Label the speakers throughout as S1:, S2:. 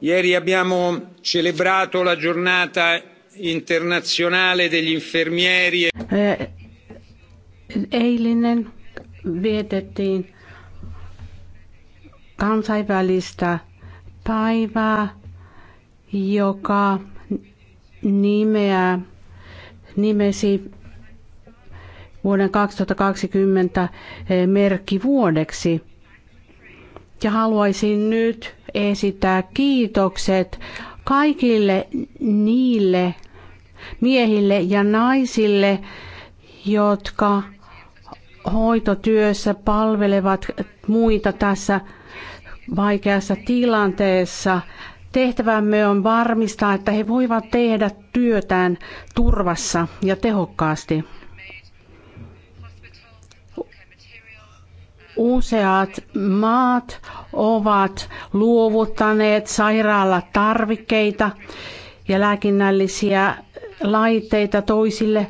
S1: ieri abbiamo celebrato la giornata internazionale degli infermieri.
S2: Eh,
S3: eilinen vietettiin kansainvälistä päivää, joka nimeää, nimesi vuoden 2020 eh, merkkivuodeksi. Ja haluaisin nyt esittää kiitokset kaikille niille miehille ja naisille, jotka hoitotyössä palvelevat muita tässä vaikeassa tilanteessa. Tehtävämme on varmistaa, että he voivat tehdä työtään turvassa ja tehokkaasti. Useat maat ovat luovuttaneet sairaalla tarvikkeita ja lääkinnällisiä laitteita toisille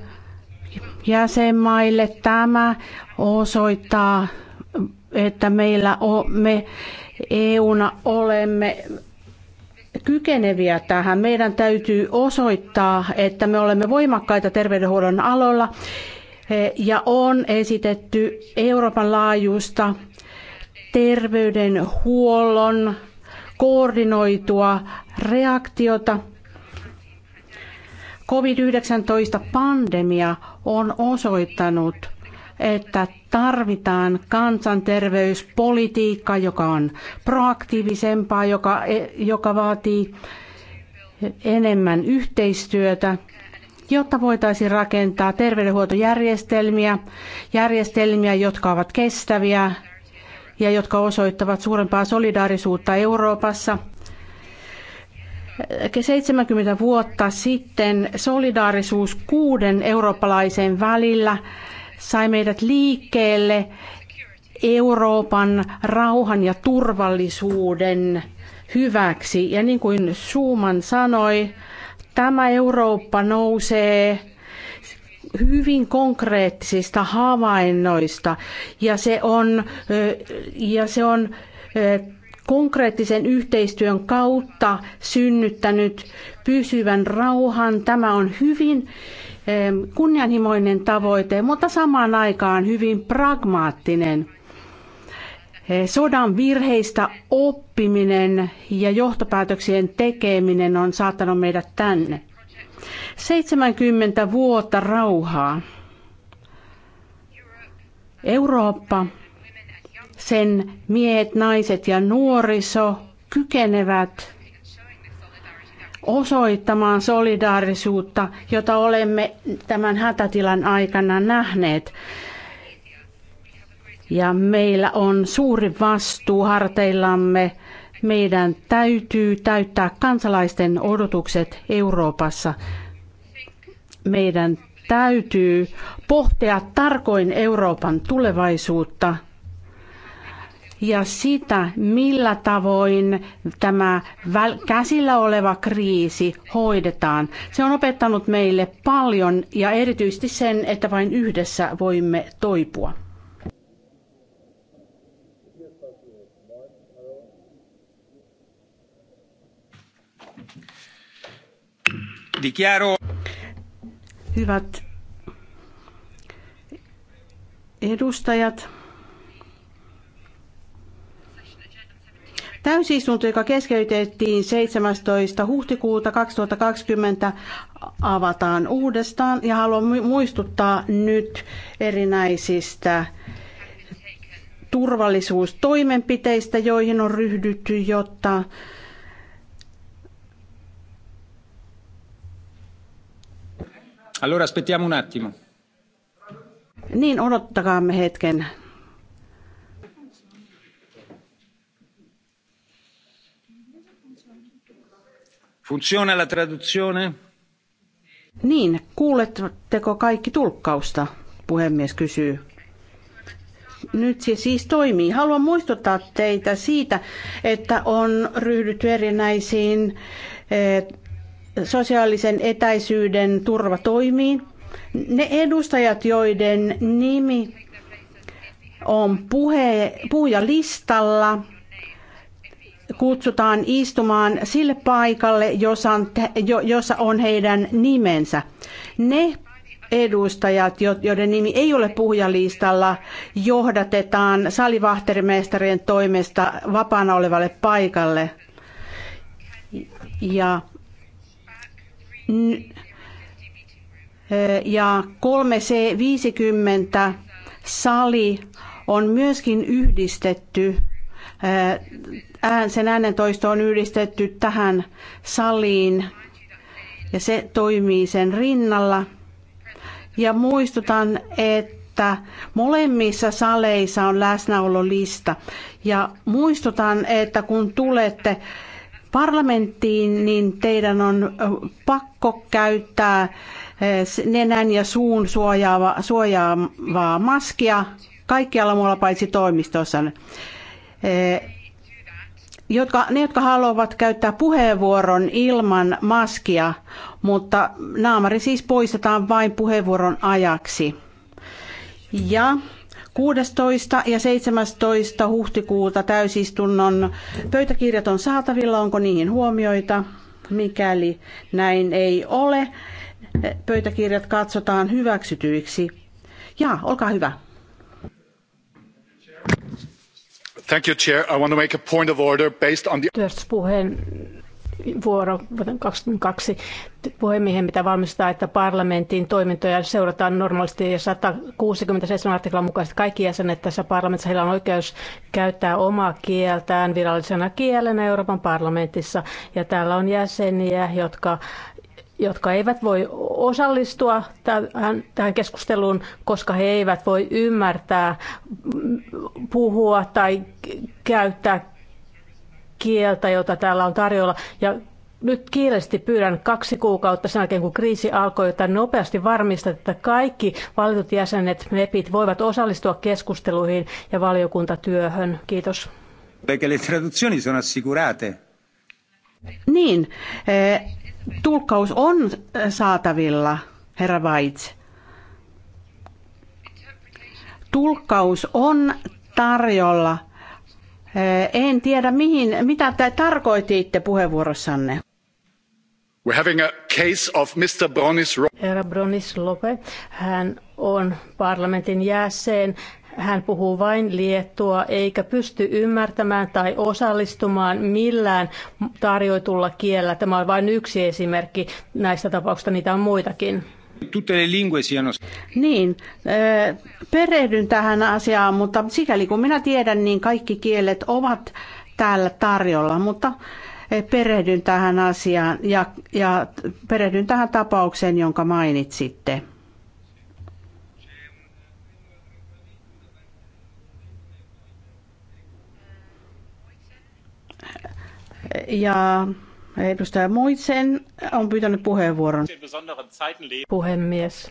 S3: jäsenmaille. Tämä osoittaa, että meillä on, me EUna olemme kykeneviä tähän. Meidän täytyy osoittaa, että me olemme voimakkaita terveydenhuollon aloilla ja on esitetty Euroopan laajuista terveydenhuollon koordinoitua reaktiota. COVID-19-pandemia on osoittanut, että tarvitaan kansanterveyspolitiikka, joka on proaktiivisempaa, joka, e, joka vaatii enemmän yhteistyötä jotta voitaisiin rakentaa terveydenhuoltojärjestelmiä, järjestelmiä, jotka ovat kestäviä ja jotka osoittavat suurempaa solidaarisuutta Euroopassa. 70 vuotta sitten solidaarisuus kuuden eurooppalaisen välillä sai meidät liikkeelle Euroopan rauhan ja turvallisuuden hyväksi. Ja niin kuin Schumann sanoi, Tämä Eurooppa nousee hyvin konkreettisista havainnoista ja se on, ja se on konkreettisen yhteistyön kautta synnyttänyt pysyvän rauhan. Tämä on hyvin kunnianhimoinen tavoite, mutta samaan aikaan hyvin pragmaattinen. Eh, sodan virheistä oppiminen ja johtopäätöksien tekeminen on saattanut meidät tänne. 70 vuotta rauhaa. Eurooppa, sen miehet, naiset ja nuoriso kykenevät osoittamaan solidaarisuutta, jota olemme tämän hätätilan aikana nähneet. Ja meillä on suuri vastuu harteillamme. Meidän täytyy täyttää kansalaisten odotukset Euroopassa. Meidän täytyy pohtia tarkoin Euroopan tulevaisuutta ja sitä, millä tavoin tämä käsillä oleva kriisi hoidetaan. Se on opettanut meille paljon ja erityisesti sen, että vain yhdessä voimme toipua. Dichiaro. Hyvät edustajat, Täysistunto, joka keskeytettiin 17. huhtikuuta 2020, avataan uudestaan ja haluan muistuttaa nyt erinäisistä turvallisuustoimenpiteistä, joihin on ryhdytty, jotta
S1: Allora aspettiamo un attimo.
S3: Niin, odottakaamme hetken.
S1: Funziona la traduzione?
S3: Niin, kuuletteko kaikki tulkkausta, puhemies kysyy. Nyt se siis toimii. Haluan muistuttaa teitä siitä, että on ryhdytty erinäisiin eh, sosiaalisen etäisyyden turva toimii. Ne edustajat, joiden nimi on puhe, puhujalistalla, kutsutaan istumaan sille paikalle, jossa on, jossa on heidän nimensä. Ne edustajat, joiden nimi ei ole puhujalistalla, johdatetaan salivahtermestarien toimesta vapaana olevalle paikalle. Ja ja 3C50 sali on myöskin yhdistetty, sen äänentoisto on yhdistetty tähän saliin ja se toimii sen rinnalla. Ja muistutan, että molemmissa saleissa on läsnäololista. Ja muistutan, että kun tulette parlamenttiin, niin teidän on pakko käyttää nenän ja suun suojaava, suojaavaa maskia kaikkialla muualla paitsi toimistossa. Jotka, ne, jotka haluavat käyttää puheenvuoron ilman maskia, mutta naamari siis poistetaan vain puheenvuoron ajaksi. Ja 16. ja 17. huhtikuuta täysistunnon pöytäkirjat on saatavilla. Onko niihin huomioita? Mikäli näin ei ole, pöytäkirjat katsotaan hyväksytyiksi. Ja, olkaa hyvä.
S1: Thank you, Chair. I want to make a point of order based on the
S4: vuoro vuoden 22 puhemiehen, mitä valmistaa, että parlamentin toimintoja seurataan normaalisti ja 167 artiklan mukaisesti kaikki jäsenet tässä parlamentissa, heillä on oikeus käyttää omaa kieltään virallisena kielenä Euroopan parlamentissa ja täällä on jäseniä, jotka jotka eivät voi osallistua tähän, tähän keskusteluun, koska he eivät voi ymmärtää, puhua tai käyttää kieltä, jota täällä on tarjolla. Ja nyt kiireesti pyydän kaksi kuukautta sen jälkeen, kun kriisi alkoi, että nopeasti varmistat, että kaikki valitut jäsenet, MEPit, voivat osallistua keskusteluihin ja valiokuntatyöhön. Kiitos. Niin, eh, tulkkaus on eh,
S3: saatavilla, herra Weitz. Tulkkaus on tarjolla Eh, en tiedä, mihin,
S4: mitä te tarkoititte puheenvuorossanne.
S1: We're having a case of Mr. Bronis
S4: Herra Bronis Lope, hän on parlamentin jäsen. Hän puhuu vain liettua eikä pysty ymmärtämään tai osallistumaan millään tarjoitulla kielellä. Tämä on vain yksi esimerkki näistä tapauksista, niitä on muitakin. Niin, eh, perehdyn
S3: tähän asiaan, mutta sikäli kun minä tiedän, niin kaikki kielet ovat täällä tarjolla, mutta eh, perehdyn tähän asiaan ja, ja perehdyn tähän tapaukseen, jonka mainitsitte. Ja Edustaja Moitsen on pyytänyt puheenvuoron.
S4: Puhemies.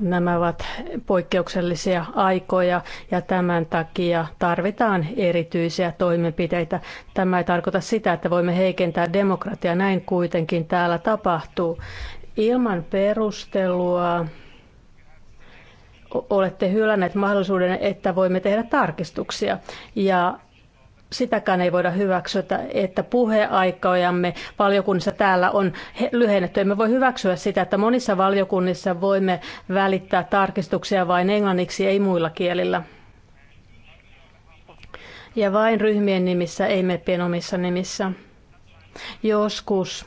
S4: Nämä ovat poikkeuksellisia aikoja ja tämän takia tarvitaan erityisiä toimenpiteitä. Tämä ei tarkoita sitä, että voimme heikentää demokratiaa. Näin kuitenkin täällä tapahtuu. Ilman perustelua olette hylänneet mahdollisuuden, että voimme tehdä tarkistuksia. Ja sitäkään ei voida hyväksyä, että puheaikojamme valiokunnissa täällä on lyhennetty. Emme voi hyväksyä sitä, että monissa valiokunnissa voimme välittää tarkistuksia vain englanniksi, ei muilla kielillä. Ja vain ryhmien nimissä, ei meppien omissa nimissä. Joskus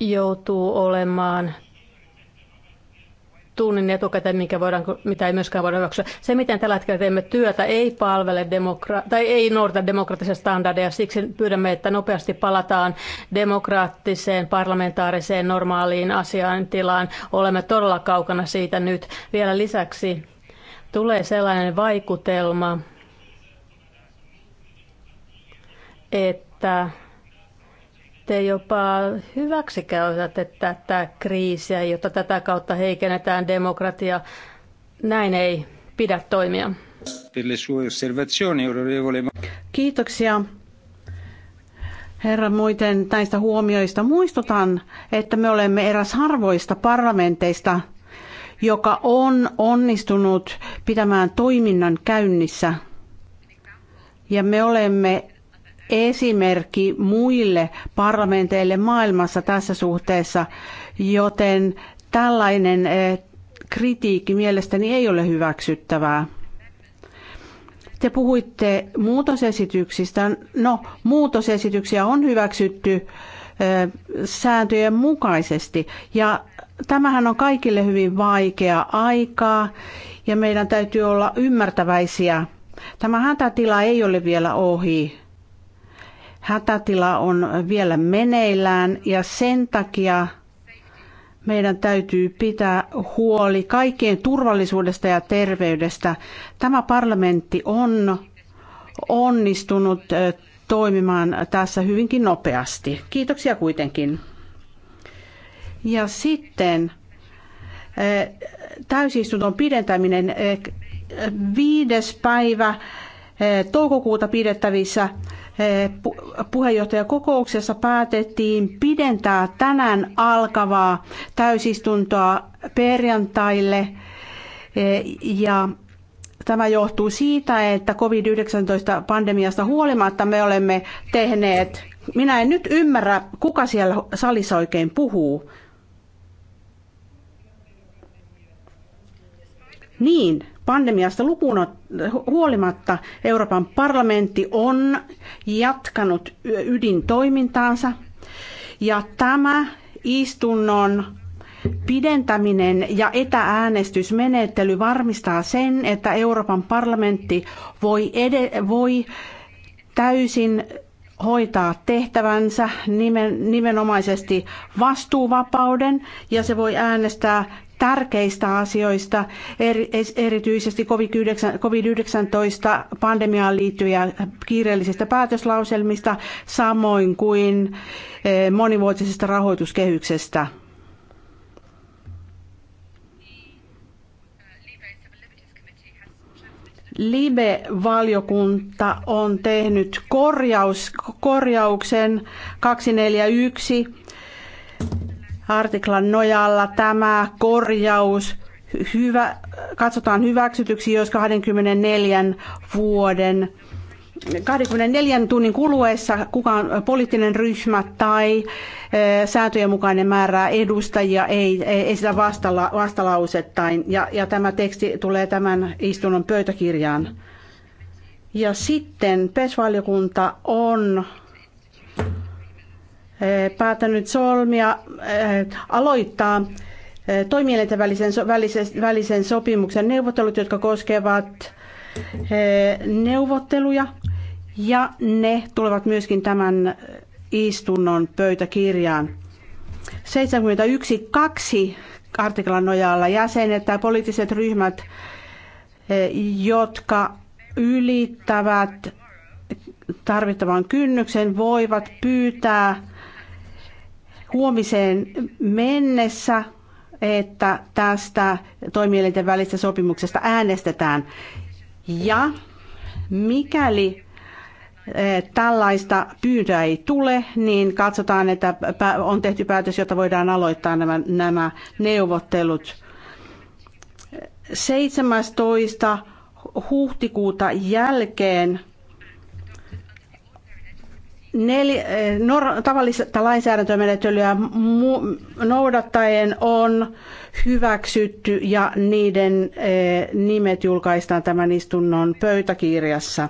S4: joutuu olemaan tunnin etukäteen, minkä voidaan, mitä ei myöskään voida hyväksyä. Se, miten tällä hetkellä teemme työtä, ei palvele demokra- tai ei noudata demokraattisia standardeja. Siksi pyydämme, että nopeasti palataan demokraattiseen, parlamentaariseen, normaaliin asiantilaan. Olemme todella kaukana siitä nyt. Vielä lisäksi tulee sellainen vaikutelma, että te jopa että tätä kriisiä, jotta tätä kautta heikennetään demokratia. Näin ei pidä toimia. Kiitoksia. Herra,
S3: muuten näistä huomioista muistutan, että me olemme eräs harvoista parlamenteista, joka on onnistunut pitämään toiminnan käynnissä. Ja me olemme esimerkki muille parlamenteille maailmassa tässä suhteessa, joten tällainen eh, kritiikki mielestäni ei ole hyväksyttävää. Te puhuitte muutosesityksistä. No, muutosesityksiä on hyväksytty eh, sääntöjen mukaisesti. Ja tämähän on kaikille hyvin vaikea aikaa ja meidän täytyy olla ymmärtäväisiä. Tämä hätätila ei ole vielä ohi. Hätätila on vielä meneillään ja sen takia meidän täytyy pitää huoli kaikkien turvallisuudesta ja terveydestä. Tämä parlamentti on onnistunut toimimaan tässä hyvinkin nopeasti. Kiitoksia kuitenkin. Ja sitten täysistunnon pidentäminen viides päivä toukokuuta pidettävissä puheenjohtajakokouksessa päätettiin pidentää tänään alkavaa täysistuntoa perjantaille ja Tämä johtuu siitä, että COVID-19-pandemiasta huolimatta me olemme tehneet, minä en nyt ymmärrä, kuka siellä salissa oikein puhuu. Niin, pandemiasta lukuun huolimatta Euroopan parlamentti on jatkanut ydintoimintaansa ja tämä istunnon pidentäminen ja etääänestysmenettely varmistaa sen, että Euroopan parlamentti voi, voi täysin hoitaa tehtävänsä nimen, nimenomaisesti vastuuvapauden ja se voi äänestää tärkeistä asioista, erityisesti COVID-19 pandemiaan liittyviä kiireellisistä päätöslauselmista, samoin kuin eh, monivuotisesta rahoituskehyksestä. Libe-valiokunta on tehnyt korjaus, korjauksen 241 artiklan nojalla tämä korjaus hyvä, katsotaan hyväksytyksi, jos 24 vuoden 24 tunnin kuluessa kukaan poliittinen ryhmä tai eh, sääntöjen mukainen määrä edustajia ei, ei sitä vastala, vastalausettain. Ja, ja tämä teksti tulee tämän istunnon pöytäkirjaan. Ja sitten PES-valiokunta on Eh, päättänyt solmia, eh, aloittaa eh, toimielinten välisen, välisen, välisen sopimuksen neuvottelut, jotka koskevat neuvotteluja ja ne tulevat myöskin tämän istunnon pöytäkirjaan. 71.2 artiklan nojalla jäsenet tai poliittiset ryhmät, jotka ylittävät tarvittavan kynnyksen, voivat pyytää huomiseen mennessä, että tästä toimielinten välistä sopimuksesta äänestetään. Ja mikäli eh, tällaista pyyntöä ei tule, niin katsotaan, että on tehty päätös, jotta voidaan aloittaa nämä, nämä neuvottelut. 17. huhtikuuta jälkeen Neli, eh, nor, tavallista lainsäädäntömenettelyä noudattaen on hyväksytty ja niiden eh, nimet julkaistaan tämän istunnon pöytäkirjassa.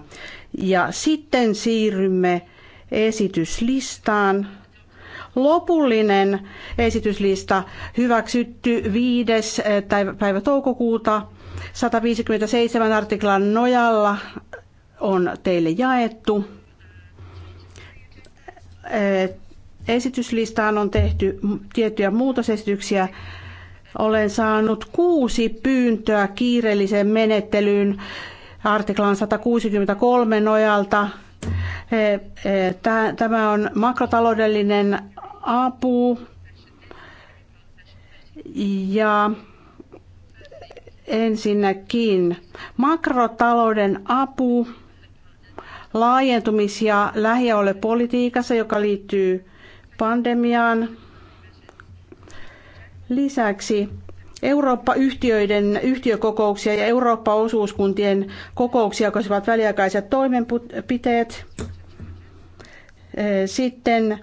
S3: Ja sitten siirrymme esityslistaan. Lopullinen esityslista hyväksytty 5. Eh, päivä toukokuuta 157 artiklan nojalla on teille jaettu. Eh, esityslistaan on tehty tiettyjä muutosesityksiä. Olen saanut kuusi pyyntöä kiireelliseen menettelyyn artiklan 163 nojalta. Eh, eh, tämä on makrotaloudellinen apu ja ensinnäkin makrotalouden apu laajentumis- ja lähialuepolitiikassa, joka liittyy pandemiaan. Lisäksi Eurooppa-yhtiöiden yhtiökokouksia ja Eurooppa-osuuskuntien kokouksia koskevat väliaikaiset toimenpiteet. Sitten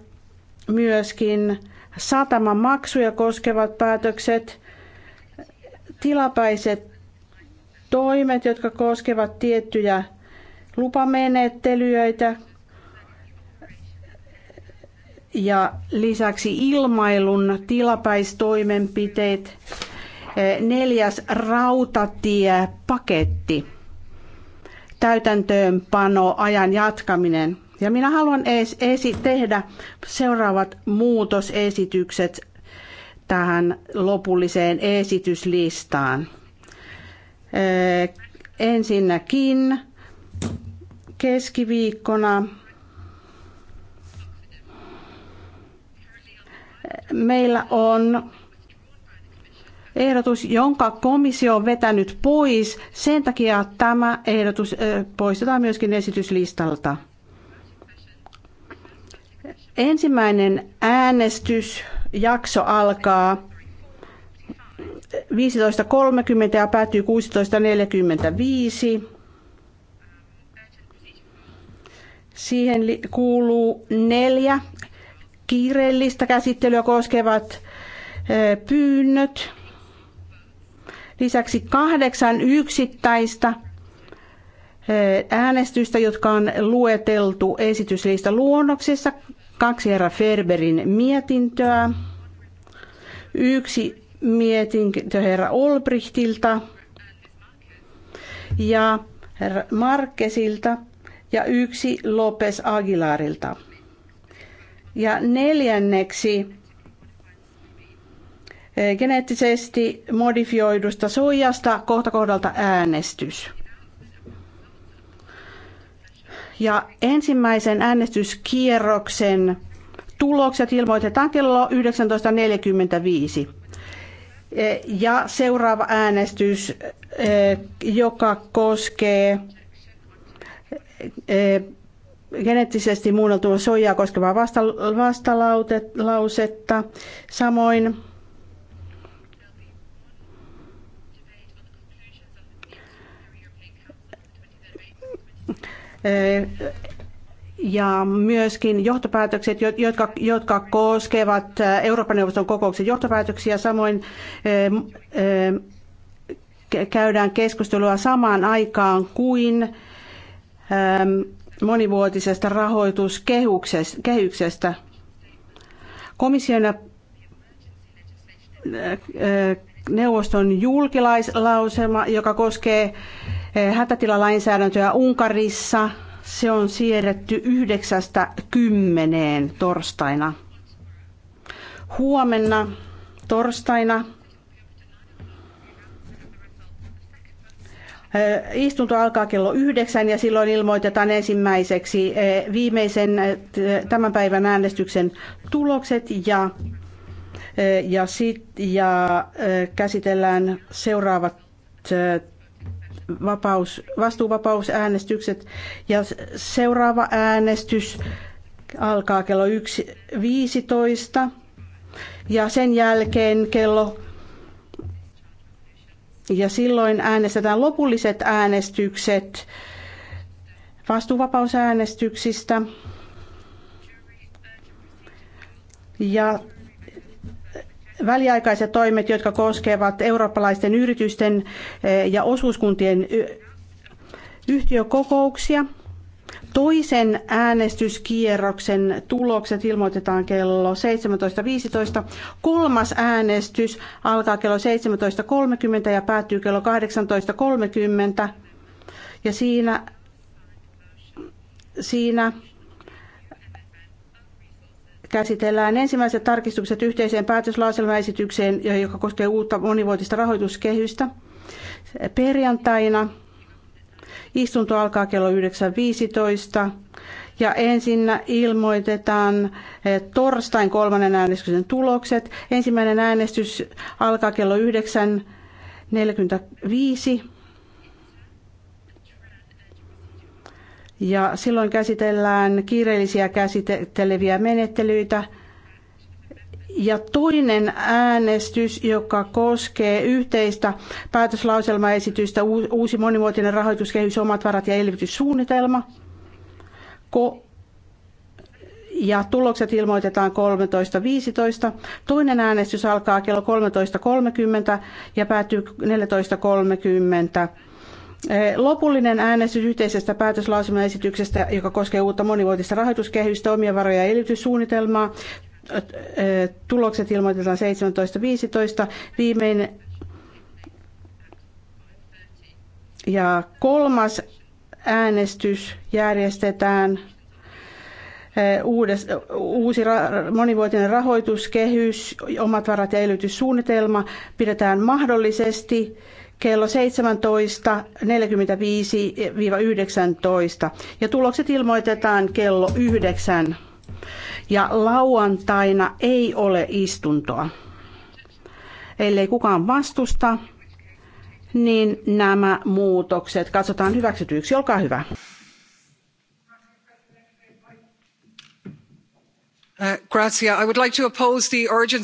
S3: myöskin satamamaksuja koskevat päätökset, tilapäiset toimet, jotka koskevat tiettyjä lupamenettelyitä ja lisäksi ilmailun tilapäistoimenpiteet, neljäs rautatiepaketti, täytäntöönpano, ajan jatkaminen. Ja minä haluan esi- tehdä seuraavat muutosesitykset tähän lopulliseen esityslistaan. Ensinnäkin keskiviikkona meillä on ehdotus, jonka komissio on vetänyt pois. Sen takia tämä ehdotus poistetaan myöskin esityslistalta. Ensimmäinen äänestysjakso alkaa 15.30 ja päättyy 16.45. Siihen kuuluu neljä kiireellistä käsittelyä koskevat pyynnöt. Lisäksi kahdeksan yksittäistä äänestystä, jotka on lueteltu esityslista luonnoksessa. Kaksi herra Ferberin mietintöä. Yksi mietintö herra Olbrichtilta ja herra Markesilta ja yksi Lopes Aguilarilta. Ja neljänneksi e, geneettisesti modifioidusta soijasta kohta kohdalta äänestys. Ja ensimmäisen äänestyskierroksen tulokset ilmoitetaan kello 19.45. E, ja seuraava äänestys, e, joka koskee geneettisesti muunneltua soijaa koskevaa vasta, vastalausetta. Samoin ja myöskin johtopäätökset, jotka, jotka koskevat Euroopan neuvoston kokouksen johtopäätöksiä. Samoin käydään keskustelua samaan aikaan kuin Ähm, monivuotisesta rahoituskehyksestä. Komission ja äh, neuvoston julkilauselma, joka koskee äh, hätätilalainsäädäntöä Unkarissa, se on siirretty yhdeksästä kymmeneen torstaina. Huomenna torstaina Istunto alkaa kello yhdeksän ja silloin ilmoitetaan ensimmäiseksi viimeisen tämän päivän äänestyksen tulokset ja, ja, sit, ja käsitellään seuraavat vapaus, vastuuvapausäänestykset ja seuraava äänestys alkaa kello 1.15 ja sen jälkeen kello ja silloin äänestetään lopulliset äänestykset vastuuvapausäänestyksistä. Ja väliaikaiset toimet, jotka koskevat eurooppalaisten yritysten eh, ja osuuskuntien eh, yhtiökokouksia – Toisen äänestyskierroksen tulokset ilmoitetaan kello 17.15. Kolmas äänestys alkaa kello 17.30 ja päättyy kello 18.30. Ja siinä, siinä käsitellään ensimmäiset tarkistukset yhteiseen päätöslauselmaesitykseen, joka koskee uutta monivuotista rahoituskehystä. Perjantaina Istunto alkaa kello 9.15 ja ensin ilmoitetaan eh, torstain kolmannen äänestyksen tulokset. Ensimmäinen äänestys alkaa kello 9.45 ja silloin käsitellään kiireellisiä käsitteleviä menettelyitä – ja toinen äänestys, joka koskee yhteistä päätöslauselmaesitystä, uusi monivuotinen rahoituskehys, omat varat ja elvytyssuunnitelma. Ko- ja tulokset ilmoitetaan 13.15. Toinen äänestys alkaa kello 13.30 ja päättyy 14.30. Eh, lopullinen äänestys yhteisestä päätöslausumaesityksestä, joka koskee uutta monivuotista rahoituskehystä, omia varoja ja elvytyssuunnitelmaa, tulokset ilmoitetaan 17.15. Viimeinen ja kolmas äänestys järjestetään eh, uudes, uusi ra, monivuotinen rahoituskehys, omat varat ja elytyssuunnitelma pidetään mahdollisesti kello 17.45-19 ja tulokset ilmoitetaan kello 9 ja lauantaina ei ole istuntoa. Ellei kukaan vastusta, niin nämä muutokset katsotaan hyväksytyiksi. Olkaa hyvä.
S5: Uh,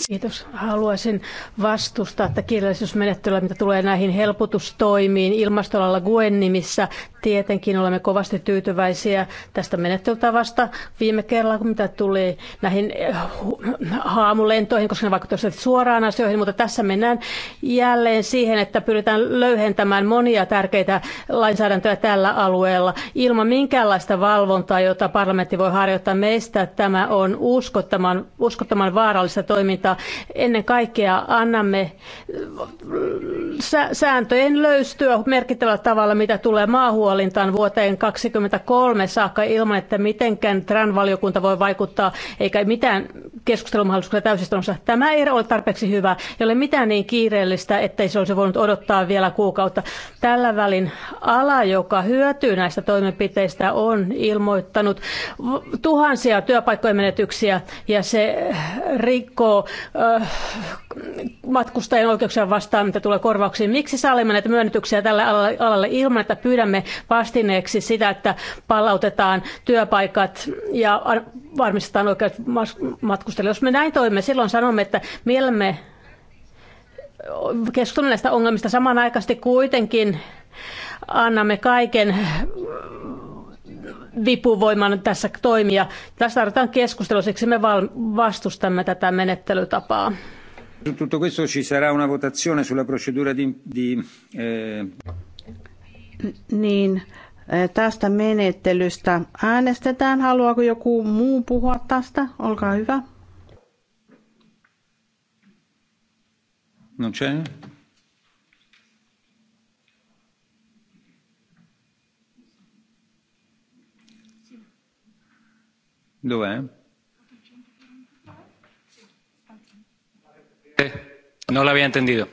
S4: Kiitos. Haluaisin vastustaa että kirjallisuusmenettelyä, mitä tulee näihin helpotustoimiin ilmastolalla Guen nimissä. Tietenkin olemme kovasti tyytyväisiä tästä menettelytavasta viime kerralla, kun mitä tuli näihin eh, haamulentoihin, koska ne vaikuttavat suoraan asioihin, mutta tässä mennään jälleen siihen, että pyritään löyhentämään monia tärkeitä lainsäädäntöjä tällä alueella ilman minkäänlaista valvontaa, jota parlamentti voi harjoittaa meistä. Tämä on uskottoman, uskottoman vaarallista toimintaa. Ennen kaikkea annamme eh, sääntöjen löystyä merkittävällä tavalla, mitä tulee maahuolle hallintaan vuoteen 2023 saakka ilman, että mitenkään TRAN-valiokunta voi vaikuttaa eikä mitään keskustelumahdollisuuksia täysistunnossa. Tämä ei ole tarpeeksi hyvä. Ei ole mitään niin kiireellistä, ettei se olisi voinut odottaa vielä kuukautta. Tällä välin ala, joka hyötyy näistä toimenpiteistä, on ilmoittanut tuhansia työpaikkojen menetyksiä ja se rikkoo äh, matkustajien oikeuksia vastaan, mitä tulee korvauksiin. Miksi sallimme näitä myönnytyksiä tälle alalle ilman, että pyydämme vastineeksi sitä, että palautetaan työpaikat ja varmistetaan oikeat matkustajat? keskustella. Jos me näin toimme, silloin sanomme, että mielemme keskustelun näistä ongelmista samanaikaisesti kuitenkin annamme kaiken vipuvoiman tässä toimia. Tässä tarvitaan keskustelua, siksi me vastustamme tätä menettelytapaa.
S1: Tutto questo ci sarà una votazione sulla procedura di... di eh...
S4: Niin, eh, tästä
S3: menettelystä äänestetään. Haluaako joku muu puhua tästä? Olkaa hyvä.
S1: Non c'è? Dov'è? No, no la había entendido.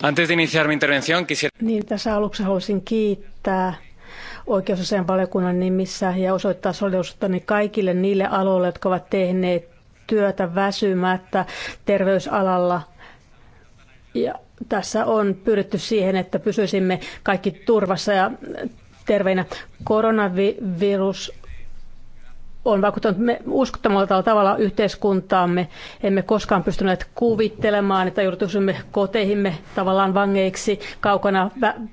S1: Antes de iniciar mi intervención quisiera... Niin,
S4: tässä aluksi haluaisin kiittää oikeusasian valiokunnan nimissä ja osoittaa solidaisuuttani kaikille niille aloille, jotka ovat tehneet työtä väsymättä terveysalalla. Ja tässä on pyritty siihen, että pysyisimme kaikki turvassa ja terveinä. Koronavirus on vaikuttanut me tavalla yhteiskuntaamme. Emme koskaan pystyneet kuvittelemaan, että joutuisimme koteihimme tavallaan vangeiksi kaukana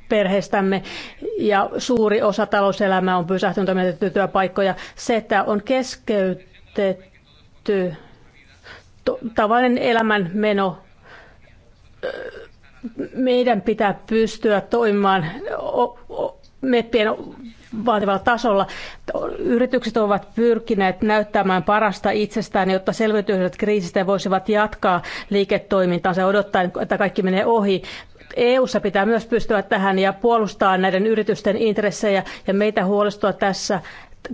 S4: perheestämme. Ja suuri osa talouselämää on pysähtynyt ja työpaikkoja. Se, että on keskeytetty to, tavallinen elämänmeno. Meidän pitää pystyä toimimaan meppien vaativalla tasolla. Yritykset ovat pyrkineet näyttämään parasta itsestään, jotta selviytyisivät kriisistä ja voisivat jatkaa liiketoimintaansa odottaen, että kaikki menee ohi. EU:ssa pitää myös pystyä tähän ja puolustaa näiden yritysten intressejä ja meitä huolestua tässä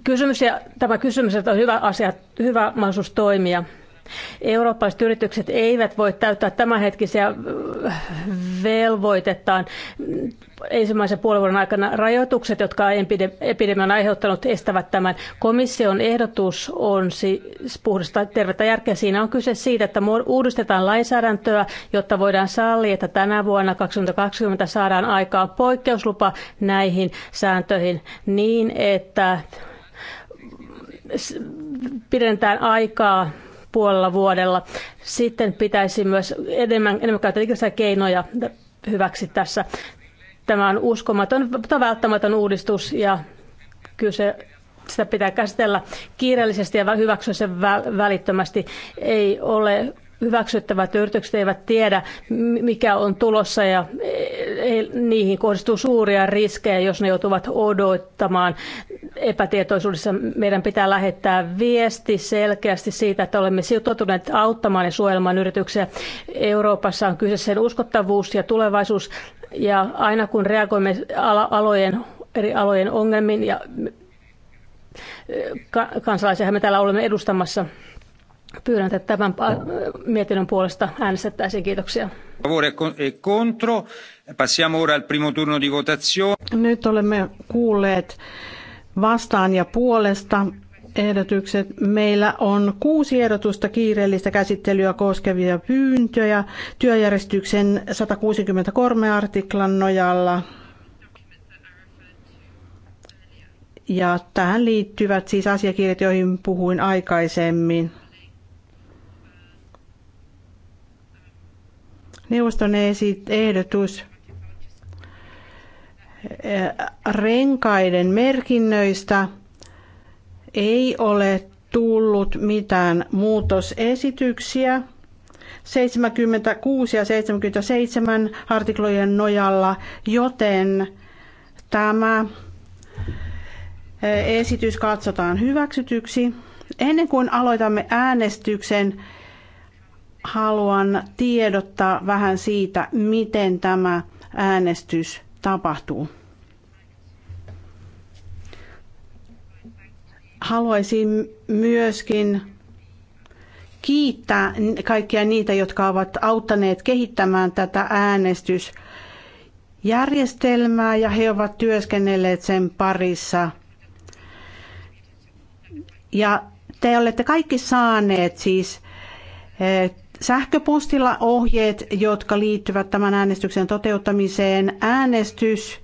S4: kysymys ja tämä kysymys että on hyvä asia, hyvä mahdollisuus toimia. Eurooppalaiset yritykset eivät voi täyttää tämänhetkisiä äh, velvoitettaan ensimmäisen puolen vuoden aikana. Rajoitukset, jotka epidemia on aiheuttanut, estävät tämän. Komission ehdotus on siis puhdasta tervettä järkeä. Siinä on kyse siitä, että uudistetaan lainsäädäntöä, jotta voidaan sallia, että tänä vuonna 2020 saadaan aikaan poikkeuslupa näihin sääntöihin niin, että pidentään aikaa puolella vuodella. Sitten pitäisi myös enemmän, enemmän käyttää keinoja hyväksi tässä. Tämä on uskomaton, mutta välttämätön uudistus ja kyse sitä pitää käsitellä kiireellisesti ja hyväksyä se välittömästi. Ei ole hyväksyttävät yritykset eivät tiedä, mikä on tulossa ja niihin kohdistuu suuria riskejä, jos ne joutuvat odottamaan epätietoisuudessa. Meidän pitää lähettää viesti selkeästi siitä, että olemme sitoutuneet auttamaan ja suojelemaan yrityksiä. Euroopassa on kyse sen uskottavuus ja tulevaisuus ja aina kun reagoimme alojen, eri alojen ongelmiin ja kansalaisia me täällä olemme edustamassa, Pyydän, että tämän äh, mietinnön puolesta äänestettäisiin. Kiitoksia. Nyt olemme
S3: kuulleet vastaan ja puolesta ehdotukset. Meillä on kuusi ehdotusta kiireellistä käsittelyä koskevia pyyntöjä työjärjestyksen 163 artiklan nojalla. Ja tähän liittyvät siis asiakirjat, joihin puhuin aikaisemmin. Neuvoston ehdotus renkaiden merkinnöistä ei ole tullut mitään muutosesityksiä. 76 ja 77 artiklojen nojalla, joten tämä esitys katsotaan hyväksytyksi. Ennen kuin aloitamme äänestyksen, haluan tiedottaa vähän siitä, miten tämä äänestys tapahtuu. Haluaisin myöskin kiittää kaikkia niitä, jotka ovat auttaneet kehittämään tätä äänestysjärjestelmää ja he ovat työskennelleet sen parissa. Ja te olette kaikki saaneet siis eh, sähköpostilla ohjeet, jotka liittyvät tämän äänestyksen toteuttamiseen. Äänestys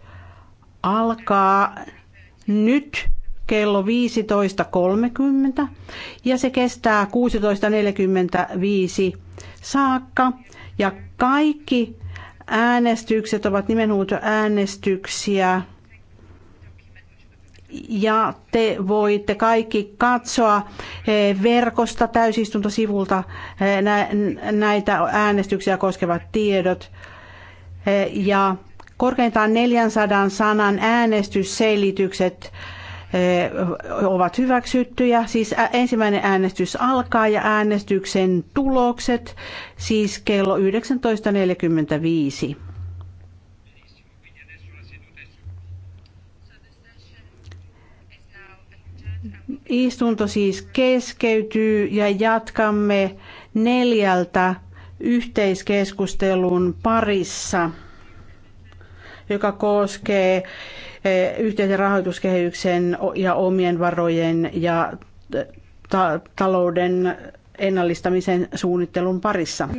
S3: alkaa nyt kello 15.30 ja se kestää 16.45 saakka. Ja kaikki äänestykset ovat nimenhuutoäänestyksiä. äänestyksiä ja te voitte kaikki katsoa eh, verkosta täysistuntosivulta eh, näitä äänestyksiä koskevat tiedot. Eh, ja korkeintaan 400 sanan äänestysselitykset ovat hyväksyttyjä. Siis ensimmäinen äänestys alkaa ja äänestyksen tulokset siis kello 19.45. Istunto siis keskeytyy ja jatkamme neljältä yhteiskeskustelun parissa, joka koskee e, yhteisen rahoituskehyksen ja omien varojen ja e, ta- talouden ennallistamisen suunnittelun parissa.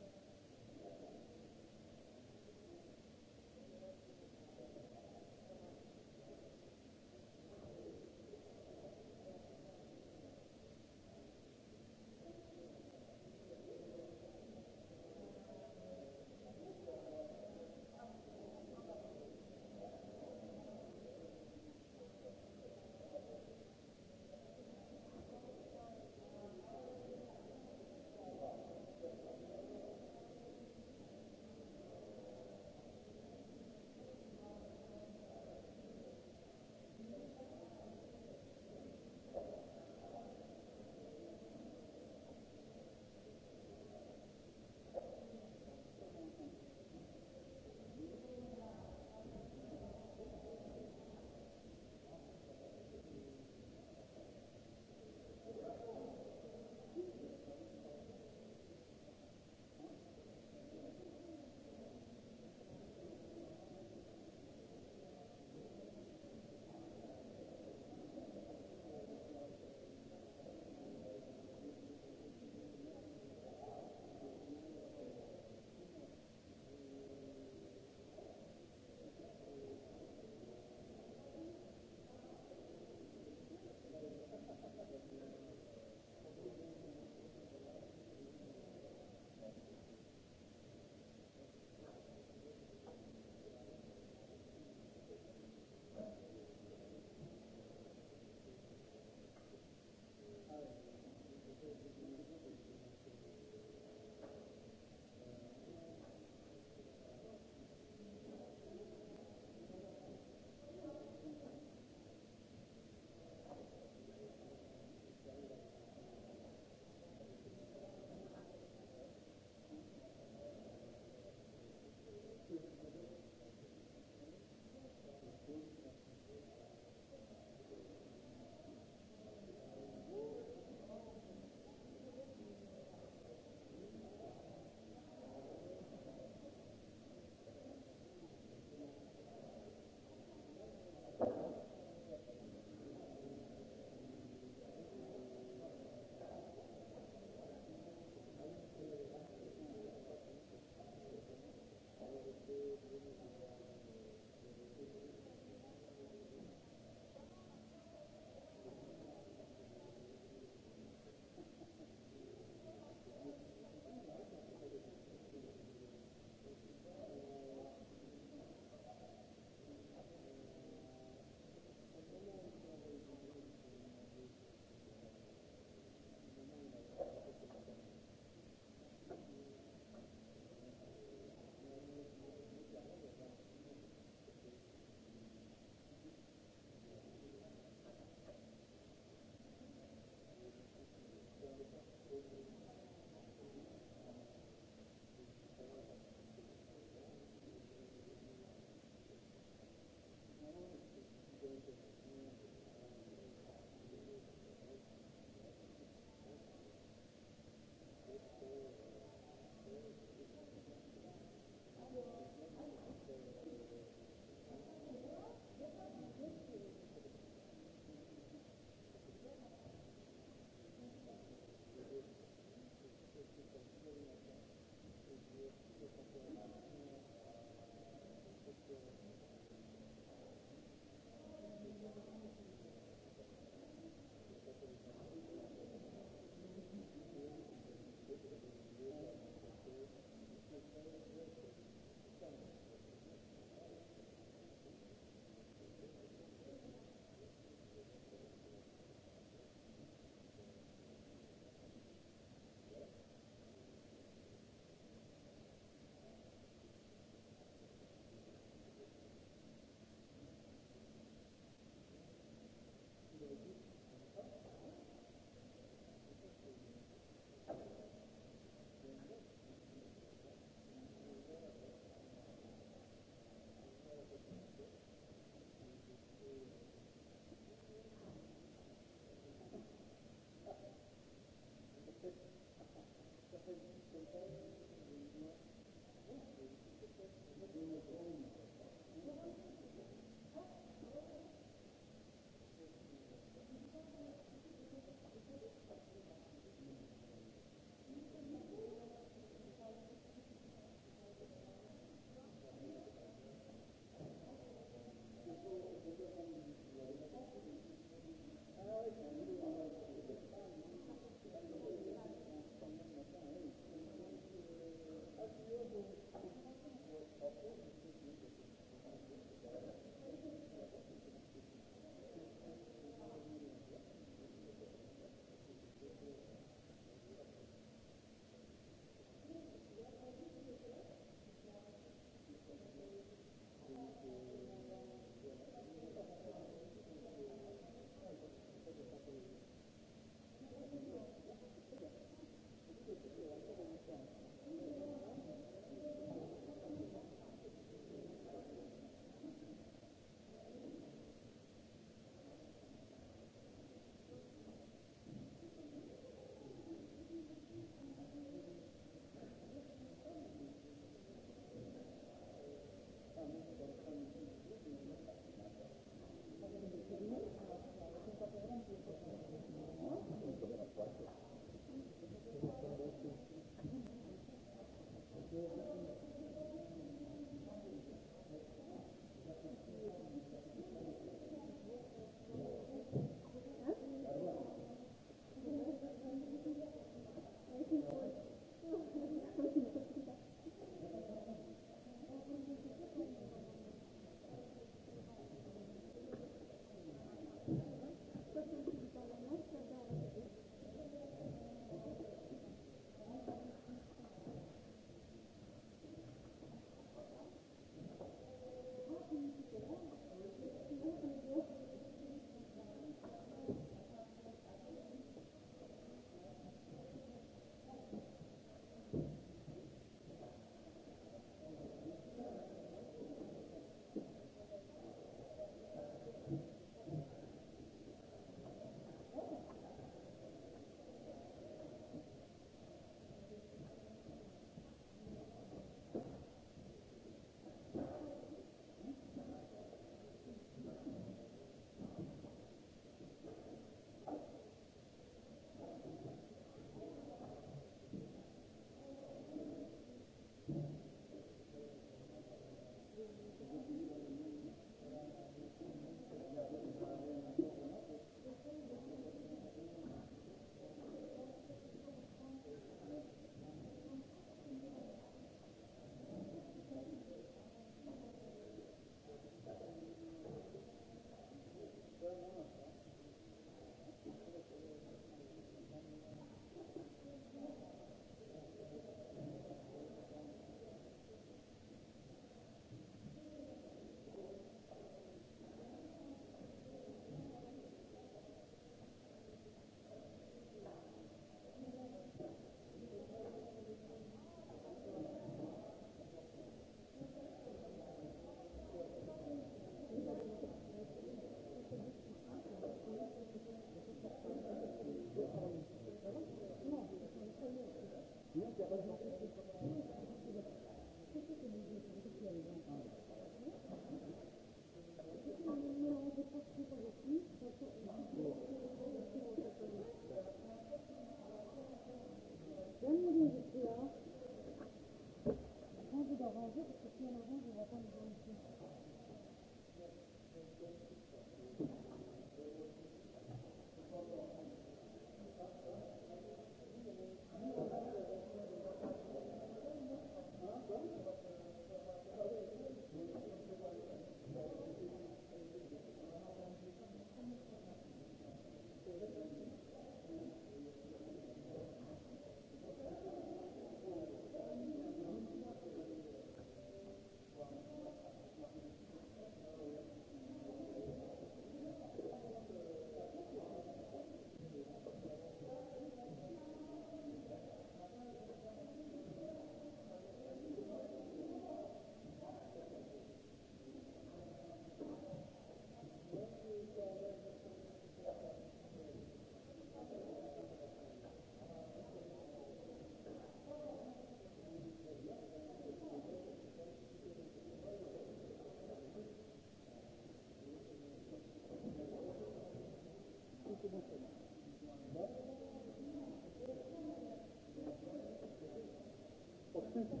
S5: Thank you.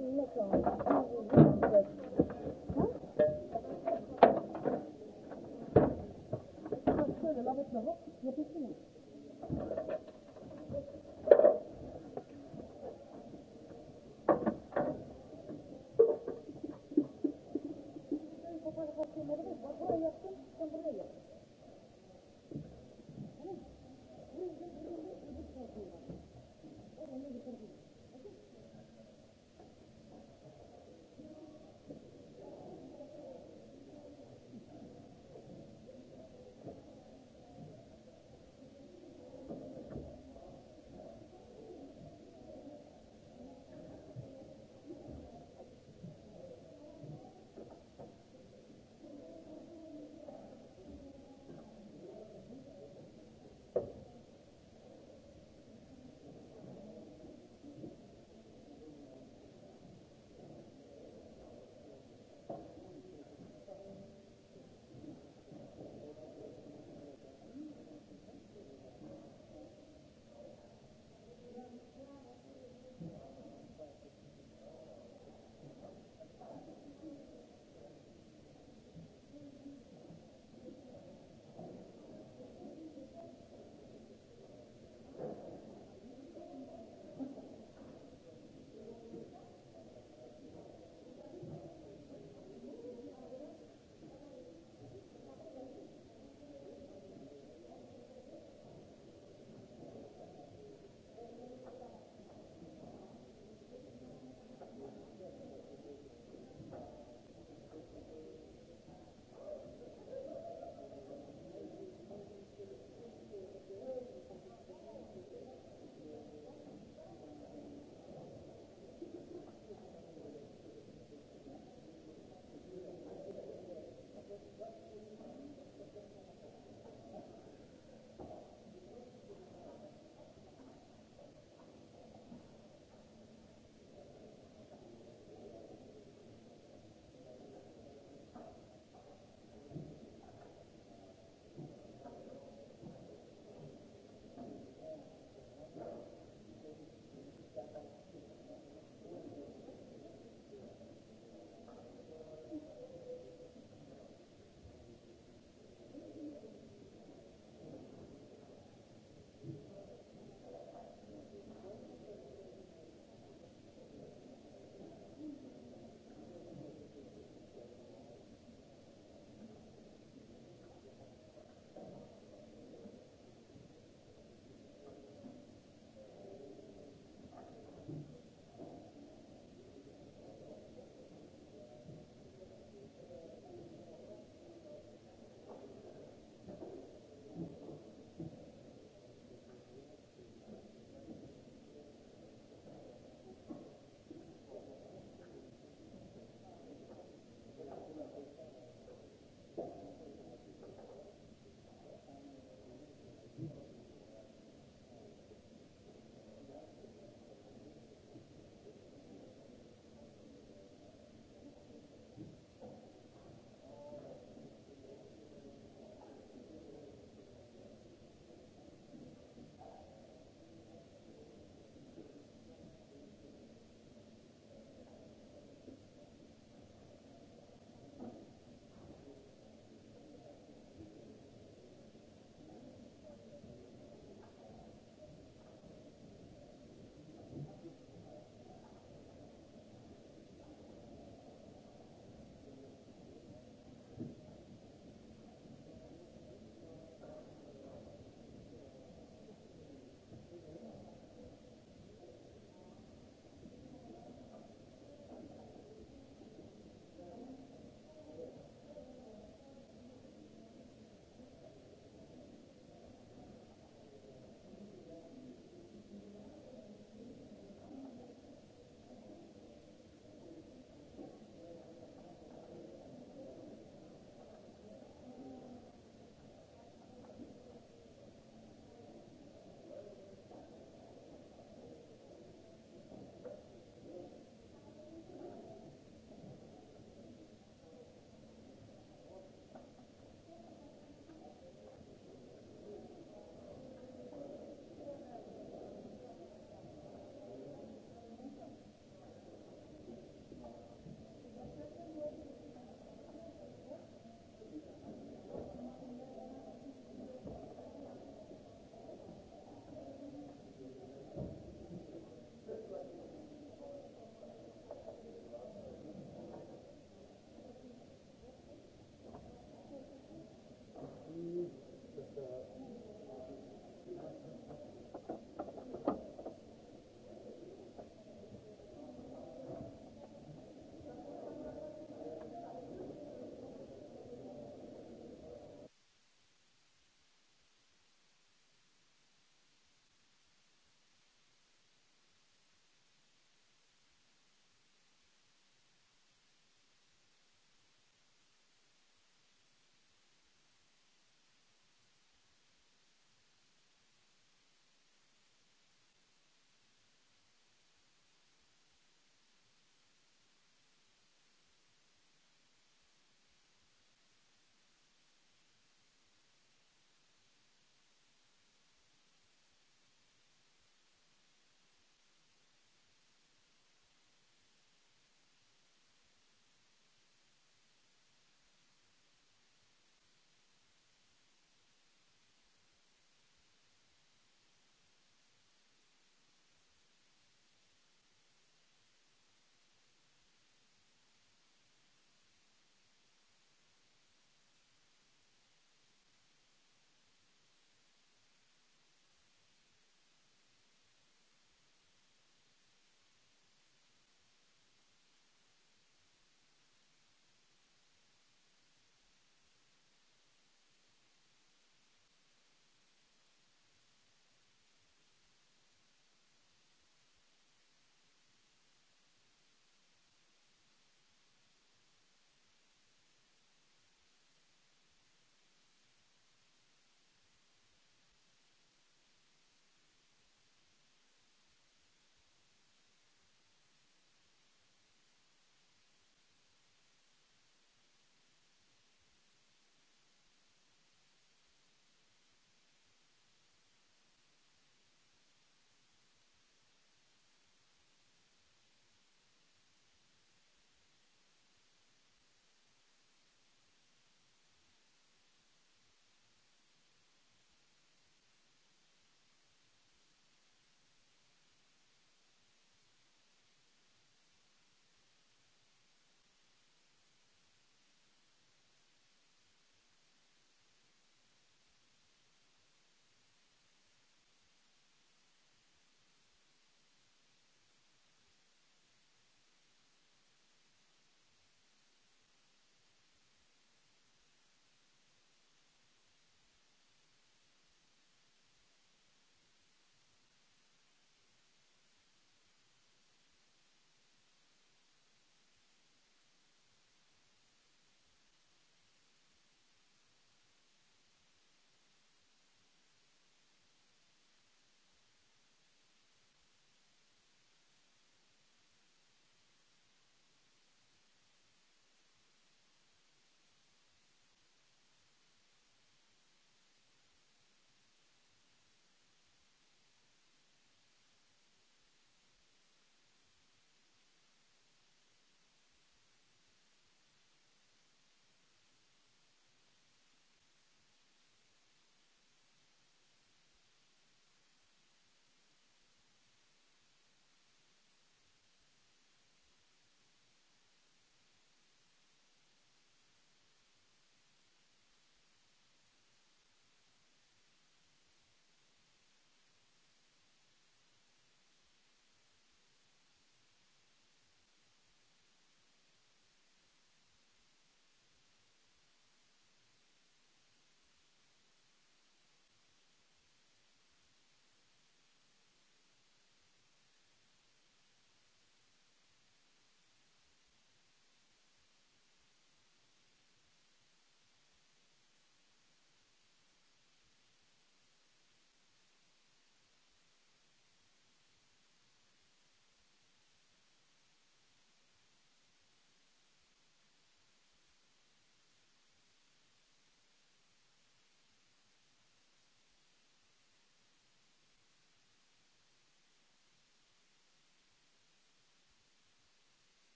S5: Mekong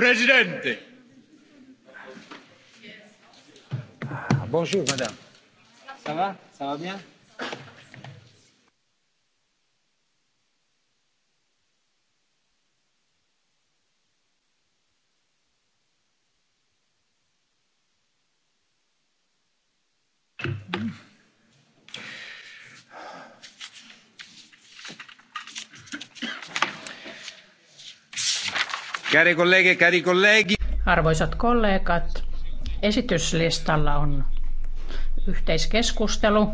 S1: Presidente. Ah, bonjour, madame. Ça va Ça va bien colleghe, cari colleghi.
S6: Arvoisat kollegat, esityslistalla on yhteiskeskustelu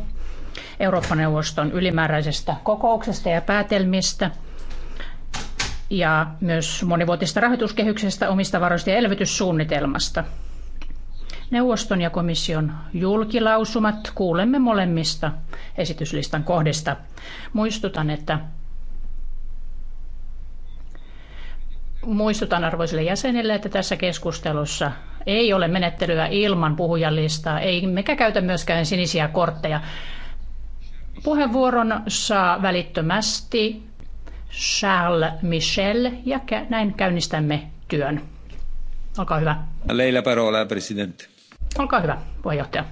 S6: Eurooppa-neuvoston ylimääräisestä kokouksesta ja päätelmistä ja myös monivuotista rahoituskehyksestä, omista varoista ja elvytyssuunnitelmasta. Neuvoston ja komission julkilausumat kuulemme molemmista esityslistan kohdista. Muistutan, että Muistutan arvoisille jäsenille, että tässä keskustelussa ei ole menettelyä ilman puhujalistaa, ei mekä käytä myöskään sinisiä kortteja. Puheenvuoron saa välittömästi Charles Michel ja näin käynnistämme työn. Olkaa hyvä.
S1: Leila Parola, president.
S6: Olkaa hyvä, puheenjohtaja.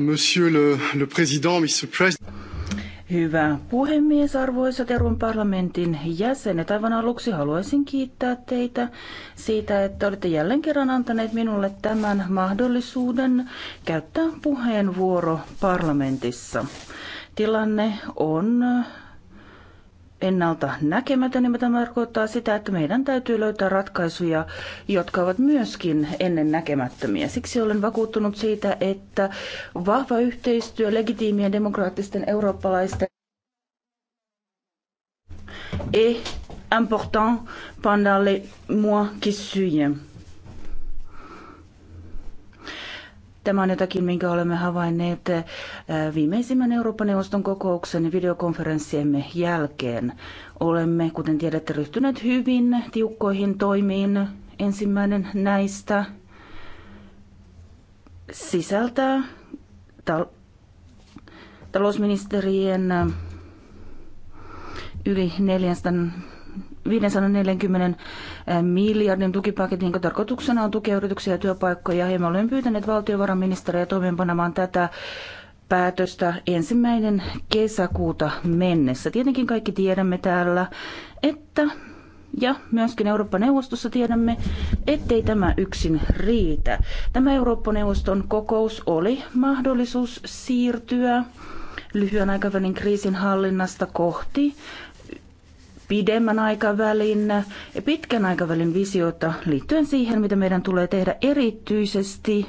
S5: Monsieur le, le président, Mr. President.
S2: Hyvä puhemies, arvoisa Euroopan parlamentin jäsenet. Aivan aluksi haluaisin kiittää teitä siitä, että olette jälleen kerran antaneet minulle tämän mahdollisuuden käyttää puheenvuoro parlamentissa. Tilanne on ennalta näkemätön, niin tämä tarkoittaa sitä, että meidän täytyy löytää ratkaisuja, jotka ovat myöskin ennen näkemättömiä. Siksi olen vakuuttunut siitä, että vahva yhteistyö legitiimien demokraattisten eurooppalaisten et important pendant les mois qui suivent. Tämä on jotakin, minkä olemme havainneet eh, viimeisimmän Euroopan neuvoston kokouksen videokonferenssiemme jälkeen. Olemme, kuten tiedätte, ryhtyneet hyvin tiukkoihin toimiin. Ensimmäinen näistä sisältää tal- talousministerien eh, yli 400 540 eh, miljardin tukipaketin, jonka tarkoituksena on tukea yrityksiä ja työpaikkoja. Ja me olemme pyytäneet valtiovarainministeriä toimeenpanemaan tätä päätöstä ensimmäinen kesäkuuta mennessä. Tietenkin kaikki tiedämme täällä, että ja myöskin Euroopan neuvostossa tiedämme, ettei tämä yksin riitä. Tämä Eurooppa-neuvoston kokous oli mahdollisuus siirtyä lyhyen aikavälin kriisin hallinnasta kohti pidemmän aikavälin ja pitkän aikavälin visiota liittyen siihen, mitä meidän tulee tehdä erityisesti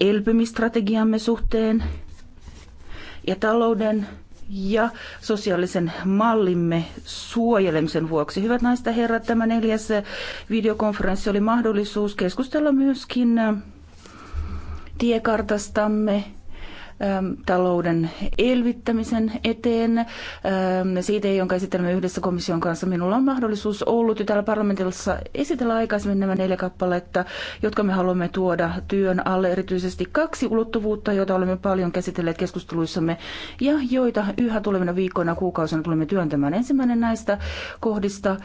S2: elpymistrategiamme suhteen ja talouden ja sosiaalisen mallimme suojelemisen vuoksi. Hyvät naiset ja herrat, tämä neljäs videokonferenssi oli mahdollisuus keskustella myöskin tiekartastamme Ähm, talouden elvyttämisen eteen. Ähm, siitä, jonka esittelemme yhdessä komission kanssa, minulla on mahdollisuus ollut jo täällä parlamentissa esitellä aikaisemmin nämä neljä kappaletta, jotka me haluamme tuoda työn alle. Erityisesti kaksi ulottuvuutta, joita olemme paljon käsitelleet keskusteluissamme ja joita yhä tulevina viikkoina kuukausina tulemme työntämään. Ensimmäinen näistä kohdista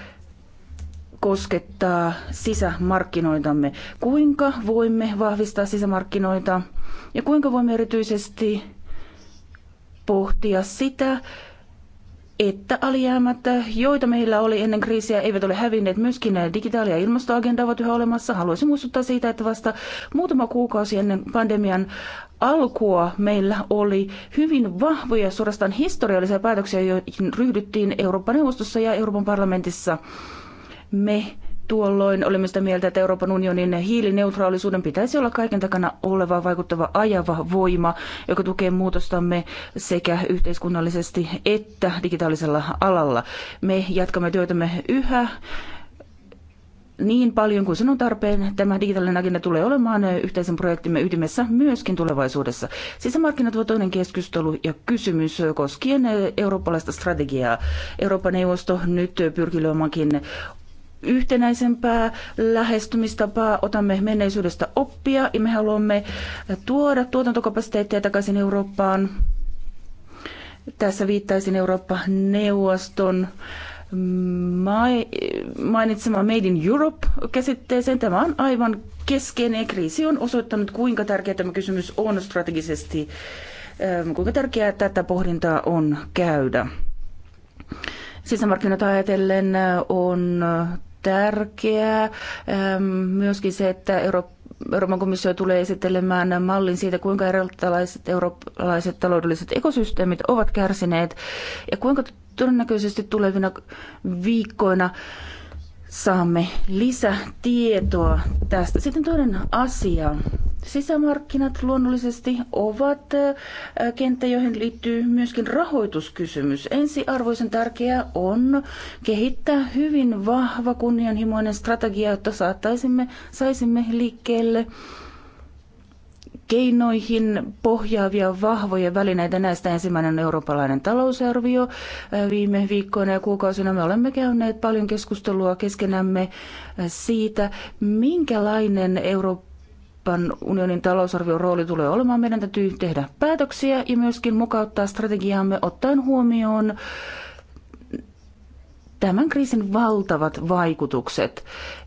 S2: koskettaa sisämarkkinoitamme. Kuinka voimme vahvistaa sisämarkkinoita? Ja kuinka voimme erityisesti pohtia sitä, että alijäämät, joita meillä oli ennen kriisiä, eivät ole hävinneet. Myöskin digitaali- ja ilmastoagenda ovat yhä olemassa. Haluaisin muistuttaa siitä, että vasta muutama kuukausi ennen pandemian alkua meillä oli hyvin vahvoja, suorastaan historiallisia päätöksiä, joihin ryhdyttiin Euroopan neuvostossa ja Euroopan parlamentissa. Me Tuolloin olimme sitä mieltä, että Euroopan unionin hiilineutraalisuuden pitäisi olla kaiken takana oleva vaikuttava ajava voima, joka tukee muutostamme sekä yhteiskunnallisesti että digitaalisella alalla. Me jatkamme työtämme yhä niin paljon kuin sen on tarpeen, tämä digitaalinen agenda tulee olemaan yhteisen projektimme ytimessä myöskin tulevaisuudessa. Sisämarkkinat ovat toinen keskustelu ja kysymys koskien eurooppalaista strategiaa. Euroopan neuvosto nyt pyrkii luomaankin yhtenäisempää lähestymistapaa, otamme menneisyydestä oppia ja me haluamme tuoda tuotantokapasiteettia takaisin Eurooppaan. Tässä viittaisin Eurooppa-neuvoston mainitsema Made in Europe-käsitteeseen. Tämä on aivan keskeinen ja kriisi on osoittanut, kuinka tärkeä tämä kysymys on strategisesti, ähm, kuinka tärkeää tätä pohdintaa on käydä. Sisämarkkinoita ajatellen on tärkeää. Myöskin se, että Euroopan komissio tulee esittelemään mallin siitä, kuinka erilaiset eurooppalaiset taloudelliset ekosysteemit ovat kärsineet ja kuinka todennäköisesti tulevina viikkoina saamme lisätietoa tästä. Sitten toinen asia. Sisämarkkinat luonnollisesti ovat kenttä, joihin liittyy myöskin rahoituskysymys. Ensiarvoisen tärkeää on kehittää hyvin vahva kunnianhimoinen strategia, jotta saattaisimme, saisimme liikkeelle keinoihin pohjaavia vahvoja välineitä. Näistä ensimmäinen eurooppalainen talousarvio. Äh, Viime viikkoina ja kuukausina me olemme käyneet paljon keskustelua keskenämme äh, siitä, minkälainen Euroopan unionin talousarvion rooli tulee olemaan. Meidän täytyy tehdä päätöksiä ja myöskin mukauttaa strategiaamme ottaen huomioon tämän kriisin valtavat vaikutukset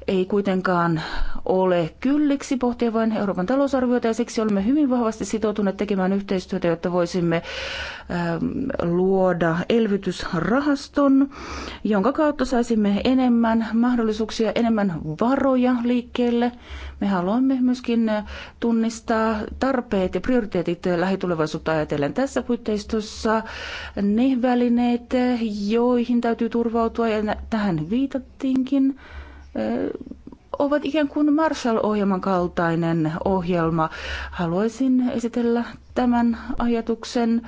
S2: ei kuitenkaan ole kylliksi pohtia vain Euroopan talousarviota ja siksi olemme hyvin vahvasti sitoutuneet tekemään yhteistyötä, jotta voisimme ähm, luoda elvytysrahaston, jonka kautta saisimme enemmän mahdollisuuksia, enemmän varoja liikkeelle. Me haluamme myöskin äh, tunnistaa tarpeet ja prioriteetit äh, lähitulevaisuutta ajatellen tässä puitteistossa. Ne välineet, äh, joihin täytyy turvautua ja tähän viitattiinkin ovat ikään kuin Marshall-ohjelman kaltainen ohjelma. Haluaisin esitellä tämän ajatuksen.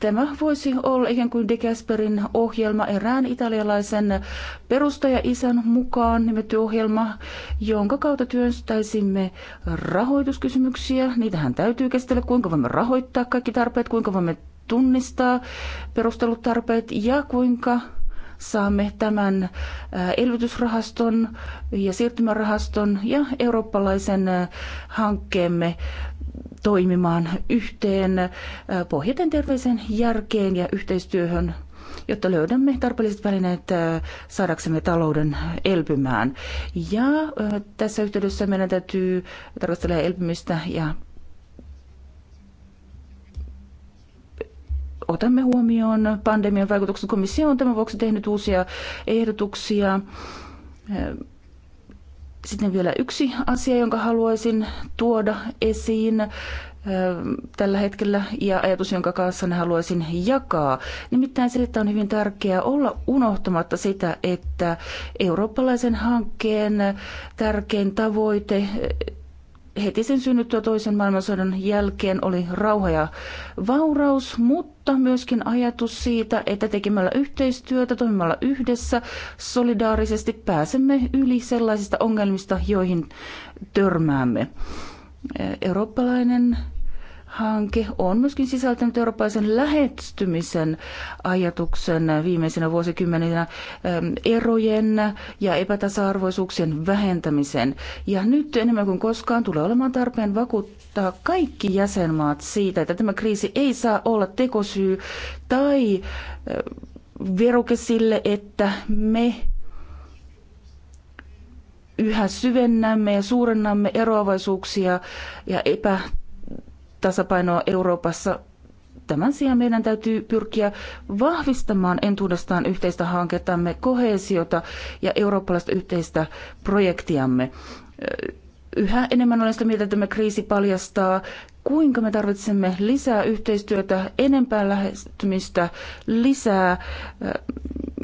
S2: Tämä voisi olla ikään kuin De Gasperin ohjelma erään italialaisen perustaja-isän mukaan nimetty ohjelma, jonka kautta työstäisimme rahoituskysymyksiä. Niitähän täytyy käsitellä, kuinka voimme rahoittaa kaikki tarpeet, kuinka voimme tunnistaa perustelutarpeet ja kuinka saamme tämän äh, elvytysrahaston ja siirtymärahaston ja eurooppalaisen äh, hankkeemme toimimaan yhteen äh, pohjaten terveisen järkeen ja yhteistyöhön jotta löydämme tarpeelliset välineet saadaksemme talouden elpymään. Ja tässä yhteydessä meidän täytyy tarkastella elpymistä ja otamme huomioon pandemian vaikutukset. Komissio on tämän vuoksi tehnyt uusia ehdotuksia. Sitten vielä yksi asia, jonka haluaisin tuoda esiin tällä hetkellä ja ajatus, jonka kanssa haluaisin jakaa. Nimittäin se, että on hyvin tärkeää olla unohtamatta sitä, että eurooppalaisen hankkeen tärkein tavoite heti sen synnyttyä toisen maailmansodan jälkeen oli rauha ja vauraus, mutta myöskin ajatus siitä, että tekemällä yhteistyötä, toimimalla yhdessä, solidaarisesti pääsemme yli sellaisista ongelmista, joihin törmäämme. Eurooppalainen hanke on myöskin sisältänyt eurooppalaisen lähestymisen ajatuksen viimeisenä vuosikymmeninä ähm, erojen ja epätasa-arvoisuuksien vähentämisen. Ja nyt enemmän kuin koskaan tulee olemaan tarpeen vakuuttaa kaikki jäsenmaat siitä, että tämä kriisi ei saa olla tekosyy tai äh, veruke sille, että me yhä syvennämme ja suurennamme eroavaisuuksia ja epätasa tasapainoa Euroopassa. Tämän sijaan meidän täytyy pyrkiä vahvistamaan entuudestaan yhteistä hankettamme, kohesiota ja eurooppalaista yhteistä projektiamme. Yhä enemmän olen sitä mieltä, että tämä kriisi paljastaa, kuinka me tarvitsemme lisää yhteistyötä, enempää lähestymistä, lisää äh,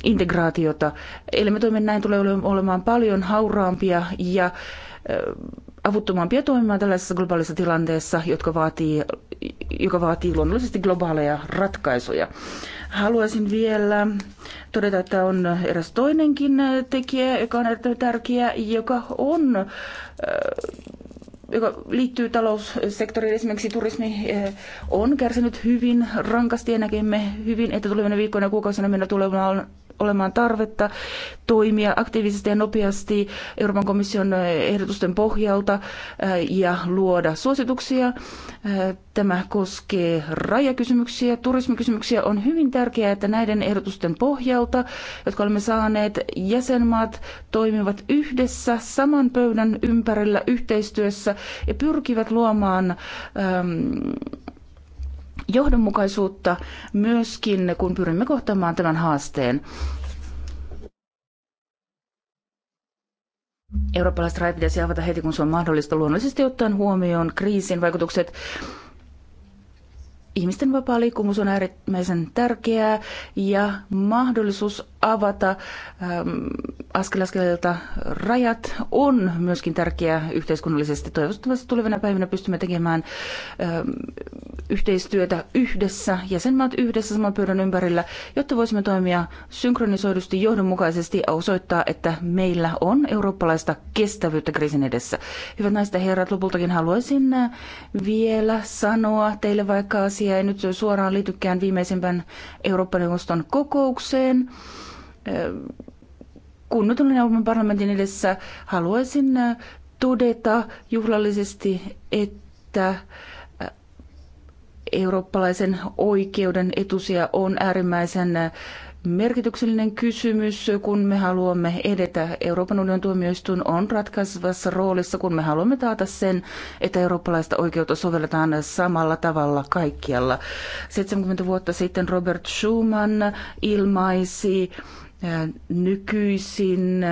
S2: integraatiota. Eli me toimme näin tulee olemaan paljon hauraampia ja äh, avuttomampia toimimaan tällaisessa globaalissa tilanteessa, jotka vaatii, joka vaatii luonnollisesti globaaleja ratkaisuja. Haluaisin vielä todeta, että on eräs toinenkin tekijä, joka on erittäin tärkeä, joka on äh, joka liittyy taloussektoriin, esimerkiksi turismi äh, on kärsinyt hyvin rankasti ja näkemme hyvin, että tulevina viikkoina ja kuukausina meillä tulee olemaan tarvetta toimia aktiivisesti ja nopeasti Euroopan komission ehdotusten pohjalta äh, ja luoda suosituksia. Äh, tämä koskee rajakysymyksiä, turismikysymyksiä. On hyvin tärkeää, että näiden ehdotusten pohjalta, jotka olemme saaneet, jäsenmaat toimivat yhdessä saman pöydän ympärillä yhteistyössä ja pyrkivät luomaan ähm, johdonmukaisuutta myöskin, kun pyrimme kohtaamaan tämän haasteen. Eurooppalaiset rajat pitäisi avata heti, kun se on mahdollista luonnollisesti ottaen huomioon kriisin vaikutukset. Ihmisten vapaa liikkumus on äärimmäisen tärkeää ja mahdollisuus avata ähm, askel askeleelta rajat on myöskin tärkeää yhteiskunnallisesti. Toivottavasti tulevina päivinä pystymme tekemään ähm, yhteistyötä yhdessä, jäsenmaat yhdessä saman pöydän ympärillä, jotta voisimme toimia synkronisoidusti johdonmukaisesti ja osoittaa, että meillä on eurooppalaista kestävyyttä kriisin edessä. Hyvät naiset ja herrat, lopultakin haluaisin äh, vielä sanoa teille, vaikka asia ei nyt suoraan liitykään viimeisimpään Eurooppa-neuvoston kokoukseen, kunnotullinen Euroopan parlamentin edessä haluaisin todeta juhlallisesti, että eurooppalaisen oikeuden etusija on äärimmäisen merkityksellinen kysymys, kun me haluamme edetä. Euroopan unionin tuomioistuin on ratkaisevassa roolissa, kun me haluamme taata sen, että eurooppalaista oikeutta sovelletaan samalla tavalla kaikkialla. 70 vuotta sitten Robert Schuman ilmaisi nykyisin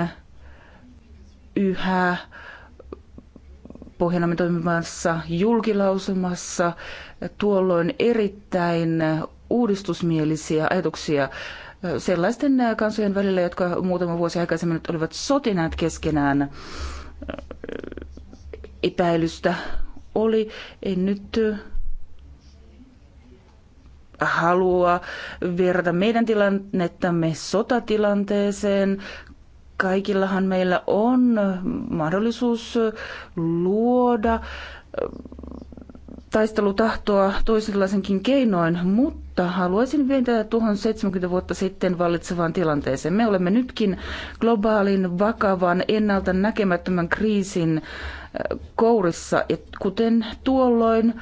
S2: yhä pohjanamme toimivassa julkilausumassa tuolloin erittäin uudistusmielisiä ajatuksia sellaisten kansojen välillä, jotka muutama vuosi aikaisemmin olivat sotineet keskenään epäilystä oli. En nyt halua verrata meidän tilannettamme sotatilanteeseen. Kaikillahan meillä on mahdollisuus luoda äh, taistelutahtoa toisenlaisenkin keinoin, mutta haluaisin vientää tuohon 70 vuotta sitten vallitsevaan tilanteeseen. Me olemme nytkin globaalin, vakavan, ennalta näkemättömän kriisin äh, kourissa, ja kuten tuolloin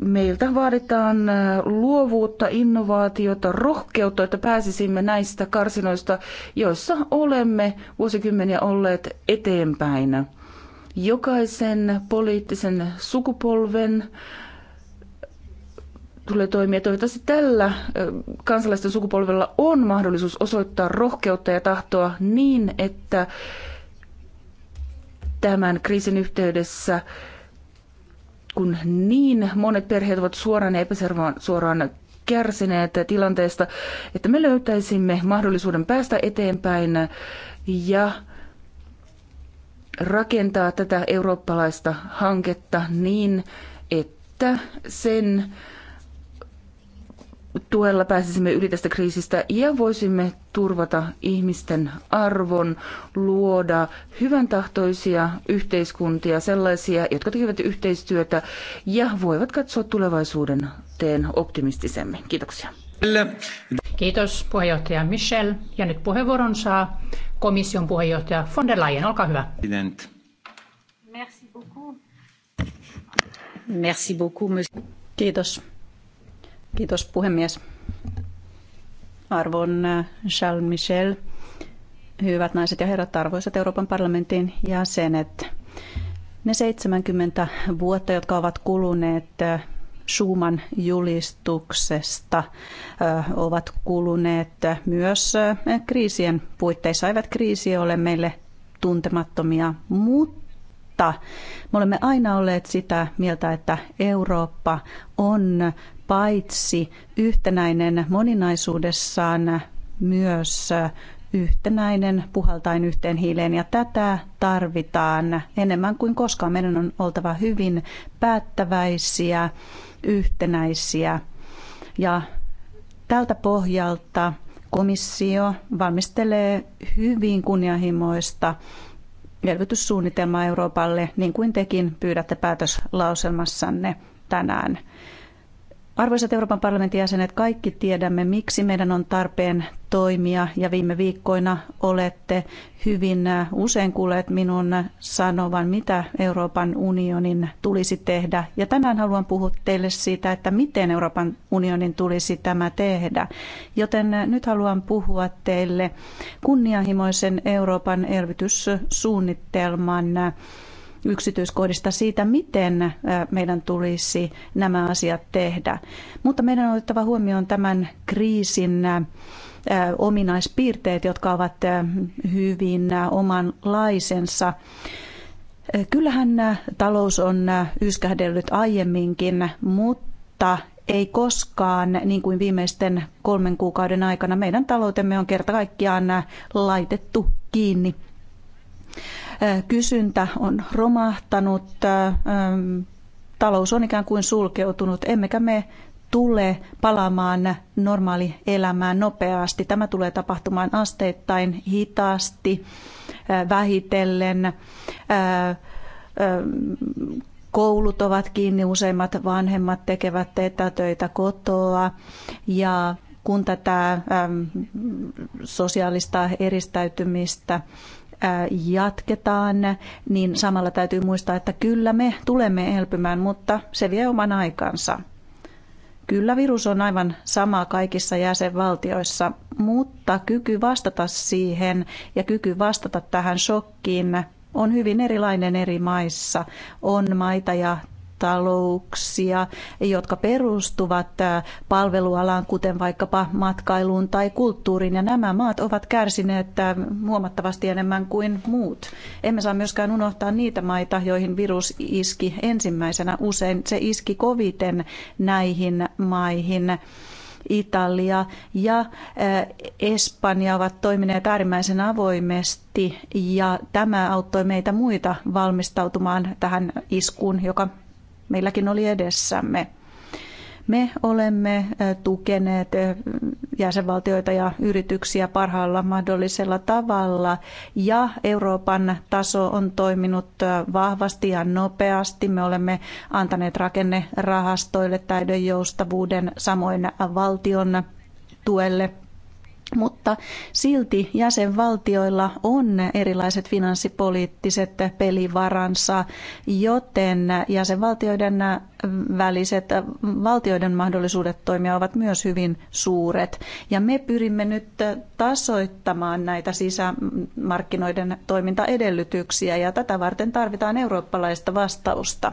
S2: meiltä vaaditaan luovuutta, innovaatiota, rohkeutta, että pääsisimme näistä karsinoista, joissa olemme vuosikymmeniä olleet eteenpäin. Jokaisen poliittisen sukupolven tulee toimia. Toivottavasti tällä kansalaisten sukupolvella on mahdollisuus osoittaa rohkeutta ja tahtoa niin, että tämän kriisin yhteydessä kun niin monet perheet ovat suoraan ja epäsuoraan suoraan kärsineet tilanteesta, että me löytäisimme mahdollisuuden päästä eteenpäin ja rakentaa tätä eurooppalaista hanketta niin, että sen tuella pääsisimme yli tästä kriisistä ja voisimme turvata ihmisten arvon, luoda hyvän tahtoisia yhteiskuntia, sellaisia, jotka tekevät yhteistyötä ja voivat katsoa tulevaisuuden teen optimistisemmin. Kiitoksia.
S6: Kiitos puheenjohtaja Michel. Ja nyt puheenvuoron saa komission puheenjohtaja von der Leyen. Olkaa hyvä.
S7: Kiitos Kiitos puhemies. Arvon äh, Charles Michel, hyvät naiset ja herrat, arvoisat Euroopan parlamentin jäsenet. Ne 70 vuotta, jotka ovat kuluneet äh, Schuman julistuksesta äh, ovat kuluneet myös kriisien puitteissa. Eivät kriisiä ole meille tuntemattomia, mutta me olemme aina olleet sitä mieltä, että Eurooppa on paitsi yhtenäinen moninaisuudessaan myös yhtenäinen, puhaltain yhteen hiileen ja tätä tarvitaan enemmän kuin koskaan. Meidän on oltava hyvin päättäväisiä, yhtenäisiä ja tältä pohjalta komissio valmistelee hyvin kunnianhimoista elvytyssuunnitelmaa Euroopalle, niin kuin tekin pyydätte päätöslauselmassanne tänään. Arvoisat Euroopan parlamentin jäsenet, kaikki tiedämme, miksi meidän on tarpeen toimia ja viime viikkoina olette hyvin äh, usein kuulleet minun sanovan, mitä Euroopan unionin tulisi tehdä. Ja tänään haluan puhua teille siitä, että miten Euroopan unionin tulisi tämä tehdä. Joten äh, nyt haluan puhua teille kunnianhimoisen Euroopan elvytyssuunnitelman äh, yksityiskohdista siitä, miten meidän tulisi nämä asiat tehdä. Mutta meidän on otettava huomioon tämän kriisin ominaispiirteet, jotka ovat hyvin omanlaisensa. Kyllähän talous on yskähdellyt aiemminkin, mutta ei koskaan, niin kuin viimeisten kolmen kuukauden aikana, meidän taloutemme on kerta kaikkiaan laitettu kiinni kysyntä on romahtanut, talous on ikään kuin sulkeutunut, emmekä me tule palaamaan normaali elämään nopeasti. Tämä tulee tapahtumaan asteittain, hitaasti, vähitellen. Koulut ovat kiinni, useimmat vanhemmat tekevät etätöitä kotoa ja kun tätä sosiaalista eristäytymistä jatketaan, niin samalla täytyy muistaa, että kyllä me tulemme elpymään, mutta se vie oman aikansa. Kyllä virus on aivan sama kaikissa jäsenvaltioissa, mutta kyky vastata siihen ja kyky vastata tähän shokkiin on hyvin erilainen eri maissa. On maita ja talouksia, jotka perustuvat äh, palvelualaan, kuten vaikkapa matkailuun tai kulttuuriin, ja nämä maat ovat kärsineet äh, huomattavasti enemmän kuin muut. Emme saa myöskään unohtaa niitä maita, joihin virus iski ensimmäisenä. Usein se iski koviten näihin maihin. Italia ja äh, Espanja ovat toimineet äärimmäisen avoimesti ja tämä auttoi meitä muita valmistautumaan tähän iskuun, joka meilläkin oli edessämme. Me olemme tukeneet jäsenvaltioita ja yrityksiä parhaalla mahdollisella tavalla ja Euroopan taso on toiminut vahvasti ja nopeasti. Me olemme antaneet rakennerahastoille täyden joustavuuden samoin valtion tuelle mutta silti jäsenvaltioilla on erilaiset finanssipoliittiset pelivaransa, joten jäsenvaltioiden väliset valtioiden mahdollisuudet toimia ovat myös hyvin suuret. Ja me pyrimme nyt tasoittamaan näitä sisämarkkinoiden toimintaedellytyksiä ja tätä varten tarvitaan eurooppalaista vastausta.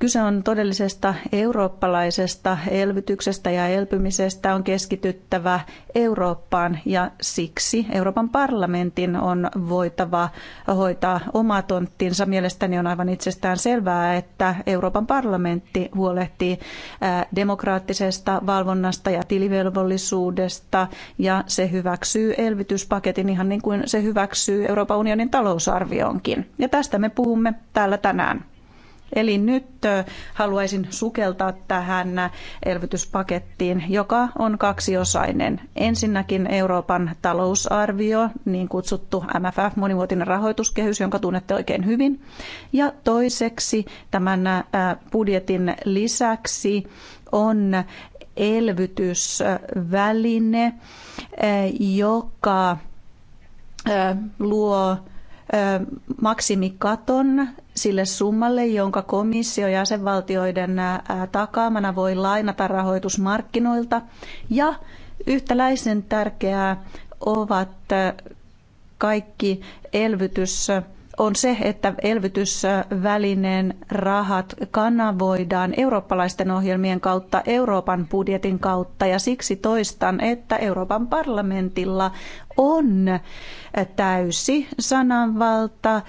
S7: Kyse on todellisesta eurooppalaisesta elvytyksestä ja elpymisestä on keskityttävä Eurooppaan ja siksi Euroopan parlamentin on voitava hoitaa oma tonttinsa. Mielestäni on aivan itsestään selvää, että Euroopan parlamentti huolehtii demokraattisesta valvonnasta ja tilivelvollisuudesta ja se hyväksyy elvytyspaketin ihan niin kuin se hyväksyy Euroopan unionin talousarvioonkin. Ja tästä me puhumme täällä tänään. Eli nyt haluaisin sukeltaa tähän elvytyspakettiin, joka on kaksiosainen. Ensinnäkin Euroopan talousarvio, niin kutsuttu MFF, monivuotinen rahoituskehys, jonka tunnette oikein hyvin. Ja toiseksi tämän budjetin lisäksi on elvytysväline, joka luo maksimikaton sille summalle, jonka komissio jäsenvaltioiden takaamana voi lainata rahoitusmarkkinoilta. Ja yhtäläisen tärkeää ovat kaikki elvytys on se, että elvytysvälineen rahat kanavoidaan eurooppalaisten ohjelmien kautta, Euroopan budjetin kautta ja siksi toistan, että Euroopan parlamentilla on täysi sananvalta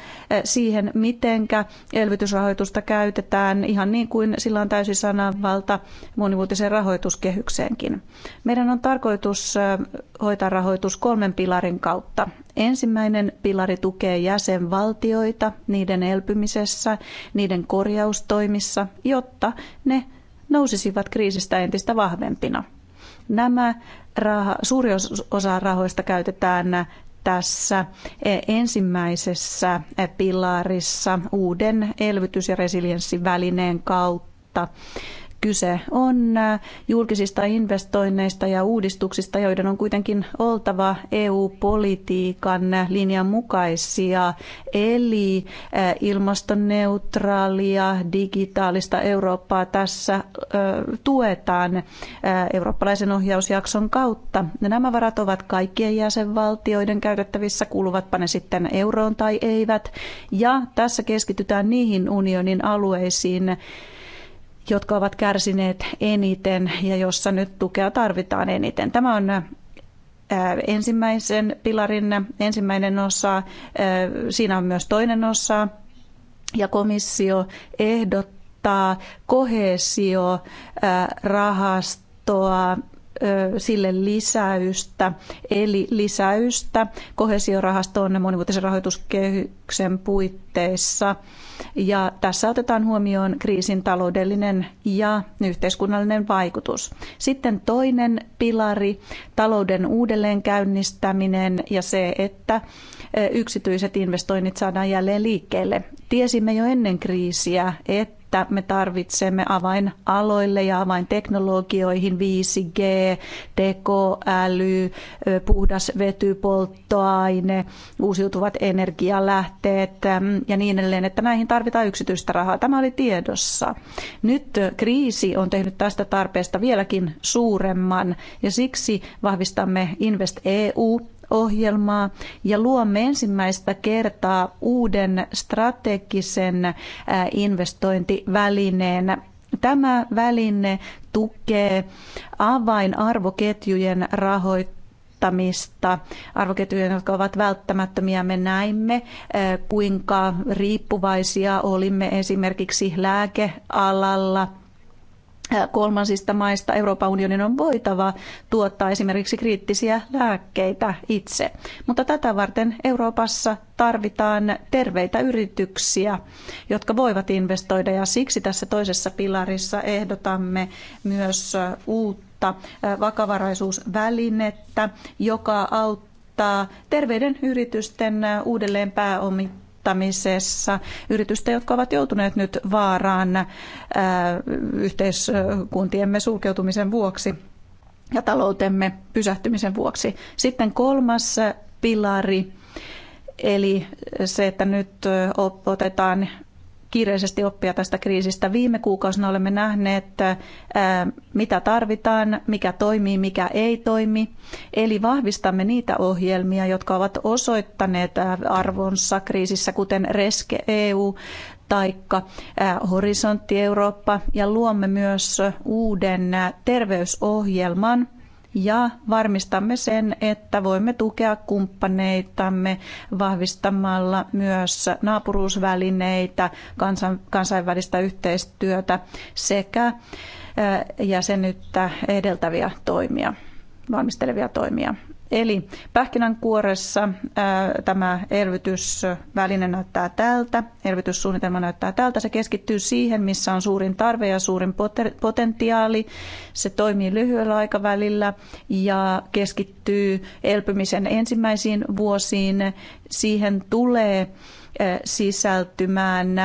S7: siihen, mitenkä elvytysrahoitusta käytetään, ihan niin kuin sillä on täysi sananvalta monivuotiseen rahoituskehykseenkin. Meidän on tarkoitus hoitaa rahoitus kolmen pilarin kautta. Ensimmäinen pilari tukee jäsenvaltioita niiden elpymisessä, niiden korjaustoimissa, jotta ne nousisivat kriisistä entistä vahvempina. Nämä raha, suuri osa rahoista käytetään tässä e, ensimmäisessä e, pilarissa uuden elvytys- ja resilienssivälineen kautta kautta. Kyse on äh, julkisista investoinneista ja uudistuksista, joiden on kuitenkin oltava EU-politiikan linjan mukaisia, eli äh, ilmastoneutraalia, digitaalista Eurooppaa tässä äh, tuetaan eurooppalaisen ohjausjakson kautta. Nämä varat ovat kaikkien jäsenvaltioiden käytettävissä, kuuluvatpa ne sitten euroon tai eivät, ja tässä keskitytään niihin unionin alueisiin, jotka ovat kärsineet eniten ja jossa nyt tukea tarvitaan eniten. Tämä on äh, ensimmäisen pilarin ensimmäinen osa. Äh, siinä on myös toinen osa. Ja komissio ehdottaa kohesio äh, sille lisäystä, eli lisäystä kohesiorahastoon monivuotisen rahoituskehyksen puitteissa. Ja tässä otetaan huomioon kriisin taloudellinen ja yhteiskunnallinen vaikutus. Sitten toinen pilari, talouden uudelleenkäynnistäminen ja se, että Eh, yksityiset investoinnit saadaan jälleen liikkeelle. Tiesimme jo ennen kriisiä, että että me tarvitsemme avainaloille ja avainteknologioihin 5G, tekoäly, eh, puhdas polttoaine, uusiutuvat energialähteet ehm, ja niin edelleen, että näihin tarvitaan yksityistä rahaa. Tämä oli tiedossa. Nyt kriisi on tehnyt tästä tarpeesta vieläkin suuremman ja siksi vahvistamme Invest EU ohjelmaa ja luomme ensimmäistä kertaa uuden strategisen investointivälineen Tämä väline tukee avainarvoketjujen rahoittamista, arvoketjuja, jotka ovat välttämättömiä. Me näimme, kuinka riippuvaisia olimme esimerkiksi lääkealalla – kolmansista maista Euroopan unionin on voitava tuottaa esimerkiksi kriittisiä lääkkeitä itse. Mutta tätä varten Euroopassa tarvitaan terveitä yrityksiä, jotka voivat investoida ja siksi tässä toisessa pilarissa ehdotamme myös uutta vakavaraisuusvälinettä, joka auttaa terveiden yritysten uudelleen pääomittamista auttamisessa yritystä, jotka ovat joutuneet nyt vaaraan ää, äh, yhteiskuntiemme sulkeutumisen vuoksi ja taloutemme pysähtymisen vuoksi. Sitten kolmas pilari, eli se, että nyt otetaan kiireisesti oppia tästä kriisistä. Viime kuukausina olemme nähneet, että mitä tarvitaan, mikä toimii, mikä ei toimi. Eli vahvistamme niitä ohjelmia, jotka ovat osoittaneet arvonsa kriisissä, kuten Reske EU, taikka Horisontti Eurooppa ja luomme myös uuden terveysohjelman – ja varmistamme sen, että voimme tukea kumppaneitamme vahvistamalla myös naapuruusvälineitä, kansainvälistä yhteistyötä sekä jäsenyyttä edeltäviä toimia, valmistelevia toimia. Eli pähkinänkuoressa tämä elvytysväline näyttää tältä, elvytyssuunnitelma näyttää tältä. Se keskittyy siihen, missä on suurin tarve ja suurin potentiaali. Se toimii lyhyellä aikavälillä ja keskittyy elpymisen ensimmäisiin vuosiin. Siihen tulee sisältymään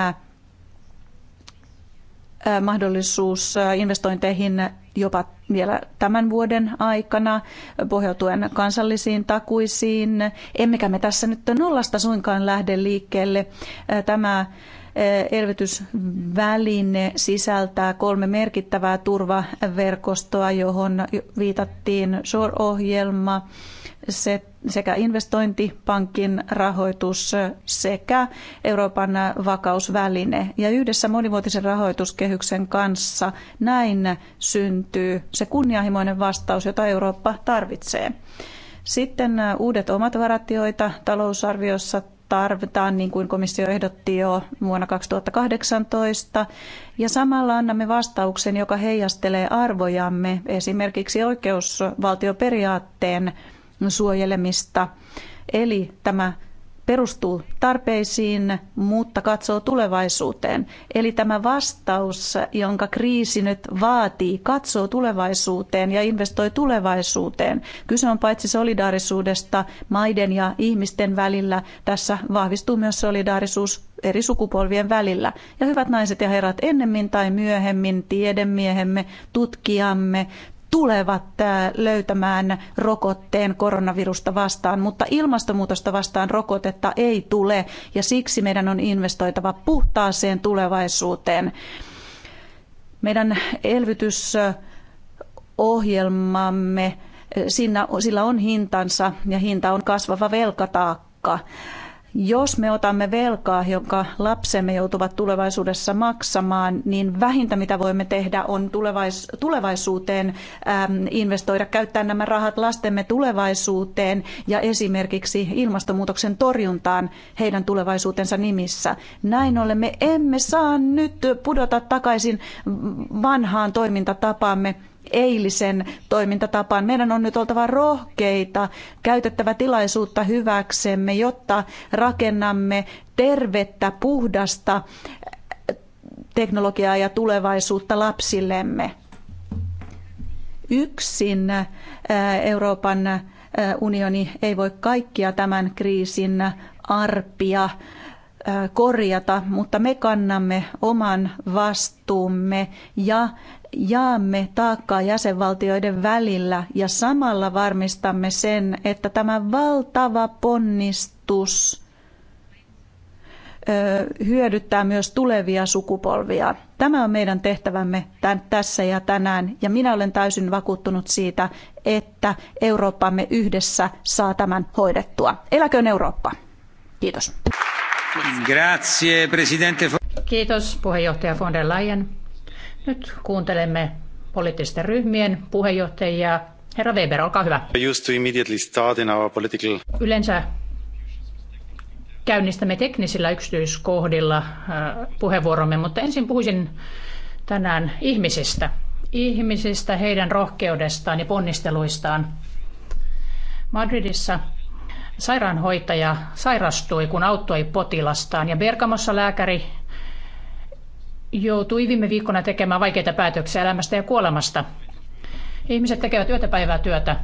S7: mahdollisuus investointeihin jopa vielä tämän vuoden aikana pohjautuen kansallisiin takuisiin. Emmekä me tässä nyt nollasta suinkaan lähde liikkeelle. Tämä elvytysväline sisältää kolme merkittävää turvaverkostoa, johon viitattiin SOR-ohjelma, sekä investointipankin rahoitus sekä Euroopan vakausväline. Ja yhdessä monivuotisen rahoituskehyksen kanssa näin syntyy se kunnianhimoinen vastaus, jota Eurooppa tarvitsee. Sitten uudet omat varat, joita talousarviossa tarvitaan, niin kuin komissio ehdotti jo vuonna 2018. Ja samalla annamme vastauksen, joka heijastelee arvojamme, esimerkiksi oikeusvaltioperiaatteen suojelemista. Eli tämä perustuu tarpeisiin, mutta katsoo tulevaisuuteen. Eli tämä vastaus, jonka kriisi nyt vaatii, katsoo tulevaisuuteen ja investoi tulevaisuuteen. Kyse on paitsi solidaarisuudesta maiden ja ihmisten välillä, tässä vahvistuu myös solidaarisuus eri sukupolvien välillä. Ja hyvät naiset ja herrat, ennemmin tai myöhemmin tiedemiehemme, tutkijamme, tulevat äh, löytämään rokotteen koronavirusta vastaan, mutta ilmastonmuutosta vastaan rokotetta ei tule ja siksi meidän on investoitava puhtaaseen tulevaisuuteen. Meidän elvytysohjelmamme, äh, sillä on hintansa ja hinta on kasvava velkataakka. Jos me otamme velkaa, jonka lapsemme joutuvat tulevaisuudessa maksamaan, niin vähintä mitä voimme tehdä on tulevais- tulevaisuuteen investoida, käyttää nämä rahat lastemme tulevaisuuteen ja esimerkiksi ilmastonmuutoksen torjuntaan heidän tulevaisuutensa nimissä. Näin ollen me emme saa nyt pudota takaisin vanhaan toimintatapaamme eilisen toimintatapaan. Meidän on nyt oltava rohkeita, käytettävä tilaisuutta hyväksemme, jotta rakennamme tervettä, puhdasta eh, teknologiaa ja tulevaisuutta lapsillemme. Yksin eh, Euroopan eh, unioni ei voi kaikkia tämän kriisin arpia korjata, mutta me kannamme oman vastuumme ja jaamme taakkaa jäsenvaltioiden välillä ja samalla varmistamme sen, että tämä valtava ponnistus hyödyttää myös tulevia sukupolvia. Tämä on meidän tehtävämme tässä ja tänään, ja minä olen täysin vakuuttunut siitä, että Eurooppamme yhdessä saa tämän hoidettua. Eläköön Eurooppa! Kiitos.
S6: Kiitos puheenjohtaja von der Leyen. Nyt kuuntelemme poliittisten ryhmien puheenjohtajia. Herra Weber, olkaa hyvä. Yleensä käynnistämme teknisillä yksityiskohdilla äh, puheenvuoromme, mutta ensin puhuisin tänään ihmisistä. Ihmisistä, heidän rohkeudestaan ja ponnisteluistaan. Madridissa Sairaanhoitaja sairastui, kun auttoi potilastaan ja Bergamossa lääkäri joutui viime viikkona tekemään vaikeita päätöksiä elämästä ja kuolemasta. Ihmiset tekevät yötä päivää työtä,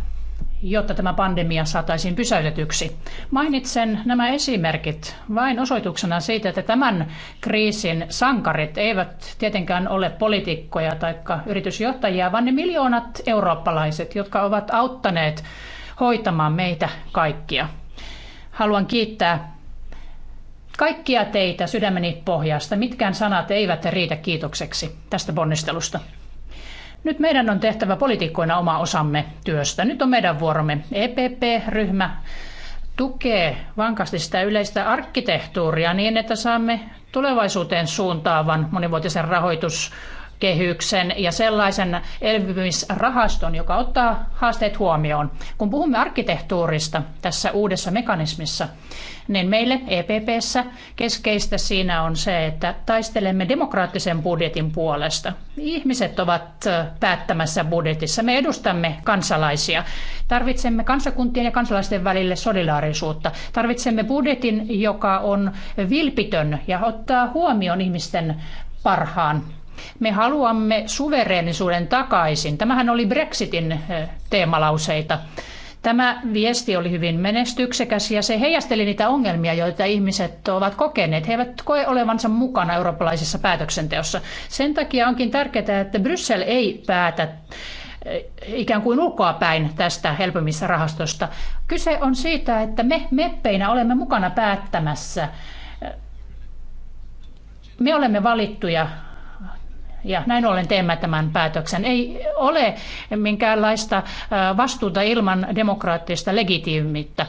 S6: jotta tämä pandemia saataisiin pysäytetyksi. Mainitsen nämä esimerkit vain osoituksena siitä, että tämän kriisin sankarit eivät tietenkään ole poliitikkoja tai yritysjohtajia, vaan ne miljoonat eurooppalaiset, jotka ovat auttaneet hoitamaan meitä kaikkia haluan kiittää kaikkia teitä sydämeni pohjasta. Mitkään sanat eivät riitä kiitokseksi tästä ponnistelusta. Nyt meidän on tehtävä poliitikkoina oma osamme työstä. Nyt on meidän vuoromme. EPP-ryhmä tukee vankasti sitä yleistä arkkitehtuuria niin, että saamme tulevaisuuteen suuntaavan monivuotisen rahoitus kehyksen ja sellaisen elvymisrahaston, joka ottaa haasteet huomioon. Kun puhumme arkkitehtuurista tässä uudessa mekanismissa, niin meille EPPssä keskeistä siinä on se, että taistelemme demokraattisen budjetin puolesta. Ihmiset ovat päättämässä budjetissa. Me edustamme kansalaisia. Tarvitsemme kansakuntien ja kansalaisten välille solidaarisuutta. Tarvitsemme budjetin, joka on vilpitön ja ottaa huomioon ihmisten parhaan me haluamme suvereenisuuden takaisin. Tämähän oli Brexitin eh, teemalauseita. Tämä viesti oli hyvin menestyksekäs ja se heijasteli niitä ongelmia, joita ihmiset ovat kokeneet. He eivät koe olevansa mukana eurooppalaisessa päätöksenteossa. Sen takia onkin tärkeää, että Bryssel ei päätä eh, ikään kuin ulkoapäin tästä rahastosta. Kyse on siitä, että me meppeinä olemme mukana päättämässä. Eh, me olemme valittuja ja näin ollen teemme tämän päätöksen. Ei ole minkäänlaista äh, vastuuta ilman demokraattista legitiimittä.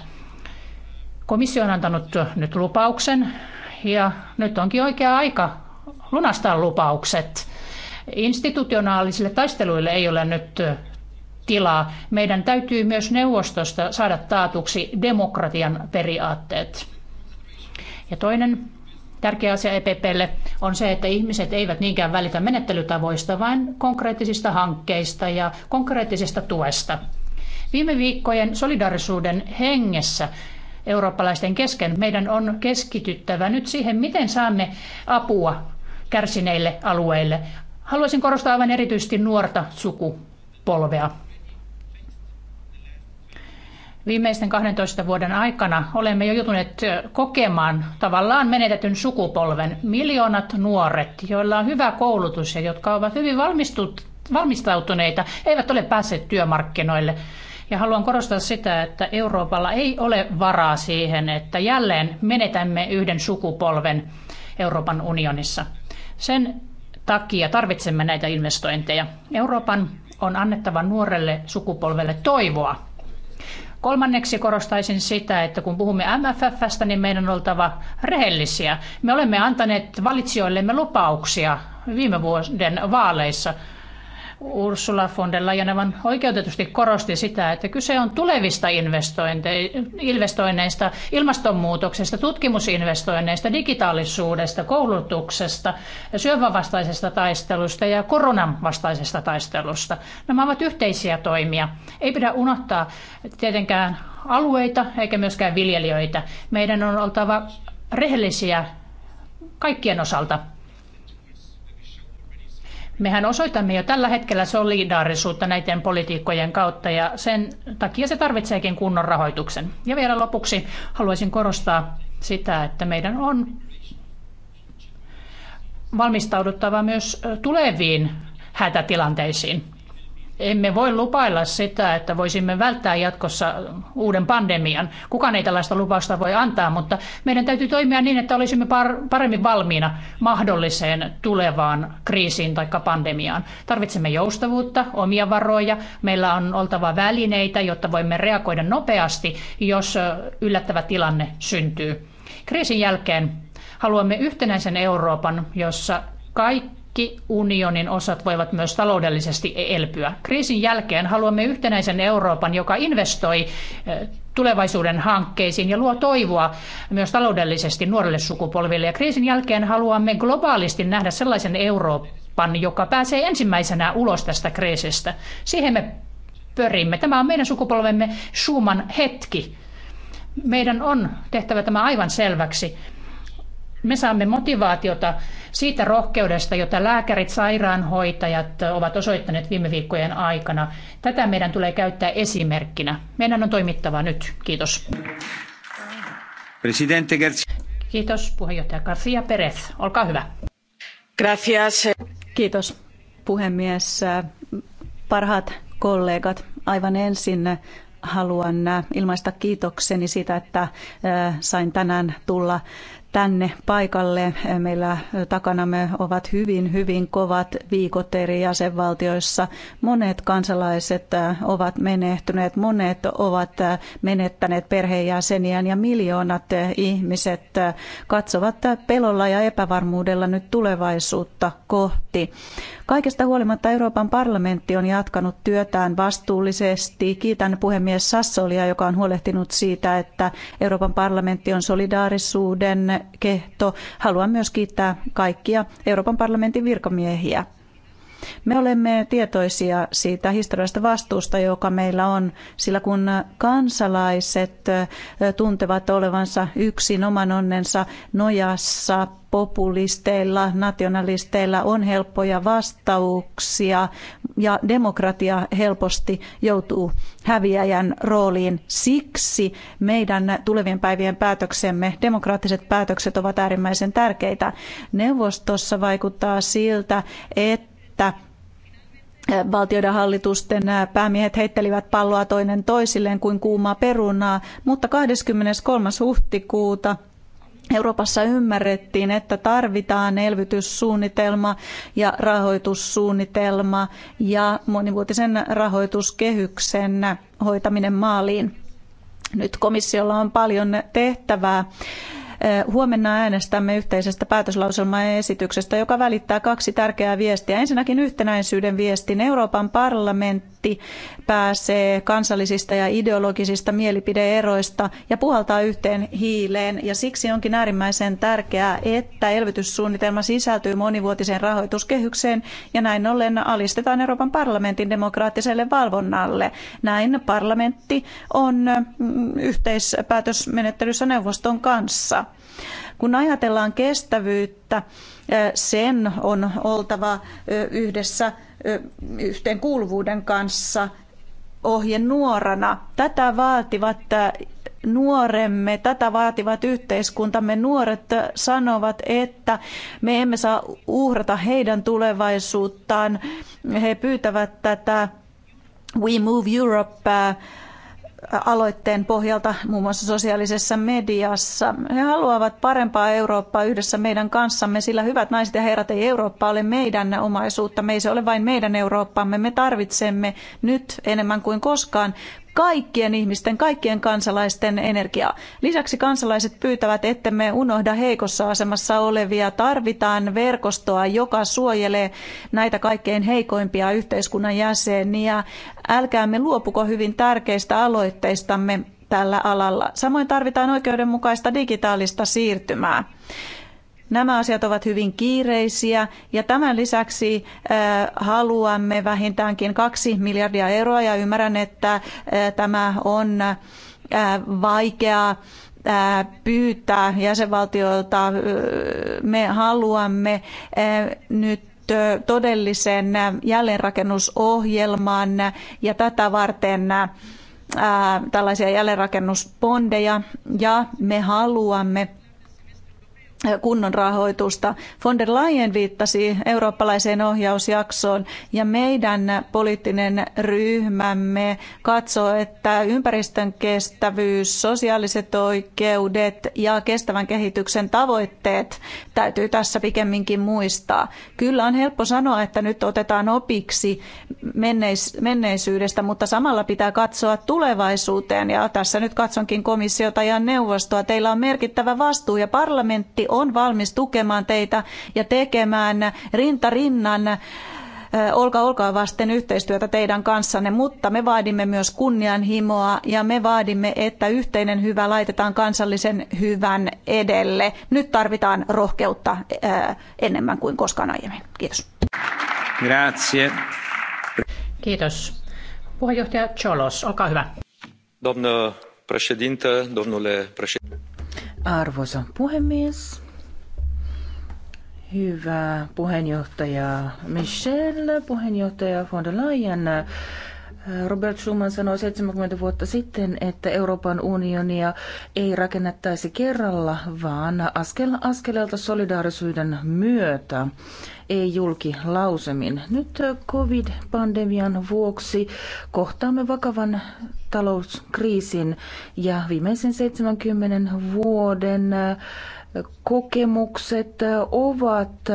S6: Komissio on antanut nyt lupauksen ja nyt onkin oikea aika lunastaa lupaukset. Institutionaalisille taisteluille ei ole nyt äh, tilaa. Meidän täytyy myös neuvostosta saada taatuksi demokratian periaatteet. Ja toinen Tärkeä asia EPPlle on se, että ihmiset eivät niinkään välitä menettelytavoista, vaan konkreettisista hankkeista ja konkreettisesta tuesta. Viime viikkojen solidarisuuden hengessä eurooppalaisten kesken meidän on keskityttävä nyt siihen, miten saamme apua kärsineille alueille. Haluaisin korostaa aivan erityisesti nuorta sukupolvea. Viimeisten 12 vuoden aikana olemme jo joutuneet kokemaan tavallaan menetetyn sukupolven miljoonat nuoret, joilla on hyvä koulutus ja jotka ovat hyvin valmistautuneita, eivät ole päässeet työmarkkinoille. Ja haluan korostaa sitä, että Euroopalla ei ole varaa siihen, että jälleen menetämme yhden sukupolven Euroopan unionissa. Sen takia tarvitsemme näitä investointeja. Euroopan on annettava nuorelle sukupolvelle toivoa Kolmanneksi korostaisin sitä, että kun puhumme MFFstä, niin meidän on oltava rehellisiä. Me olemme antaneet valitsijoillemme lupauksia viime vuoden vaaleissa. Ursula von der Leyen aivan oikeutetusti korosti sitä, että kyse on tulevista investoinneista, ilmastonmuutoksesta, tutkimusinvestoinneista, digitaalisuudesta, koulutuksesta, syövänvastaisesta taistelusta ja koronan vastaisesta taistelusta. Nämä ovat yhteisiä toimia. Ei pidä unohtaa tietenkään alueita eikä myöskään viljelijöitä. Meidän on oltava rehellisiä kaikkien osalta Mehän osoitamme jo tällä hetkellä solidaarisuutta näiden politiikkojen kautta ja sen takia se tarvitseekin kunnon rahoituksen. Ja vielä lopuksi haluaisin korostaa sitä, että meidän on valmistauduttava myös tuleviin hätätilanteisiin. Emme voi lupailla sitä, että voisimme välttää jatkossa uuden pandemian. Kukaan ei tällaista lupausta voi antaa, mutta meidän täytyy toimia niin, että olisimme paremmin valmiina mahdolliseen tulevaan kriisiin tai pandemiaan. Tarvitsemme joustavuutta, omia varoja. Meillä on oltava välineitä, jotta voimme reagoida nopeasti, jos yllättävä tilanne syntyy. Kriisin jälkeen haluamme yhtenäisen Euroopan, jossa kaikki kaikki unionin osat voivat myös taloudellisesti elpyä. Kriisin jälkeen haluamme yhtenäisen Euroopan, joka investoi eh, tulevaisuuden hankkeisiin ja luo toivoa myös taloudellisesti nuorille sukupolville. Ja kriisin jälkeen haluamme globaalisti nähdä sellaisen Euroopan, joka pääsee ensimmäisenä ulos tästä kriisistä. Siihen me pyrimme. Tämä on meidän sukupolvemme Schumann hetki. Meidän on tehtävä tämä aivan selväksi me saamme motivaatiota siitä rohkeudesta, jota lääkärit, sairaanhoitajat ovat osoittaneet viime viikkojen aikana. Tätä meidän tulee käyttää esimerkkinä. Meidän on toimittava nyt. Kiitos.
S1: Presidente Garcia.
S6: Kiitos puheenjohtaja Garcia Perez. Olkaa hyvä.
S7: Gracias. Kiitos puhemies. Parhaat kollegat, aivan ensin haluan ilmaista kiitokseni siitä, että sain tänään tulla tänne paikalle. Meillä takanamme ovat hyvin, hyvin kovat viikot eri jäsenvaltioissa. Monet kansalaiset äh, ovat menehtyneet, monet ovat äh, menettäneet perheenjäseniään ja miljoonat äh, ihmiset katsovat pelolla ja epävarmuudella nyt tulevaisuutta kohti. Kaikesta huolimatta Euroopan parlamentti on jatkanut työtään vastuullisesti. Kiitän puhemies Sassolia, joka on huolehtinut siitä, että Euroopan parlamentti on solidaarisuuden kehto. Haluan myös kiittää kaikkia Euroopan parlamentin virkamiehiä. Me olemme tietoisia siitä historiallisesta vastuusta, joka meillä on, sillä kun kansalaiset tuntevat olevansa yksin oman onnensa nojassa, populisteilla, nationalisteilla on helppoja vastauksia ja demokratia helposti joutuu häviäjän rooliin. Siksi meidän tulevien päivien päätöksemme, demokraattiset päätökset ovat äärimmäisen tärkeitä. Neuvostossa vaikuttaa siltä, että että valtioiden hallitusten päämiehet heittelivät palloa toinen toisilleen kuin kuumaa perunaa, mutta 23. huhtikuuta Euroopassa ymmärrettiin, että tarvitaan elvytyssuunnitelma ja rahoitussuunnitelma ja monivuotisen rahoituskehyksen hoitaminen maaliin. Nyt komissiolla on paljon tehtävää Eh, huomenna äänestämme yhteisestä päätöslauselmaesityksestä, joka välittää kaksi tärkeää viestiä. Ensinnäkin yhtenäisyyden viestin. Euroopan parlamentti pääsee kansallisista ja ideologisista mielipideeroista ja puhaltaa yhteen hiileen. Ja siksi onkin äärimmäisen tärkeää, että elvytyssuunnitelma sisältyy monivuotiseen rahoituskehykseen ja näin ollen alistetaan Euroopan parlamentin demokraattiselle valvonnalle. Näin parlamentti on mm, yhteispäätösmenettelyssä neuvoston kanssa. Kun ajatellaan kestävyyttä, sen on oltava yhdessä yhteenkuuluvuuden kanssa ohjenuorana. Tätä vaativat nuoremme, tätä vaativat yhteiskuntamme nuoret sanovat, että me emme saa uhrata heidän tulevaisuuttaan. He pyytävät tätä We Move Europe aloitteen pohjalta muun muassa sosiaalisessa mediassa. He haluavat parempaa Eurooppaa yhdessä meidän kanssamme, sillä hyvät naiset ja herrat, ei Eurooppa ole meidän omaisuutta. Me ei se ole vain meidän Eurooppamme. Me tarvitsemme nyt enemmän kuin koskaan kaikkien ihmisten, kaikkien kansalaisten energiaa. Lisäksi kansalaiset pyytävät, ettemme unohda heikossa asemassa olevia. Tarvitaan verkostoa, joka suojelee näitä kaikkein heikoimpia yhteiskunnan jäseniä. Älkäämme luopuko hyvin tärkeistä aloitteistamme tällä alalla. Samoin tarvitaan oikeudenmukaista digitaalista siirtymää. Nämä asiat ovat hyvin kiireisiä ja tämän lisäksi äh, haluamme vähintäänkin kaksi miljardia euroa ja ymmärrän, että äh, tämä on äh, vaikeaa pyytää jäsenvaltioilta. Me haluamme nyt todellisen jälleenrakennusohjelman ja tätä varten tällaisia jälleenrakennusbondeja ja me haluamme kunnon rahoitusta. Von der Leyen viittasi eurooppalaiseen ohjausjaksoon ja meidän poliittinen ryhmämme katsoo, että ympäristön kestävyys, sosiaaliset oikeudet ja kestävän kehityksen tavoitteet täytyy tässä pikemminkin muistaa. Kyllä on helppo sanoa, että nyt otetaan opiksi menneisyydestä, mutta samalla pitää katsoa tulevaisuuteen ja tässä nyt katsonkin komissiota ja neuvostoa. Teillä on merkittävä vastuu ja parlamentti on valmis tukemaan teitä ja tekemään rinta rinnan olka olkaa vasten yhteistyötä teidän kanssanne, mutta me vaadimme myös kunnianhimoa ja me vaadimme, että yhteinen hyvä laitetaan kansallisen hyvän edelle. Nyt tarvitaan rohkeutta enemmän kuin koskaan aiemmin. Kiitos.
S1: Grazie.
S6: Kiitos. Puheenjohtaja Cholos, olkaa hyvä.
S1: Domnul președinte, domnule președinte.
S2: Arvoisa puhemies, Hyvä puheenjohtaja Michel, puheenjohtaja von der Leyen. Robert Schuman sanoi 70 vuotta sitten, että Euroopan unionia ei rakennettaisi kerralla, vaan askel askeleelta solidaarisuuden myötä, ei julki lausemin. Nyt covid-pandemian vuoksi kohtaamme vakavan talouskriisin ja viimeisen 70 vuoden kokemukset ovat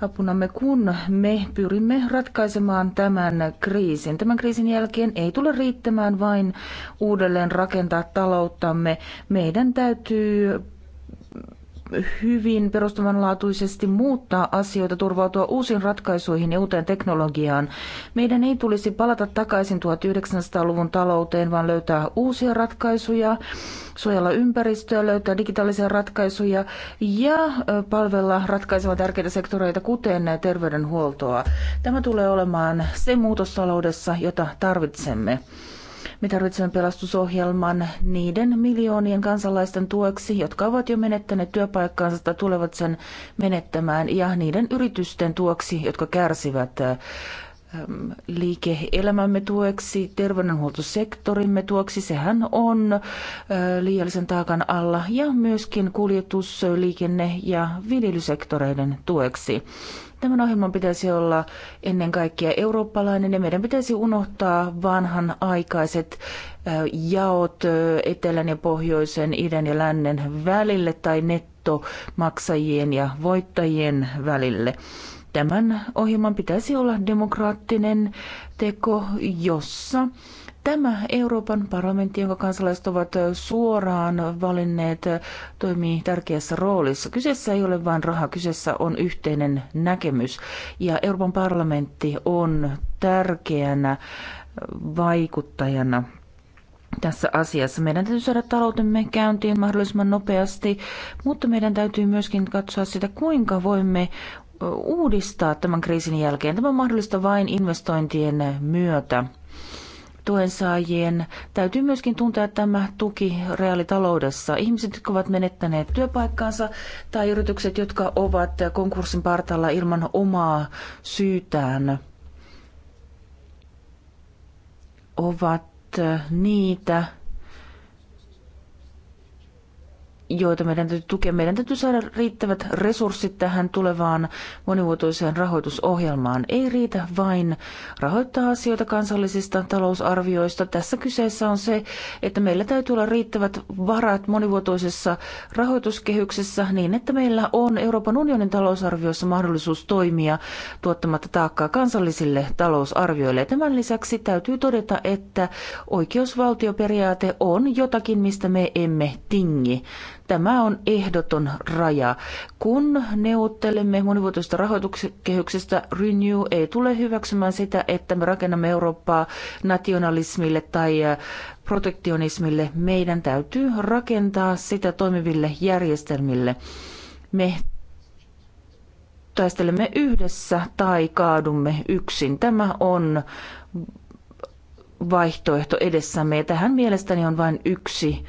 S2: apunamme, kun me pyrimme ratkaisemaan tämän kriisin. Tämän kriisin jälkeen ei tule riittämään vain uudelleen rakentaa talouttamme. Meidän täytyy hyvin perustavanlaatuisesti muuttaa asioita, turvautua uusiin ratkaisuihin ja uuteen teknologiaan. Meidän ei tulisi palata takaisin 1900-luvun talouteen, vaan löytää uusia ratkaisuja, suojella ympäristöä, löytää digitaalisia ratkaisuja ja palvella ratkaisevan tärkeitä sektoreita, kuten terveydenhuoltoa. Tämä tulee olemaan se muutos taloudessa, jota tarvitsemme. Me tarvitsemme pelastusohjelman niiden miljoonien kansalaisten tueksi, jotka ovat jo menettäneet työpaikkaansa tai tulevat sen menettämään, ja niiden yritysten tueksi, jotka kärsivät ähm, liike-elämämme tueksi, terveydenhuoltosektorimme tueksi, sehän on äh, liiallisen taakan alla, ja myöskin kuljetus, liikenne ja viljelysektoreiden tueksi. Tämän ohjelman pitäisi olla ennen kaikkea eurooppalainen ja meidän pitäisi unohtaa vanhan aikaiset jaot etelän ja pohjoisen, idän ja lännen välille tai nettomaksajien ja voittajien välille. Tämän ohjelman pitäisi olla demokraattinen teko, jossa Tämä Euroopan parlamentti, jonka kansalaiset ovat suoraan valinneet, toimii tärkeässä roolissa. Kyseessä ei ole vain raha, kyseessä on yhteinen näkemys. Ja Euroopan parlamentti on tärkeänä vaikuttajana tässä asiassa. Meidän täytyy saada taloutemme käyntiin mahdollisimman nopeasti, mutta meidän täytyy myöskin katsoa sitä, kuinka voimme uudistaa tämän kriisin jälkeen. Tämä on mahdollista vain investointien myötä tuensaajien täytyy myöskin tuntea tämä tuki reaalitaloudessa. Ihmiset, jotka ovat menettäneet työpaikkaansa tai yritykset, jotka ovat konkurssin partalla ilman omaa syytään, ovat niitä, joita meidän täytyy tukea. Meidän täytyy saada riittävät resurssit tähän tulevaan monivuotoiseen rahoitusohjelmaan. Ei riitä vain rahoittaa asioita kansallisista talousarvioista. Tässä kyseessä on se, että meillä täytyy olla riittävät varat monivuotoisessa rahoituskehyksessä niin, että meillä on Euroopan unionin talousarviossa mahdollisuus toimia tuottamatta taakkaa kansallisille talousarvioille. Tämän lisäksi täytyy todeta, että oikeusvaltioperiaate on jotakin, mistä me emme tingi Tämä on ehdoton raja. Kun neuvottelemme monivuotoisesta rahoituskehyksestä, Renew ei tule hyväksymään sitä, että me rakennamme Eurooppaa nationalismille tai äh, protektionismille. Meidän täytyy rakentaa sitä toimiville järjestelmille. Me taistelemme yhdessä tai kaadumme yksin. Tämä on vaihtoehto edessämme ja tähän mielestäni on vain yksi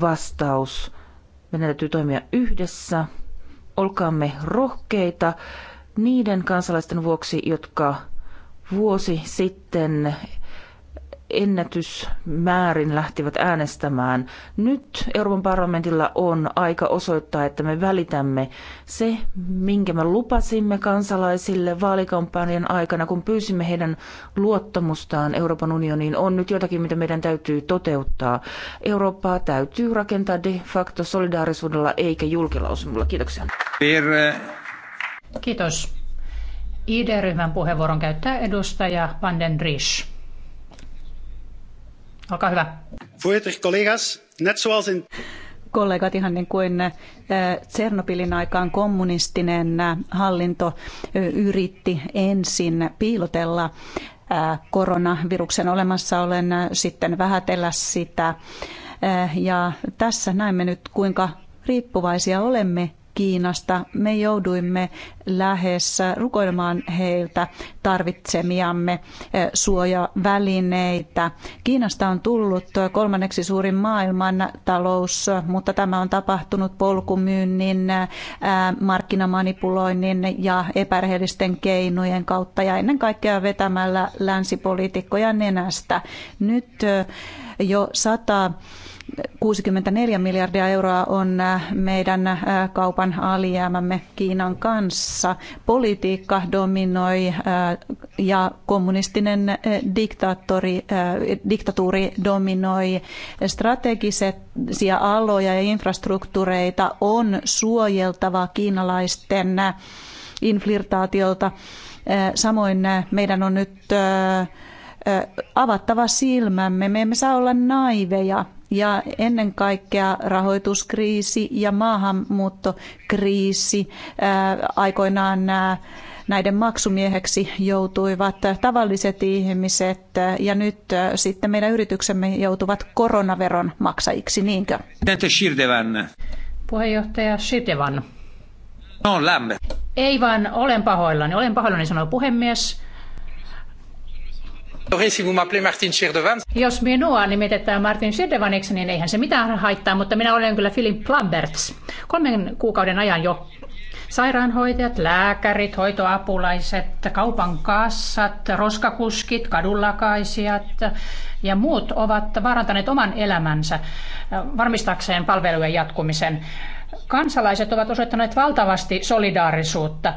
S2: vastaus. Meidän täytyy toimia yhdessä. Olkaamme rohkeita niiden kansalaisten vuoksi, jotka vuosi sitten ennätysmäärin lähtivät äänestämään. Nyt Euroopan parlamentilla on aika osoittaa, että me välitämme se, minkä me lupasimme kansalaisille vaalikampanjan aikana, kun pyysimme heidän luottamustaan Euroopan unioniin, on nyt jotakin, mitä meidän täytyy toteuttaa. Eurooppaa täytyy rakentaa de facto solidaarisuudella eikä julkilausumilla. Kiitoksia.
S6: Kiitos. ID-ryhmän puheenvuoron käyttää edustaja Van den Riesch. Olkaa hyvä.
S7: Kollegat, ihan niin kuin eh, Tsernobylin aikaan kommunistinen eh, hallinto eh, yritti ensin piilotella koronaviruksen olemassaolen, sitten vähätellä sitä. Ja tässä näemme nyt, kuinka riippuvaisia olemme Kiinasta. Me jouduimme lähes rukoilemaan heiltä tarvitsemiamme eh, suojavälineitä. Kiinasta on tullut kolmanneksi suurin maailman talous, mutta tämä on tapahtunut polkumyynnin, eh, markkinamanipuloinnin ja epärehellisten keinojen kautta ja ennen kaikkea vetämällä länsipoliitikkoja nenästä. Nyt eh, jo 100 64 miljardia euroa on äh, meidän äh, kaupan alijäämämme Kiinan kanssa. Politiikka dominoi äh, ja kommunistinen diktaattori, diktatuuri dominoi strategisia aloja ja infrastruktuureita on suojeltava kiinalaisten inflirtaatiolta. Samoin meidän on nyt avattava silmämme. Me emme saa olla naiveja ja ennen kaikkea rahoituskriisi ja maahanmuuttokriisi aikoinaan näiden maksumieheksi joutuivat tavalliset ihmiset ja nyt sitten meidän yrityksemme joutuvat koronaveron maksajiksi, niinkö? Puheenjohtaja Shirdevan.
S1: No, lämme.
S6: Ei vaan, olen pahoillani. Olen pahoillani, sanoi puhemies. Jos minua nimitetään Martin Sirdevaniksi, niin eihän se mitään haittaa, mutta minä olen kyllä Philip Plumberts. Kolmen kuukauden ajan jo sairaanhoitajat, lääkärit, hoitoapulaiset, kaupan kassat, roskakuskit, kadunlakaisijat ja muut ovat vaarantaneet oman elämänsä varmistakseen palvelujen jatkumisen. Kansalaiset ovat osoittaneet valtavasti solidaarisuutta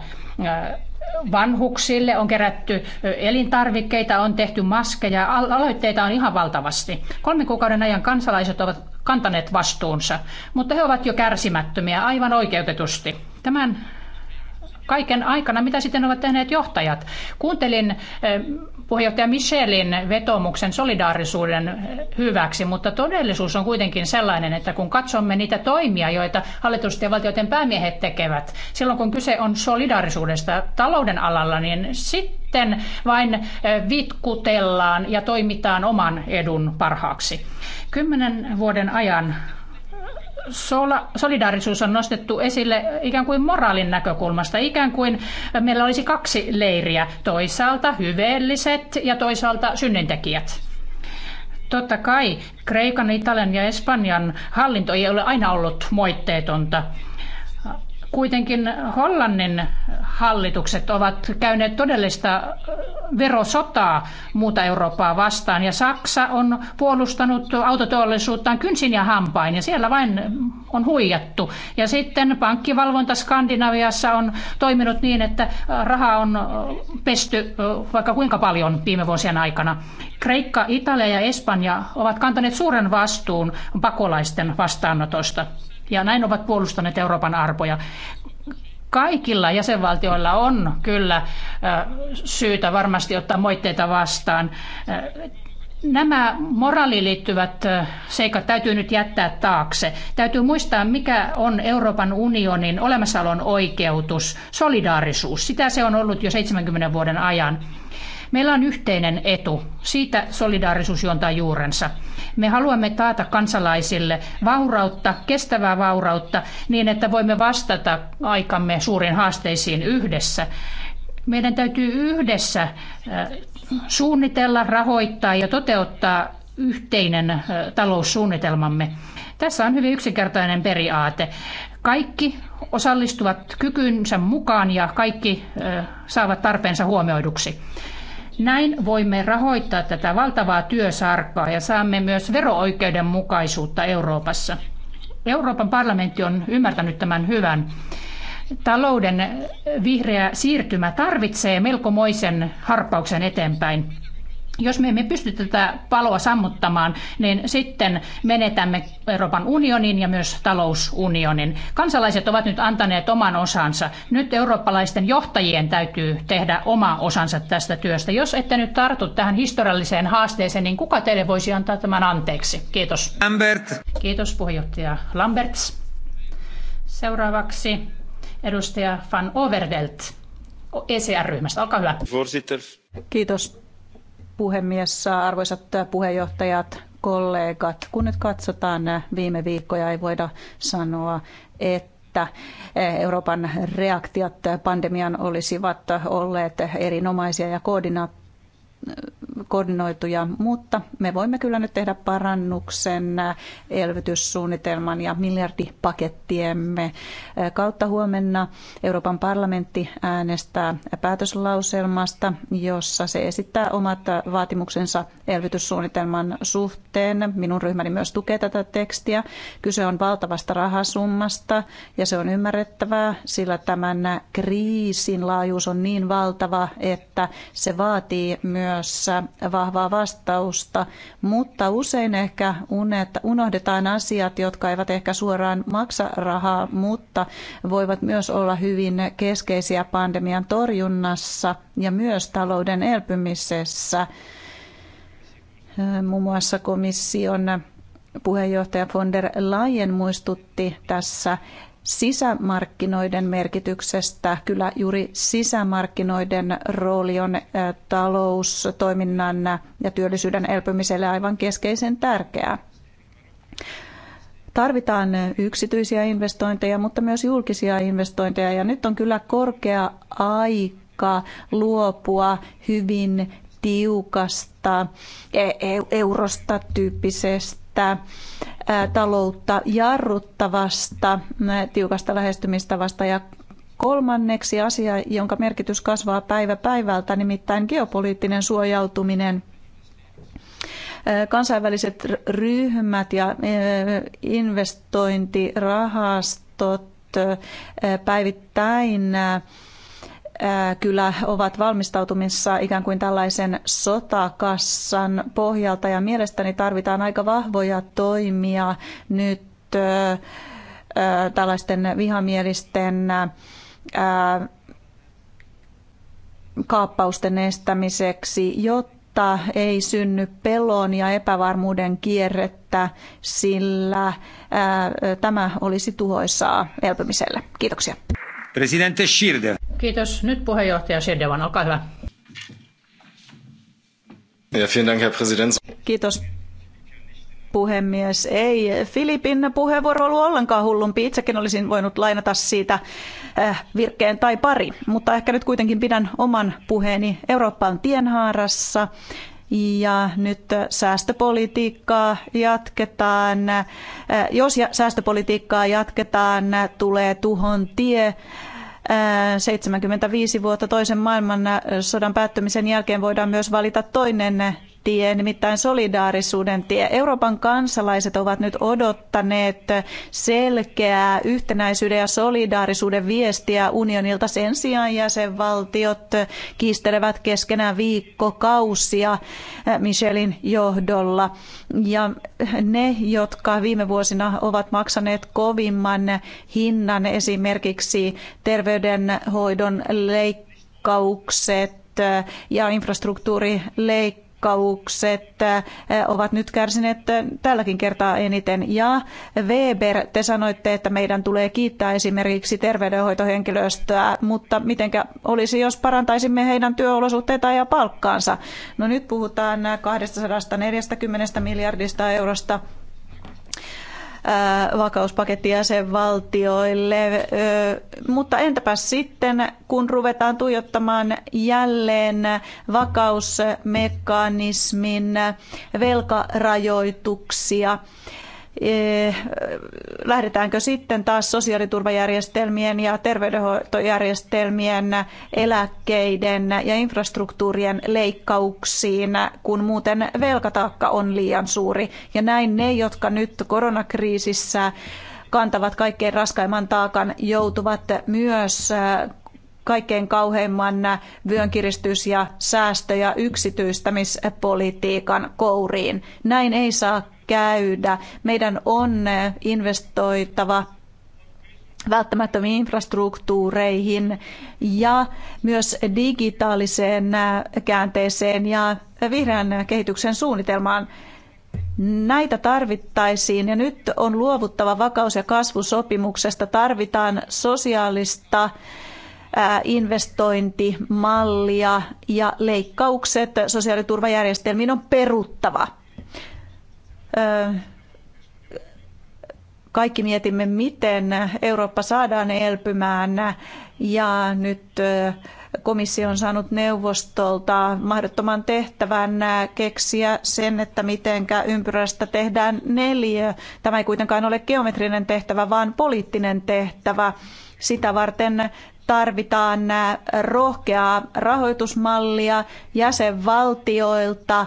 S6: vanhuksille, on kerätty elintarvikkeita, on tehty maskeja, aloitteita on ihan valtavasti. Kolmen kuukauden ajan kansalaiset ovat kantaneet vastuunsa, mutta he ovat jo kärsimättömiä aivan oikeutetusti. Tämän kaiken aikana, mitä sitten ovat tehneet johtajat. Kuuntelin puheenjohtaja Michelin vetomuksen solidaarisuuden hyväksi, mutta todellisuus on kuitenkin sellainen, että kun katsomme niitä toimia, joita hallitusten ja valtioiden päämiehet tekevät, silloin kun kyse on solidaarisuudesta talouden alalla, niin sitten vain eh, vitkutellaan ja toimitaan oman edun parhaaksi. Kymmenen vuoden ajan sola, solidaarisuus on nostettu esille ikään kuin moraalin näkökulmasta, ikään kuin meillä olisi kaksi leiriä, toisaalta hyveelliset ja toisaalta synnintekijät. Totta kai Kreikan, Italian ja Espanjan hallinto ei ole aina ollut moitteetonta. Kuitenkin Hollannin hallitukset ovat käyneet todellista verosotaa muuta Eurooppaa vastaan ja Saksa on puolustanut autoteollisuuttaan kynsin ja hampain ja siellä vain on huijattu. Ja sitten pankkivalvonta Skandinaviassa on toiminut niin, että rahaa on pesty vaikka kuinka paljon viime vuosien aikana. Kreikka, Italia ja Espanja ovat kantaneet suuren vastuun pakolaisten vastaanotosta ja näin ovat puolustaneet Euroopan arpoja. Kaikilla jäsenvaltioilla on kyllä syytä varmasti ottaa moitteita vastaan. Nämä moraaliin liittyvät seikat täytyy nyt jättää taakse. Täytyy muistaa, mikä on Euroopan unionin olemassaolon oikeutus, solidaarisuus. Sitä se on ollut jo 70 vuoden ajan. Meillä on yhteinen etu. Siitä solidaarisuus juontaa juurensa. Me haluamme taata kansalaisille vaurautta, kestävää vaurautta, niin että voimme vastata aikamme suuriin haasteisiin yhdessä. Meidän täytyy yhdessä äh, suunnitella, rahoittaa ja toteuttaa yhteinen äh, taloussuunnitelmamme. Tässä on hyvin yksinkertainen periaate. Kaikki osallistuvat kykynsä mukaan ja kaikki äh, saavat tarpeensa huomioiduksi. Näin voimme rahoittaa tätä valtavaa työsarkaa ja saamme myös verooikeudenmukaisuutta Euroopassa. Euroopan parlamentti on ymmärtänyt tämän hyvän. Talouden vihreä siirtymä tarvitsee melkomoisen harppauksen eteenpäin. Jos me emme pysty tätä paloa sammuttamaan, niin sitten menetämme Euroopan unionin ja myös talousunionin. Kansalaiset ovat nyt antaneet oman osansa. Nyt eurooppalaisten johtajien täytyy tehdä oma osansa tästä työstä. Jos ette nyt tartu tähän historialliseen haasteeseen, niin kuka teille voisi antaa tämän anteeksi? Kiitos. Lambert. Kiitos puheenjohtaja Lamberts. Seuraavaksi edustaja Van
S7: Overdelt. ECR-ryhmästä. Olkaa hyvä. Kiitos puhemies, arvoisat puheenjohtajat, kollegat. Kun nyt katsotaan viime viikkoja, ei voida sanoa, että Euroopan reaktiot pandemian olisivat olleet erinomaisia ja koordinaattoreita koordinoituja, mutta me voimme kyllä nyt tehdä parannuksen elvytyssuunnitelman ja miljardipakettiemme kautta huomenna Euroopan parlamentti äänestää päätöslauselmasta, jossa se esittää omat vaatimuksensa elvytyssuunnitelman suhteen. Minun ryhmäni myös tukee tätä tekstiä. Kyse on valtavasta rahasummasta ja se on ymmärrettävää, sillä tämän kriisin laajuus on niin valtava, että se vaatii myös myös vahvaa vastausta, mutta usein ehkä unohdetaan asiat, jotka eivät ehkä suoraan maksa rahaa, mutta voivat myös olla hyvin keskeisiä pandemian torjunnassa ja myös talouden elpymisessä. Muun muassa komission puheenjohtaja von der Leyen muistutti tässä sisämarkkinoiden merkityksestä. Kyllä juuri sisämarkkinoiden rooli on taloustoiminnan ja työllisyyden elpymiselle aivan keskeisen tärkeää. Tarvitaan yksityisiä investointeja, mutta myös julkisia investointeja ja nyt on kyllä korkea aika luopua hyvin tiukasta e, e, eurosta tyyppisestä tätä taloutta jarruttavasta, tiukasta lähestymistavasta ja kolmanneksi asia, jonka merkitys kasvaa päivä päivältä, nimittäin geopoliittinen suojautuminen kansainväliset ryhmät ja investointirahastot päivittäin Äh, kyllä ovat valmistautumissa ikään kuin tällaisen sotakassan pohjalta ja mielestäni tarvitaan aika vahvoja toimia nyt äh, äh, tällaisten vihamielisten kaappausten estämiseksi, jotta ei synny pelon ja epävarmuuden kierrettä, sillä tämä olisi tuhoisaa elpymiselle. Kiitoksia.
S1: Presidente Schirde.
S7: Kiitos. Nyt puheenjohtaja Schirdevan, olkaa hyvä.
S1: Ja, vielen Dank, Herr Präsident.
S7: Kiitos puhemies. Ei Filipin puheenvuoro ollut ollenkaan hullumpi. Itsekin olisin voinut lainata siitä äh, virkkeen tai pari, mutta ehkä nyt kuitenkin pidän oman puheeni Euroopan tienhaarassa ja nyt säästöpolitiikkaa jatketaan. Äh, jos säästöpolitiikkaa jatketaan, tulee tuhon tie. 75 äh, vuotta toisen maailmansodan päättymisen jälkeen voidaan myös valita toinen tie, nimittäin solidaarisuuden tie. Euroopan kansalaiset ovat nyt odottaneet selkeää yhtenäisyyden ja solidaarisuuden viestiä unionilta. Sen sijaan jäsenvaltiot kiistelevät keskenään viikkokausia eh, Michelin johdolla. Ja ne, jotka viime vuosina ovat maksaneet kovimman hinnan esimerkiksi terveydenhoidon leikkaukset, eh, ja infrastruktuurileikkaukset loukkaukset äh, ovat nyt kärsineet äh, tälläkin kertaa eniten. Ja Weber, te sanoitte, että meidän tulee kiittää esimerkiksi terveydenhoitohenkilöstöä, mutta mitenkä olisi, jos parantaisimme heidän työolosuhteitaan ja palkkaansa? No nyt puhutaan 240 miljardista eurosta vakauspaketti jäsenvaltioille. Mutta entäpä sitten, kun ruvetaan tuijottamaan jälleen vakausmekanismin velkarajoituksia? Eh, lähdetäänkö sitten taas sosiaaliturvajärjestelmien ja terveydenhoitojärjestelmien, eläkkeiden ja infrastruktuurien leikkauksiin, kun muuten velkataakka on liian suuri. Ja näin ne, jotka nyt koronakriisissä kantavat kaikkein raskaimman taakan, joutuvat myös eh, kaikkein kauheimman vyönkiristys- ja säästö- ja yksityistämispolitiikan kouriin. Näin ei saa käydä. Meidän on eh, investoitava välttämättömiin infrastruktuureihin ja myös digitaaliseen eh, käänteeseen ja vihreän kehityksen suunnitelmaan. Näitä tarvittaisiin ja nyt on luovuttava vakaus- ja kasvusopimuksesta. Tarvitaan sosiaalista eh, investointimallia ja leikkaukset sosiaaliturvajärjestelmiin on peruttava kaikki mietimme, miten Eurooppa saadaan elpymään ja nyt komissio on saanut neuvostolta mahdottoman tehtävän keksiä sen, että miten ympyrästä tehdään neljä. Tämä ei kuitenkaan ole geometrinen tehtävä, vaan poliittinen tehtävä. Sitä varten tarvitaan rohkeaa rahoitusmallia jäsenvaltioilta,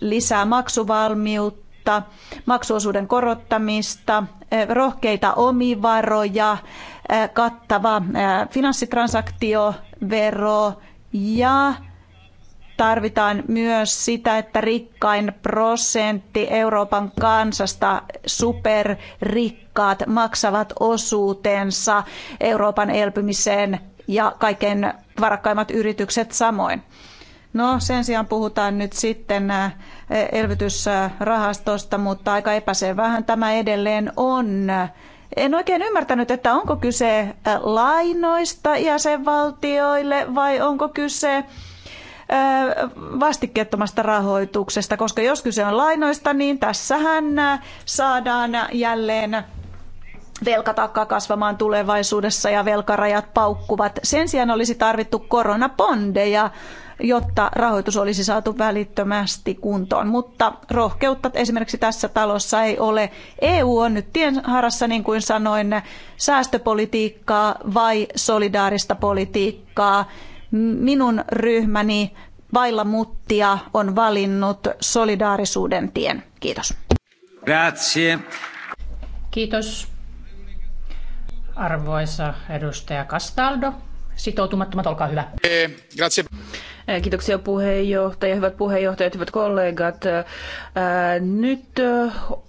S7: lisää maksuvalmiutta vakautta, maksuosuuden korottamista, eh, rohkeita omivaroja, eh, kattava eh, finanssitransaktiovero ja tarvitaan myös sitä, että rikkain prosentti Euroopan kansasta superrikkaat maksavat osuutensa Euroopan elpymiseen ja kaikkein varakkaimmat yritykset samoin. No sen sijaan puhutaan nyt sitten äh, elvytysrahastosta, mutta aika epäselvähän tämä edelleen on. En oikein ymmärtänyt, että onko kyse äh, lainoista jäsenvaltioille vai onko kyse äh, vastikkeettomasta rahoituksesta, koska jos kyse on lainoista, niin tässähän saadaan jälleen velkataakkaa kasvamaan tulevaisuudessa ja velkarajat paukkuvat. Sen sijaan olisi tarvittu koronapondeja jotta rahoitus olisi saatu välittömästi kuntoon. Mutta rohkeutta esimerkiksi tässä talossa ei ole. EU on nyt tienharassa, niin kuin sanoin, säästöpolitiikkaa vai solidaarista politiikkaa. Minun ryhmäni vailla muttia on valinnut solidaarisuuden tien. Kiitos.
S1: Grazie. Kiitos. Arvoisa
S6: edustaja Castaldo, sitoutumattomat, olkaa hyvä.
S2: Eh, grazie. Kiitoksia puheenjohtaja, hyvät puheenjohtajat, hyvät kollegat. Nyt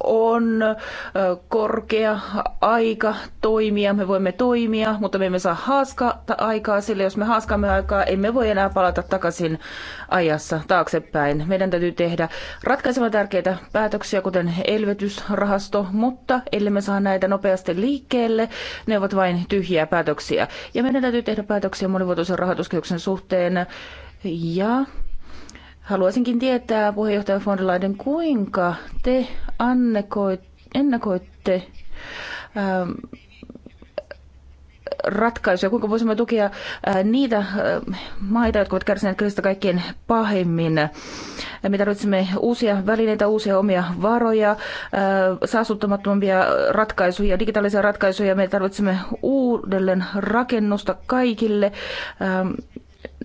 S2: on korkea aika toimia. Me voimme toimia, mutta me emme saa haaskata aikaa, sillä jos me haaskaamme aikaa, emme voi enää palata takaisin ajassa taaksepäin. Meidän täytyy tehdä ratkaisevan tärkeitä päätöksiä, kuten elvytysrahasto, mutta ellei me saa näitä nopeasti liikkeelle, ne ovat vain tyhjiä päätöksiä. Ja meidän täytyy tehdä päätöksiä monivuotoisen rahoituskehyksen suhteen ja haluaisinkin tietää, puheenjohtaja von der Leiden, kuinka te ennakoitte ähm, ratkaisuja, kuinka voisimme tukea äh, niitä äh, maita, jotka ovat kärsineet kriisistä kaikkein pahimmin. Me tarvitsemme uusia välineitä, uusia omia varoja, äh, saastuttamattomampia ratkaisuja, digitaalisia ratkaisuja. Me tarvitsemme uudelleen rakennusta kaikille ähm,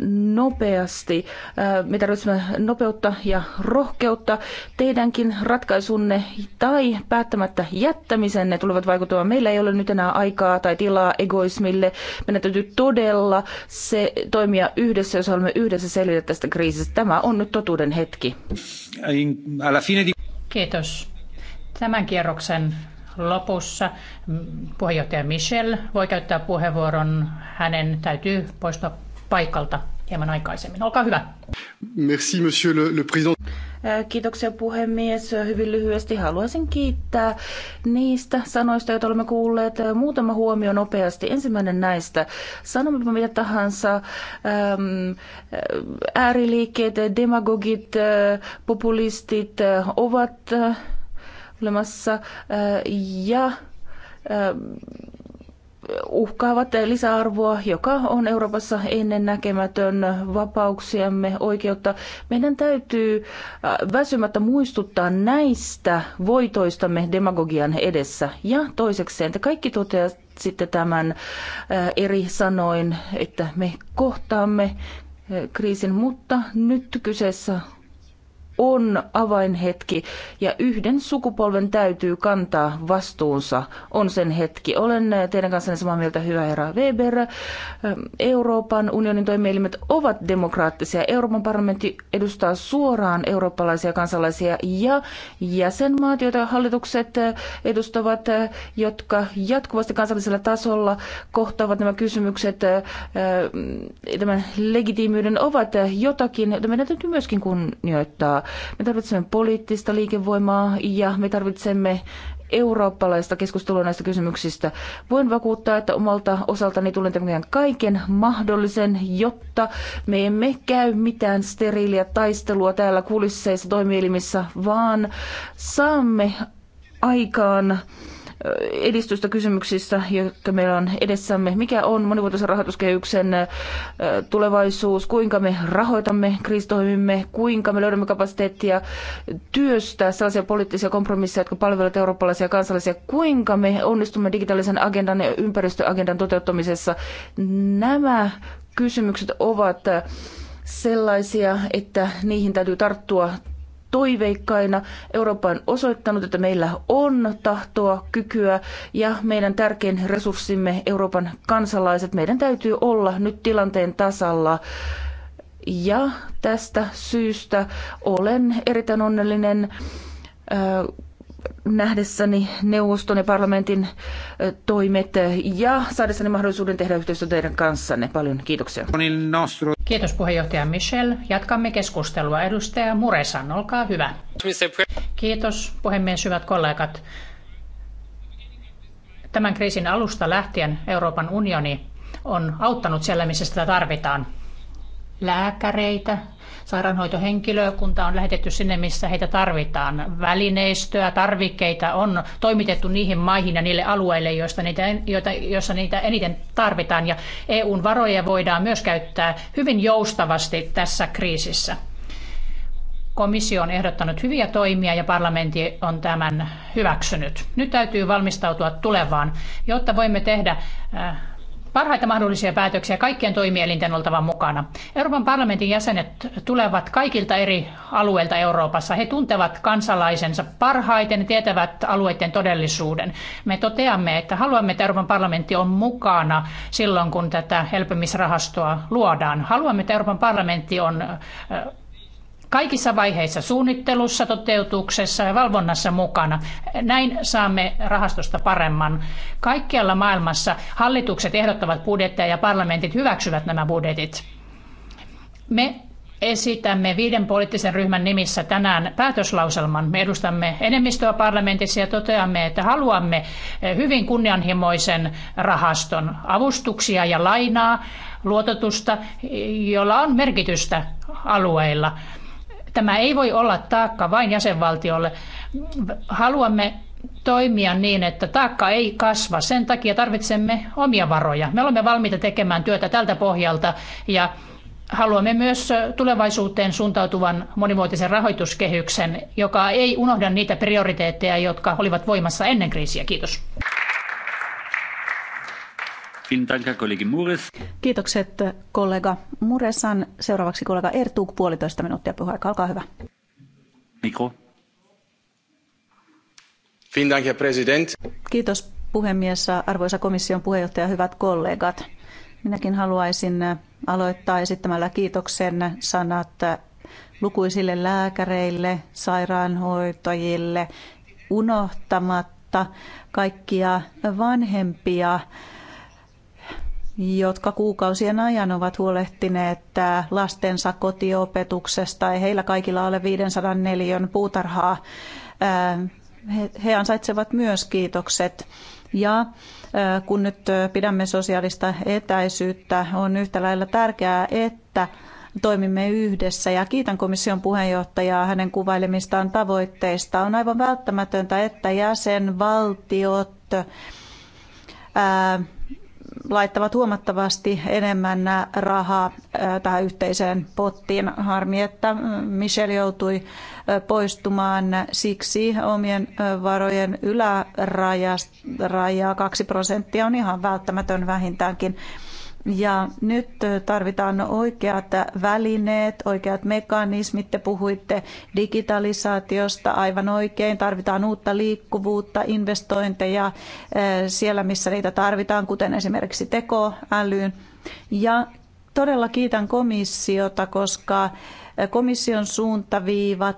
S2: nopeasti. Äh, me tarvitsemme nopeutta ja rohkeutta. Teidänkin ratkaisunne tai päättämättä jättämisenne tulevat vaikuttamaan. Meillä ei ole nyt enää aikaa tai tilaa egoismille. Meidän täytyy todella se toimia yhdessä, jos haluamme yhdessä selvitä tästä kriisistä. Tämä on nyt totuuden hetki. Kiitos. Tämän kierroksen
S6: lopussa puheenjohtaja Michel voi käyttää puheenvuoron. Hänen täytyy poistua paikalta hieman aikaisemmin. Olkaa hyvä.
S5: Merci, monsieur le, le président.
S2: Kiitoksia puhemies. Hyvin lyhyesti haluaisin kiittää niistä sanoista, joita olemme kuulleet. Muutama huomio nopeasti. Ensimmäinen näistä. Sanomme mitä tahansa. Ääriliikkeet, demagogit, populistit ovat olemassa ja uhkaavat lisäarvoa, joka on Euroopassa ennen näkemätön vapauksiamme oikeutta. Meidän täytyy äh, väsymättä muistuttaa näistä voitoistamme demagogian edessä. Ja toisekseen, te kaikki toteavat sitten tämän äh, eri sanoin, että me kohtaamme äh, kriisin, mutta nyt kyseessä on avainhetki ja yhden sukupolven täytyy kantaa vastuunsa. On sen hetki. Olen teidän kanssanne samaa mieltä, hyvä herra Weber. Euroopan unionin toimielimet ovat demokraattisia. Euroopan parlamentti edustaa suoraan eurooppalaisia kansalaisia ja jäsenmaat, joita hallitukset edustavat, jotka jatkuvasti kansallisella tasolla kohtaavat nämä kysymykset tämän legitiimiyden ovat jotakin, jota meidän täytyy myöskin kunnioittaa. Me tarvitsemme poliittista liikevoimaa ja me tarvitsemme eurooppalaista keskustelua näistä kysymyksistä. Voin vakuuttaa, että omalta osaltani tulen tekemään kaiken mahdollisen, jotta me emme käy mitään steriiliä taistelua täällä kulisseissa toimielimissä, vaan saamme aikaan edistystä kysymyksissä, jotka meillä on edessämme. Mikä on monivuotisen rahoituskehyksen tulevaisuus, kuinka me rahoitamme kriisitoimimme, kuinka me löydämme kapasiteettia työstää sellaisia poliittisia kompromisseja, jotka palvelevat eurooppalaisia ja kansalaisia, kuinka me onnistumme digitaalisen agendan ja ympäristöagendan toteuttamisessa. Nämä kysymykset ovat sellaisia, että niihin täytyy tarttua toiveikkaina. Eurooppa on osoittanut, että meillä on tahtoa, kykyä ja meidän tärkein resurssimme, Euroopan kansalaiset, meidän täytyy olla nyt tilanteen tasalla. Ja tästä syystä olen erittäin onnellinen nähdessäni neuvoston ja parlamentin toimet ja saadessani mahdollisuuden tehdä yhteistyötä teidän kanssanne. Paljon kiitoksia. Kiitos puheenjohtaja Michel. Jatkamme keskustelua. Edustaja Muresan,
S6: olkaa hyvä. Kiitos puhemies, hyvät kollegat. Tämän kriisin alusta lähtien Euroopan unioni on auttanut siellä, missä sitä tarvitaan. Lääkäreitä, Sairaanhoitohenkilökunta on lähetetty sinne, missä heitä tarvitaan. Välineistöä, tarvikkeita on toimitettu niihin maihin ja niille alueille, joista niitä, joita, joissa niitä eniten tarvitaan. Ja EUn varoja voidaan myös käyttää hyvin joustavasti tässä kriisissä. Komissio on ehdottanut hyviä toimia ja parlamentti on tämän hyväksynyt. Nyt täytyy valmistautua tulevaan, jotta voimme tehdä äh, parhaita mahdollisia päätöksiä kaikkien toimielinten oltava mukana. Euroopan parlamentin jäsenet tulevat kaikilta eri alueilta Euroopassa. He tuntevat kansalaisensa parhaiten, tietävät alueiden todellisuuden. Me toteamme, että haluamme, että Euroopan parlamentti on mukana silloin, kun tätä elpymisrahastoa luodaan. Haluamme, että Euroopan parlamentti on kaikissa vaiheissa suunnittelussa, toteutuksessa ja valvonnassa mukana. Näin saamme rahastosta paremman. Kaikkialla maailmassa hallitukset ehdottavat budjetteja ja parlamentit hyväksyvät nämä budjetit. Me esitämme viiden poliittisen ryhmän nimissä tänään päätöslauselman. Me edustamme enemmistöä parlamentissa ja toteamme, että haluamme hyvin kunnianhimoisen rahaston avustuksia ja lainaa, luototusta, jolla on merkitystä alueilla. Tämä ei voi olla taakka vain jäsenvaltiolle. Haluamme toimia niin, että taakka ei kasva. Sen takia tarvitsemme omia varoja. Me olemme valmiita tekemään työtä tältä pohjalta ja haluamme myös tulevaisuuteen suuntautuvan monivuotisen rahoituskehyksen, joka ei unohda niitä prioriteetteja, jotka olivat voimassa ennen kriisiä. Kiitos.
S7: Kiitokset kollega Muresan. Seuraavaksi kollega Ertug, puolitoista minuuttia puheaika. Olkaa hyvä. Mikro. Kiitos puhemies, arvoisa komission puheenjohtaja, hyvät kollegat. Minäkin haluaisin aloittaa esittämällä kiitoksen sanat lukuisille lääkäreille, sairaanhoitajille, unohtamatta kaikkia vanhempia jotka kuukausien ajan ovat huolehtineet lastensa kotiopetuksesta. Ei heillä kaikilla ole 504 puutarhaa. He ansaitsevat myös kiitokset. Ja kun nyt pidämme sosiaalista etäisyyttä, on yhtä lailla tärkeää, että toimimme yhdessä ja kiitän komission puheenjohtajaa hänen kuvailemistaan tavoitteista. On aivan välttämätöntä, että jäsenvaltiot ää, laittavat huomattavasti enemmän rahaa tähän yhteiseen pottiin. Harmi, että Michel joutui poistumaan siksi omien varojen ylärajaa 2 prosenttia on ihan välttämätön vähintäänkin. Ja nyt tarvitaan oikeat välineet, oikeat mekanismit. Te puhuitte digitalisaatiosta aivan oikein. Tarvitaan uutta liikkuvuutta, investointeja siellä, missä niitä tarvitaan, kuten esimerkiksi tekoälyyn. Ja todella kiitän komissiota, koska komission suuntaviivat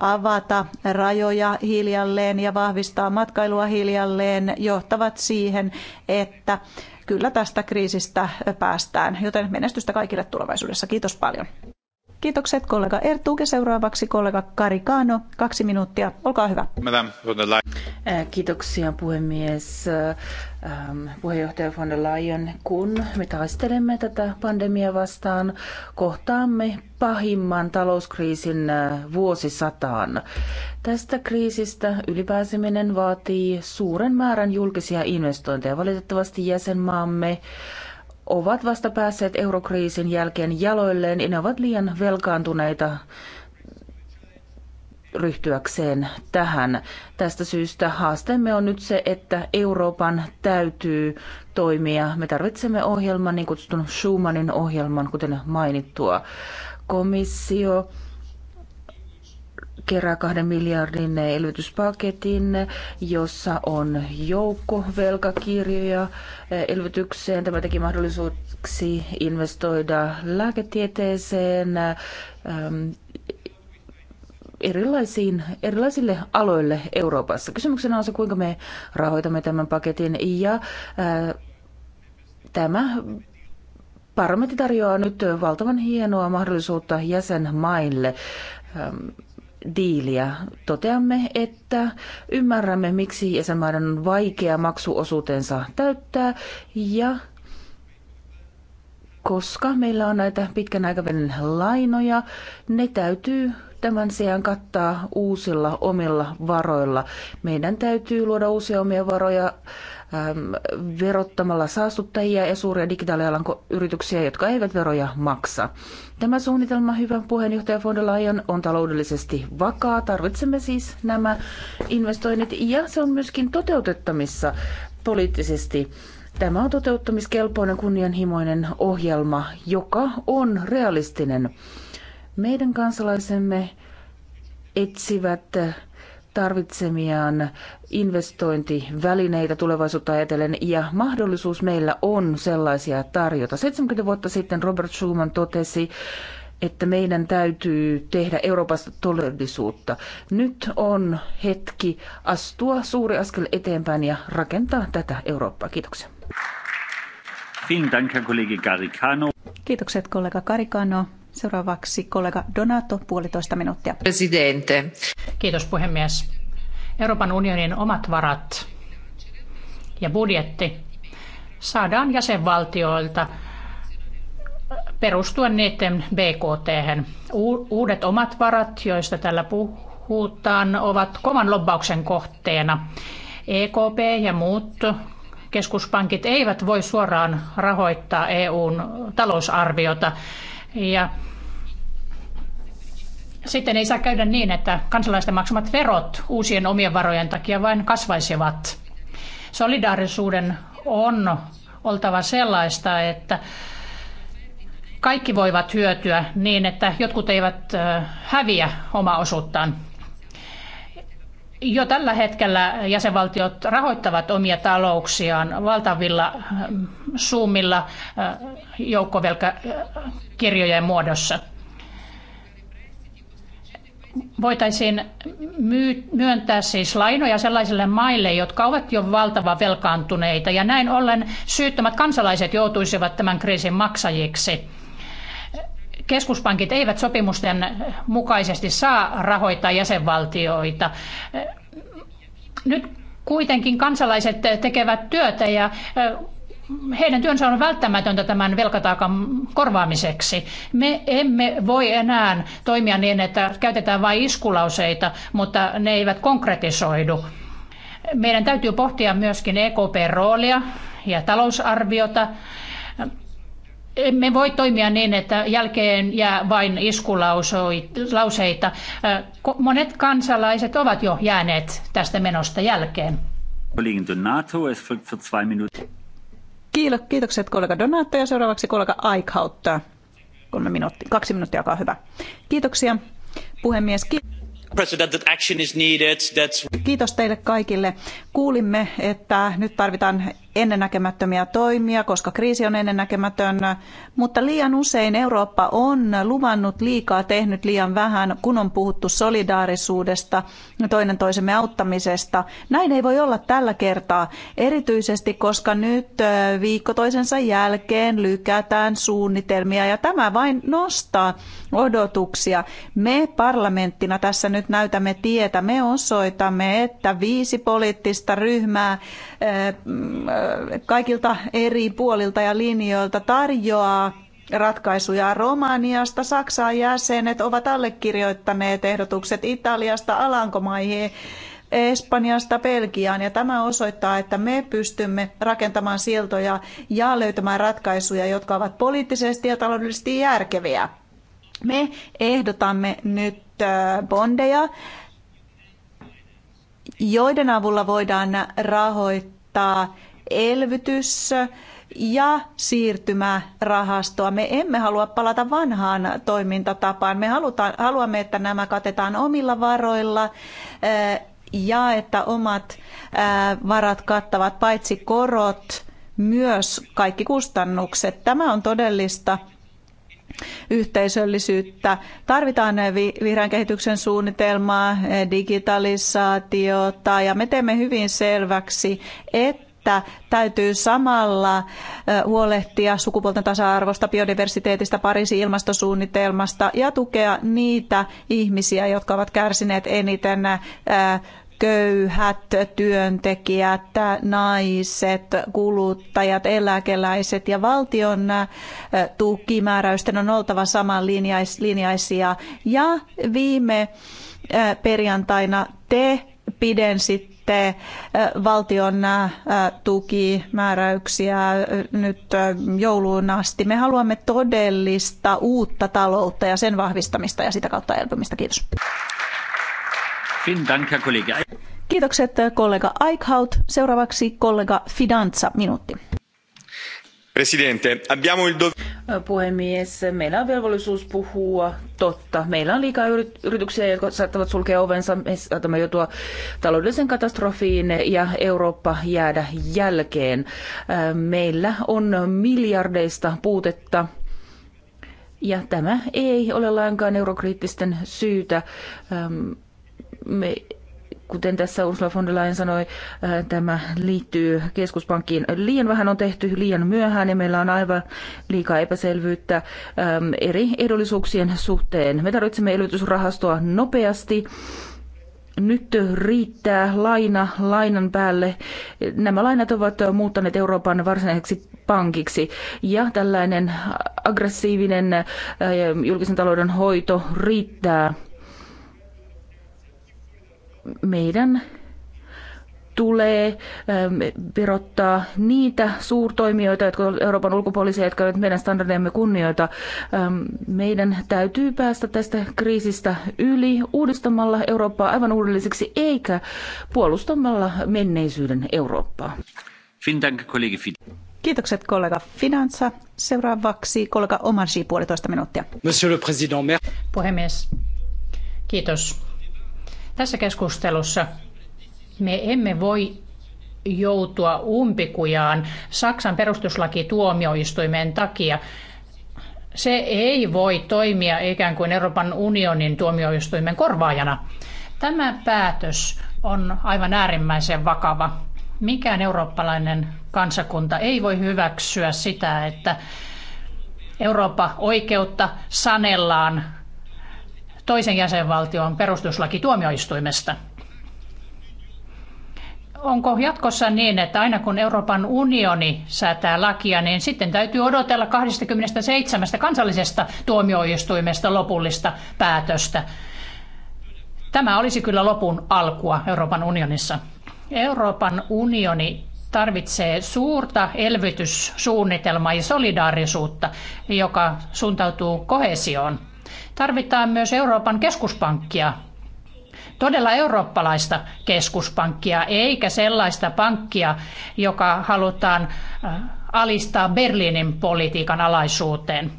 S7: avata rajoja hiljalleen ja vahvistaa matkailua hiljalleen johtavat siihen, että kyllä tästä kriisistä päästään. Joten menestystä kaikille tulevaisuudessa. Kiitos paljon. Kiitokset kollega Ertug seuraavaksi kollega Kaano. Kaksi minuuttia. Olkaa hyvä. Äh, kiitoksia
S2: puhemies. Ähm, puheenjohtaja von der Leyen, kun me taistelemme tätä pandemiaa vastaan, kohtaamme pahimman talouskriisin äh, vuosisataan. Tästä kriisistä ylipääseminen vaatii suuren määrän julkisia investointeja. Valitettavasti jäsenmaamme ovat vasta päässeet eurokriisin jälkeen jaloilleen ja ne ovat liian velkaantuneita ryhtyäkseen tähän. Tästä syystä haasteemme on nyt se, että Euroopan täytyy toimia. Me tarvitsemme ohjelman, niin kutsutun Schumannin ohjelman, kuten mainittua. Komissio kerää kahden miljardin elvytyspaketin, jossa on joukko velkakirjoja elvytykseen. Tämä teki mahdollisuuksi investoida lääketieteeseen, ähm, erilaisiin, erilaisille aloille Euroopassa. Kysymyksenä on se, kuinka me rahoitamme tämän paketin ja äh, tämä parlamentti tarjoaa nyt valtavan hienoa mahdollisuutta jäsenmaille. Ähm, diiliä. Toteamme, että ymmärrämme, miksi jäsenmaiden on vaikea maksuosuutensa täyttää ja koska meillä on näitä pitkän aikavälin lainoja, ne täytyy tämän sijaan kattaa uusilla omilla varoilla. Meidän täytyy luoda uusia omia varoja Ähm, verottamalla saastuttajia ja suuria digitaalialan yrityksiä, jotka eivät veroja maksa. Tämä suunnitelma, hyvä puheenjohtaja von der Leyen, on taloudellisesti vakaa. Tarvitsemme siis nämä investoinnit ja se on myöskin toteutettamissa poliittisesti. Tämä on toteuttamiskelpoinen kunnianhimoinen ohjelma, joka on realistinen. Meidän kansalaisemme etsivät tarvitsemiaan investointivälineitä tulevaisuutta ajatellen, ja mahdollisuus meillä on sellaisia tarjota. 70 vuotta sitten Robert Schuman totesi, että meidän täytyy tehdä Euroopasta todellisuutta. Nyt on hetki astua suuri askel eteenpäin ja rakentaa
S7: tätä
S1: Eurooppaa. Kiitoksia.
S7: Kiitokset kollega Karikano. Seuraavaksi kollega Donato, puolitoista minuuttia. Presidente.
S6: Kiitos puhemies. Euroopan unionin omat varat ja budjetti saadaan jäsenvaltioilta perustuen niiden BKT. hen Uudet omat varat, joista tällä puhutaan, ovat kovan lobbauksen kohteena. EKP ja muut keskuspankit eivät voi suoraan rahoittaa EUn talousarviota ja sitten ei saa käydä niin, että kansalaisten maksamat verot uusien omien varojen takia vain kasvaisivat. Solidaarisuuden on oltava sellaista, että kaikki voivat hyötyä niin, että jotkut eivät häviä omaa osuuttaan jo tällä hetkellä jäsenvaltiot rahoittavat omia talouksiaan valtavilla äh, summilla äh, joukkovelkakirjojen muodossa. Voitaisiin myöntää siis lainoja sellaisille maille, jotka ovat jo valtava velkaantuneita ja näin ollen syyttömät kansalaiset joutuisivat tämän kriisin maksajiksi keskuspankit eivät sopimusten mukaisesti saa rahoittaa jäsenvaltioita. Nyt kuitenkin kansalaiset tekevät työtä ja eh, heidän työnsä on välttämätöntä tämän velkataakan korvaamiseksi. Me emme voi enää toimia niin, että käytetään vain iskulauseita, mutta ne eivät konkretisoidu. Meidän täytyy pohtia myöskin EKP-roolia ja talousarviota emme voi toimia niin, että jälkeen jää vain iskulauseita. Monet kansalaiset ovat jo jääneet tästä menosta jälkeen.
S7: Kiitokset kollega Donato ja seuraavaksi kollega Aikhautta. Kolme minuuttia, kaksi minuuttia, olkaa hyvä. Kiitoksia puhemies. Ki- Kiitos teille kaikille. Kuulimme, että nyt tarvitaan ennennäkemättömiä toimia, koska kriisi on ennennäkemätön, mutta liian usein Eurooppa on luvannut liikaa, tehnyt liian vähän, kun on puhuttu solidaarisuudesta, toinen toisemme auttamisesta. Näin ei voi olla tällä kertaa, erityisesti koska nyt viikko toisensa jälkeen lykätään suunnitelmia ja tämä vain nostaa odotuksia. Me parlamenttina tässä nyt näytämme tietä, me osoitamme, että viisi poliittista ryhmää kaikilta eri puolilta ja linjoilta tarjoaa ratkaisuja Romaniasta. Saksaan jäsenet ovat allekirjoittaneet ehdotukset Italiasta, Alankomaihin, Espanjasta Belgiaan ja tämä osoittaa, että me pystymme rakentamaan siltoja ja löytämään ratkaisuja, jotka ovat poliittisesti ja taloudellisesti järkeviä. Me ehdotamme nyt bondeja, joiden avulla voidaan rahoittaa elvytys ja siirtymärahastoa. Me emme halua palata vanhaan toimintatapaan. Me halutaan, haluamme, että nämä katetaan omilla varoilla eh, ja että omat eh, varat kattavat paitsi korot, myös kaikki kustannukset. Tämä on todellista yhteisöllisyyttä. Tarvitaan vihreän kehityksen suunnitelmaa, eh, digitalisaatiota ja me teemme hyvin selväksi, että että täytyy samalla huolehtia sukupuolten tasa-arvosta, biodiversiteetistä, Pariisin ilmastosuunnitelmasta ja tukea niitä ihmisiä, jotka ovat kärsineet eniten köyhät, työntekijät, naiset, kuluttajat, eläkeläiset ja valtion tukimääräysten on oltava samanlinjaisia. Ja viime perjantaina te pidensit sitten valtion tukimääräyksiä nyt jouluun asti. Me haluamme todellista uutta taloutta ja sen vahvistamista ja sitä kautta elpymistä. Kiitos. Kiitokset kollega Eichhout. Seuraavaksi kollega Fidanza, minuutti.
S1: Presidente, abbiamo il
S2: Puhemies, meillä on velvollisuus puhua totta. Meillä on liikaa yrityksiä, jotka saattavat sulkea ovensa. Me saatamme joutua taloudellisen katastrofiin ja Eurooppa jäädä jälkeen. Meillä on miljardeista puutetta ja tämä ei ole lainkaan eurokriittisten syytä. Me kuten tässä Ursula von der Leyen sanoi, äh, tämä liittyy keskuspankkiin. Liian vähän on tehty liian myöhään ja meillä on aivan liikaa epäselvyyttä ähm, eri edullisuuksien suhteen. Me tarvitsemme elvytysrahastoa nopeasti. Nyt riittää laina lainan päälle. Nämä lainat ovat muuttaneet Euroopan varsinaiseksi pankiksi ja tällainen aggressiivinen äh, julkisen talouden hoito riittää meidän tulee ähm, verottaa niitä suurtoimijoita, jotka ovat Euroopan ulkopuolisia, jotka ovat meidän standardeemme kunnioita. Ähm, meidän täytyy päästä tästä kriisistä yli uudistamalla Eurooppaa aivan uudelliseksi, eikä puolustamalla menneisyyden Eurooppaa.
S7: Kiitokset kollega Finansa. Seuraavaksi kollega Omarji puolitoista minuuttia.
S1: Monsieur le Président, mer-
S7: Puhemies, kiitos.
S6: Tässä keskustelussa me emme voi joutua umpikujaan Saksan perustuslakituomioistuimen takia. Se ei voi toimia ikään kuin Euroopan unionin tuomioistuimen korvaajana. Tämä päätös on aivan äärimmäisen vakava. Mikään eurooppalainen kansakunta ei voi hyväksyä sitä, että Eurooppa oikeutta sanellaan toisen jäsenvaltion perustuslakituomioistuimesta. Onko jatkossa niin, että aina kun Euroopan unioni säätää lakia, niin sitten täytyy odotella 27 kansallisesta tuomioistuimesta lopullista päätöstä? Tämä olisi kyllä lopun alkua Euroopan unionissa. Euroopan unioni tarvitsee suurta elvytyssuunnitelmaa ja solidaarisuutta, joka suuntautuu kohesioon. Tarvitaan myös Euroopan keskuspankkia, todella eurooppalaista keskuspankkia, eikä sellaista pankkia, joka halutaan äh, alistaa Berliinin politiikan alaisuuteen.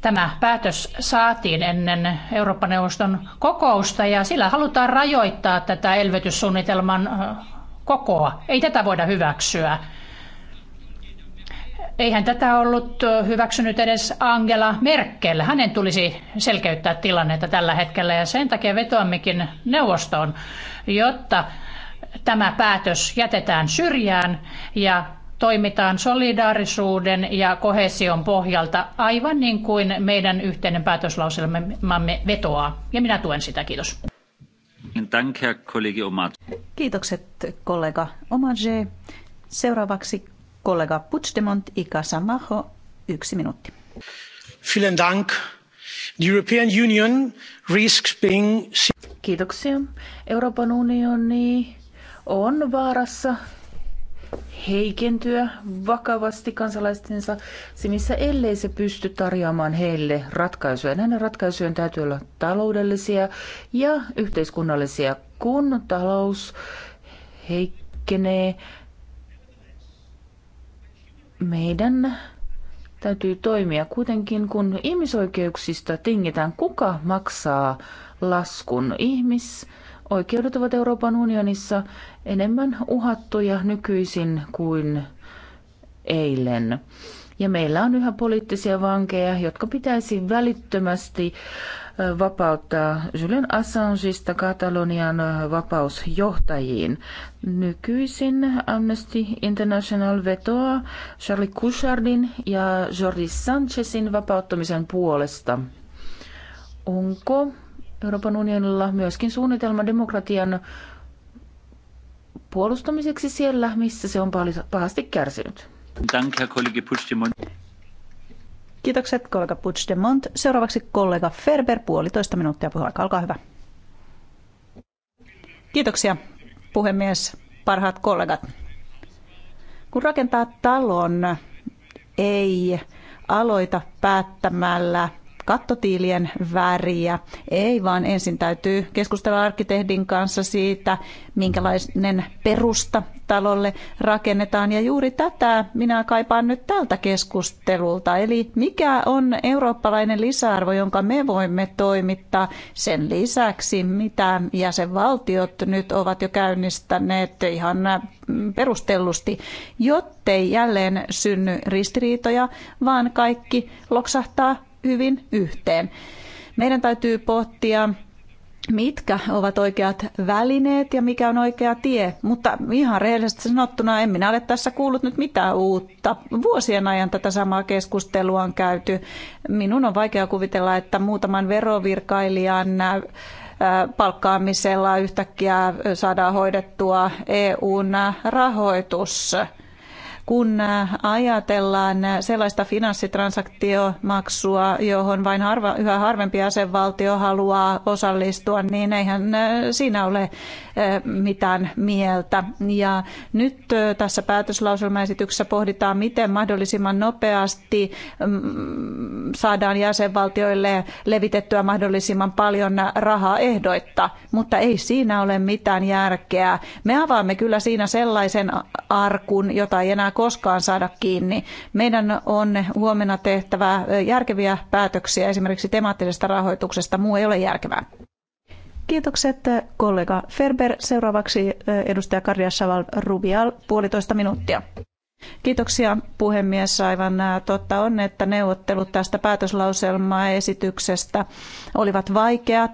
S6: Tämä päätös saatiin ennen Euroopan neuvoston kokousta ja sillä halutaan rajoittaa tätä elvytyssuunnitelman äh, kokoa. Ei tätä voida hyväksyä. Eihän tätä ollut hyväksynyt edes Angela Merkel. Hänen tulisi selkeyttää tilannetta tällä hetkellä ja sen takia vetoammekin neuvostoon, jotta tämä päätös jätetään syrjään ja toimitaan solidaarisuuden ja kohesion pohjalta aivan niin kuin meidän yhteinen päätöslauselmamme
S7: vetoaa. Ja minä tuen sitä, kiitos. Kiitokset kollega Omaje. Seuraavaksi Kollega Puigdemont Ika Samaho, yksi minuutti.
S5: Vielen Dank. The European Union
S2: risks being... Kiitoksia. Euroopan unioni on vaarassa heikentyä vakavasti kansalaistensa silmissä, ellei se pysty tarjoamaan heille ratkaisuja. Näiden ratkaisujen täytyy olla taloudellisia ja yhteiskunnallisia. Kun talous heikkenee, meidän täytyy toimia kuitenkin, kun ihmisoikeuksista tingitään, kuka maksaa laskun. Ihmisoikeudet ovat Euroopan unionissa enemmän uhattuja nykyisin kuin eilen. Ja meillä on yhä poliittisia vankeja, jotka pitäisi välittömästi vapauttaa Julian Assangeista Katalonian vapausjohtajiin. Nykyisin Amnesty International vetoaa Charlie Cushardin ja Jordi Sanchezin vapauttamisen puolesta. Onko Euroopan unionilla myöskin suunnitelma demokratian
S7: puolustamiseksi siellä, missä se on pahasti kärsinyt? Kiitokset kollega Puigdemont. Seuraavaksi kollega Ferber, puolitoista minuuttia puheaika. Olkaa hyvä. Kiitoksia puhemies, parhaat kollegat. Kun rakentaa talon, ei aloita päättämällä kattotiilien väriä. Ei, vaan ensin täytyy keskustella arkkitehdin kanssa siitä, minkälainen perusta talolle rakennetaan. Ja juuri tätä minä kaipaan nyt tältä keskustelulta. Eli mikä on eurooppalainen lisäarvo, jonka me voimme toimittaa sen lisäksi, mitä jäsenvaltiot nyt ovat jo käynnistäneet ihan perustellusti, jottei jälleen synny ristiriitoja, vaan kaikki loksahtaa hyvin yhteen. Meidän täytyy pohtia, mitkä ovat oikeat välineet ja mikä on oikea tie. Mutta ihan rehellisesti sanottuna en minä ole tässä kuullut nyt mitään uutta. Vuosien ajan tätä samaa keskustelua on käyty. Minun on vaikea kuvitella, että muutaman verovirkailijan äh, palkkaamisella yhtäkkiä saadaan hoidettua EUn äh, rahoitus kun äh, ajatellaan äh, sellaista finanssitransaktiomaksua, johon vain harva, yhä harvempi jäsenvaltio haluaa osallistua, niin eihän äh, siinä ole mitään mieltä. Ja nyt tässä päätöslauselmaesityksessä pohditaan, miten mahdollisimman nopeasti mm, saadaan jäsenvaltioille levitettyä mahdollisimman paljon rahaa ehdoitta, mutta ei siinä ole mitään järkeä. Me avaamme kyllä siinä sellaisen arkun, jota ei enää koskaan saada kiinni. Meidän on huomenna tehtävä järkeviä päätöksiä esimerkiksi temaattisesta rahoituksesta. Muu ei ole järkevää. Kiitokset äh, kollega Ferber. Seuraavaksi äh, edustaja Karja Saval Rubial, puolitoista minuuttia. Kiitoksia puhemies. Aivan äh, totta on, että neuvottelut tästä päätöslauselmaesityksestä olivat vaikeat.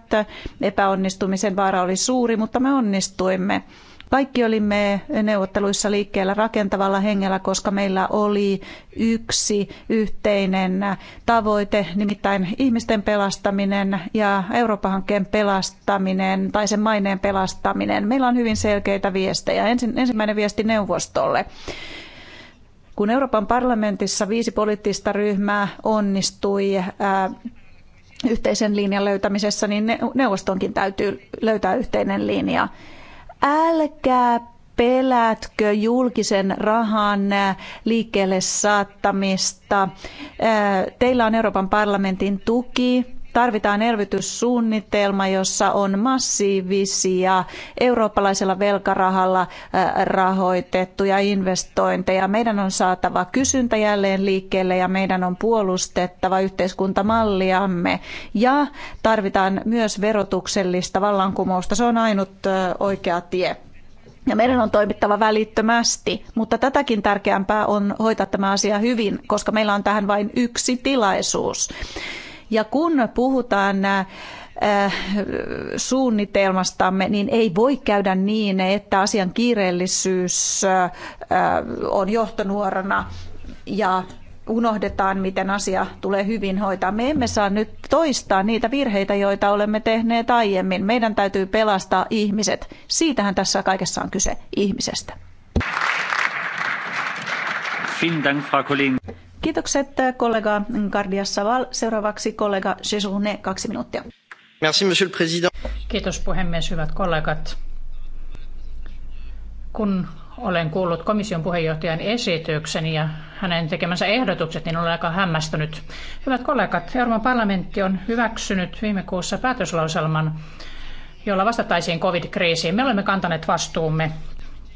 S7: Epäonnistumisen vaara oli suuri, mutta me onnistuimme. Kaikki olimme neuvotteluissa liikkeellä rakentavalla hengellä, koska meillä oli yksi yhteinen tavoite, nimittäin ihmisten pelastaminen ja Eurooppa-hankkeen pelastaminen tai sen maineen pelastaminen. Meillä on hyvin selkeitä viestejä. Ensimmäinen viesti neuvostolle. Kun Euroopan parlamentissa viisi poliittista ryhmää onnistui yhteisen linjan löytämisessä, niin neuvostonkin täytyy löytää yhteinen linja älkää pelätkö julkisen rahan äh, liikkeelle saattamista. Äh, teillä on Euroopan parlamentin tuki tarvitaan elvytyssuunnitelma, jossa on massiivisia eurooppalaisella velkarahalla rahoitettuja investointeja. Meidän on saatava kysyntä jälleen liikkeelle ja meidän on puolustettava yhteiskuntamalliamme. Ja tarvitaan myös verotuksellista vallankumousta. Se on ainut oikea tie. Ja meidän on toimittava välittömästi, mutta tätäkin tärkeämpää on hoitaa tämä asia hyvin, koska meillä on tähän vain yksi tilaisuus. Ja kun puhutaan äh, äh, suunnitelmastamme, niin ei voi käydä niin, että asian kiireellisyys äh, on johtonuorana ja unohdetaan, miten asia tulee hyvin hoitaa. Me emme saa nyt toistaa niitä virheitä, joita olemme tehneet aiemmin. Meidän täytyy pelastaa ihmiset. Siitähän tässä kaikessa on kyse ihmisestä. Kiitokset äh, kollega Gardia Saval. Seuraavaksi kollega Sejourne, kaksi minuuttia.
S6: Merci, monsieur le président. Kiitos puhemies, hyvät kollegat. Kun olen kuullut komission puheenjohtajan esityksen ja hänen tekemänsä ehdotukset, niin olen aika hämmästynyt. Hyvät kollegat, Euroopan parlamentti on hyväksynyt viime kuussa päätöslauselman, jolla vastataisiin covid-kriisiin. Me olemme kantaneet vastuumme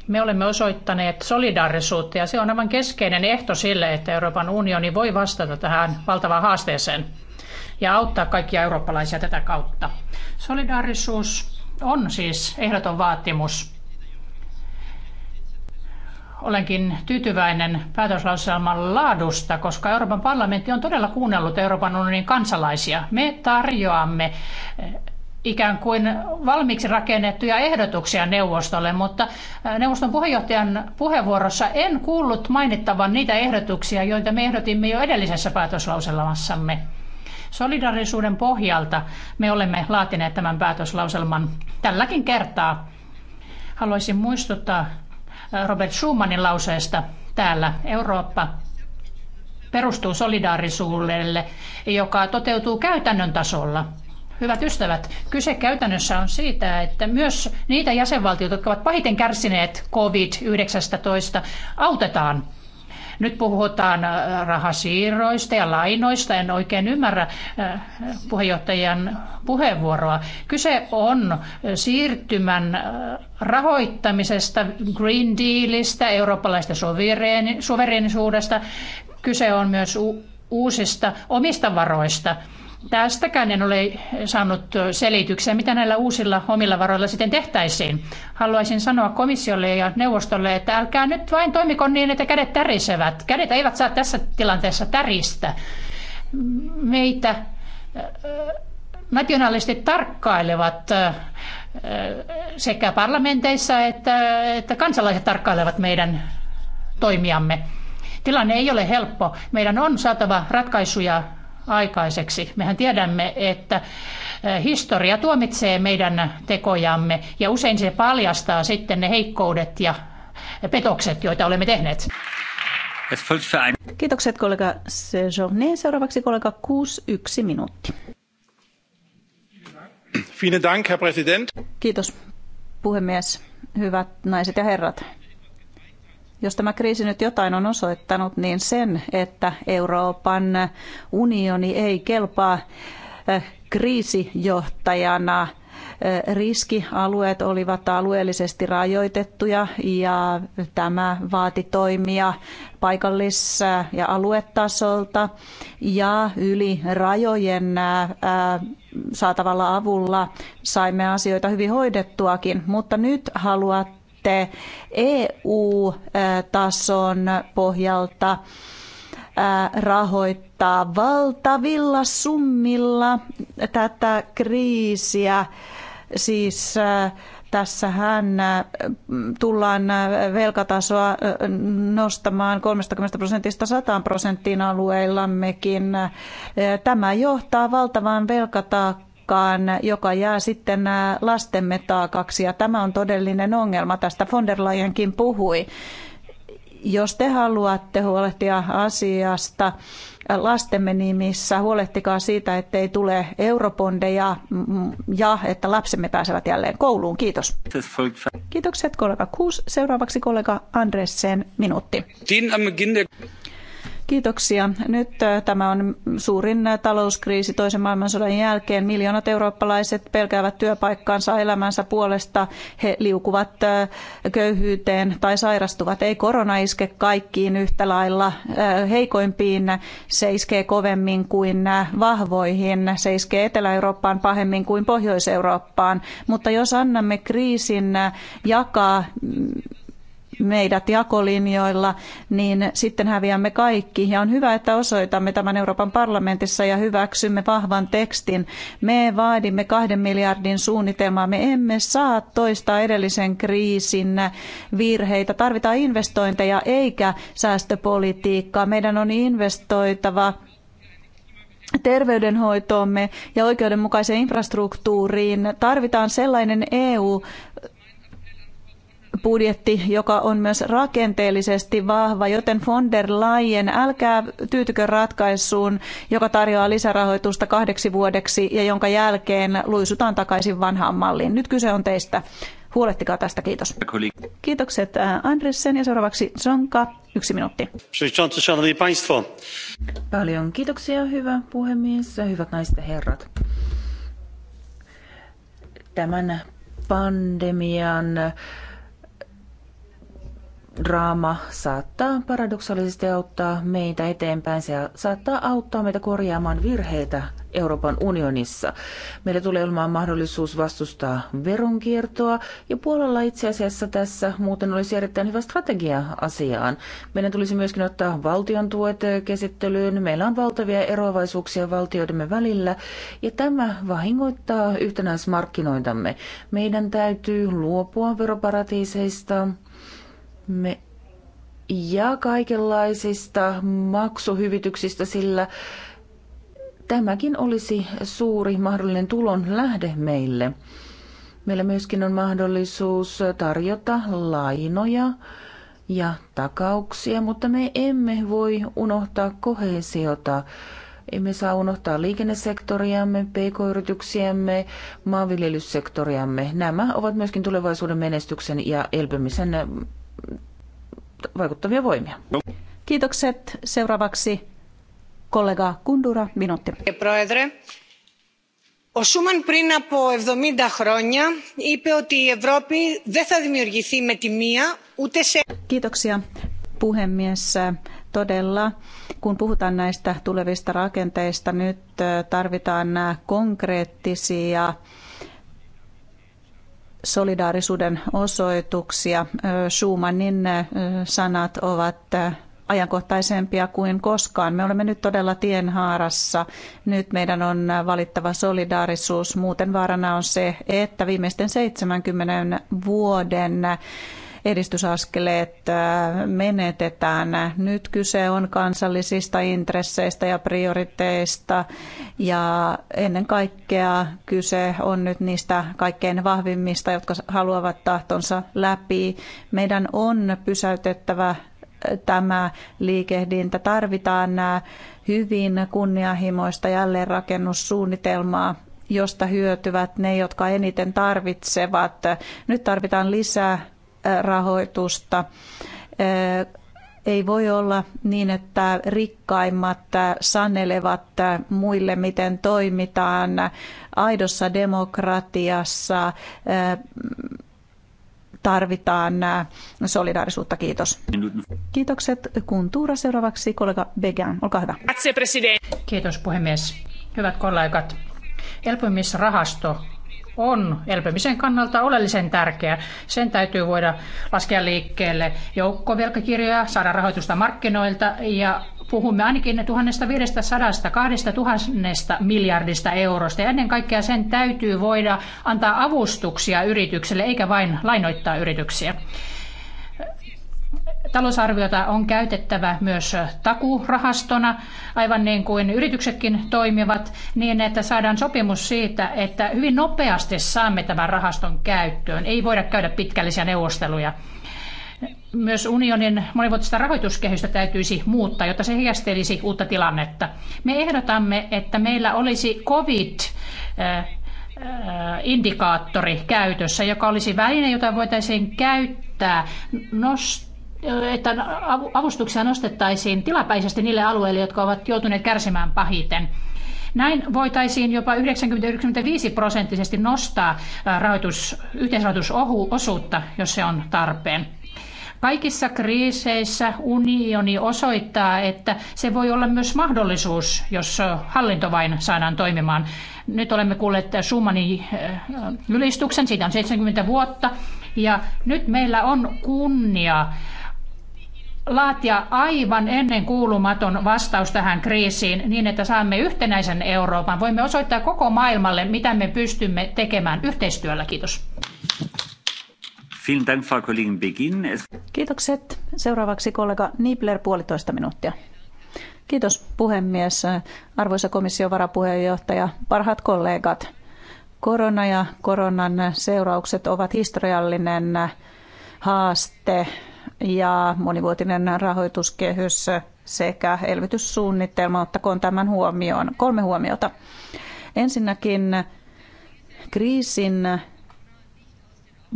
S6: me olemme osoittaneet solidaarisuutta ja se on aivan keskeinen ehto sille, että Euroopan unioni voi vastata tähän valtavaan haasteeseen ja auttaa kaikkia eurooppalaisia tätä kautta. Solidaarisuus on siis ehdoton vaatimus. Olenkin tyytyväinen päätöslauselman laadusta, koska Euroopan parlamentti on todella kuunnellut Euroopan unionin kansalaisia. Me tarjoamme ikään kuin valmiiksi rakennettuja ehdotuksia neuvostolle, mutta neuvoston puheenjohtajan puheenvuorossa en kuullut mainittavan niitä ehdotuksia, joita me ehdotimme jo edellisessä päätöslauselmassamme. Solidarisuuden pohjalta me olemme laatineet tämän päätöslauselman tälläkin kertaa. Haluaisin muistuttaa Robert Schumannin lauseesta täällä Eurooppa perustuu solidaarisuudelle, joka toteutuu käytännön tasolla – Hyvät ystävät, kyse käytännössä on siitä, että myös niitä jäsenvaltioita, jotka ovat pahiten kärsineet COVID-19, autetaan. Nyt puhutaan äh, rahasiirroista ja lainoista. En oikein ymmärrä äh, puheenjohtajan puheenvuoroa. Kyse on äh, siirtymän rahoittamisesta, Green Dealista, eurooppalaista suvereenisuudesta. Kyse on myös uusista omista varoista – Tästäkään en ole saanut selityksiä, mitä näillä uusilla omilla varoilla sitten tehtäisiin. Haluaisin sanoa komissiolle ja neuvostolle, että älkää nyt vain toimiko niin, että kädet tärisevät. Kädet eivät saa tässä tilanteessa täristä. Meitä äh, nationalistit tarkkailevat äh, sekä parlamenteissa että, että kansalaiset tarkkailevat meidän toimiamme. Tilanne ei ole helppo. Meidän on saatava ratkaisuja aikaiseksi. Mehän tiedämme, että historia tuomitsee meidän tekojamme ja usein se paljastaa sitten ne heikkoudet ja
S7: petokset, joita olemme tehneet. Kiitokset kollega Sejourne. Seuraavaksi kollega 6, yksi minuutti.
S1: Vielen Dank, Herr Präsident.
S7: Kiitos puhemies. Hyvät naiset ja herrat jos tämä kriisi nyt jotain on osoittanut, niin sen, että Euroopan unioni ei kelpaa eh, kriisijohtajana. Eh, riskialueet olivat alueellisesti rajoitettuja ja tämä vaati toimia paikallis- ja aluetasolta ja yli rajojen eh, saatavalla avulla saimme asioita hyvin hoidettuakin, mutta nyt haluat sitten EU-tason pohjalta rahoittaa valtavilla summilla tätä kriisiä. Siis tässähän tullaan velkatasoa nostamaan 30 prosentista 100 prosenttiin alueillammekin. Tämä johtaa valtavaan velkataakkaan taakkaan, joka jää sitten lastemme taakaksi. Ja tämä on todellinen ongelma. Tästä von der Leyenkin puhui. Jos te haluatte huolehtia asiasta, lastemme nimissä. Huolehtikaa siitä, ettei tule eurobondeja ja että lapsemme pääsevät jälleen kouluun. Kiitos. Kiitokset kollega Kuus. Seuraavaksi kollega Andressen minuutti. Kiitoksia. Nyt tämä on suurin talouskriisi toisen maailmansodan jälkeen. Miljoonat eurooppalaiset pelkäävät työpaikkaansa elämänsä puolesta. He liukuvat köyhyyteen tai sairastuvat. Ei korona iske kaikkiin yhtä lailla heikoimpiin. Se iskee kovemmin kuin vahvoihin. Se iskee Etelä-Eurooppaan pahemmin kuin Pohjois-Eurooppaan. Mutta jos annamme kriisin jakaa meidät jakolinjoilla, niin sitten häviämme kaikki. Ja on hyvä, että osoitamme tämän Euroopan parlamentissa ja hyväksymme vahvan tekstin. Me vaadimme kahden miljardin suunnitelmaa. Me emme saa toistaa edellisen kriisin virheitä. Tarvitaan investointeja eikä säästöpolitiikkaa. Meidän on investoitava terveydenhoitoomme ja oikeudenmukaiseen infrastruktuuriin. Tarvitaan sellainen EU, budjetti, joka on myös rakenteellisesti vahva, joten von der Leyen, älkää tyytykö ratkaisuun, joka tarjoaa lisärahoitusta kahdeksi vuodeksi ja jonka jälkeen luisutaan takaisin vanhaan malliin. Nyt kyse on teistä. Huolehtikaa tästä, kiitos. Kiitokset äh, Andressen ja seuraavaksi Sonka, yksi minuutti. Paljon kiitoksia, hyvä puhemies ja hyvät naiset ja herrat.
S2: Tämän pandemian draama saattaa paradoksaalisesti auttaa meitä eteenpäin. Se saattaa auttaa meitä korjaamaan virheitä Euroopan unionissa. Meillä tulee olemaan mahdollisuus vastustaa veronkiertoa ja Puolalla itse asiassa tässä muuten olisi erittäin hyvä strategia asiaan. Meidän tulisi myöskin ottaa valtion tuet käsittelyyn. Meillä on valtavia eroavaisuuksia valtioidemme välillä ja tämä vahingoittaa yhtenäismarkkinoitamme. Meidän täytyy luopua veroparatiiseista, me ja kaikenlaisista maksuhyvityksistä, sillä tämäkin olisi suuri mahdollinen tulon lähde meille. Meillä myöskin on mahdollisuus tarjota lainoja ja takauksia, mutta me emme voi unohtaa kohesiota. Emme saa unohtaa liikennesektoriamme, pk-yrityksiämme, maanviljelyssektoriamme. Nämä ovat myöskin tulevaisuuden menestyksen ja elpymisen
S7: vaikuttavia voimia. Kiitokset. Seuraavaksi kollega Kundura, minuutti. Ο Σούμαν πριν από 70 χρόνια είπε ότι η Ευρώπη δεν θα δημιουργηθεί με τη μία ούτε σε... Kiitoksia puhemies. Todella, kun puhutaan näistä tulevista rakenteista, nyt tarvitaan konkreettisia solidaarisuuden osoituksia. Schumannin sanat ovat ajankohtaisempia kuin koskaan. Me olemme nyt todella tienhaarassa. Nyt meidän on valittava solidaarisuus. Muuten vaarana on se, että viimeisten 70 vuoden edistysaskeleet menetetään. Nyt kyse on kansallisista intresseistä ja prioriteista ja ennen kaikkea kyse on nyt niistä kaikkein vahvimmista, jotka haluavat tahtonsa läpi. Meidän on pysäytettävä tämä liikehdintä. Tarvitaan nämä hyvin kunnianhimoista jälleenrakennussuunnitelmaa, josta hyötyvät ne, jotka eniten tarvitsevat. Nyt tarvitaan lisää rahoitusta. Ei voi olla niin, että rikkaimmat sanelevat muille, miten toimitaan aidossa demokratiassa. Tarvitaan solidaarisuutta. Kiitos. Kiitokset Kuntuura. Seuraavaksi kollega Began. Olkaa hyvä. Kiitos puhemies.
S6: Hyvät kollegat.
S7: Elpymisrahasto
S6: on elpymisen kannalta oleellisen tärkeä. Sen täytyy voida laskea liikkeelle joukkovelkakirjoja, saada rahoitusta markkinoilta ja puhumme ainakin 1500-2000 miljardista eurosta. Ja ennen kaikkea sen täytyy voida antaa avustuksia yritykselle eikä vain lainoittaa yrityksiä talousarviota on käytettävä myös takurahastona, aivan niin kuin yrityksetkin toimivat, niin että saadaan sopimus siitä, että hyvin nopeasti saamme tämän rahaston käyttöön. Ei voida käydä pitkällisiä neuvosteluja. Myös unionin monivuotista rahoituskehystä täytyisi muuttaa, jotta se heijastelisi uutta tilannetta. Me ehdotamme, että meillä olisi COVID eh, eh, indikaattori käytössä, joka olisi väline, jota voitaisiin käyttää nostaa että avustuksia nostettaisiin tilapäisesti niille alueille, jotka ovat joutuneet kärsimään pahiten. Näin voitaisiin jopa 90-95 prosenttisesti nostaa rahoitus, yhteisrahoitusosuutta, jos se on tarpeen. Kaikissa kriiseissä unioni osoittaa, että se voi olla myös mahdollisuus, jos hallinto vain saadaan toimimaan. Nyt olemme kuulleet Schumannin ylistyksen, siitä on 70 vuotta, ja nyt meillä on kunnia laatia aivan ennen kuulumaton vastaus tähän kriisiin niin, että saamme yhtenäisen Euroopan. Voimme osoittaa koko maailmalle, mitä me pystymme
S7: tekemään yhteistyöllä. Kiitos. Kiitokset. Seuraavaksi kollega Niebler puolitoista minuuttia. Kiitos puhemies, arvoisa komission varapuheenjohtaja, parhaat kollegat. Korona ja koronan seuraukset ovat historiallinen haaste ja monivuotinen rahoituskehys sekä elvytyssuunnitelma, ottakoon tämän huomioon. Kolme huomiota. Ensinnäkin kriisin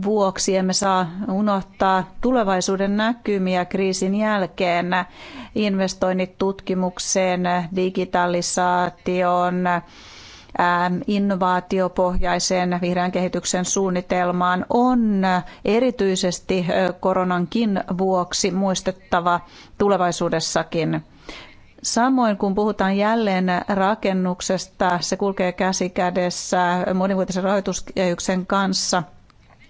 S7: vuoksi emme saa unohtaa tulevaisuuden näkymiä kriisin jälkeen. Investoinnit tutkimukseen, digitalisaation, Ähm, innovaatiopohjaiseen vihreän kehityksen suunnitelmaan on erityisesti koronankin vuoksi muistettava tulevaisuudessakin. Samoin kun puhutaan jälleen rakennuksesta, se kulkee käsi kädessä monivuotisen rahoituskehyksen kanssa –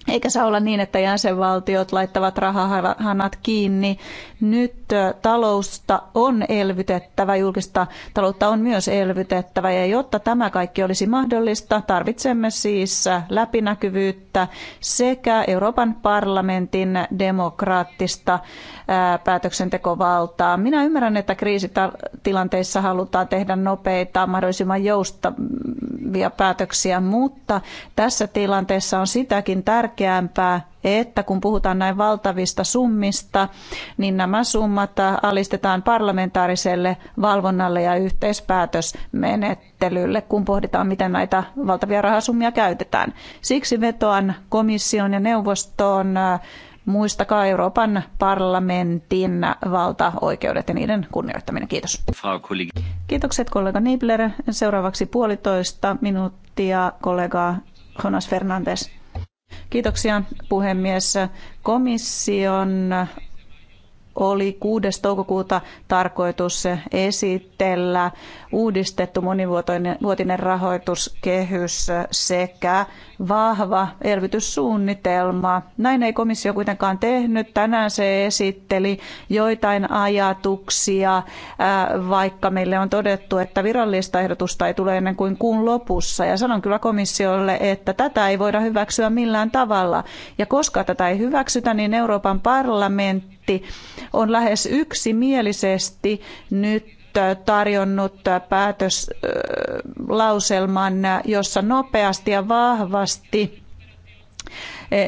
S7: eikä saa olla niin, että jäsenvaltiot laittavat rahahanat kiinni. Nyt talousta on elvytettävä, julkista taloutta on myös elvytettävä. Ja jotta tämä kaikki olisi mahdollista, tarvitsemme siis läpinäkyvyyttä sekä Euroopan parlamentin demokraattista päätöksentekovaltaa. Minä ymmärrän, että kriisitilanteissa halutaan tehdä nopeita, mahdollisimman joustavia päätöksiä, mutta tässä tilanteessa on sitäkin tärkeää, tärkeämpää, että kun puhutaan näin valtavista summista, niin nämä summat alistetaan parlamentaariselle valvonnalle ja yhteispäätösmenettelylle, kun pohditaan, miten näitä valtavia rahasummia käytetään. Siksi vetoan komission ja neuvostoon äh, muistakaa Euroopan parlamentin valtaoikeudet ja niiden kunnioittaminen. Kiitos. Kiitokset kollega Nibler. Seuraavaksi puolitoista minuuttia kollega Jonas Fernandes arvoisa puhemies. Komission oli 6. toukokuuta tarkoitus esitellä uudistettu monivuotinen rahoituskehys sekä vahva elvytyssuunnitelma. Näin ei komissio kuitenkaan tehnyt. Tänään se esitteli joitain ajatuksia, äh, vaikka meille on todettu, että virallista ehdotusta ei tule ennen kuin kuun lopussa. Ja sanon kyllä komissiolle, että tätä ei voida hyväksyä millään tavalla. Ja koska tätä ei hyväksytä, niin Euroopan parlamentti parlamentti on lähes yksimielisesti nyt tarjonnut päätöslauselman, jossa nopeasti ja vahvasti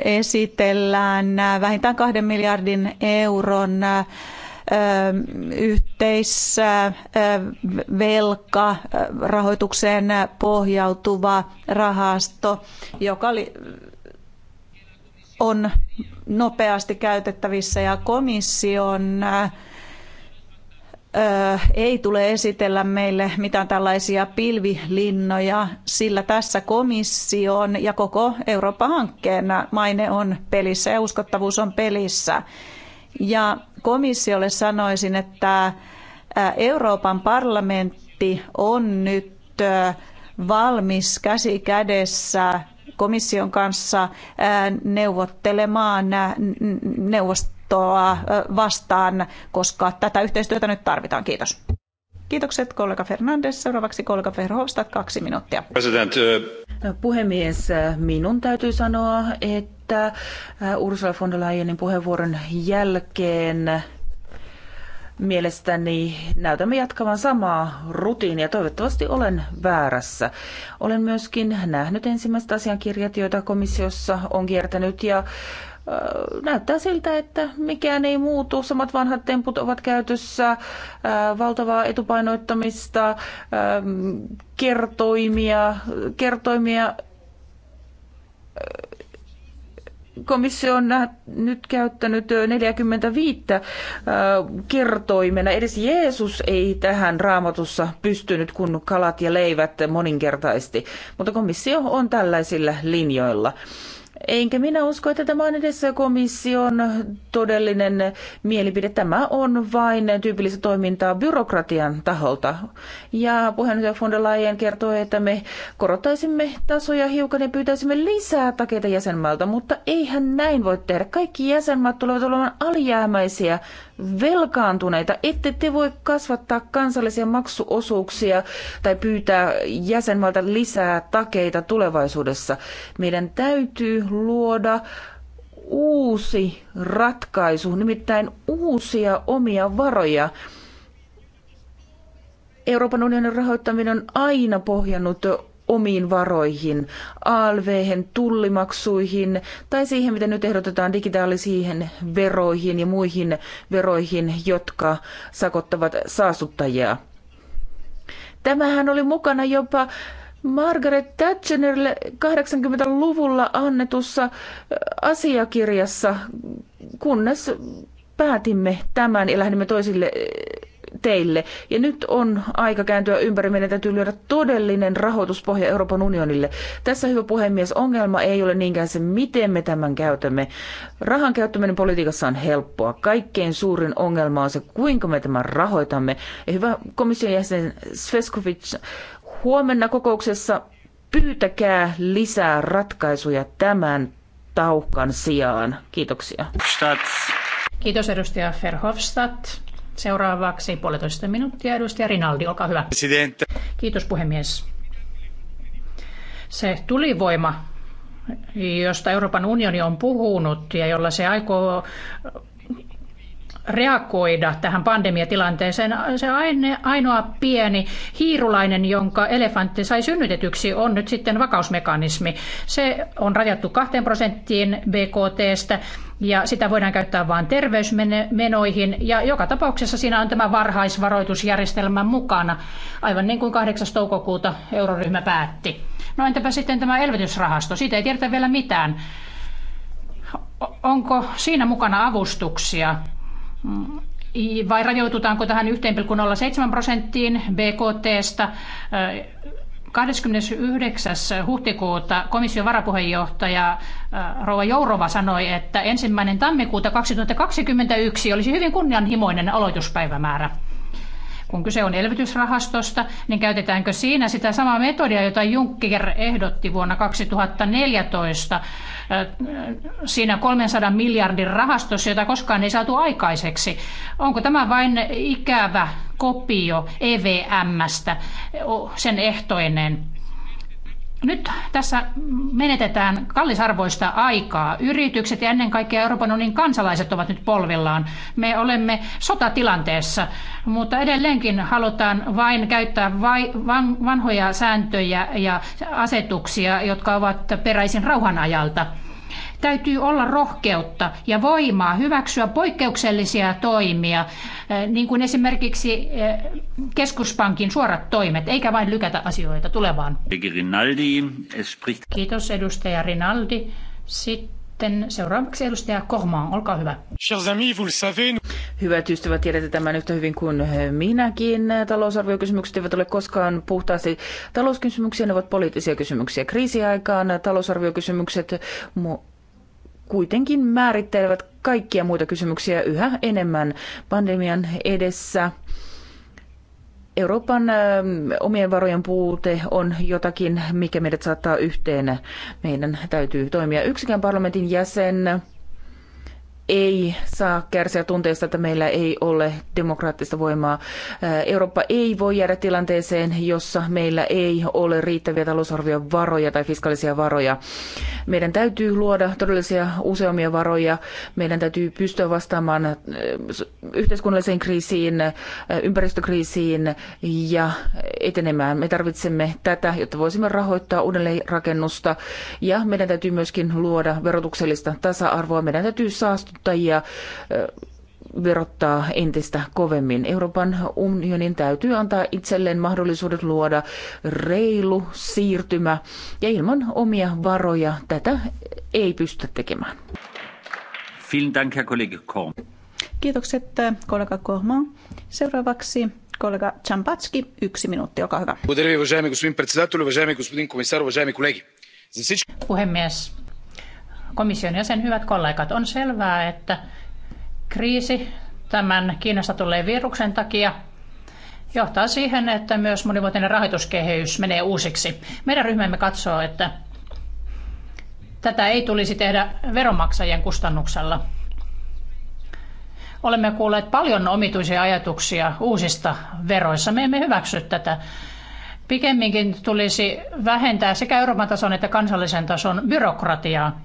S7: esitellään vähintään kahden miljardin euron yhteisvelka, rahoitukseen pohjautuva rahasto, joka on nopeasti käytettävissä ja komission ei tule esitellä meille mitään tällaisia pilvilinnoja, sillä tässä komission ja koko Eurooppa-hankkeen maine on pelissä ja uskottavuus on pelissä. Ja komissiolle sanoisin, että Euroopan parlamentti on nyt valmis käsi kädessä komission kanssa neuvottelemaan neuvostoa vastaan, koska tätä yhteistyötä nyt tarvitaan. Kiitos. Kiitokset kollega Fernandes. Seuraavaksi kollega Verhofstadt, kaksi minuuttia.
S1: President, uh...
S7: Puhemies,
S2: minun täytyy sanoa, että Ursula von der Leyenin puheenvuoron jälkeen mielestäni näytämme jatkavan samaa rutiinia. Toivottavasti olen väärässä. Olen myöskin nähnyt ensimmäiset asiakirjat, joita komissiossa on kiertänyt ja näyttää siltä, että mikään ei muutu. Samat vanhat temput ovat käytössä, valtavaa etupainoittamista, kertoimia, kertoimia komissio on nyt käyttänyt 45 kertoimena. Edes Jeesus ei tähän raamatussa pystynyt, kun kalat ja leivät moninkertaisti. Mutta komissio on tällaisilla linjoilla. Enkä minä usko, että tämä on edes komission todellinen mielipide. Tämä on vain tyypillistä toimintaa byrokratian taholta. Ja puheenjohtaja von der Leyen kertoi, että me korottaisimme tasoja hiukan ja pyytäisimme lisää takeita jäsenmaalta, mutta eihän näin voi tehdä. Kaikki jäsenmaat tulevat olemaan alijäämäisiä, velkaantuneita. Ette te voi kasvattaa kansallisia maksuosuuksia tai pyytää jäsenmaalta lisää takeita tulevaisuudessa. Meidän täytyy luoda uusi ratkaisu, nimittäin uusia omia varoja. Euroopan unionin rahoittaminen on aina pohjannut omiin varoihin, alv tullimaksuihin tai siihen, mitä nyt ehdotetaan digitaalisiin veroihin ja muihin veroihin, jotka sakottavat saastuttajia. Tämähän oli mukana jopa Margaret Thatcherille 80-luvulla annetussa äh, asiakirjassa, kunnes päätimme tämän ja lähdimme toisille äh, teille. Ja nyt on aika kääntyä ympäri. Meidän täytyy lyödä todellinen rahoituspohja Euroopan unionille. Tässä, hyvä puhemies, ongelma ei ole niinkään se, miten me tämän käytämme. Rahan käyttäminen politiikassa on helppoa. Kaikkein suurin ongelma on se, kuinka me tämän rahoitamme. Ja hyvä komission jäsen Sveskovic, Huomenna kokouksessa pyytäkää lisää ratkaisuja tämän tauhkan sijaan. Kiitoksia.
S6: Kiitos edustaja Verhofstadt. Seuraavaksi puolitoista minuuttia edustaja Rinaldi, olkaa hyvä. Presidente. Kiitos puhemies. Se tulivoima, josta Euroopan unioni on puhunut ja jolla se aikoo reagoida tähän pandemiatilanteeseen. Se ainoa pieni hiirulainen, jonka elefantti sai synnytetyksi, on nyt sitten vakausmekanismi. Se on rajattu 2 prosenttiin BKTstä ja sitä voidaan käyttää vain terveysmenoihin. Ja joka tapauksessa siinä on tämä varhaisvaroitusjärjestelmä mukana, aivan niin kuin 8. toukokuuta euroryhmä päätti. No entäpä sitten tämä elvytysrahasto? Siitä ei tiedetä vielä mitään. Onko siinä mukana avustuksia? Mm. vai rajoitutaanko tähän 1,07 prosenttiin BKTstä? 29. huhtikuuta komission varapuheenjohtaja Rouva Jourova sanoi, että ensimmäinen tammikuuta 2021 olisi hyvin kunnianhimoinen aloituspäivämäärä kun kyse on elvytysrahastosta, niin käytetäänkö siinä sitä samaa metodia, jota Juncker ehdotti vuonna 2014 siinä 300 miljardin rahastossa, jota koskaan ei saatu aikaiseksi. Onko tämä vain ikävä kopio EVMstä, sen ehtoinen? Nyt tässä menetetään kallisarvoista aikaa. Yritykset ja ennen kaikkea Euroopan unionin kansalaiset ovat nyt polvillaan. Me olemme sotatilanteessa, mutta edelleenkin halutaan vain käyttää vai, van, vanhoja sääntöjä ja asetuksia, jotka ovat peräisin rauhanajalta. ajalta Täytyy olla rohkeutta ja voimaa hyväksyä poikkeuksellisia toimia, eh, niin kuin esimerkiksi eh, keskuspankin suorat toimet, eikä vain lykätä asioita tulevaan. Kiitos edustaja Rinaldi. Sitten seuraavaksi edustaja Kohmaan, olkaa hyvä.
S2: Hyvät ystävät, tiedätte tämän yhtä hyvin kuin minäkin. Talousarviokysymykset eivät ole koskaan puhtaasti talouskysymyksiä, ne ovat poliittisia kysymyksiä. Kriisiaikaan talousarviokysymykset mu- kuitenkin määrittelevät kaikkia muita kysymyksiä yhä enemmän pandemian edessä. Euroopan omien varojen puute on jotakin, mikä meidät saattaa yhteen. Meidän täytyy toimia yksikään parlamentin jäsen ei saa kärsiä tunteesta, että meillä ei ole demokraattista voimaa. Eurooppa ei voi jäädä tilanteeseen, jossa meillä ei ole riittäviä talousarvion varoja tai fiskaalisia varoja. Meidän täytyy luoda todellisia useamia varoja. Meidän täytyy pystyä vastaamaan yhteiskunnalliseen kriisiin, ympäristökriisiin ja etenemään. Me tarvitsemme tätä, jotta voisimme rahoittaa uudelleenrakennusta ja meidän täytyy myöskin luoda verotuksellista tasa-arvoa. Meidän täytyy saastuttaa kuluttajia verottaa entistä kovemmin. Euroopan unionin täytyy antaa itselleen mahdollisuudet luoda reilu siirtymä ja ilman omia varoja
S7: tätä ei pystytä tekemään. Kiitokset äh, kollega Kohma. Seuraavaksi kollega Champatski, yksi minuutti, olkaa hyvä.
S6: Puhemies, komission jäsen, hyvät kollegat, on selvää, että kriisi tämän Kiinasta tulleen viruksen takia johtaa siihen, että myös monivuotinen rahoituskehys menee uusiksi. Meidän ryhmämme katsoo, että tätä ei tulisi tehdä veronmaksajien kustannuksella. Olemme kuulleet paljon omituisia ajatuksia uusista veroissa. Me emme hyväksy tätä. Pikemminkin tulisi vähentää sekä Euroopan tason että kansallisen tason byrokratiaa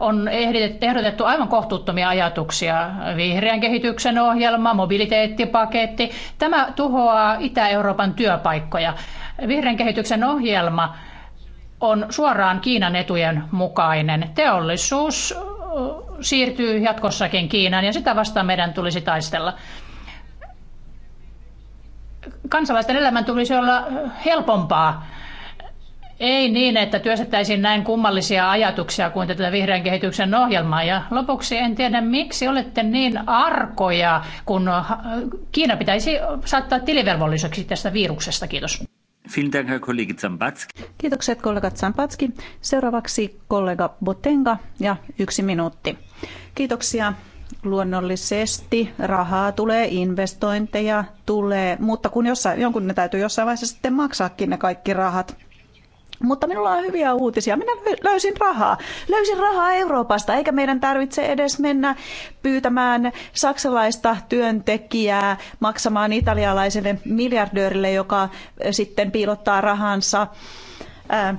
S6: on ehdotettu aivan kohtuuttomia ajatuksia. Vihreän kehityksen ohjelma, mobiliteettipaketti, tämä tuhoaa Itä-Euroopan työpaikkoja. Vihreän kehityksen ohjelma on suoraan Kiinan etujen mukainen. Teollisuus siirtyy jatkossakin Kiinaan ja sitä vastaan meidän tulisi taistella. Kansalaisten elämän tulisi olla helpompaa ei niin, että työstettäisiin näin kummallisia ajatuksia kuin tätä vihreän kehityksen ohjelmaa. Ja lopuksi en tiedä, miksi olette niin arkoja, kun äh, Kiina pitäisi saattaa tilivelvolliseksi tästä viruksesta.
S1: Kiitos.
S7: Kiitokset kollega Zampatski. Seuraavaksi kollega Botenga ja yksi minuutti. Kiitoksia luonnollisesti rahaa tulee, investointeja tulee, mutta kun jossain, jonkun ne täytyy jossain vaiheessa sitten maksaakin ne kaikki rahat. Mutta minulla on hyviä uutisia. Minä löysin rahaa. Löysin rahaa Euroopasta, eikä meidän tarvitse edes mennä pyytämään saksalaista työntekijää maksamaan italialaiselle miljardöörille, joka äh, sitten piilottaa rahansa äh,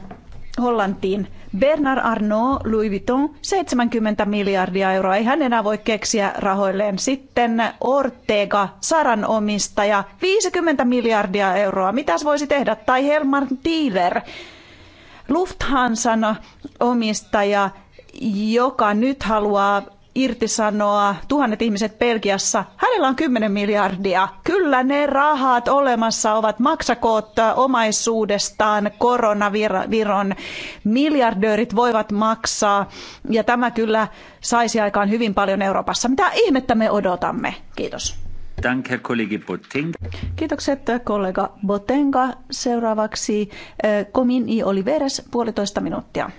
S7: Hollantiin. Bernard Arnault, Louis Vuitton, 70 miljardia euroa. Ei hän enää voi keksiä rahoilleen. Sitten Ortega, Saran omistaja, 50 miljardia euroa. Mitäs voisi tehdä? Tai Helmar Tiiler, Lufthansan omistaja, joka nyt haluaa irtisanoa tuhannet ihmiset Belgiassa. Hänellä on 10 miljardia. Kyllä ne rahat olemassa ovat. Maksakoot omaisuudestaan koronaviron. Miljardöörit voivat maksaa. Ja tämä kyllä saisi aikaan hyvin paljon Euroopassa. Mitä ihmettä me odotamme? Kiitos. Kiitoksia kollegi kollega Botenga. Seuraavaksi Komin eh, i Oliveres, puolitoista minuuttia.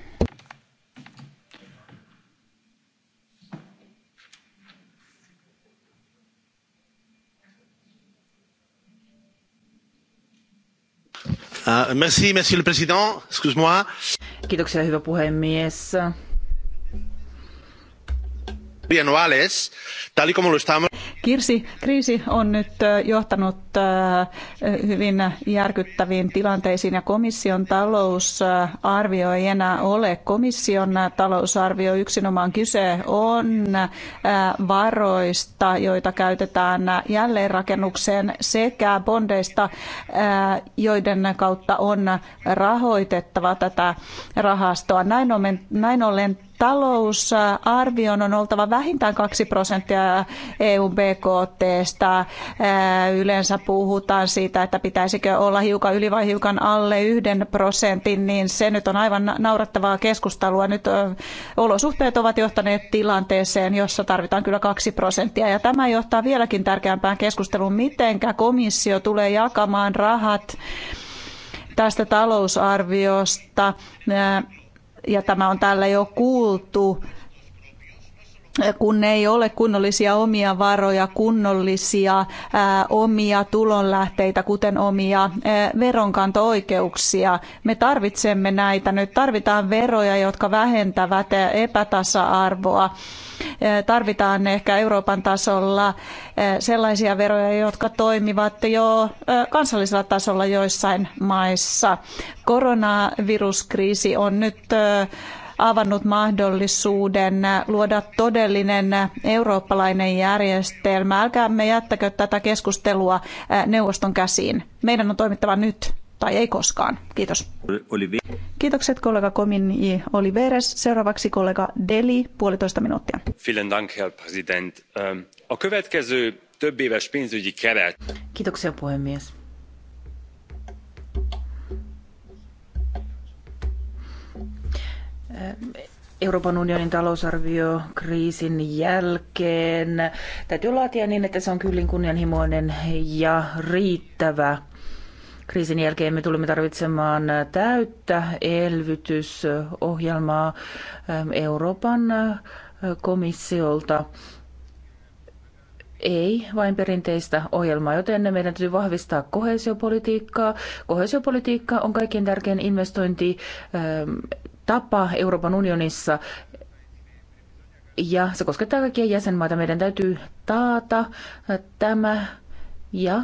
S5: Euh, merci, monsieur le président. Excuse-moi.
S2: Kiitoksia, hyvä puhemies.
S5: Bianuales, tal y como
S4: lo estamos
S7: Kirsi, kriisi on nyt johtanut hyvin järkyttäviin tilanteisiin ja komission talousarvio ei enää ole. Komission talousarvio yksinomaan kyse on varoista, joita käytetään jälleenrakennukseen sekä bondeista, joiden kautta on rahoitettava tätä rahastoa. Näin ollen talousarvion on oltava vähintään 2 prosenttia EU-BKTstä. Yleensä puhutaan siitä, että pitäisikö olla hiukan yli vai hiukan alle yhden prosentin, niin se nyt on aivan naurattavaa keskustelua. Nyt olosuhteet ovat johtaneet tilanteeseen, jossa tarvitaan kyllä 2 prosenttia. Ja tämä johtaa vieläkin tärkeämpään keskusteluun, miten komissio tulee jakamaan rahat tästä talousarviosta ja tämä on täällä jo kuultu, kun ei ole kunnollisia omia varoja, kunnollisia ää, omia tulonlähteitä, kuten omia ää, veronkanto-oikeuksia. Me tarvitsemme näitä nyt. Tarvitaan veroja, jotka vähentävät epätasa-arvoa. Tarvitaan ehkä Euroopan tasolla sellaisia veroja, jotka toimivat jo kansallisella tasolla joissain maissa. Koronaviruskriisi on nyt avannut mahdollisuuden luoda todellinen eurooppalainen järjestelmä. Älkäämme jättäkö tätä keskustelua äh, neuvoston käsiin. Meidän on toimittava nyt tai ei koskaan. Kiitos. Kiitokset kollega Komin J. Oliveres. Seuraavaksi kollega Deli, puolitoista minuuttia.
S1: Vielen dank, herr ähm, A következő több éves pénzügyi keret.
S7: Kiitoksia puhemies.
S2: Euroopan unionin talousarvio kriisin jälkeen täytyy laatia niin, että se on kyllin kunnianhimoinen ja riittävä. Kriisin jälkeen me tulemme tarvitsemaan täyttä elvytysohjelmaa Euroopan komissiolta. Ei vain perinteistä ohjelmaa, joten meidän täytyy vahvistaa kohesiopolitiikkaa. Kohesiopolitiikka on kaikkein tärkein investointi tapa Euroopan unionissa ja se koskettaa kaikkia jäsenmaita. Meidän täytyy taata tämä ja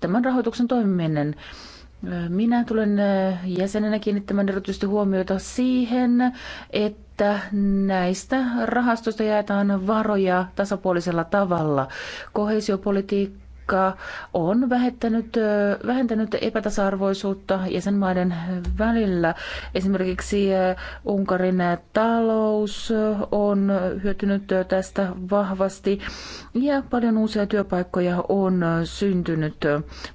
S2: tämän rahoituksen toimiminen. Minä tulen jäsenenä kiinnittämään erityisesti huomiota siihen, että näistä rahastoista jaetaan varoja tasapuolisella tavalla. Kohesiopolitiikka joka on vähentänyt, vähentänyt epätasa-arvoisuutta jäsenmaiden välillä. Esimerkiksi Unkarin talous on hyötynyt tästä vahvasti ja paljon uusia työpaikkoja on syntynyt.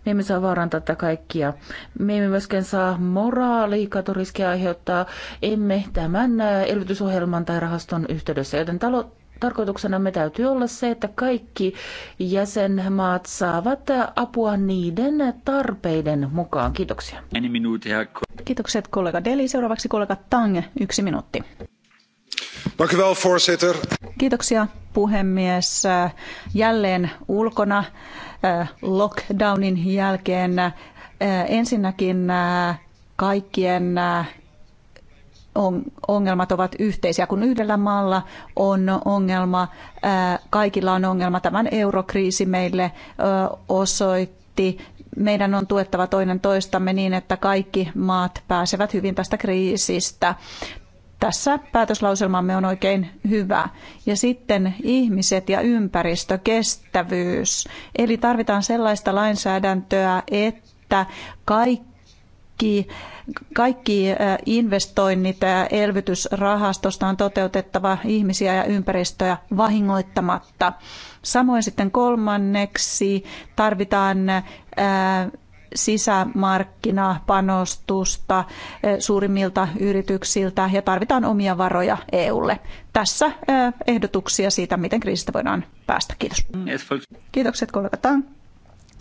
S2: Me emme saa vaarantaa tätä kaikkia. Me emme myöskään saa moraalikatoriskia aiheuttaa, emme tämän elvytysohjelman tai rahaston yhteydessä, joten talot tarkoituksena me täytyy olla se, että kaikki jäsenmaat saavat apua niiden tarpeiden
S7: mukaan. Kiitoksia. Kiitokset kollega Deli. Seuraavaksi kollega Tange, yksi minuutti. Kiitoksia puhemies. Jälleen ulkona eh, lockdownin jälkeen eh, ensinnäkin eh, kaikkien ongelmat ovat yhteisiä. Kun yhdellä maalla on ongelma, kaikilla on ongelma. Tämän eurokriisi meille osoitti. Meidän on tuettava toinen toistamme niin, että kaikki maat pääsevät hyvin tästä kriisistä. Tässä päätöslauselmamme on oikein hyvä. Ja sitten ihmiset ja ympäristökestävyys, Eli tarvitaan sellaista lainsäädäntöä, että kaikki kaikki kaikki eh, investoinnit eh, elvytysrahastosta on toteutettava ihmisiä ja ympäristöä vahingoittamatta. Samoin sitten kolmanneksi tarvitaan eh, sisämarkkinapanostusta suurimmilta yrityksiltä ja tarvitaan omia varoja EUlle. Tässä ehdotuksia siitä, miten kriisistä voidaan
S1: päästä. Kiitos. Mm,
S7: Kiitokset kollega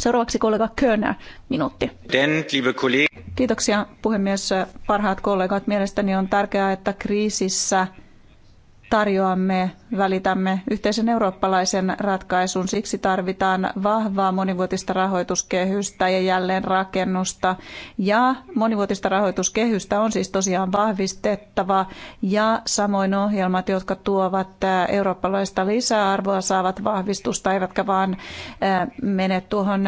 S7: Seuraavaksi kollega Körner, minuutti. Kiitoksia puhemies, parhaat kollegat. Mielestäni on tärkeää, että kriisissä – tarjoamme, välitämme yhteisen eurooppalaisen ratkaisun. Siksi tarvitaan vahvaa monivuotista rahoituskehystä ja jälleenrakennusta. Ja monivuotista rahoituskehystä on siis tosiaan vahvistettava ja samoin ohjelmat, jotka tuovat eurooppalaista lisäarvoa, saavat vahvistusta, eivätkä vaan mene tuohon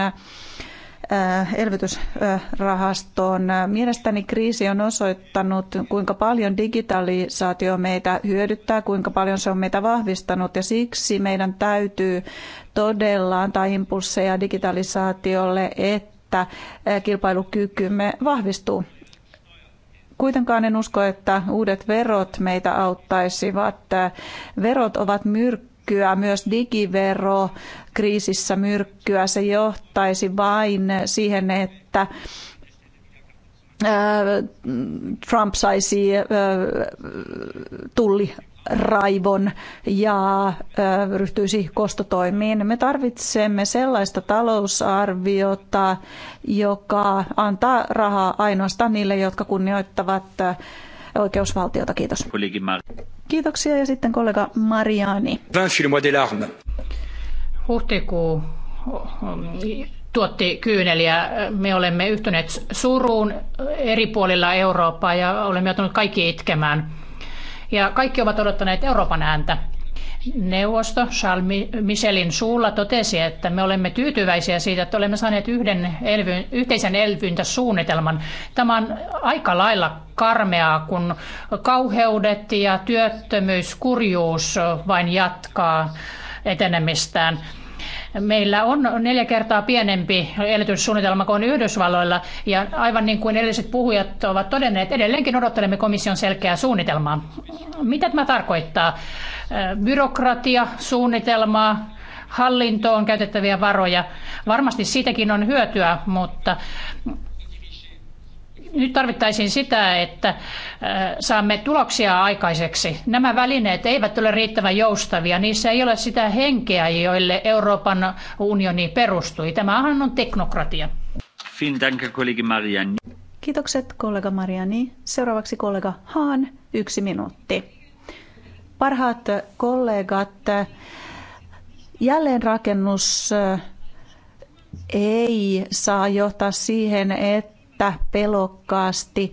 S7: Äh, elvytysrahastoon. Mielestäni kriisi on osoittanut, kuinka paljon digitalisaatio meitä hyödyttää, kuinka paljon se on meitä vahvistanut ja siksi meidän täytyy todella antaa impulseja digitalisaatiolle, että äh, kilpailukykymme vahvistuu. Kuitenkaan en usko, että uudet verot meitä auttaisivat. Äh, verot ovat myrkkyä myrkkyä, myös digivero kriisissä myrkkyä. Se johtaisi vain siihen, että äh, Trump saisi äh, tulli raivon ja äh, ryhtyisi kostotoimiin. Me tarvitsemme sellaista talousarviota, joka antaa rahaa ainoastaan niille, jotka kunnioittavat oikeusvaltiota. Kiitos. Kiitoksia ja sitten kollega Mariani.
S6: Huhtikuu um, tuotti kyyneliä. Äh, me olemme yhtyneet suruun eri puolilla Eurooppaa ja olemme joutuneet kaikki itkemään. Ja kaikki ovat odottaneet Euroopan ääntä neuvosto Charles Michelin suulla totesi, että me olemme tyytyväisiä siitä, että olemme saaneet yhden elvy- yhteisen elvyntäsuunnitelman. Tämä on aika lailla karmeaa, kun kauheudet ja työttömyys, kurjuus vain jatkaa etenemistään. Meillä on neljä kertaa pienempi elvytyssuunnitelma kuin Yhdysvalloilla ja aivan niin kuin edelliset puhujat ovat todenneet, edelleenkin odottelemme komission selkeää suunnitelmaa. Mitä tämä tarkoittaa? Byrokratia, suunnitelmaa, hallintoon käytettäviä varoja. Varmasti siitäkin on hyötyä, mutta nyt tarvittaisiin sitä, että saamme tuloksia aikaiseksi. Nämä välineet eivät ole riittävän joustavia. Niissä ei ole sitä henkeä, joille Euroopan unioni perustui. Tämähän on teknokratia.
S7: Kiitokset kollega Mariani. Seuraavaksi kollega Haan, yksi minuutti. Parhaat kollegat, jälleenrakennus ei saa johtaa siihen, että että pelokkaasti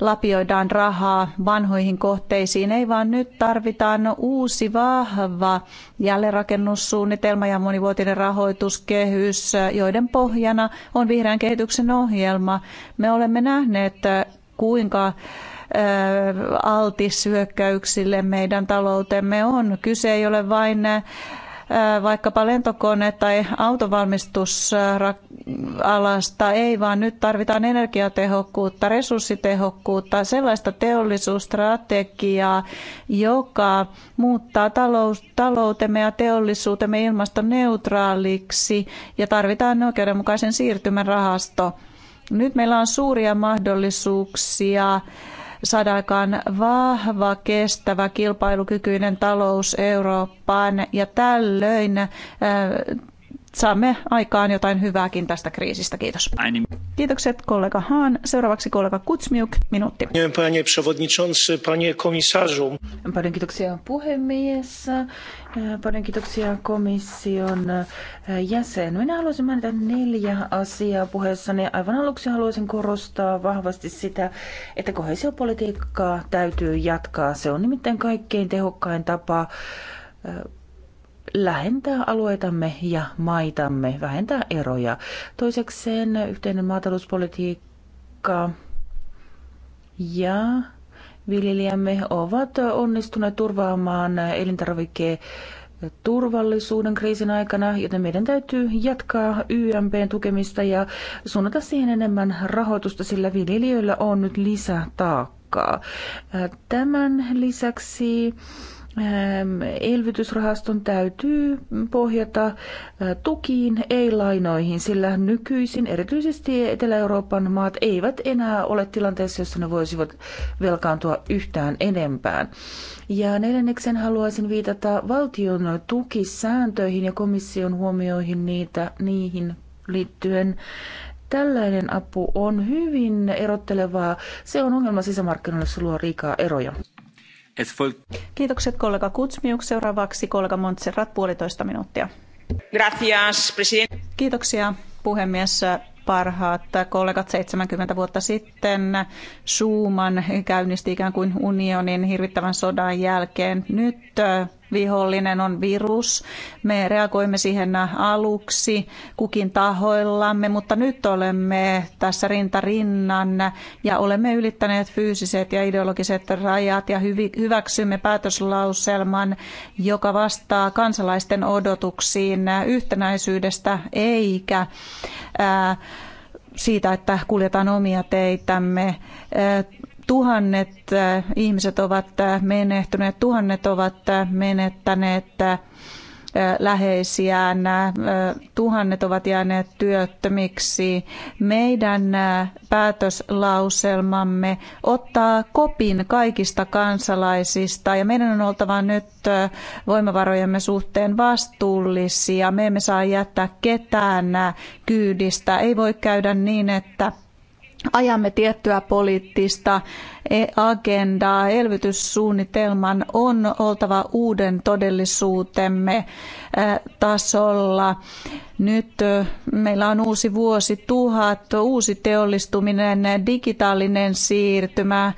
S7: lapioidaan rahaa vanhoihin kohteisiin. Ei vaan nyt tarvitaan uusi vahva jälleenrakennussuunnitelma ja monivuotinen rahoituskehys, joiden pohjana on vihreän kehityksen ohjelma. Me olemme nähneet, kuinka äh, altis hyökkäyksille meidän taloutemme on. Kyse ei ole vain äh, Äh, vaikkapa lentokone- tai autovalmistusalasta, ei vaan nyt tarvitaan energiatehokkuutta, resurssitehokkuutta, sellaista teollisuusstrategiaa, joka muuttaa talous, taloutemme ja teollisuutemme ilmastoneutraaliksi ja tarvitaan oikeudenmukaisen siirtymän rahasto. Nyt meillä on suuria mahdollisuuksia saada aikaan vahva, kestävä, kilpailukykyinen talous Eurooppaan ja tällöin äh, saamme aikaan jotain hyvääkin tästä kriisistä. Kiitos. Kiitokset kollega Haan. Seuraavaksi kollega Kutsmiuk, minuutti.
S5: Panie przewodniczący, panie
S7: komisarzu.
S2: Paljon kiitoksia
S7: puhemies. Paljon kiitoksia
S2: komission jäsen. Minä haluaisin mainita neljä asiaa puheessani. Aivan aluksi haluaisin korostaa vahvasti sitä, että kohesiopolitiikkaa täytyy jatkaa. Se on nimittäin kaikkein tehokkain tapa lähentää alueitamme ja maitamme, vähentää eroja. Toisekseen yhteinen maatalouspolitiikka ja viljelijämme ovat onnistuneet turvaamaan elintarvikkeen turvallisuuden kriisin aikana, joten meidän täytyy jatkaa YMPn tukemista ja suunnata siihen enemmän rahoitusta, sillä viljelijöillä on nyt lisätaakkaa. Tämän lisäksi Ähm, elvytysrahaston täytyy pohjata äh, tukiin, ei lainoihin, sillä nykyisin erityisesti Etelä-Euroopan maat eivät enää ole tilanteessa, jossa ne voisivat velkaantua yhtään enempään. Ja neljänneksen haluaisin viitata valtion tukisääntöihin ja komission huomioihin niitä, niihin liittyen. Tällainen apu on hyvin erottelevaa. Se on ongelma sisämarkkinoilla, se luo riikaa eroja.
S7: Kiitokset kollega Kutsmiuk. Seuraavaksi kollega Montserrat puolitoista minuuttia. Gracias, president. Kiitoksia puhemies parhaat kollegat 70 vuotta sitten. Schumann käynnisti ikään kuin unionin hirvittävän sodan jälkeen. Nyt vihollinen on virus. Me reagoimme siihen aluksi kukin tahoillamme, mutta nyt olemme tässä rintarinnan ja olemme ylittäneet fyysiset ja ideologiset rajat ja hyväksymme päätöslauselman, joka vastaa kansalaisten odotuksiin yhtenäisyydestä eikä siitä, että kuljetaan omia teitämme Tuhannet äh, ihmiset ovat äh, menehtyneet, tuhannet ovat äh, menettäneet läheisiään, tuhannet ovat jääneet työttömiksi. Meidän päätöslauselmamme ottaa kopin kaikista kansalaisista ja meidän on oltava nyt voimavarojemme suhteen vastuullisia. Me emme saa jättää ketään kyydistä. Ei voi käydä niin, että ajamme tiettyä poliittista e- agendaa. Elvytyssuunnitelman on oltava uuden todellisuutemme e, tasolla. Nyt e, meillä on uusi vuosi tuhat, uusi teollistuminen, digitaalinen siirtymä,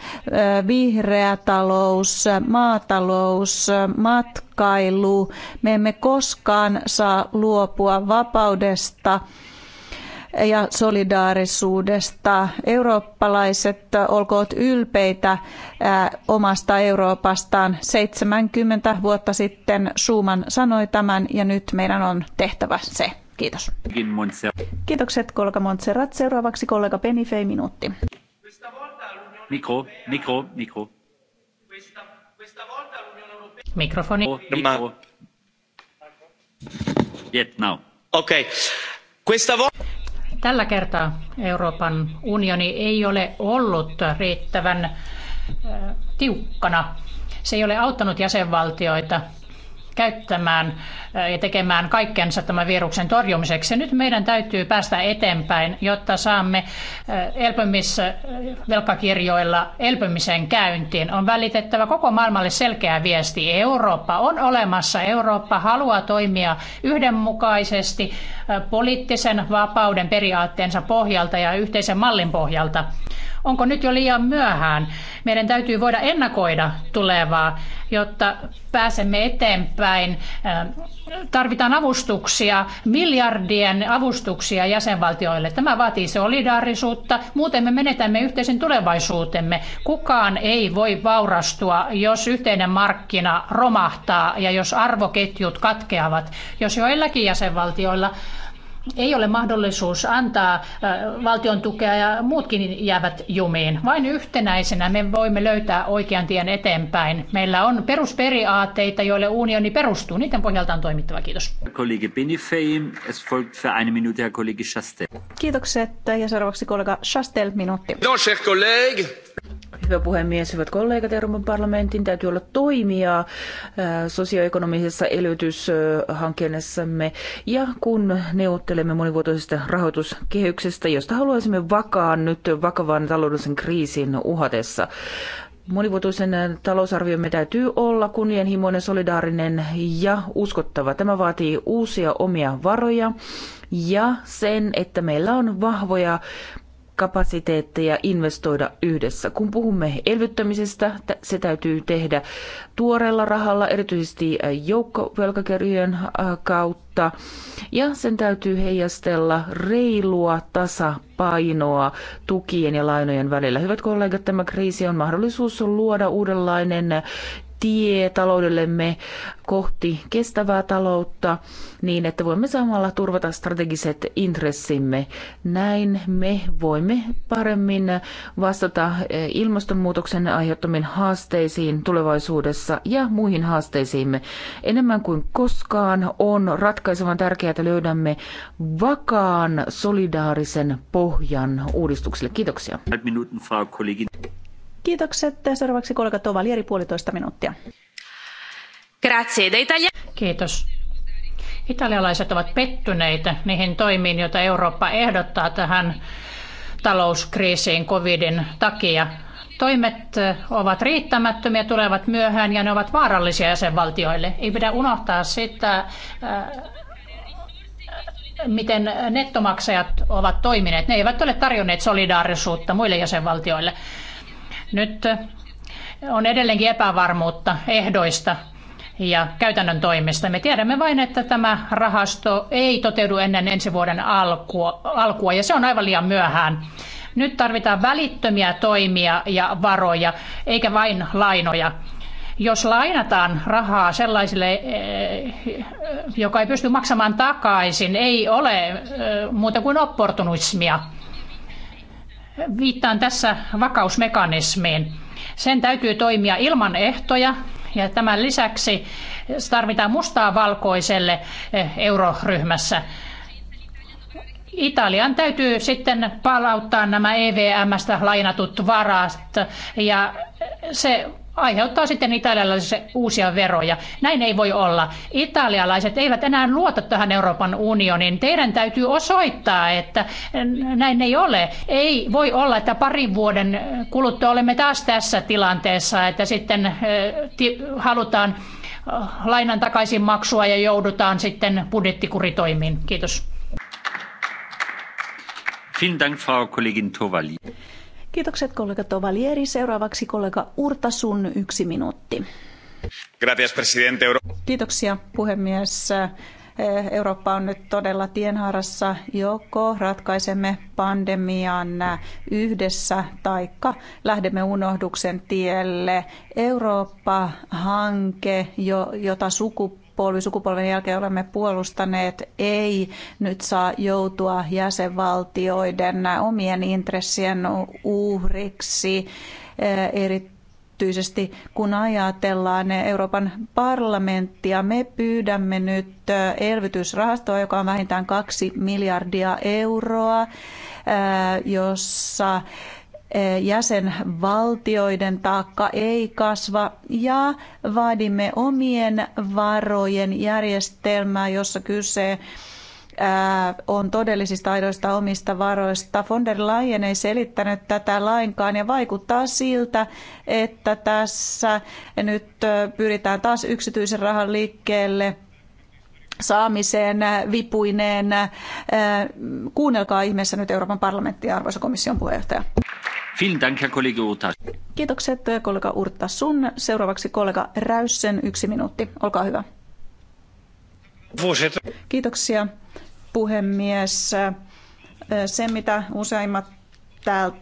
S7: vihreä talous, maatalous, matkailu. Me emme koskaan saa luopua vapaudesta ja solidaarisuudesta. Eurooppalaiset olkoot ylpeitä äh, omasta Euroopastaan. 70 vuotta sitten Schumann sanoi tämän ja nyt meidän on tehtävä se. Kiitos. Kiitokset kollega Montserrat. Seuraavaksi kollega Penifei minuutti.
S1: Mikro, mikro, mikro. Mikrofoni. Mikrofoni. Yet now. Okay. Questa volta...
S6: Tällä kertaa Euroopan unioni ei ole ollut riittävän tiukkana. Se ei ole auttanut jäsenvaltioita käyttämään äh, ja tekemään kaikkensa tämän viruksen torjumiseksi. Nyt meidän täytyy päästä eteenpäin, jotta saamme äh, elpymisvelkakirjoilla elpymisen käyntiin. On välitettävä koko maailmalle selkeä viesti. Eurooppa on olemassa. Eurooppa haluaa toimia yhdenmukaisesti äh, poliittisen vapauden periaatteensa pohjalta ja yhteisen mallin pohjalta. Onko nyt jo liian myöhään? Meidän täytyy voida ennakoida tulevaa, jotta pääsemme eteenpäin. Äh, tarvitaan avustuksia, miljardien avustuksia jäsenvaltioille. Tämä vaatii solidaarisuutta, muuten me menetämme yhteisen tulevaisuutemme. Kukaan ei voi vaurastua, jos yhteinen markkina romahtaa ja jos arvoketjut katkeavat. Jos joillakin jäsenvaltioilla ei ole mahdollisuus antaa äh, valtion tukea ja muutkin jäävät jumiin. Vain yhtenäisenä me voimme löytää oikean tien eteenpäin. Meillä on perusperiaatteita, joille unioni perustuu. Niiden pohjalta on toimittava. Kiitos.
S7: Kiitokset ja seuraavaksi kollega Chastel minuutti. No, Hyvä puhemies, hyvät kollegat Euroopan parlamentin,
S2: täytyy olla toimia äh, sosioekonomisessa elvytyshankkeessamme ja kun neuvottelemme monivuotoisesta rahoituskehyksestä, josta haluaisimme vakaan nyt vakavan taloudellisen kriisin uhatessa. Monivuotoisen talousarviomme täytyy olla kunnianhimoinen, solidaarinen ja uskottava. Tämä vaatii uusia omia varoja ja sen, että meillä on vahvoja kapasiteetteja investoida yhdessä. Kun puhumme elvyttämisestä, se täytyy tehdä tuoreella rahalla, erityisesti joukkovelkakirjojen kautta, ja sen täytyy heijastella reilua tasapainoa tukien ja lainojen välillä. Hyvät kollegat, tämä kriisi on mahdollisuus luoda uudenlainen tie taloudellemme kohti kestävää taloutta niin, että voimme samalla turvata strategiset intressimme. Näin me voimme paremmin vastata eh, ilmastonmuutoksen aiheuttamiin haasteisiin tulevaisuudessa ja muihin haasteisiimme. Enemmän kuin koskaan on ratkaisevan tärkeää, että löydämme vakaan solidaarisen pohjan
S1: uudistuksille. Kiitoksia.
S7: Kiitokset. Seuraavaksi kollega Tovalieri puolitoista minuuttia. Grazie. Italia. Kiitos.
S6: Italialaiset ovat pettyneitä niihin toimiin, joita Eurooppa ehdottaa tähän talouskriisiin covidin takia. Toimet ovat riittämättömiä, tulevat myöhään ja ne ovat vaarallisia jäsenvaltioille. Ei pidä unohtaa sitä, äh, miten nettomaksajat ovat toimineet. Ne eivät ole tarjonneet solidaarisuutta muille jäsenvaltioille. Nyt on edelleenkin epävarmuutta ehdoista ja käytännön toimista. Me tiedämme vain, että tämä rahasto ei toteudu ennen ensi vuoden alkua, alkua ja se on aivan liian myöhään. Nyt tarvitaan välittömiä toimia ja varoja, eikä vain lainoja. Jos lainataan rahaa sellaisille, joka ei pysty maksamaan takaisin, ei ole muuta kuin opportunismia. Viittaan tässä vakausmekanismiin. Sen täytyy toimia ilman ehtoja ja tämän lisäksi tarvitaan mustaa valkoiselle eh, euroryhmässä. Italian täytyy sitten palauttaa nämä EVMstä lainatut varat ja se aiheuttaa sitten italialaisille uusia veroja. Näin ei voi olla. Italialaiset eivät enää luota tähän Euroopan unioniin. Teidän täytyy osoittaa, että näin ei ole. Ei voi olla, että parin vuoden kuluttua olemme taas tässä tilanteessa, että sitten halutaan lainan takaisin maksua ja joudutaan sitten
S7: budjettikuritoimiin. Kiitos.
S1: Vielen Dank, Frau Kollegin Tovali.
S7: Kiitokset kollega Tovalieri. Seuraavaksi kollega Urtasun yksi minuutti.
S1: Gracias, presidente.
S7: Kiitoksia puhemies. Eh, Eurooppa on nyt todella tienhaarassa. Joko ratkaisemme pandemian yhdessä taikka lähdemme unohduksen tielle. Eurooppa-hanke, jota sukupuolta polvi sukupolven jälkeen olemme puolustaneet, ei nyt saa joutua jäsenvaltioiden omien intressien uhriksi, eh, erityisesti kun ajatellaan Euroopan parlamenttia. Me pyydämme nyt eh, elvytysrahastoa, joka on vähintään kaksi miljardia euroa, eh, jossa Eh, jäsenvaltioiden taakka ei kasva ja vaadimme omien varojen järjestelmää, jossa kyse eh, on todellisista aidoista omista varoista. Von der Leyen ei selittänyt tätä lainkaan ja vaikuttaa siltä, että tässä nyt eh, pyritään taas yksityisen rahan liikkeelle – saamiseen vipuineen. Äh, kuunnelkaa ihmeessä nyt Euroopan parlamenttia, arvoisa komission puheenjohtaja. Kiitokset äh, kollega Urta Sun. Seuraavaksi kollega Räyssen yksi minuutti. Olkaa hyvä. Kiitoksia puhemies. Äh, se, mitä useimmat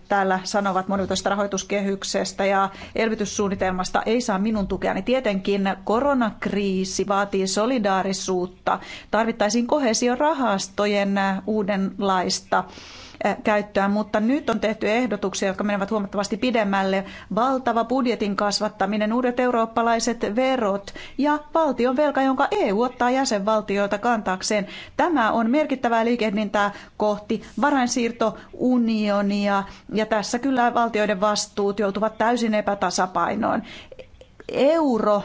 S7: täällä sanovat monivuotisesta rahoituskehyksestä ja elvytyssuunnitelmasta ei saa minun tukeani. Niin tietenkin koronakriisi vaatii solidaarisuutta. Tarvittaisiin kohesiorahastojen uudenlaista Käyttöä, mutta nyt on tehty ehdotuksia, jotka menevät huomattavasti pidemmälle. Valtava budjetin kasvattaminen, uudet eurooppalaiset verot ja valtion velka, jonka EU ottaa jäsenvaltioita kantaakseen. Tämä on merkittävää liikehdintää kohti varainsiirtounionia ja tässä kyllä valtioiden vastuut joutuvat täysin epätasapainoon. Euro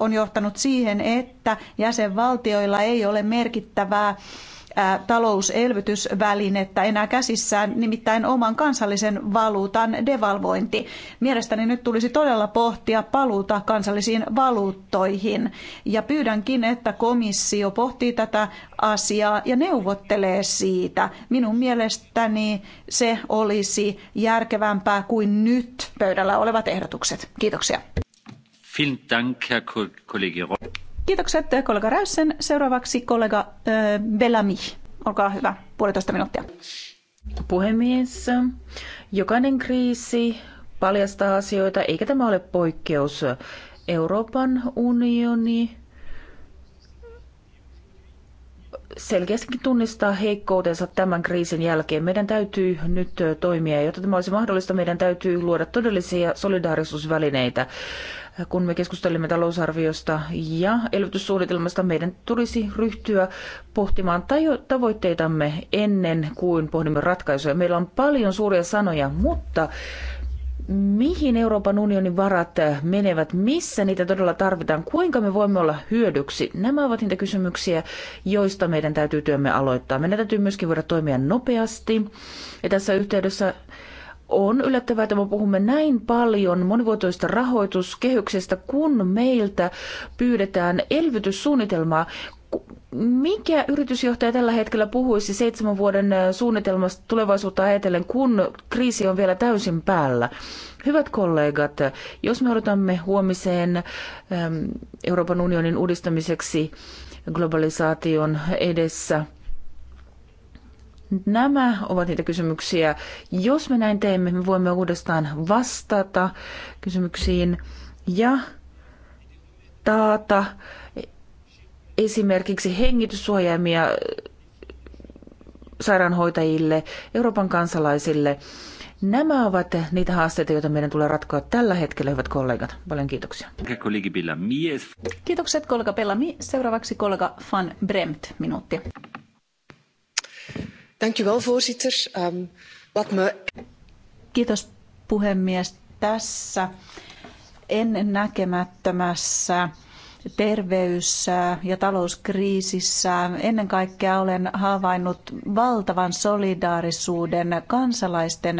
S7: on johtanut siihen, että jäsenvaltioilla ei ole merkittävää talouselvytysvälinettä enää käsissään, nimittäin oman kansallisen valuutan devalvointi. Mielestäni nyt tulisi todella pohtia paluuta kansallisiin valuuttoihin ja pyydänkin, että komissio pohtii tätä asiaa ja neuvottelee siitä. Minun mielestäni se olisi järkevämpää kuin nyt pöydällä olevat ehdotukset. Kiitoksia.
S1: Vielen Dank, Herr Kollege
S7: Kiitokset kollega Räyssen. Seuraavaksi kollega äh, Bellamy. Olkaa hyvä, puolitoista minuuttia. Puhemies,
S2: jokainen kriisi paljastaa asioita, eikä tämä ole poikkeus. Euroopan unioni selkeästikin tunnistaa heikkoutensa tämän kriisin jälkeen. Meidän täytyy nyt toimia, jotta tämä olisi mahdollista, meidän täytyy luoda todellisia solidaarisuusvälineitä kun me keskustelemme talousarviosta ja elvytyssuunnitelmasta, meidän tulisi ryhtyä pohtimaan tavoitteitamme ennen kuin pohdimme ratkaisuja. Meillä on paljon suuria sanoja, mutta mihin Euroopan unionin varat menevät, missä niitä todella tarvitaan, kuinka me voimme olla hyödyksi. Nämä ovat niitä kysymyksiä, joista meidän täytyy työmme aloittaa. Meidän täytyy myöskin voida toimia nopeasti. Ja tässä yhteydessä on yllättävää, että me puhumme näin paljon monivuotoista rahoituskehyksestä, kun meiltä pyydetään elvytyssuunnitelmaa. Mikä yritysjohtaja tällä hetkellä puhuisi seitsemän vuoden äh, suunnitelmasta tulevaisuutta ajatellen, kun kriisi on vielä täysin päällä? Hyvät kollegat, jos me odotamme huomiseen ähm, Euroopan unionin uudistamiseksi globalisaation edessä, Nämä ovat niitä kysymyksiä. Jos me näin teemme, me voimme uudestaan vastata kysymyksiin ja taata esimerkiksi hengityssuojaimia sairaanhoitajille, Euroopan kansalaisille. Nämä ovat niitä haasteita, joita meidän tulee ratkoa tällä hetkellä, hyvät kollegat. Paljon kiitoksia.
S7: Kiitokset kollega Pellami. Seuraavaksi kollega Van Bremt, minuutti voorzitter. Ehm, Kiitos puhemies. Tässä ennennäkemättömässä terveys- ja talouskriisissä ennen kaikkea olen havainnut valtavan solidaarisuuden kansalaisten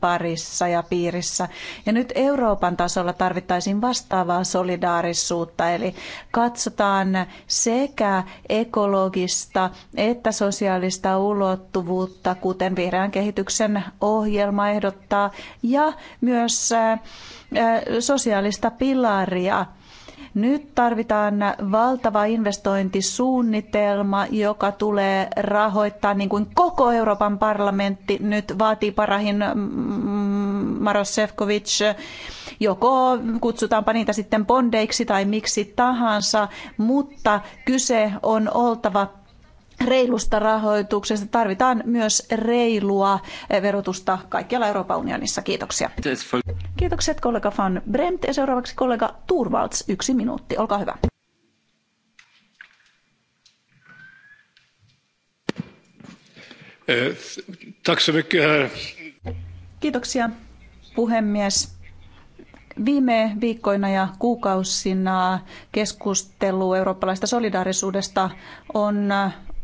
S7: parissa ja piirissä. Ja nyt Euroopan tasolla tarvittaisiin vastaavaa solidaarisuutta, eli katsotaan sekä ekologista että sosiaalista ulottuvuutta, kuten vihreän kehityksen ohjelma ehdottaa, ja myös äh, äh, sosiaalista pilaria nyt tarvitaan valtava investointisuunnitelma, joka tulee rahoittaa niin kuin koko Euroopan parlamentti nyt vaatii parahin mm, Maros Sefcovic. Joko kutsutaanpa niitä sitten bondeiksi tai miksi tahansa, mutta kyse on oltava reilusta rahoituksesta. Tarvitaan myös reilua verotusta kaikkialla Euroopan unionissa. Kiitoksia. Kiitokset kollega Van Bremt ja seuraavaksi kollega Turvalds. Yksi minuutti, olkaa hyvä. Kiitoksia puhemies. Viime viikkoina ja kuukausina keskustelu eurooppalaista solidaarisuudesta on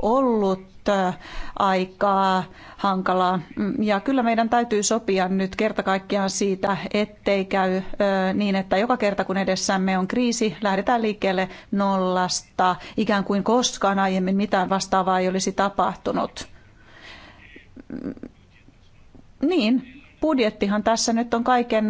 S7: ollut äh, aikaa hankalaa. Mm, ja kyllä meidän täytyy sopia nyt kerta kaikkiaan siitä, ettei käy äh, niin, että joka kerta kun edessämme on kriisi, lähdetään liikkeelle nollasta, ikään kuin koskaan aiemmin mitään vastaavaa ei olisi tapahtunut. Mm, niin, budjettihan tässä nyt on kaiken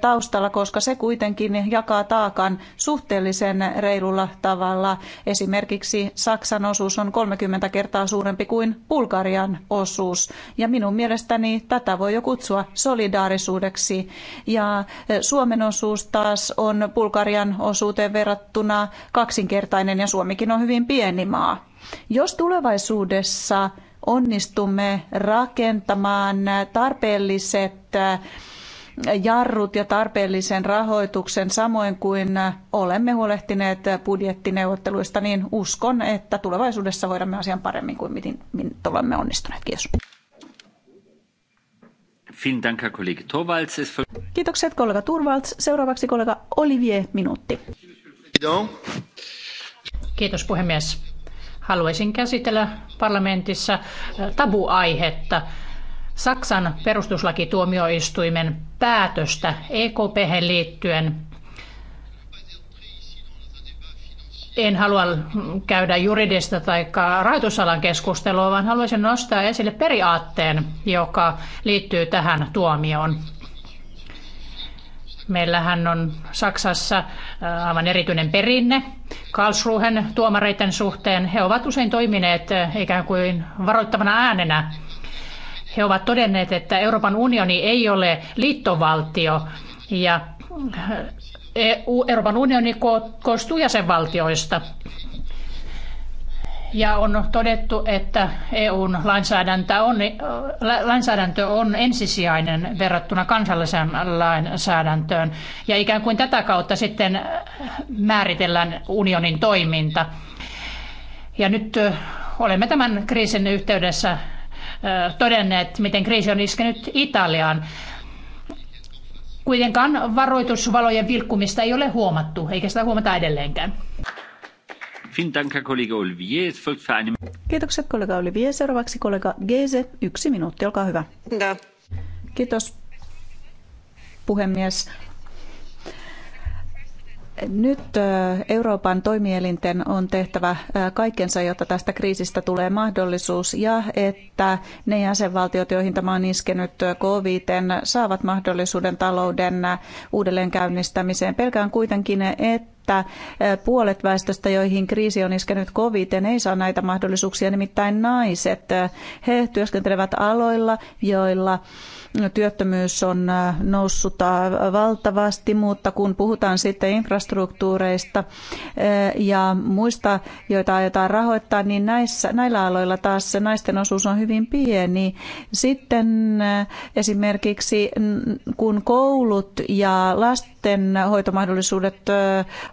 S7: taustalla, koska se kuitenkin jakaa taakan suhteellisen reilulla tavalla. Esimerkiksi Saksan osuus on 30 kertaa suurempi kuin Bulgarian osuus. Ja minun mielestäni tätä voi jo kutsua solidaarisuudeksi. Ja Suomen osuus taas on Bulgarian osuuteen verrattuna kaksinkertainen ja Suomikin on hyvin pieni maa. Jos tulevaisuudessa onnistumme rakentamaan tarpeelliset eh, jarrut ja tarpeellisen rahoituksen samoin kuin olemme huolehtineet budjettineuvotteluista, niin uskon, että tulevaisuudessa hoidamme asian paremmin kuin miten, miten olemme onnistuneet. Kiitos. Kiitokset kollega Turvalds. Seuraavaksi kollega Olivier Minuutti. Kiitos puhemies haluaisin käsitellä
S6: parlamentissa äh, tabuaihetta. Saksan perustuslakituomioistuimen päätöstä ekp liittyen. En halua käydä juridista tai rahoitusalan keskustelua, vaan haluaisin nostaa esille periaatteen, joka liittyy tähän tuomioon. Meillähän on Saksassa äh, aivan erityinen perinne Karlsruhen tuomareiden suhteen. He ovat usein toimineet äh, ikään kuin varoittavana äänenä. He ovat todenneet, että Euroopan unioni ei ole liittovaltio ja äh, e Euroopan unioni koostuu jäsenvaltioista ja on todettu, että EUn lainsäädäntö on, lainsäädäntö on ensisijainen verrattuna kansalliseen lainsäädäntöön. Ja ikään kuin tätä kautta sitten määritellään unionin toiminta. Ja nyt olemme tämän kriisin yhteydessä todenneet, miten kriisi on iskenyt Italiaan. Kuitenkaan varoitusvalojen vilkkumista ei ole huomattu,
S7: eikä sitä huomata edelleenkään. Kiitokset kollega Olivier. Seuraavaksi kollega Geese. Yksi minuutti, olkaa hyvä. Kiitos puhemies. Nyt Euroopan toimielinten on tehtävä kaikkensa, jotta tästä kriisistä tulee mahdollisuus ja että ne jäsenvaltiot, joihin tämä on iskenyt COVID: saavat mahdollisuuden talouden uudelleenkäynnistämiseen. Pelkään kuitenkin, että että puolet väestöstä, joihin kriisi on iskenyt koviten, ei saa näitä mahdollisuuksia, nimittäin naiset. He työskentelevät aloilla, joilla työttömyys on äh, noussut äh, valtavasti, mutta kun puhutaan sitten infrastruktuureista äh, ja muista, joita aiotaan rahoittaa, niin näissä, näillä aloilla taas se naisten osuus on hyvin pieni. Sitten esimerkiksi kun koulut ja lasten hoitomahdollisuudet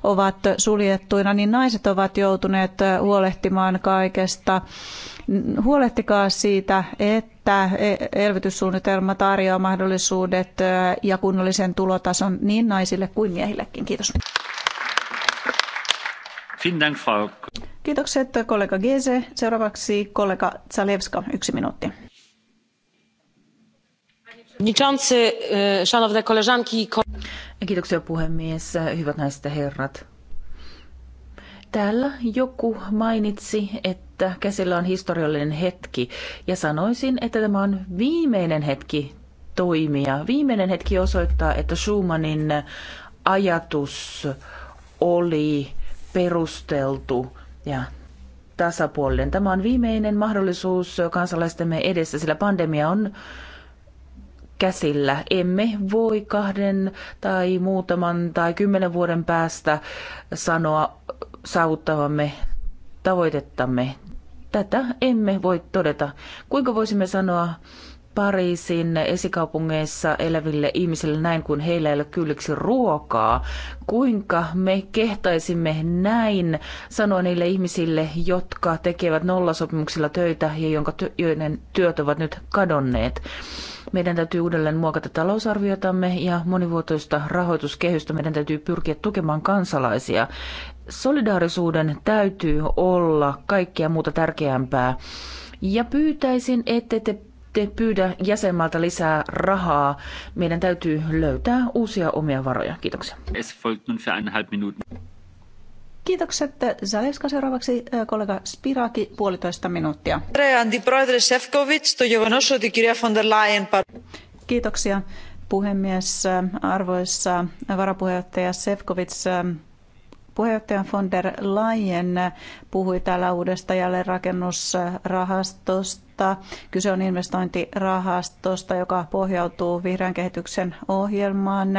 S7: ovat suljettuina, niin naiset ovat joutuneet huolehtimaan kaikesta Huolehtikaa siitä, että e- elvytyssuunnitelma tarjoaa mahdollisuudet ja kunnollisen tulotason niin naisille kuin miehillekin. Kiitos. Kiitokset kollega Geze. Seuraavaksi kollega Zalewska, yksi minuutti.
S2: Kiitoksia puhemies, hyvät naiset ja herrat. Täällä joku mainitsi, että käsillä on historiallinen hetki ja sanoisin, että tämä on viimeinen hetki toimia. Viimeinen hetki osoittaa, että Schumannin ajatus oli perusteltu ja tasapuolinen. Tämä on viimeinen mahdollisuus kansalaistemme edessä, sillä pandemia on käsillä. Emme voi kahden tai muutaman tai kymmenen vuoden päästä sanoa saavuttavamme tavoitettamme. Tätä emme voi todeta. Kuinka voisimme sanoa Pariisin esikaupungeissa eläville ihmisille näin, kun heillä ei ole kylliksi ruokaa. Kuinka me kehtaisimme näin sanoa niille ihmisille, jotka tekevät nollasopimuksilla töitä ja jonka ty- joiden työt ovat nyt kadonneet? Meidän täytyy uudelleen muokata talousarviotamme ja monivuotoista rahoituskehystä. Meidän täytyy pyrkiä tukemaan kansalaisia. Solidaarisuuden täytyy olla kaikkea muuta tärkeämpää. Ja pyytäisin, että te te pyydä jäsenmaalta lisää rahaa. Meidän täytyy löytää uusia omia varoja. Kiitoksia.
S1: Es folgt nun für eineinhalb Minuten.
S7: Kiitokset. Zaleska seuraavaksi äh, kollega Spiraki, puolitoista minuuttia. von der Leyen... Kiitoksia puhemies. Arvoissa varapuheenjohtaja Sefkovits puheenjohtaja von der Leyen puhui täällä uudesta jälleenrakennusrahastosta. Kyse on investointirahastosta, joka pohjautuu vihreän kehityksen ohjelmaan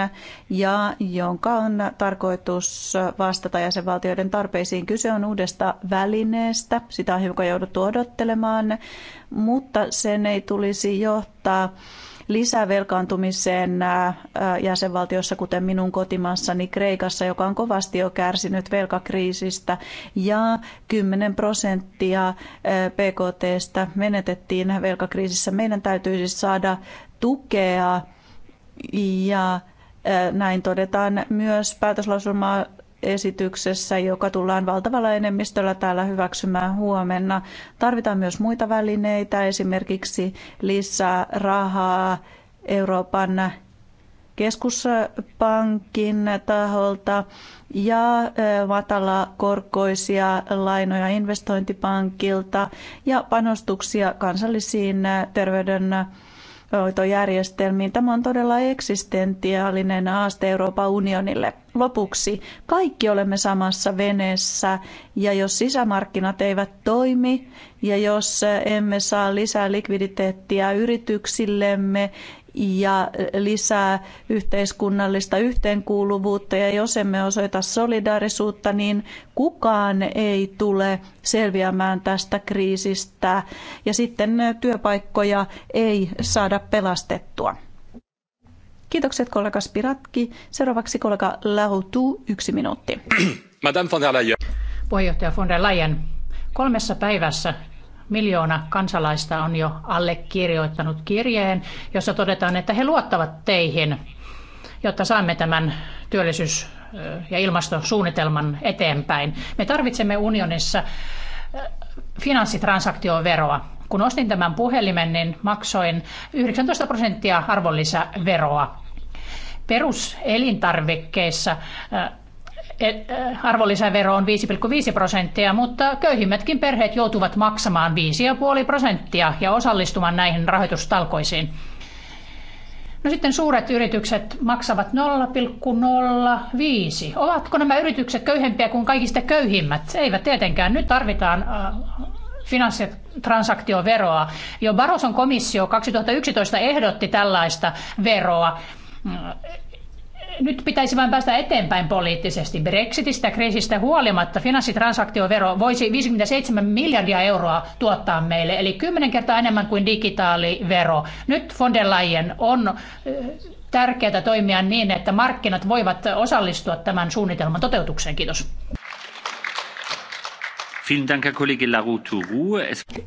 S7: ja jonka on tarkoitus vastata jäsenvaltioiden tarpeisiin. Kyse on uudesta välineestä, sitä on hiukan jouduttu odottelemaan, mutta sen ei tulisi johtaa lisävelkaantumiseen äh, äh, jäsenvaltiossa, kuten minun kotimaassani Kreikassa, joka on kovasti jo kärsinyt velkakriisistä ja 10 prosenttia äh, PKTstä menetettiin velkakriisissä. Meidän täytyisi saada tukea ja näin todetaan myös päätöslauselmaa esityksessä, joka tullaan valtavalla enemmistöllä täällä hyväksymään huomenna. Tarvitaan myös muita välineitä, esimerkiksi lisää rahaa Euroopan keskuspankin taholta ja korkoisia lainoja investointipankilta ja panostuksia kansallisiin terveyden hoitojärjestelmiin. Tämä on todella eksistentiaalinen haaste Euroopan unionille. Lopuksi kaikki olemme samassa veneessä ja jos sisämarkkinat eivät toimi ja jos emme saa lisää likviditeettiä yrityksillemme ja lisää yhteiskunnallista yhteenkuuluvuutta ja jos emme osoita solidaarisuutta, niin kukaan ei tule selviämään tästä kriisistä ja sitten työpaikkoja ei saada pelastettua. Kiitokset kollega Spiratki. Seuraavaksi kollega Lautu, yksi minuutti.
S1: Madame von der Leyen.
S7: Puheenjohtaja von der Leyen, kolmessa päivässä
S6: miljoona kansalaista on jo allekirjoittanut kirjeen, jossa todetaan, että he luottavat teihin, jotta saamme tämän työllisyys- ja ilmastosuunnitelman eteenpäin. Me tarvitsemme unionissa äh, finanssitransaktioveroa. Kun ostin tämän puhelimen, niin maksoin 19 prosenttia arvonlisäveroa peruselintarvikkeissa äh, E, e, arvonlisävero on 5,5 prosenttia, mutta köyhimmätkin perheet joutuvat maksamaan 5,5 prosenttia ja osallistumaan näihin rahoitustalkoisiin. No sitten suuret yritykset maksavat 0,05. Ovatko nämä yritykset köyhempiä kuin kaikista köyhimmät? Eivät tietenkään. Nyt tarvitaan finanssitransaktioveroa. Jo Baroson komissio 2011 ehdotti tällaista veroa nyt pitäisi vain päästä eteenpäin poliittisesti. Brexitistä kriisistä huolimatta finanssitransaktiovero voisi 57 miljardia euroa tuottaa meille, eli kymmenen kertaa enemmän kuin digitaalivero. Nyt von der Leyen on tärkeää toimia niin, että markkinat voivat osallistua tämän suunnitelman toteutukseen.
S7: Kiitos.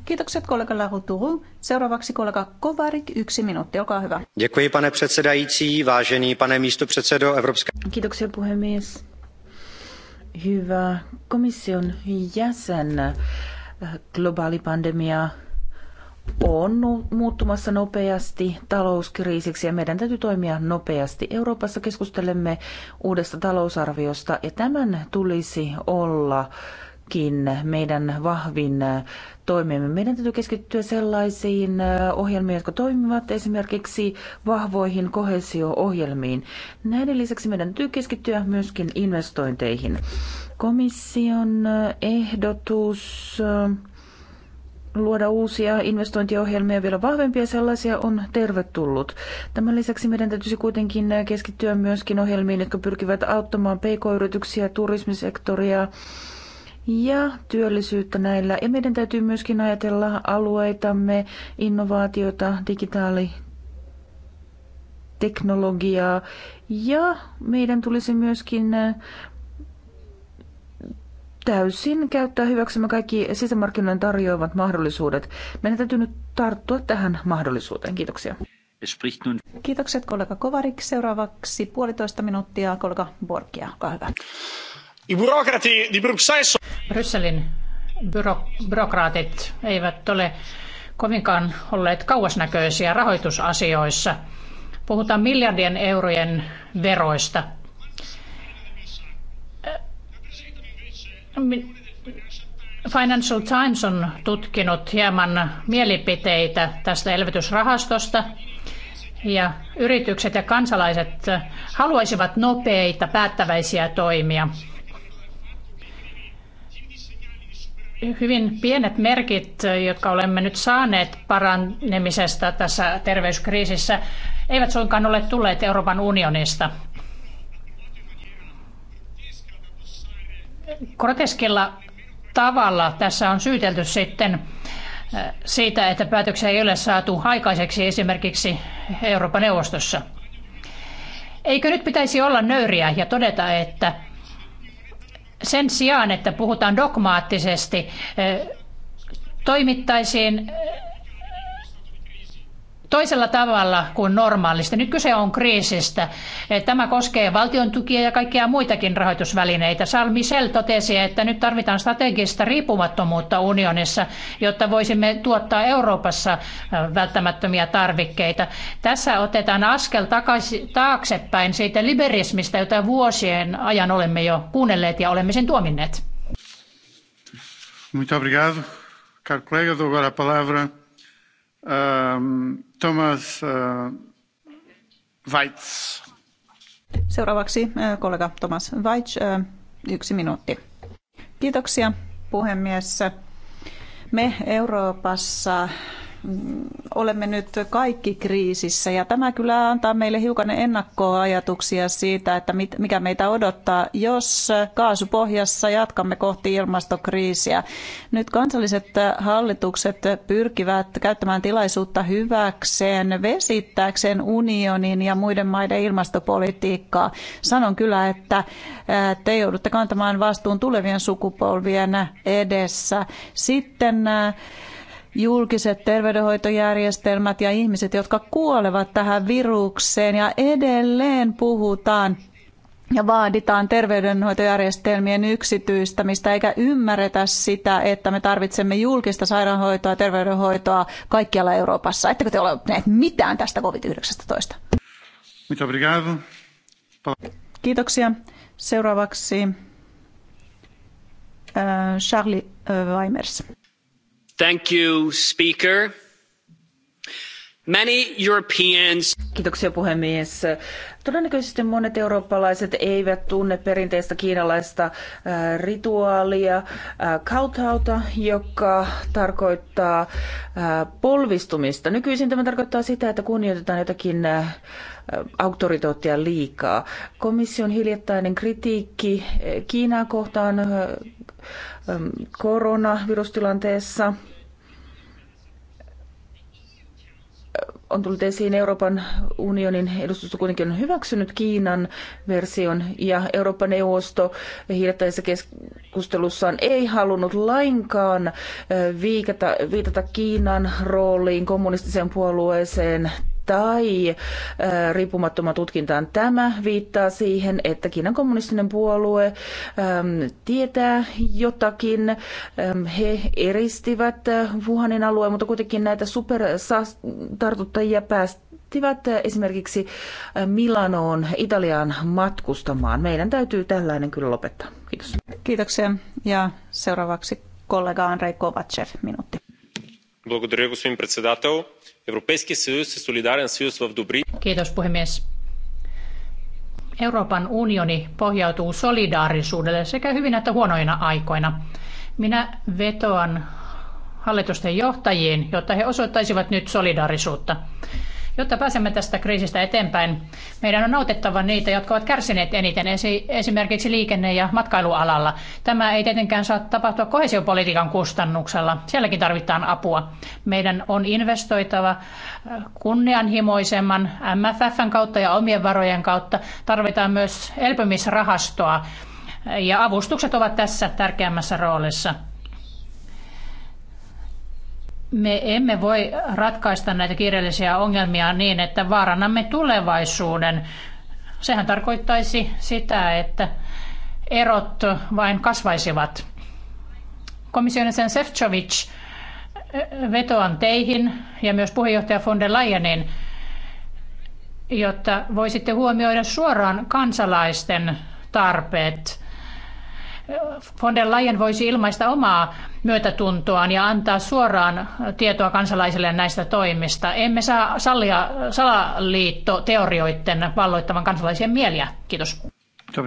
S7: Kiitokset kollega Lahuturu. Seuraavaksi kollega Kovarik, yksi minuutti, olkaa hyvä.
S1: Děkuji, pane předsedající, vážený pane místopředsedo Evropské...
S7: Kiitoksia puhemies.
S2: Hyvä komission jäsen. Globaali pandemia on muuttumassa nopeasti talouskriisiksi ja meidän täytyy toimia nopeasti. Euroopassa keskustelemme uudesta talousarviosta ja tämän tulisi olla onkin meidän vahvin toimemme. Meidän täytyy keskittyä sellaisiin ohjelmiin, jotka toimivat esimerkiksi vahvoihin kohesio-ohjelmiin. Näiden lisäksi meidän täytyy keskittyä myöskin investointeihin. Komission ehdotus luoda uusia investointiohjelmia, vielä vahvempia sellaisia, on tervetullut. Tämän lisäksi meidän täytyisi kuitenkin keskittyä myöskin ohjelmiin, jotka pyrkivät auttamaan pk-yrityksiä, turismisektoria, ja työllisyyttä näillä. Ja meidän täytyy myöskin ajatella alueitamme, innovaatiota, digitaali teknologiaa ja meidän tulisi myöskin äh, täysin käyttää hyväksymme kaikki sisämarkkinoiden tarjoavat mahdollisuudet.
S7: Meidän täytyy nyt tarttua tähän mahdollisuuteen. Kiitoksia. Kiitokset kollega Kovarik. Seuraavaksi puolitoista minuuttia kollega Borgia. Olkaa hyvä.
S6: Brysselin byro, byrokraatit eivät ole kovinkaan olleet kauasnäköisiä rahoitusasioissa. Puhutaan miljardien eurojen veroista. Äh, Financial Times on tutkinut hieman mielipiteitä tästä elvytysrahastosta ja yritykset ja kansalaiset haluaisivat nopeita päättäväisiä toimia. hyvin pienet merkit, jotka olemme nyt saaneet parannemisesta tässä terveyskriisissä, eivät suinkaan ole tulleet Euroopan unionista. Groteskilla tavalla tässä on syytelty sitten äh, siitä, että päätöksiä ei ole saatu aikaiseksi esimerkiksi Euroopan neuvostossa. Eikö nyt pitäisi olla nöyriä ja todeta, että sen sijaan, että puhutaan dogmaattisesti, toimittaisiin toisella tavalla kuin normaalisti. Nyt kyse on kriisistä. Eh, tämä koskee valtion tukia ja kaikkia muitakin rahoitusvälineitä. Charles Michel totesi, että nyt tarvitaan strategista riippumattomuutta unionissa, jotta voisimme tuottaa Euroopassa eh, välttämättömiä tarvikkeita. Tässä otetaan askel takaisin, taaksepäin siitä liberismistä, jota vuosien ajan olemme jo kuunnelleet ja olemme sen tuominneet.
S1: Muito obrigado. Caro colega, dou agora a palavra Um, Thomas uh, Weitz.
S7: Seuraavaksi uh, kollega Thomas Weitz, uh, yksi minuutti. Kiitoksia puhemies. Me Euroopassa olemme nyt kaikki kriisissä ja tämä kyllä antaa meille hiukan ennakkoajatuksia siitä, että mikä meitä odottaa, jos kaasupohjassa jatkamme kohti ilmastokriisiä. Nyt kansalliset hallitukset pyrkivät käyttämään tilaisuutta hyväkseen, vesittääkseen unionin ja muiden maiden ilmastopolitiikkaa. Sanon kyllä, että te joudutte kantamaan vastuun tulevien sukupolvien edessä. Sitten julkiset terveydenhoitojärjestelmät ja ihmiset, jotka kuolevat tähän virukseen ja edelleen puhutaan ja vaaditaan terveydenhoitojärjestelmien yksityistämistä eikä ymmärretä sitä, että me tarvitsemme julkista sairaanhoitoa ja terveydenhoitoa kaikkialla Euroopassa. Ettekö te ole oppineet mitään tästä COVID-19? Kiitoksia. Seuraavaksi äh, Charlie äh, Weimers. Kiitoksia
S2: puhemies. Todennäköisesti monet eurooppalaiset eivät tunne perinteistä kiinalaista äh, rituaalia äh, kautauta, joka tarkoittaa äh, polvistumista. Nykyisin tämä tarkoittaa sitä, että kunnioitetaan jotakin auktoriteettia liikaa. Komission hiljattainen kritiikki Kiinaa kohtaan ähm, koronavirustilanteessa – on tullut esiin, Euroopan unionin edustusto kuitenkin on hyväksynyt Kiinan version ja Euroopan neuvosto hiljattaisessa keskustelussaan ei halunnut lainkaan äh, viikata, viitata Kiinan rooliin, kommunistiseen puolueeseen tai riippumattoman tutkintaan. Tämä viittaa siihen, että Kiinan kommunistinen puolue tietää jotakin. he eristivät Wuhanin alueen, mutta kuitenkin näitä supertartuttajia päästivät esimerkiksi Milanoon, Italiaan matkustamaan. Meidän täytyy tällainen kyllä lopettaa.
S1: Kiitos.
S7: Kiitoksia. Ja seuraavaksi kollega Andrei Kovacev, minuutti
S1: господин председател. съюз е солидарен съюз в добри...
S7: Kiitos
S6: puhemies. Euroopan unioni pohjautuu solidaarisuudelle sekä hyvinä että huonoina aikoina. Minä vetoan hallitusten johtajiin, jotta he osoittaisivat nyt solidaarisuutta. Jotta pääsemme tästä kriisistä eteenpäin, meidän on autettava niitä, jotka ovat kärsineet eniten, esimerkiksi liikenne- ja matkailualalla. Tämä ei tietenkään saa tapahtua kohesiopolitiikan kustannuksella. Sielläkin tarvitaan apua. Meidän on investoitava kunnianhimoisemman MFFn kautta ja omien varojen kautta. Tarvitaan myös elpymisrahastoa ja avustukset ovat tässä tärkeämmässä roolissa me emme voi ratkaista näitä kiireellisiä ongelmia niin, että vaarannamme tulevaisuuden. Sehän tarkoittaisi sitä, että erot vain kasvaisivat. Komission sen Sefcovic vetoan teihin ja myös puheenjohtaja von der Leyenin, jotta voisitte huomioida suoraan kansalaisten tarpeet – von der Leyen voisi ilmaista omaa myötätuntoaan ja antaa suoraan tietoa kansalaisille näistä toimista. Emme saa sallia salaliittoteorioiden valloittavan kansalaisien mieliä. Kiitos.
S1: Eh,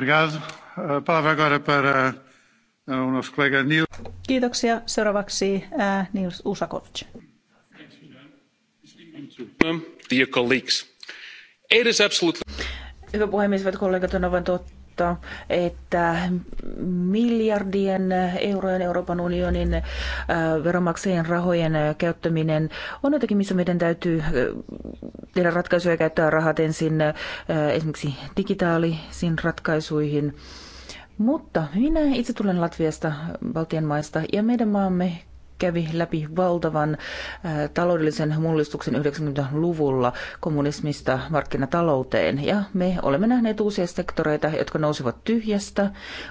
S1: eh,
S7: Kiitoksia. Seuraavaksi ää, eh, Nils Usakovic.
S2: Hyvä puhemies, hyvät kollegat, on aivan totta mutta että miljardien eurojen Euroopan unionin äh, veronmaksajien rahojen äh, käyttäminen on jotakin, missä meidän täytyy äh, tehdä ratkaisuja käyttää rahat ensin esimerkiksi digitaalisiin ratkaisuihin. Mutta minä itse tulen Latviasta, Baltian maista, ja meidän maamme kävi läpi valtavan äh, taloudellisen mullistuksen 90-luvulla kommunismista markkinatalouteen. Ja me olemme nähneet uusia sektoreita, jotka nousivat tyhjästä.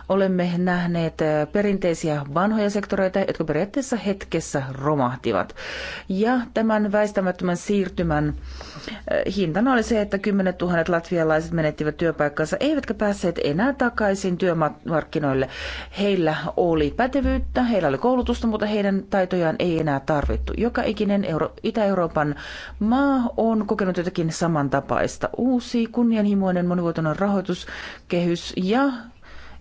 S2: Olemme nähneet äh, perinteisiä vanhoja sektoreita, jotka periaatteessa hetkessä romahtivat. Ja tämän väistämättömän siirtymän äh, hintana oli se, että kymmenet tuhannet latvialaiset menettivät työpaikkansa, eivätkä päässeet enää takaisin työmarkkinoille. Heillä oli pätevyyttä, heillä oli koulutusta, mutta heidän taitojaan ei enää tarvittu. Joka ikinen Euro- Itä-Euroopan maa on kokenut jotakin samantapaista. Uusi kunnianhimoinen monivuotinen rahoituskehys ja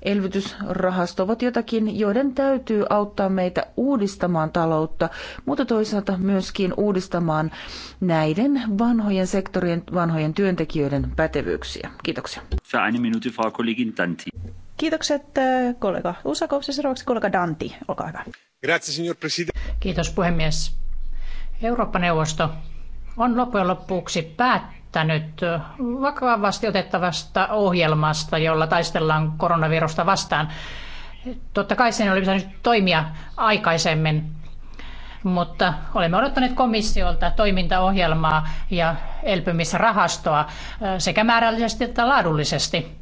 S2: elvytysrahastovat ovat jotakin, joiden täytyy auttaa meitä uudistamaan taloutta, mutta toisaalta myöskin uudistamaan näiden vanhojen sektorien, vanhojen työntekijöiden
S1: pätevyyksiä. Kiitoksia. Für eine Minute, Frau Kollegin Danti.
S7: Kiitokset äh, kollega Usakov seuraavaksi kollega Danti. Olkaa hyvä.
S1: Grazie, signor Presidente.
S7: Kiitos puhemies.
S6: Eurooppa-neuvosto on loppujen lopuksi päättänyt vakavasti otettavasta ohjelmasta, jolla taistellaan koronavirusta vastaan. Totta kai sen oli pitänyt toimia aikaisemmin, mutta olemme odottaneet komissiolta toimintaohjelmaa ja elpymisrahastoa sekä määrällisesti että laadullisesti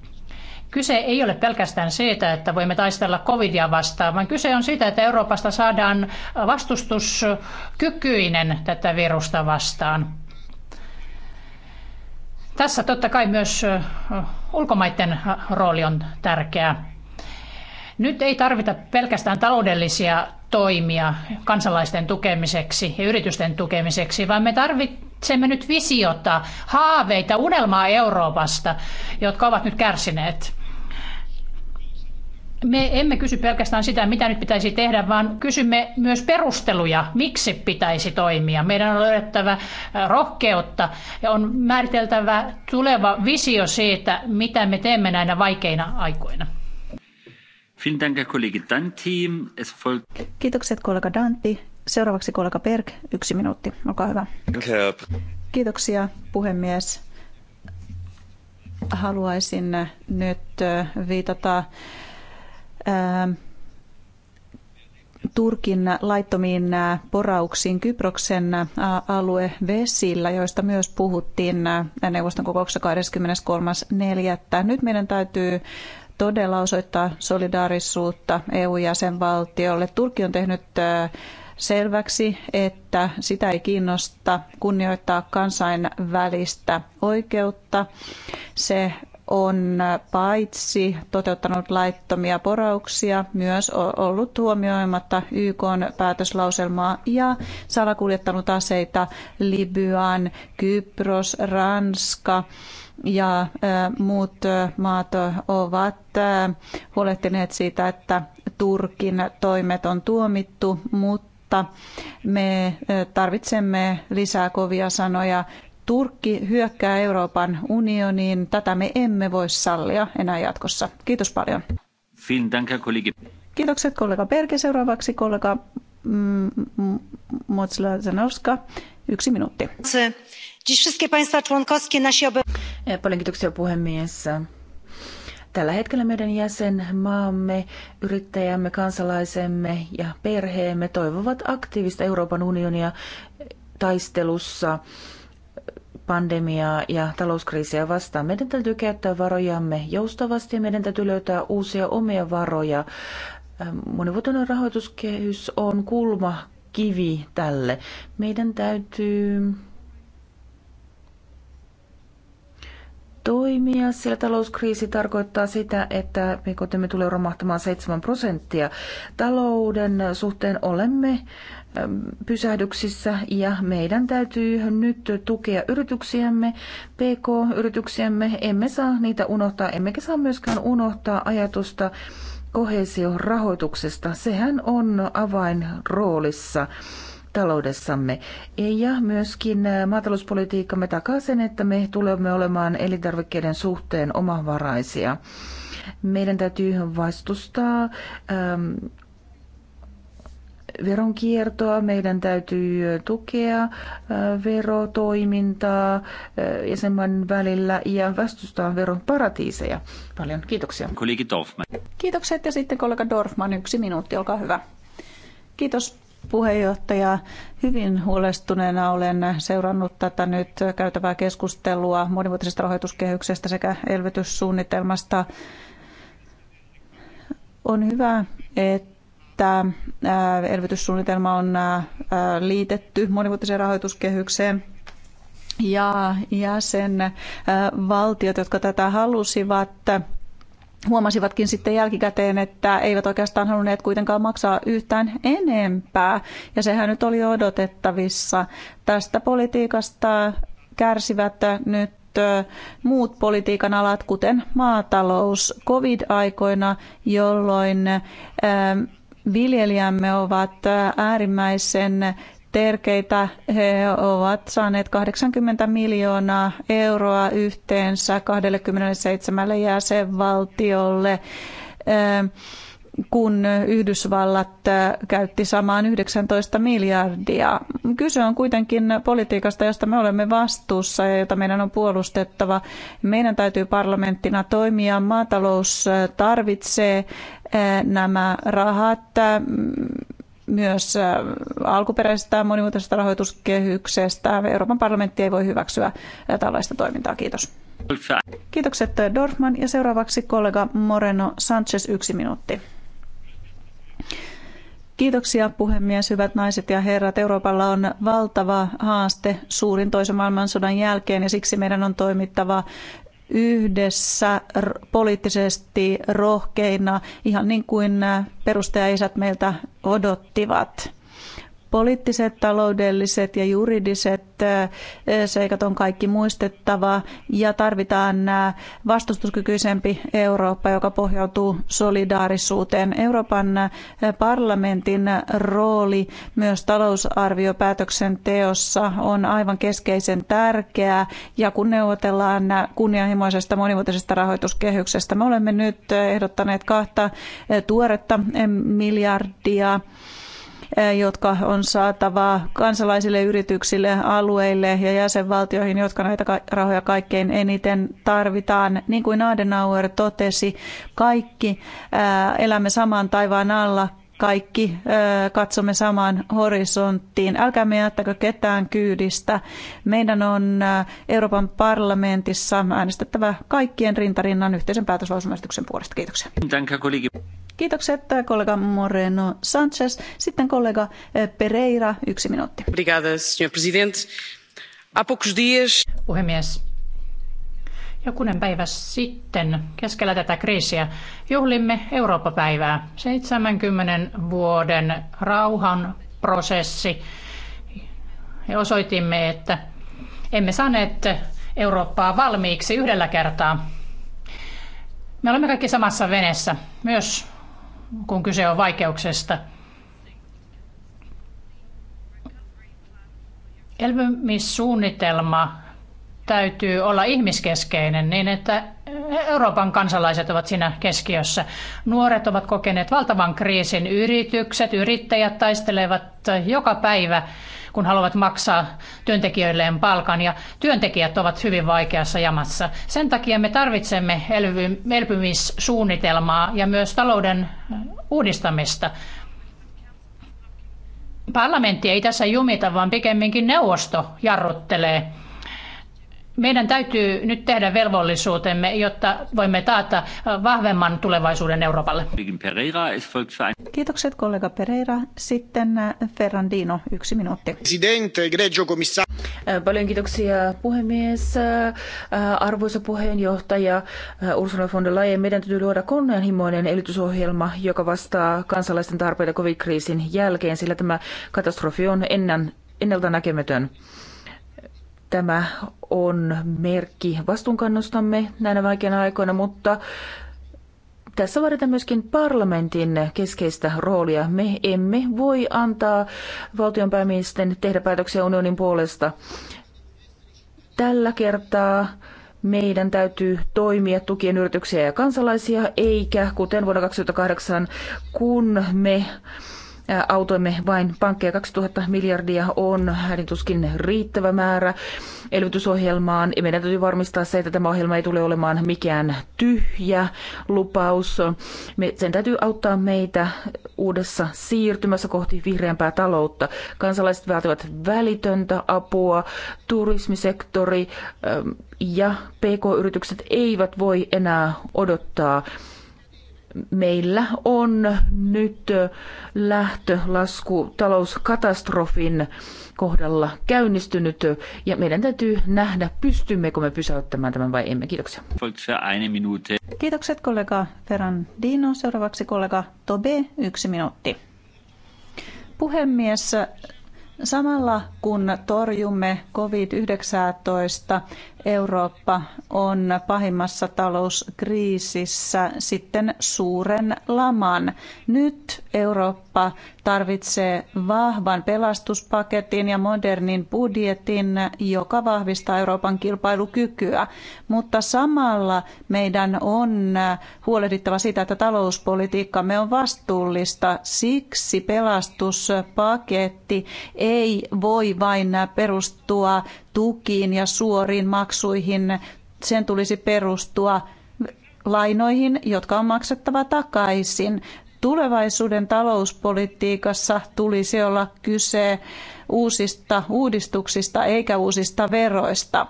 S6: Kyse ei ole pelkästään siitä, että voimme taistella covidia vastaan, vaan kyse on siitä, että Euroopasta saadaan vastustuskykyinen tätä virusta vastaan. Tässä totta kai myös ulkomaiden rooli on tärkeä. Nyt ei tarvita pelkästään taloudellisia toimia kansalaisten tukemiseksi ja yritysten tukemiseksi, vaan me tarvitsemme nyt visiota, haaveita, unelmaa Euroopasta, jotka ovat nyt kärsineet me emme kysy pelkästään sitä, mitä nyt pitäisi tehdä, vaan kysymme myös perusteluja, miksi pitäisi toimia. Meidän on löydettävä rohkeutta ja on määriteltävä tuleva visio siitä, mitä me teemme näinä vaikeina aikoina.
S7: Kiitokset kollega Danti. Seuraavaksi kollega Berg, yksi minuutti. Olkaa hyvä. Kiitoksia puhemies. Haluaisin nyt viitata Ähm, Turkin laittomiin äh, porauksiin Kyproksen äh, aluevesillä, joista myös puhuttiin äh, neuvoston kokouksessa 23.4. Nyt meidän täytyy todella osoittaa solidaarisuutta EU-jäsenvaltiolle. Turkki on tehnyt selväksi, että sitä ei kiinnosta kunnioittaa kansainvälistä oikeutta. Se on paitsi toteuttanut laittomia porauksia, myös ollut huomioimatta YK päätöslauselmaa ja salakuljettanut aseita Libyaan, Kypros, Ranska ja muut maat ovat huolehtineet siitä, että Turkin toimet on tuomittu, mutta me tarvitsemme lisää kovia sanoja Turkki hyökkää Euroopan unioniin. Tätä me emme voi sallia enää jatkossa. Kiitos paljon. Kiitokset kollega Berge. Seuraavaksi kollega mm, mm Yksi minuutti.
S2: E, paljon kiitoksia puhemies. Tällä hetkellä meidän jäsenmaamme, yrittäjämme, kansalaisemme ja perheemme toivovat aktiivista Euroopan unionia taistelussa pandemiaa ja talouskriisiä vastaan. Meidän täytyy käyttää varojamme joustavasti ja meidän täytyy löytää uusia omia varoja. Ähm, monivuotinen rahoituskehys on kulma kivi tälle. Meidän täytyy toimia, sillä talouskriisi tarkoittaa sitä, että me tulee romahtamaan 7 prosenttia. Talouden suhteen olemme äh, pysähdyksissä ja meidän täytyy nyt tukea yrityksiämme, PK-yrityksiämme. Emme saa niitä unohtaa, emmekä saa myöskään unohtaa ajatusta kohesiorahoituksesta. Sehän on avainroolissa taloudessamme. Ja myöskin maatalouspolitiikkamme takaa sen, että me tulemme olemaan elintarvikkeiden suhteen omavaraisia. Meidän täytyy vastustaa ähm, veronkiertoa, meidän täytyy tukea äh, verotoimintaa äh, jäsenmaiden välillä
S7: ja vastustaa veron paratiiseja. Paljon kiitoksia. Kiitokset ja sitten kollega Dorfman, yksi minuutti, olkaa hyvä. Kiitos puheenjohtaja. Hyvin huolestuneena olen seurannut tätä nyt käytävää keskustelua monivuotisesta rahoituskehyksestä sekä elvytyssuunnitelmasta. On hyvä, että että äh, elvytyssuunnitelma on äh, äh, liitetty monivuotiseen rahoituskehykseen ja jäsenvaltiot, jotka tätä halusivat, huomasivatkin sitten jälkikäteen, että eivät oikeastaan halunneet kuitenkaan maksaa yhtään enempää. Ja sehän nyt oli odotettavissa. Tästä politiikasta kärsivät nyt muut politiikan alat, kuten maatalous covid-aikoina, jolloin viljelijämme ovat äh, äärimmäisen terkeitä. He ovat saaneet 80 miljoonaa euroa yhteensä 27 jäsenvaltiolle äh, kun Yhdysvallat äh, käytti samaan 19 miljardia. Kyse on kuitenkin politiikasta, josta me olemme vastuussa ja jota meidän on puolustettava. Meidän täytyy parlamenttina toimia. Maatalous äh, tarvitsee äh, nämä rahat myös alkuperäisestä monimuotoisesta rahoituskehyksestä. Euroopan parlamentti ei voi hyväksyä tällaista toimintaa. Kiitos. Kiitokset Dorfman ja seuraavaksi kollega Moreno Sanchez yksi minuutti. Kiitoksia puhemies, hyvät naiset ja herrat. Euroopalla on valtava haaste suurin toisen maailmansodan jälkeen ja siksi meidän on toimittava yhdessä poliittisesti rohkeina, ihan niin kuin äh, perustajaisät meiltä odottivat poliittiset, taloudelliset ja juridiset seikat on kaikki muistettava ja tarvitaan vastustuskykyisempi Eurooppa, joka pohjautuu solidaarisuuteen. Euroopan parlamentin rooli myös talousarviopäätöksenteossa on aivan keskeisen tärkeä ja kun neuvotellaan kunnianhimoisesta monivuotisesta rahoituskehyksestä, me olemme nyt ehdottaneet kahta tuoretta miljardia Eh, jotka on saatava kansalaisille, yrityksille, alueille ja jäsenvaltioihin, jotka näitä rahoja kaikkein eniten tarvitaan. Niin kuin Adenauer totesi, kaikki eh, elämme saman taivaan alla, kaikki eh, katsomme samaan horisonttiin. Älkäämme jättäkö ketään kyydistä. Meidän on Euroopan parlamentissa äänestettävä kaikkien rintarinnan yhteisen päätöslausumääristyksen puolesta. Kiitoksia. Kiitokset äh, kollega Moreno Sanchez. Sitten kollega äh, Pereira, yksi minuutti.
S6: Obrigada, senhor presidente. Há poucos dias... Puhemies, jokunen päivä sitten keskellä tätä kriisiä juhlimme Eurooppa-päivää. 70 vuoden rauhan prosessi. Ja osoitimme, että emme saaneet Eurooppaa valmiiksi yhdellä kertaa. Me olemme kaikki samassa venessä, myös kun kyse on vaikeuksesta. Elpymissuunnitelma täytyy olla ihmiskeskeinen niin, että Euroopan kansalaiset ovat siinä keskiössä. Nuoret ovat kokeneet valtavan kriisin. Yritykset, yrittäjät taistelevat joka päivä kun haluavat maksaa työntekijöilleen palkan ja työntekijät ovat hyvin vaikeassa jamassa. Sen takia me tarvitsemme elpymissuunnitelmaa ja myös talouden uudistamista. Parlamentti ei tässä jumita, vaan pikemminkin neuvosto jarruttelee meidän täytyy nyt tehdä velvollisuutemme, jotta voimme taata vahvemman tulevaisuuden
S1: Euroopalle.
S7: Kiitokset kollega Pereira. Sitten äh, Ferrandino, yksi minuutti.
S1: Presidente, komissa.
S7: Äh, paljon kiitoksia puhemies. Äh, arvoisa
S2: puheenjohtaja Ursula von der Leyen, meidän täytyy luoda kunnianhimoinen elvytysohjelma, joka vastaa kansalaisten tarpeita covid-kriisin jälkeen, sillä tämä katastrofi on ennen, ennalta näkemätön. Tämä on merkki vastuunkannostamme näinä vaikeina aikoina, mutta tässä vaaditaan myöskin parlamentin keskeistä roolia. Me emme voi antaa valtionpäämiesten tehdä päätöksiä unionin puolesta. Tällä kertaa meidän täytyy toimia tukien yrityksiä ja kansalaisia, eikä kuten vuonna 2008, kun me autoimme vain pankkeja. 2000 miljardia on tuskin riittävä määrä elvytysohjelmaan. Ja meidän täytyy varmistaa se, että tämä ohjelma ei tule olemaan mikään tyhjä lupaus. Me, sen täytyy auttaa meitä uudessa siirtymässä kohti vihreämpää taloutta. Kansalaiset vaativat välitöntä apua, turismisektori ja PK-yritykset eivät voi enää odottaa meillä on nyt lähtölasku talouskatastrofin kohdalla käynnistynyt ja meidän täytyy nähdä, pystymmekö me pysäyttämään tämän vai emme.
S1: Kiitoksia.
S7: Kiitokset kollega Dino Seuraavaksi kollega Tobe, yksi minuutti. Puhemies, Samalla kun torjumme COVID-19, Eurooppa on pahimmassa talouskriisissä sitten suuren laman. Nyt Eurooppa tarvitsee vahvan pelastuspaketin ja modernin budjetin, joka vahvistaa Euroopan kilpailukykyä. Mutta samalla meidän on huolehdittava siitä, että talouspolitiikkamme on vastuullista. Siksi pelastuspaketti ei voi vain perustua tukiin ja suoriin maksuihin. Sen tulisi perustua lainoihin, jotka on maksettava takaisin. Tulevaisuuden talouspolitiikassa tulisi olla kyse uusista uudistuksista eikä uusista veroista.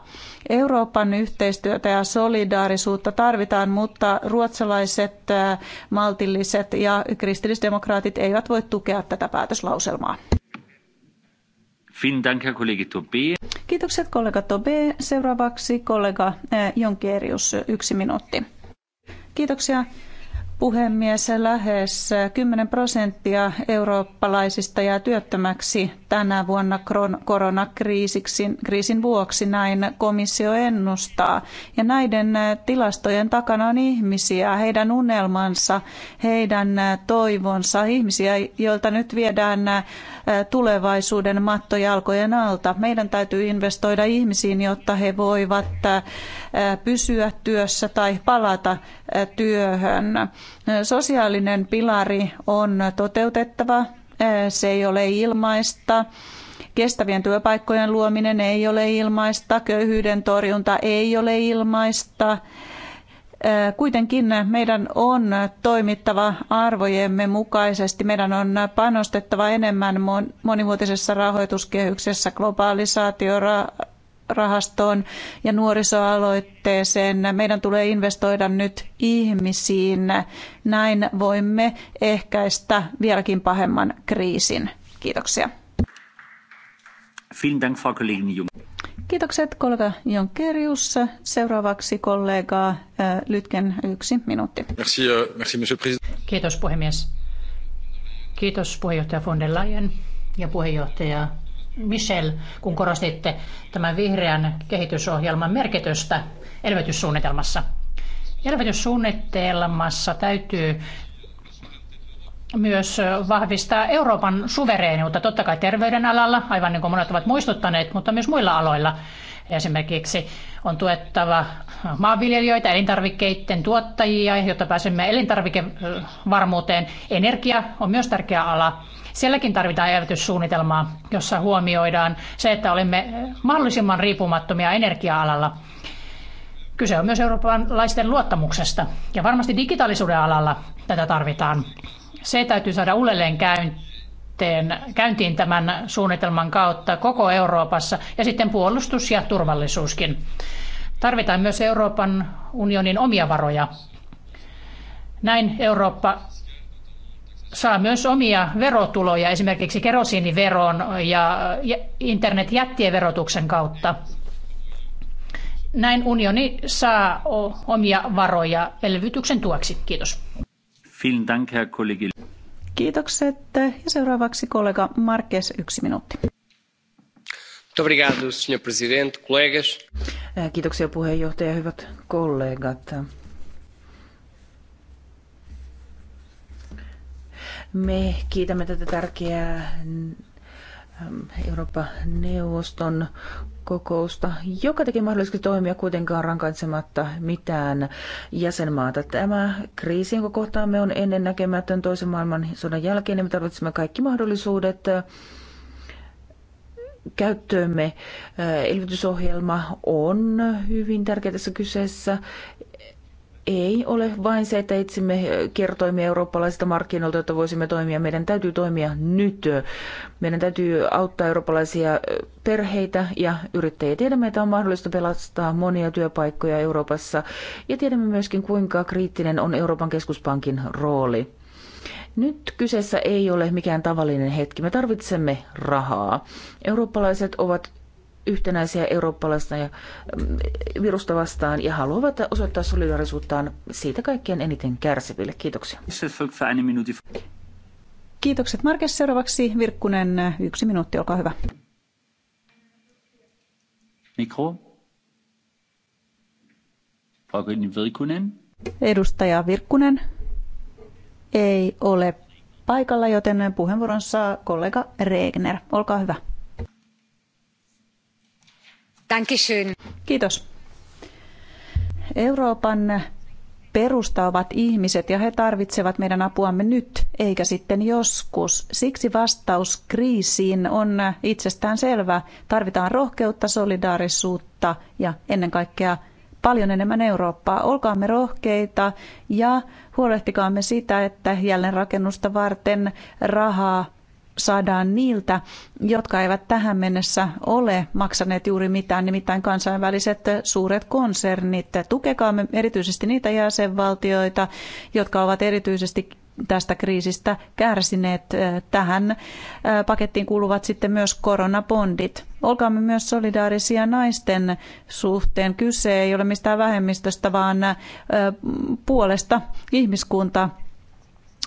S7: Euroopan yhteistyötä ja solidaarisuutta tarvitaan, mutta ruotsalaiset, äh, maltilliset ja kristillisdemokraatit eivät voi tukea tätä päätöslauselmaa. Kiitokset kollega Tobé. Seuraavaksi kollega eh, Jonkerius, yksi minuutti. Kiitoksia puhemies. Lähes 10 prosenttia eurooppalaisista jää työttömäksi tänä vuonna koronakriisin vuoksi, näin komissio ennustaa. Ja näiden eh, tilastojen takana on ihmisiä, heidän unelmansa, heidän eh, toivonsa, ihmisiä, joilta nyt viedään tulevaisuuden matto jalkojen alta. Meidän täytyy investoida ihmisiin, jotta he voivat pysyä työssä tai palata työhön. Sosiaalinen pilari on toteutettava, se ei ole ilmaista. Kestävien työpaikkojen luominen ei ole ilmaista, köyhyyden torjunta ei ole ilmaista Kuitenkin meidän on toimittava arvojemme mukaisesti. Meidän on panostettava enemmän monivuotisessa rahoituskehyksessä globalisaatiorahastoon ja nuorisoaloitteeseen. Meidän tulee investoida nyt ihmisiin. Näin voimme ehkäistä vieläkin pahemman kriisin. Kiitoksia. Kiitokset kollega Jonkerius. Seuraavaksi kollega äh, Lytken yksi minuutti.
S1: Merci, äh, merci,
S7: Kiitos puhemies.
S6: Kiitos puheenjohtaja von der Leyen ja puheenjohtaja Michel, kun korostitte tämän vihreän kehitysohjelman merkitystä elvytyssuunnitelmassa. Elvytyssuunnitelmassa täytyy myös vahvistaa Euroopan suvereeniutta, totta kai terveydenalalla, aivan niin kuin monet ovat muistuttaneet, mutta myös muilla aloilla. Esimerkiksi on tuettava maanviljelijöitä, elintarvikkeiden tuottajia, jotta pääsemme elintarvikevarmuuteen. Energia on myös tärkeä ala. Sielläkin tarvitaan elvytyssuunnitelmaa, jossa huomioidaan se, että olemme mahdollisimman riippumattomia energia-alalla. Kyse on myös eurooppalaisten luottamuksesta ja varmasti digitaalisuuden alalla tätä tarvitaan. Se täytyy saada uudelleen käyntiin, käyntiin tämän suunnitelman kautta koko Euroopassa ja sitten puolustus ja turvallisuuskin. Tarvitaan myös Euroopan unionin omia varoja. Näin Eurooppa saa myös omia verotuloja esimerkiksi kerosiiniveron ja internetjättien verotuksen kautta. Näin unioni saa omia varoja elvytyksen tueksi. Kiitos.
S7: Kiitokset. Ja seuraavaksi kollega Marques, yksi minuutti.
S1: Obrigado, senhor presidente, colegas.
S7: Kiitoksia puheenjohtaja, hyvät
S2: kollegat. Me kiitämme tätä tärkeää mm, Euroopan neuvoston kokousta, joka teki mahdollisesti toimia kuitenkaan rankaitsematta mitään jäsenmaata. Tämä kriisi, jonka kohtaamme on ennen näkemätön toisen maailmansodan jälkeen, niin me tarvitsemme kaikki mahdollisuudet käyttöömme. Elvytysohjelma on hyvin tärkeä tässä kyseessä ei ole vain se, että etsimme kertoimia eurooppalaisilta markkinoilta, jotta voisimme toimia. Meidän täytyy toimia nyt. Meidän täytyy auttaa eurooppalaisia perheitä ja yrittäjiä. Tiedämme, että on mahdollista pelastaa monia työpaikkoja Euroopassa ja tiedämme myöskin, kuinka kriittinen on Euroopan keskuspankin rooli. Nyt kyseessä ei ole mikään tavallinen hetki. Me tarvitsemme rahaa. Eurooppalaiset ovat yhtenäisiä eurooppalaista ja mm, virusta vastaan ja haluavat
S7: osoittaa solidaarisuuttaan siitä kaikkien eniten kärsiville. Kiitoksia. Kiitokset Markes. Seuraavaksi Virkkunen, yksi minuutti, olkaa hyvä.
S1: Mikro. Virkkunen.
S7: Edustaja Virkkunen ei ole paikalla, joten puheenvuoron saa kollega Regner. Olkaa hyvä. Dankeschön. Kiitos. Euroopan perusta ovat ihmiset ja he tarvitsevat meidän apuamme nyt eikä sitten joskus. Siksi vastaus kriisiin on itsestään selvä. Tarvitaan rohkeutta, solidaarisuutta ja ennen kaikkea paljon enemmän Eurooppaa. Olkaamme rohkeita ja huolehtikaamme sitä, että jälleenrakennusta varten rahaa saadaan niiltä, jotka eivät tähän mennessä ole maksaneet juuri mitään, nimittäin kansainväliset suuret konsernit. Tukekaamme erityisesti niitä jäsenvaltioita, jotka ovat erityisesti tästä kriisistä kärsineet. Tähän pakettiin kuuluvat sitten myös koronabondit. Olkaamme myös solidaarisia naisten suhteen. Kyse ei ole mistään vähemmistöstä, vaan puolesta ihmiskunta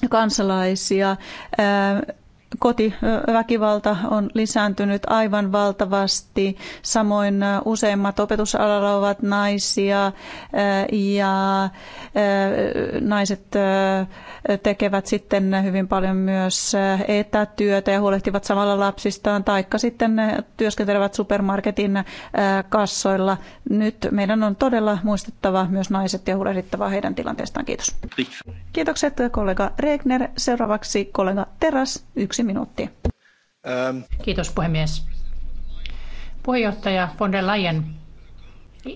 S7: kansalaisia kotiväkivalta on lisääntynyt aivan valtavasti. Samoin useimmat opetusalalla ovat naisia ja naiset tekevät sitten hyvin paljon myös etätyötä ja huolehtivat samalla lapsistaan taikka sitten työskentelevät supermarketin kassoilla. Nyt meidän on todella muistettava myös naiset ja huolehdittava heidän tilanteestaan. Kiitos. Kiitokset kollega Regner. Seuraavaksi kollega Teras. Yksi Yksi minuutti. Ähm. Kiitos puhemies.
S6: Puheenjohtaja von der Leyen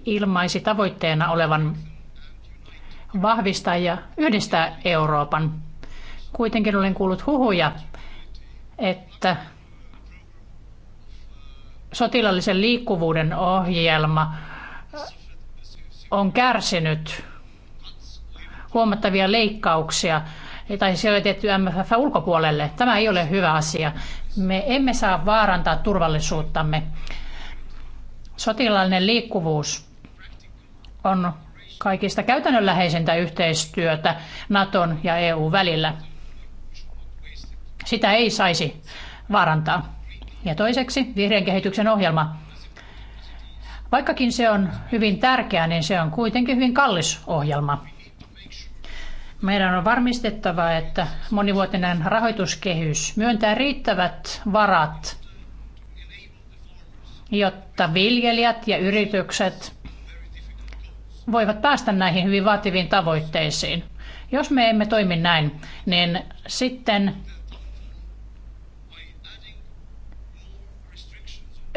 S6: ilmaisi tavoitteena olevan vahvistaa ja yhdistää Euroopan. Kuitenkin olen kuullut huhuja, että sotilallisen liikkuvuuden ohjelma on kärsinyt huomattavia leikkauksia niin, tai sijoitettu MFF ulkopuolelle. Tämä ei ole hyvä asia. Me emme saa vaarantaa turvallisuuttamme. Sotilaallinen liikkuvuus on kaikista käytännönläheisintä yhteistyötä Naton ja EU välillä. Sitä ei saisi vaarantaa. Ja toiseksi vihreän kehityksen ohjelma. Vaikkakin se on hyvin tärkeä, niin se on kuitenkin hyvin kallis ohjelma. Meidän on varmistettava, että monivuotinen rahoituskehys myöntää riittävät varat, jotta viljelijät ja yritykset voivat päästä näihin hyvin vaativiin tavoitteisiin. Jos me emme toimi näin, niin sitten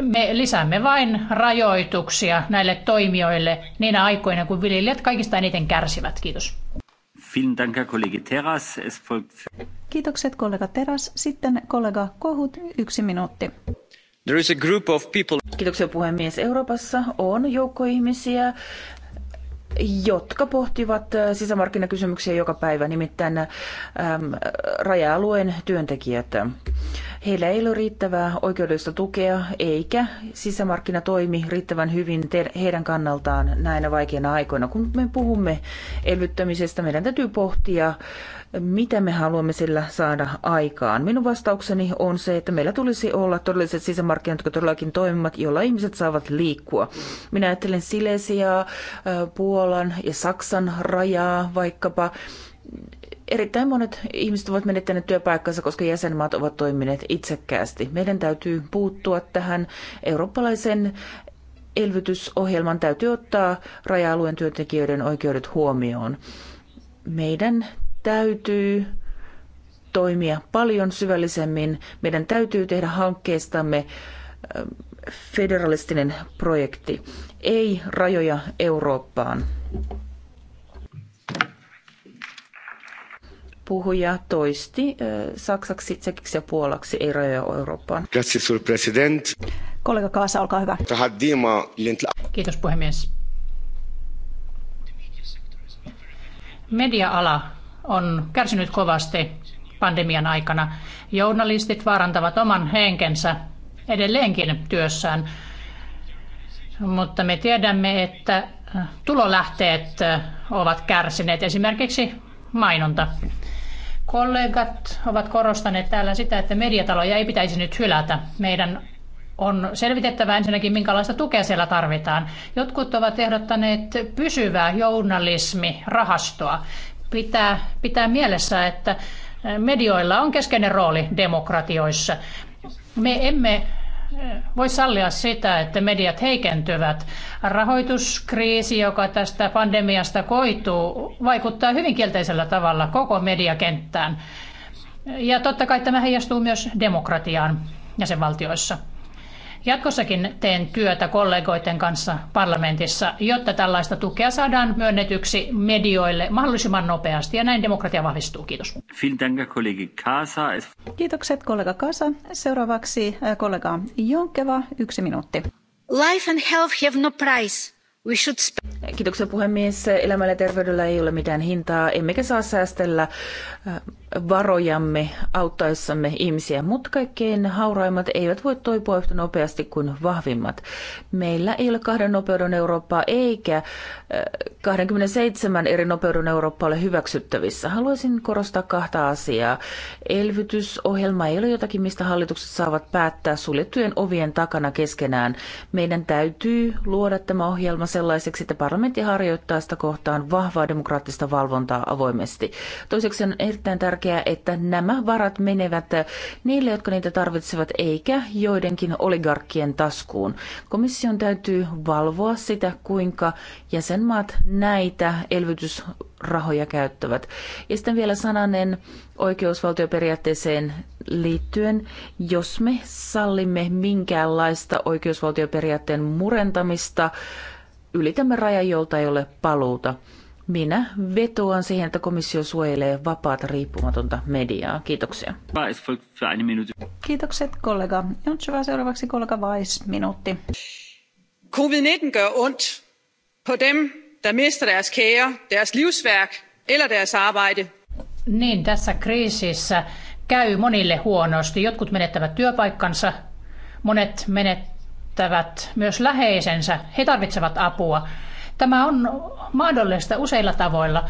S6: me lisäämme vain rajoituksia näille toimijoille niinä aikoina, kun viljelijät
S7: kaikista eniten kärsivät. Kiitos. Kiitokset kollega Teräs. Sitten kollega Kohut, yksi minuutti.
S1: There is a group of people.
S7: Kiitoksia puhemies. Euroopassa on joukko ihmisiä,
S2: jotka pohtivat äh, sisämarkkinakysymyksiä joka päivä, nimittäin äm, raja-alueen työntekijät. Heillä ei ole riittävää oikeudellista tukea, eikä sisämarkkina toimi riittävän hyvin heidän kannaltaan näinä vaikeina aikoina. Kun me puhumme elvyttämisestä, meidän täytyy pohtia mitä me haluamme sillä saada aikaan. Minun vastaukseni on se, että meillä tulisi olla todelliset sisämarkkinat, jotka todellakin toimivat, joilla ihmiset saavat liikkua. Minä ajattelen Silesiaa, Puolan ja Saksan rajaa vaikkapa. Erittäin monet ihmiset ovat menettäneet työpaikkansa, koska jäsenmaat ovat toimineet itsekkäästi. Meidän täytyy puuttua tähän eurooppalaisen elvytysohjelman täytyy ottaa raja-alueen työntekijöiden oikeudet huomioon. Meidän täytyy toimia paljon syvällisemmin. Meidän täytyy tehdä hankkeestamme federalistinen projekti. Ei rajoja Eurooppaan. Puhuja toisti saksaksi, tsekiksi ja puolaksi, ei rajoja Eurooppaan.
S5: Grazie, sul president. Kollega
S2: Kaasa, olkaa hyvä. Kiitos puhemies.
S6: Media-ala on kärsinyt kovasti pandemian aikana. Journalistit vaarantavat oman henkensä edelleenkin työssään, mutta me tiedämme, että tulolähteet ovat kärsineet, esimerkiksi mainonta. Kollegat ovat korostaneet täällä sitä, että mediataloja ei pitäisi nyt hylätä. Meidän on selvitettävä ensinnäkin, minkälaista tukea siellä tarvitaan. Jotkut ovat ehdottaneet pysyvää journalismirahastoa pitää pitää mielessä, että medioilla on keskeinen rooli demokratioissa. Me emme eh, voi sallia sitä, että mediat heikentyvät. Rahoituskriisi, joka tästä pandemiasta koituu, vaikuttaa hyvin kielteisellä tavalla koko mediakenttään. Ja totta kai tämä heijastuu myös demokratiaan jäsenvaltioissa. Jatkossakin teen työtä kollegoiden kanssa parlamentissa, jotta tällaista tukea saadaan myönnetyksi medioille mahdollisimman nopeasti ja näin demokratia vahvistuu. Kiitos.
S7: Kiitokset kollega Kasa. Seuraavaksi äh, kollega Jonkeva, yksi minuutti. Life and health
S2: have no price. We should
S7: Kiitoksia puhemies.
S2: Elämällä ja terveydellä ei ole mitään hintaa, emmekä saa säästellä äh, varojamme auttaessamme ihmisiä, mutta kaikkein hauraimmat eivät voi toipua yhtä nopeasti kuin vahvimmat. Meillä ei ole kahden nopeuden Eurooppaa eikä 27 äh, eri nopeuden Eurooppaa ole hyväksyttävissä. Haluaisin korostaa kahta asiaa. Elvytysohjelma ei ole jotakin, mistä hallitukset saavat päättää suljettujen ovien takana keskenään. Meidän täytyy luoda tämä ohjelma sellaiseksi, että parlamentti harjoittaa sitä kohtaan vahvaa demokraattista valvontaa avoimesti. Toiseksi on erittäin tärkeää, tärkeää, että nämä varat menevät niille, jotka niitä tarvitsevat, eikä joidenkin oligarkkien taskuun. Komission täytyy valvoa sitä, kuinka jäsenmaat näitä elvytysrahoja käyttävät. Ja sitten vielä sananen oikeusvaltioperiaatteeseen liittyen. Jos me sallimme minkäänlaista oikeusvaltioperiaatteen murentamista, ylitämme rajan, jolta ei ole paluuta. Minä vetoan siihen, että komissio suojelee vapaata riippumatonta mediaa.
S1: Kiitoksia.
S7: Kiitokset kollega Jontsova. Seuraavaksi kollega Weiss, minuutti. Covid-19 gör ont på dem, der mister deres
S6: kære, deres livsværk eller deres arbejde. Niin, tässä kriisissä käy monille huonosti. Jotkut menettävät työpaikkansa, monet menettävät myös läheisensä. He tarvitsevat apua Tämä on mahdollista useilla tavoilla.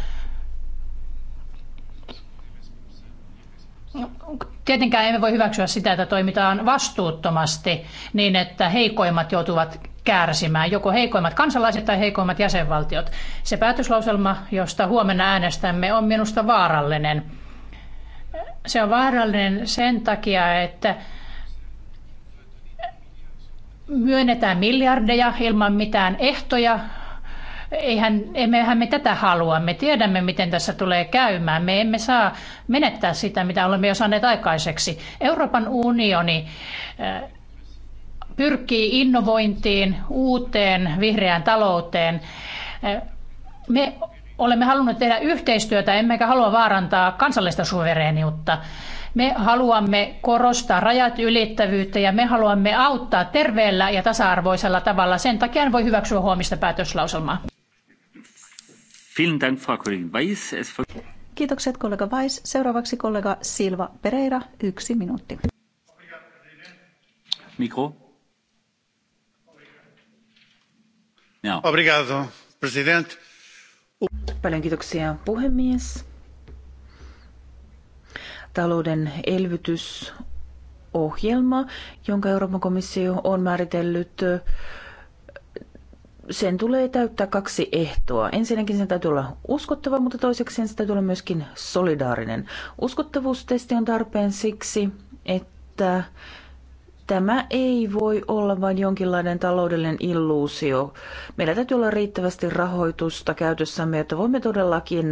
S6: Tietenkään emme voi hyväksyä sitä, että toimitaan vastuuttomasti niin, että heikoimmat joutuvat kärsimään, joko heikoimmat kansalaiset tai heikoimmat jäsenvaltiot. Se päätöslauselma, josta huomenna äänestämme, on minusta vaarallinen. Se on vaarallinen sen takia, että myönnetään miljardeja ilman mitään ehtoja Eihän, emmehän me tätä halua. Me tiedämme, miten tässä tulee käymään. Me emme saa menettää sitä, mitä olemme jo saaneet aikaiseksi. Euroopan unioni eh, pyrkii innovointiin, uuteen vihreään talouteen. Eh, me olemme halunneet tehdä yhteistyötä, emmekä halua vaarantaa kansallista suvereeniutta. Me haluamme korostaa rajat ylittävyyttä ja me haluamme auttaa terveellä ja tasa-arvoisella tavalla. Sen takia en voi hyväksyä huomista päätöslauselmaa.
S7: Kiitokset kollega Weiss. Seuraavaksi kollega Silva Pereira, yksi minuutti.
S1: Mikro. No. Obrigado, president.
S2: Paljon kiitoksia puhemies. Talouden elvytysohjelma, jonka Euroopan komissio on määritellyt sen tulee täyttää kaksi ehtoa. Ensinnäkin sen täytyy olla uskottava, mutta toiseksi sen täytyy olla myöskin solidaarinen. Uskottavuustesti on tarpeen siksi, että tämä ei voi olla vain jonkinlainen taloudellinen illuusio. Meillä täytyy olla riittävästi rahoitusta käytössämme, että voimme todellakin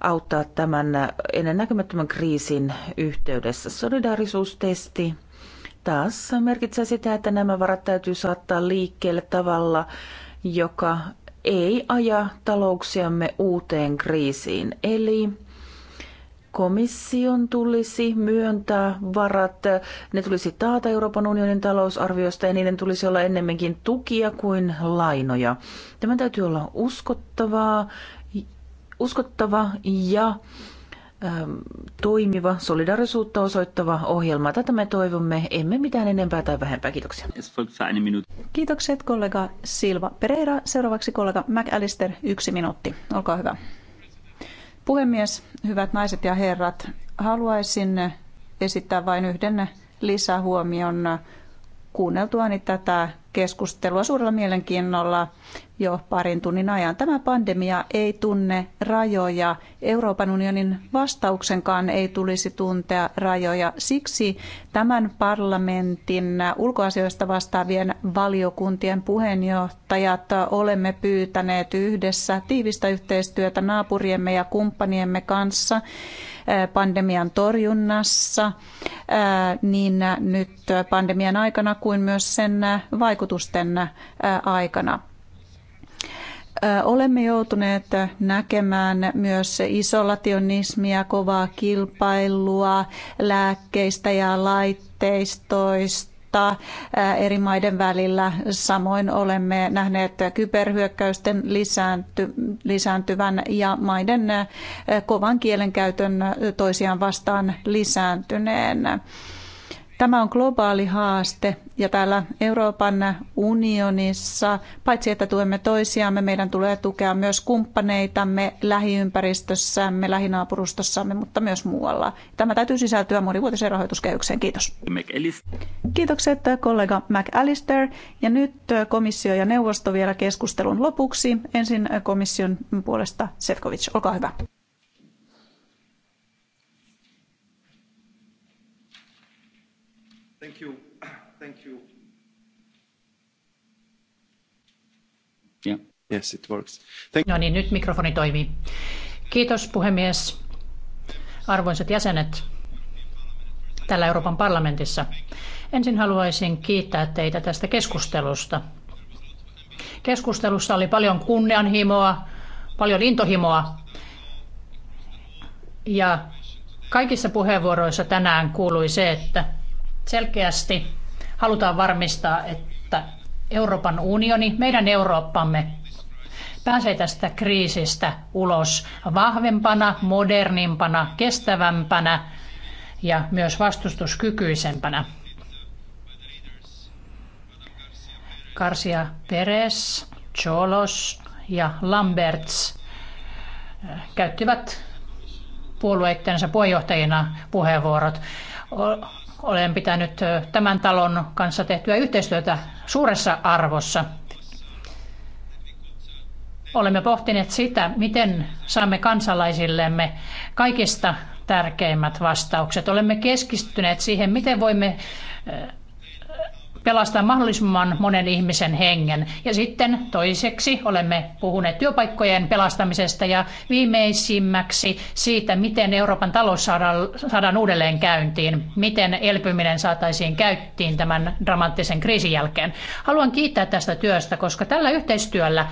S2: auttaa tämän ennennäkemättömän kriisin yhteydessä. Solidaarisuustesti taas merkitsee sitä, että nämä varat täytyy saattaa liikkeelle tavalla, joka ei aja talouksiamme uuteen kriisiin. Eli komission tulisi myöntää varat, ne tulisi taata Euroopan unionin talousarviosta ja niiden tulisi olla ennemminkin tukia kuin lainoja. Tämä täytyy olla uskottavaa, uskottava ja Ähm, toimiva, solidarisuutta
S7: osoittava ohjelma. Tätä me toivomme, emme mitään enempää tai vähempää. Kiitoksia. Kiitokset kollega Silva Pereira. Seuraavaksi kollega McAllister, yksi minuutti. Olkaa hyvä. Puhemies, hyvät naiset ja herrat, haluaisin esittää vain yhden lisähuomion kuunneltuani tätä keskustelua suurella mielenkiinnolla jo parin tunnin ajan. Tämä pandemia ei tunne rajoja. Euroopan unionin vastauksenkaan ei tulisi tuntea rajoja. Siksi tämän parlamentin ulkoasioista vastaavien valiokuntien puheenjohtajat olemme pyytäneet yhdessä tiivistä yhteistyötä naapuriemme ja kumppaniemme kanssa Äh, pandemian torjunnassa äh, niin nyt pandemian aikana kuin myös sen vaikutusten äh, aikana. Olemme joutuneet näkemään myös isolationismia, kovaa kilpailua lääkkeistä ja laitteistoista vaihtaa eri maiden välillä. Samoin olemme nähneet kyberhyökkäysten lisääntyvän ja maiden kovan kielenkäytön toisiaan vastaan lisääntyneen. Tämä on globaali haaste ja täällä Euroopan unionissa, paitsi että tuemme toisiamme, meidän tulee tukea myös kumppaneitamme lähiympäristössämme, lähinaapurustossamme, mutta myös muualla. Tämä täytyy sisältyä monivuotiseen rahoituskehykseen. Kiitos. Kiitokset kollega McAllister. Ja nyt komissio ja neuvosto vielä keskustelun lopuksi. Ensin komission puolesta Sefcovic, olkaa hyvä. Yes, it works. Thank-
S6: no niin, nyt mikrofoni toimii. Kiitos puhemies. Arvoisat jäsenet täällä Euroopan parlamentissa. Ensin haluaisin kiittää teitä tästä keskustelusta. Keskustelussa oli paljon kunnianhimoa, paljon intohimoa. Ja kaikissa puheenvuoroissa tänään kuului se, että selkeästi halutaan varmistaa, että Euroopan unioni, meidän Eurooppamme, pääsee tästä kriisistä ulos vahvempana, modernimpana, kestävämpänä ja myös vastustuskykyisempänä. Karsia Perez, Cholos ja Lamberts äh, käyttivät puolueittensa puheenjohtajina puheenvuorot. Olen pitänyt äh, tämän talon kanssa tehtyä yhteistyötä suuressa arvossa olemme pohtineet sitä, miten saamme kansalaisillemme kaikista tärkeimmät vastaukset. Olemme keskittyneet siihen, miten voimme pelastaa mahdollisimman monen ihmisen hengen. Ja sitten toiseksi olemme puhuneet työpaikkojen pelastamisesta ja viimeisimmäksi siitä, miten Euroopan talous saadaan, saadaan uudelleen käyntiin, miten elpyminen saataisiin käyttiin tämän dramaattisen kriisin jälkeen. Haluan kiittää tästä työstä, koska tällä yhteistyöllä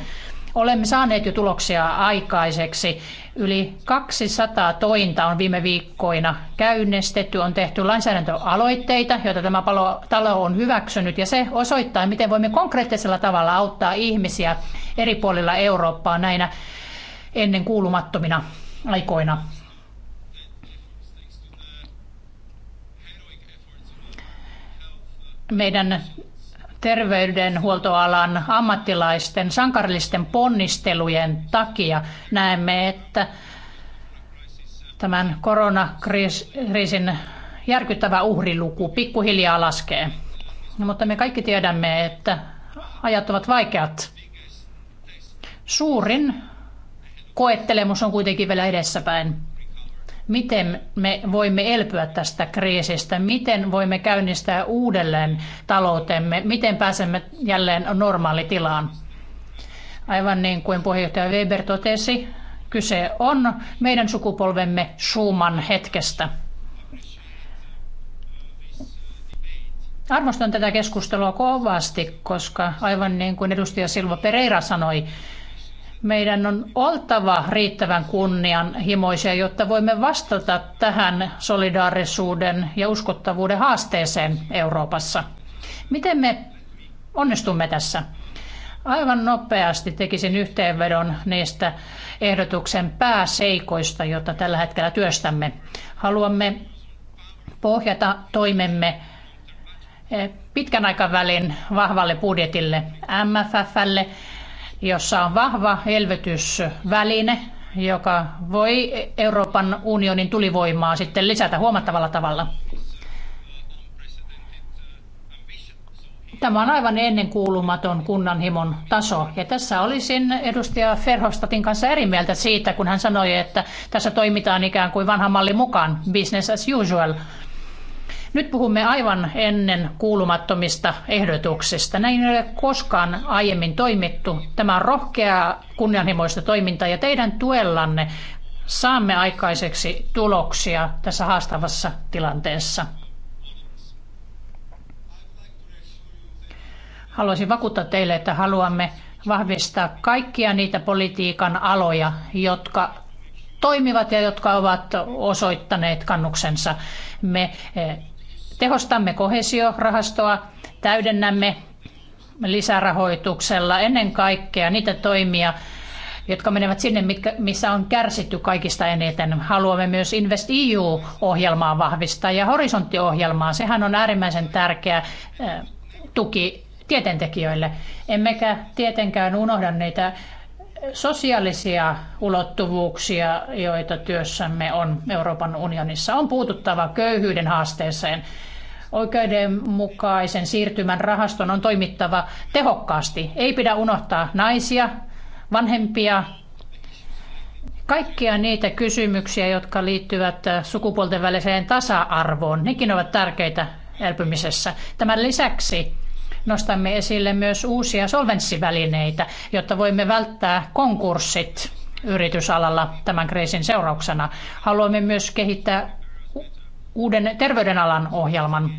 S6: Olemme saaneet jo tuloksia aikaiseksi. Yli 200 tointa on viime viikkoina käynnistetty, on tehty lainsäädäntöaloitteita, joita tämä talo on hyväksynyt, ja se osoittaa, miten voimme konkreettisella tavalla auttaa ihmisiä eri puolilla Eurooppaa näinä ennen kuulumattomina aikoina. Meidän terveydenhuoltoalan ammattilaisten sankarillisten ponnistelujen takia näemme, että tämän koronakriisin järkyttävä uhriluku pikkuhiljaa laskee. No, mutta me kaikki tiedämme, että ajat ovat vaikeat. Suurin koettelemus on kuitenkin vielä edessäpäin miten me voimme elpyä tästä kriisistä, miten voimme käynnistää uudelleen taloutemme, miten pääsemme jälleen normaalitilaan. Aivan niin kuin puheenjohtaja Weber totesi, kyse on meidän sukupolvemme suuman hetkestä. Arvostan tätä keskustelua kovasti, koska aivan niin kuin edustaja Silva Pereira sanoi, meidän on oltava riittävän kunnianhimoisia, jotta voimme vastata tähän solidaarisuuden ja uskottavuuden haasteeseen Euroopassa. Miten me onnistumme tässä? Aivan nopeasti tekisin yhteenvedon niistä ehdotuksen pääseikoista, joita tällä hetkellä työstämme. Haluamme pohjata toimemme eh, pitkän aikavälin vahvalle budjetille, MFFlle, jossa on vahva elvytysväline, joka voi Euroopan unionin tulivoimaa sitten lisätä huomattavalla tavalla. Tämä on aivan ennenkuulumaton kunnanhimon taso. Ja tässä olisin edustaja Ferhostatin kanssa eri mieltä siitä, kun hän sanoi, että tässä toimitaan ikään kuin vanhan mallin mukaan, business as usual. Nyt puhumme aivan ennen kuulumattomista ehdotuksista. Näin ei ole koskaan aiemmin toimittu. Tämä on rohkeaa kunnianhimoista toimintaa ja teidän tuellanne saamme aikaiseksi tuloksia tässä haastavassa tilanteessa. Haluaisin vakuuttaa teille, että haluamme vahvistaa kaikkia niitä politiikan aloja, jotka toimivat ja jotka ovat osoittaneet kannuksensa. Me eh, Tehostamme kohesiorahastoa, täydennämme lisärahoituksella ennen kaikkea niitä toimia, jotka menevät sinne, missä on kärsitty kaikista eniten. Haluamme myös Invest EU-ohjelmaa vahvistaa ja horisonttiohjelmaa. Sehän on äärimmäisen tärkeä eh, tuki tieteentekijöille. Emmekä tietenkään unohda niitä sosiaalisia ulottuvuuksia, joita työssämme on Euroopan unionissa. On puututtava köyhyyden haasteeseen. Oikeudenmukaisen siirtymän rahaston on toimittava tehokkaasti. Ei pidä unohtaa naisia, vanhempia, kaikkia niitä kysymyksiä, jotka liittyvät sukupuolten väliseen tasa-arvoon. Nekin ovat tärkeitä elpymisessä. Tämän lisäksi nostamme esille myös uusia solvenssivälineitä, jotta voimme välttää konkurssit yritysalalla tämän kriisin seurauksena. Haluamme myös kehittää uuden terveydenalan ohjelman,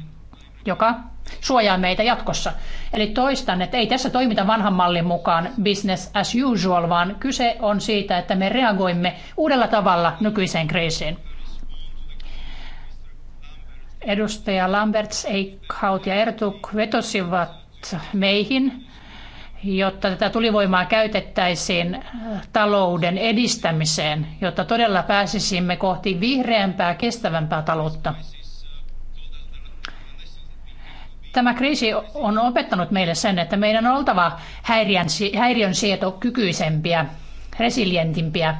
S6: joka suojaa meitä jatkossa. Eli toistan, että ei tässä toimita vanhan mallin mukaan business as usual, vaan kyse on siitä, että me reagoimme uudella tavalla nykyiseen kriisiin. Edustaja Lamberts, Eickhout ja Ertuk vetosivat meihin, jotta tätä tulivoimaa käytettäisiin äh, talouden edistämiseen, jotta todella pääsisimme kohti vihreämpää, kestävämpää taloutta. Tämä kriisi on opettanut meille sen, että meidän on oltava häiriön, sieto kykyisempiä, resilientimpiä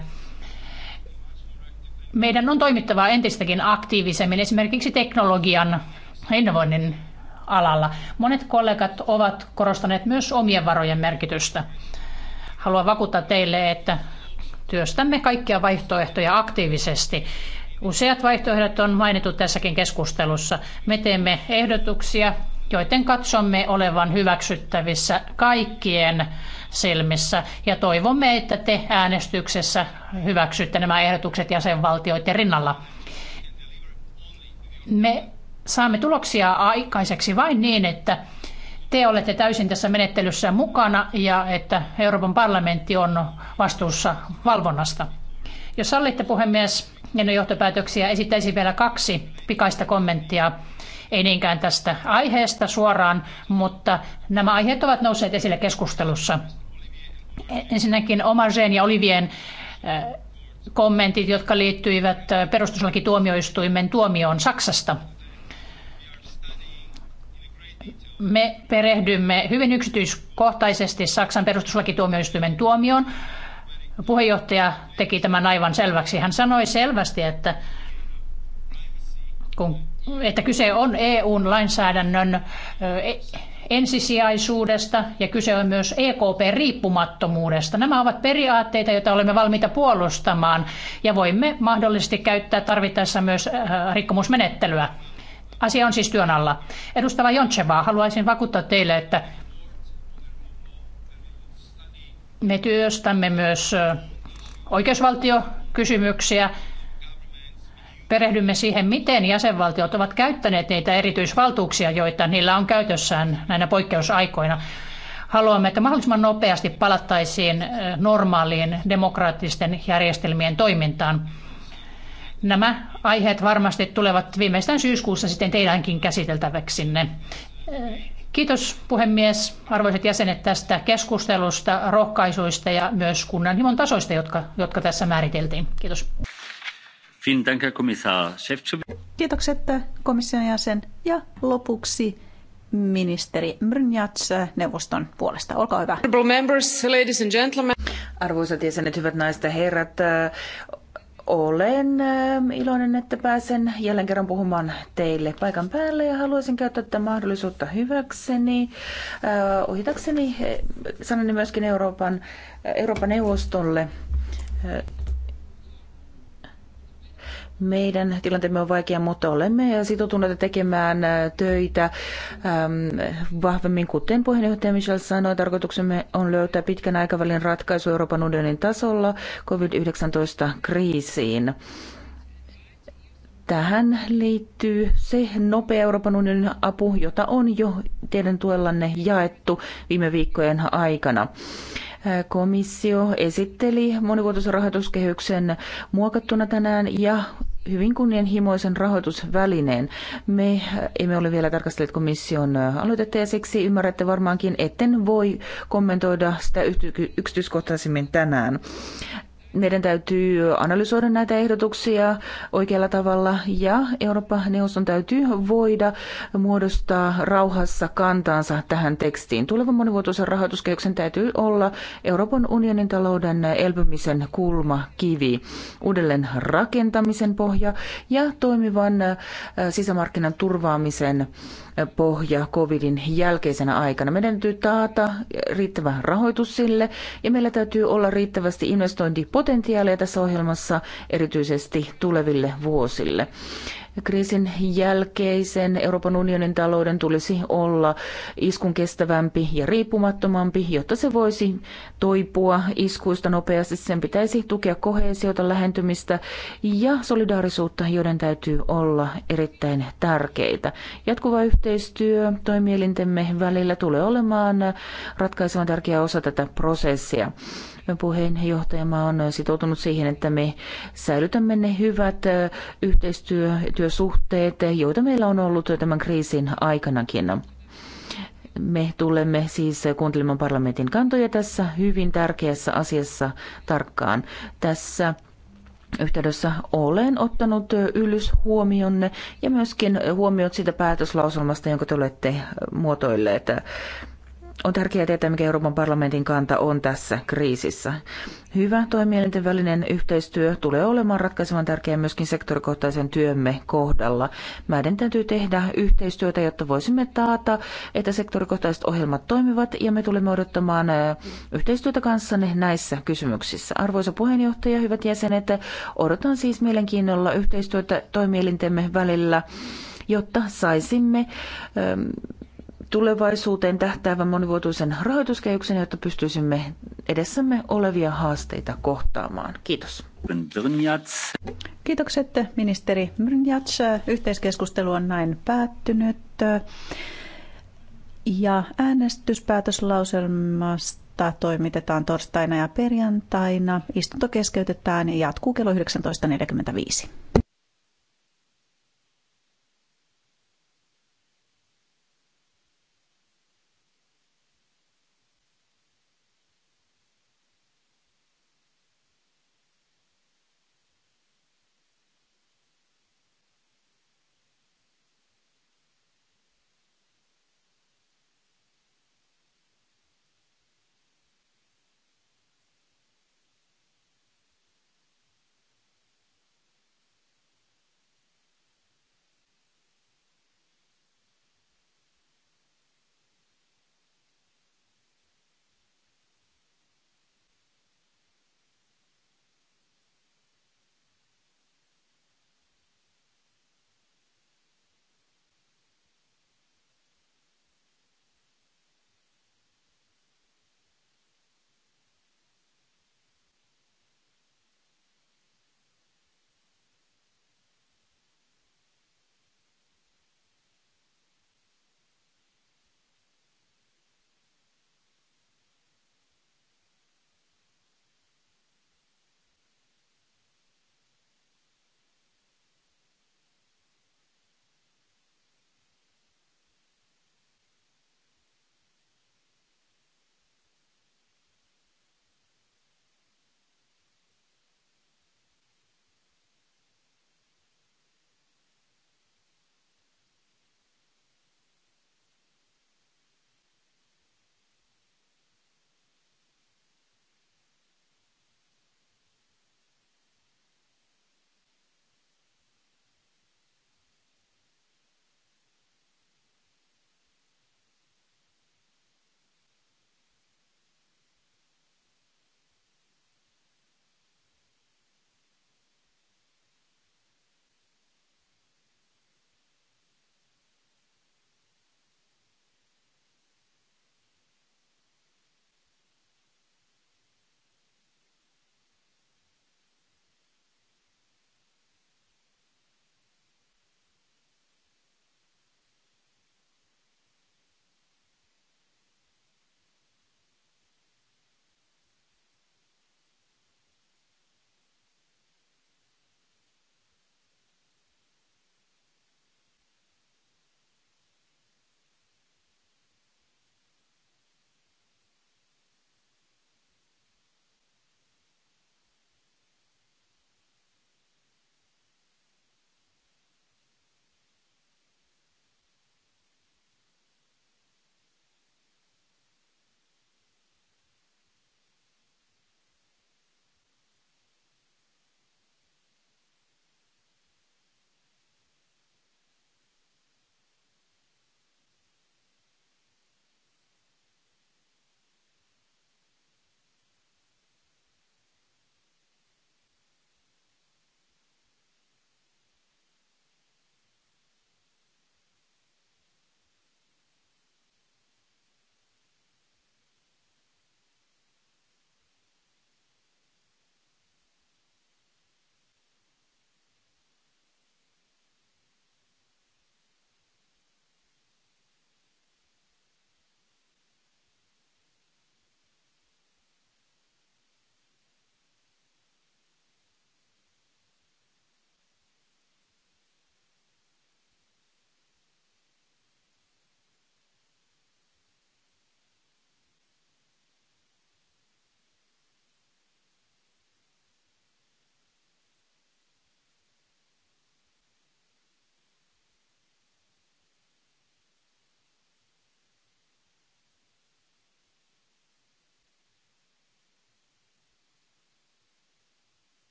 S6: meidän on toimittava entistäkin aktiivisemmin esimerkiksi teknologian innovoinnin alalla. Monet kollegat ovat korostaneet myös omien varojen merkitystä. Haluan vakuuttaa teille, että työstämme kaikkia vaihtoehtoja aktiivisesti. Useat vaihtoehdot on mainittu tässäkin keskustelussa. Me teemme ehdotuksia, joiden katsomme olevan hyväksyttävissä kaikkien silmissä ja toivomme, että te äänestyksessä hyväksytte nämä ehdotukset jäsenvaltioiden rinnalla. Me saamme tuloksia aikaiseksi vain niin, että te olette täysin tässä menettelyssä mukana ja että Euroopan parlamentti on vastuussa valvonnasta. Jos sallitte puhemies ennen johtopäätöksiä, esittäisin vielä kaksi pikaista kommenttia. Ei niinkään tästä aiheesta suoraan, mutta nämä aiheet ovat nousseet esille keskustelussa. Ensinnäkin Omarjeen ja Olivien kommentit, jotka liittyivät perustuslakituomioistuimen tuomioon Saksasta. Me perehdymme hyvin yksityiskohtaisesti Saksan perustuslakituomioistuimen tuomioon. Puheenjohtaja teki tämän aivan selväksi. Hän sanoi selvästi, että, kun, että kyse on EUn lainsäädännön ensisijaisuudesta ja kyse on myös EKP-riippumattomuudesta. Nämä ovat periaatteita, joita olemme valmiita puolustamaan ja voimme mahdollisesti käyttää tarvittaessa myös äh, rikkomusmenettelyä. Asia on siis työn alla. Edustava Jontsevaa, haluaisin vakuuttaa teille, että me työstämme myös äh, oikeusvaltiokysymyksiä perehdymme siihen, miten jäsenvaltiot ovat käyttäneet niitä erityisvaltuuksia, joita niillä on käytössään näinä poikkeusaikoina. Haluamme, että mahdollisimman nopeasti palattaisiin eh, normaaliin demokraattisten järjestelmien toimintaan. Nämä aiheet varmasti tulevat viimeistään syyskuussa sitten teidänkin käsiteltäväksinne. Eh, kiitos puhemies, arvoisat jäsenet tästä keskustelusta, rohkaisuista ja myös kunnanhimon tasoista, jotka, jotka tässä
S1: määriteltiin. Kiitos.
S7: Kiitokset äh, komission jäsen ja lopuksi ministeri Mrnjats äh, neuvoston puolesta. Olkaa hyvä. Members,
S2: ladies and gentlemen. Arvoisat jäsenet, hyvät
S7: naiset ja herrat,
S2: äh, olen iloinen, että pääsen jälleen kerran puhumaan teille paikan päälle ja haluaisin käyttää tätä mahdollisuutta hyväkseni. Ohitakseni sanani myöskin Euroopan, Euroopan neuvostolle meidän tilanteemme on vaikea, mutta olemme sitoutuneita tekemään äh, töitä ähm, vahvemmin, kuten puheenjohtaja Michel sanoi. Tarkoituksemme on löytää pitkän aikavälin ratkaisu Euroopan unionin tasolla COVID-19-kriisiin. Tähän liittyy se nopea Euroopan unionin apu, jota on jo teidän tuellanne jaettu viime viikkojen aikana. Komissio esitteli monivuotisen rahoituskehyksen muokattuna tänään ja hyvin kunnianhimoisen rahoitusvälineen. Me emme ole vielä tarkastelleet komission aloitetta ja siksi ymmärrätte varmaankin, etten voi kommentoida sitä yksityiskohtaisemmin tänään meidän täytyy analysoida näitä ehdotuksia oikealla tavalla ja Eurooppa-neuvoston täytyy voida muodostaa rauhassa kantaansa tähän tekstiin. Tulevan monivuotoisen rahoituskehyksen täytyy olla Euroopan unionin talouden elpymisen kulmakivi, uudelleen rakentamisen pohja ja toimivan äh, sisämarkkinan turvaamisen äh, pohja covidin jälkeisenä aikana. Meidän täytyy taata riittävä rahoitus sille ja meillä täytyy olla riittävästi investointipotentiaalia potentiaalia tässä ohjelmassa erityisesti tuleville vuosille. Kriisin jälkeisen Euroopan unionin talouden tulisi olla iskun kestävämpi ja riippumattomampi, jotta se voisi toipua iskuista nopeasti. Sen pitäisi tukea kohesiota, lähentymistä ja solidaarisuutta, joiden täytyy olla erittäin tärkeitä. Jatkuva yhteistyö toimielintemme välillä tulee olemaan ratkaisevan tärkeä osa tätä prosessia puheenjohtajamaa on sitoutunut siihen, että me säilytämme ne hyvät yhteistyösuhteet, joita meillä on ollut tämän kriisin aikanakin. Me tulemme siis kuuntelemaan parlamentin kantoja tässä hyvin tärkeässä asiassa tarkkaan. Tässä yhteydessä olen ottanut ylös huomionne ja myöskin huomiot siitä päätöslauselmasta, jonka te olette muotoilleet on tärkeää tietää, mikä Euroopan parlamentin kanta on tässä kriisissä. Hyvä toimielinten välinen yhteistyö tulee olemaan ratkaisevan tärkeää myöskin sektorikohtaisen työmme kohdalla. Meidän täytyy tehdä yhteistyötä, jotta voisimme taata, että sektorikohtaiset ohjelmat toimivat ja me tulemme odottamaan yhteistyötä kanssanne näissä kysymyksissä. Arvoisa puheenjohtaja, hyvät jäsenet, odotan siis mielenkiinnolla yhteistyötä toimielintemme välillä jotta saisimme tulevaisuuteen tähtäävän monivuotuisen rahoituskehyksen, jotta pystyisimme edessämme olevia haasteita kohtaamaan. Kiitos.
S7: Kiitokset ministeri Brynjats. Yhteiskeskustelu on näin päättynyt. Ja äänestyspäätöslauselmasta toimitetaan torstaina ja perjantaina. Istunto keskeytetään ja jatkuu kello 19.45.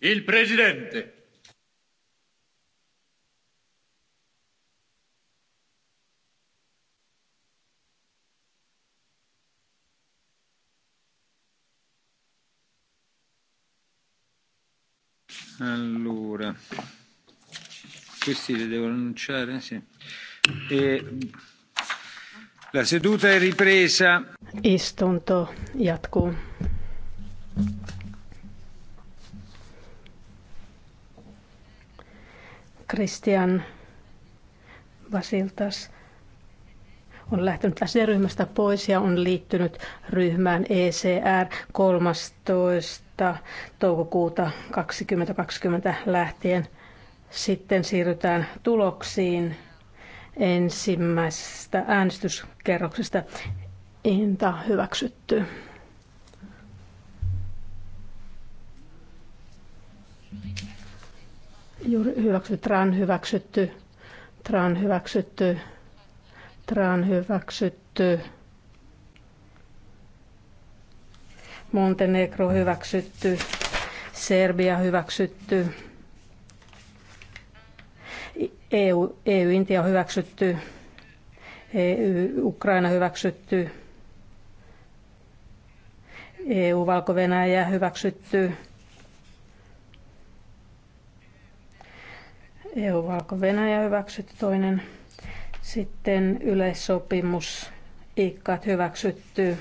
S1: il presidente Allora, questi li devo annunciare? Sì. E la seduta è ripresa.
S4: Istunto jatkuu. Christian Vasiltas on lähtenyt SD-ryhmästä pois ja on liittynyt ryhmään ECR 13. toukokuuta 2020 lähtien. Sitten siirrytään tuloksiin ensimmäisestä äänestyskerroksesta. Inta hyväksytty. Juuri hyväksytty, tran hyväksytty, tran hyväksytty, tran hyväksytty. Montenegro hyväksytty, Serbia hyväksytty, EU, EU-Intia hyväksytty, EU-Ukraina hyväksytty, EU-Valko-Venäjä hyväksytty, EU-Valko-Venäjä hyväksytty toinen. Sitten yleissopimus IKKAT hyväksytty.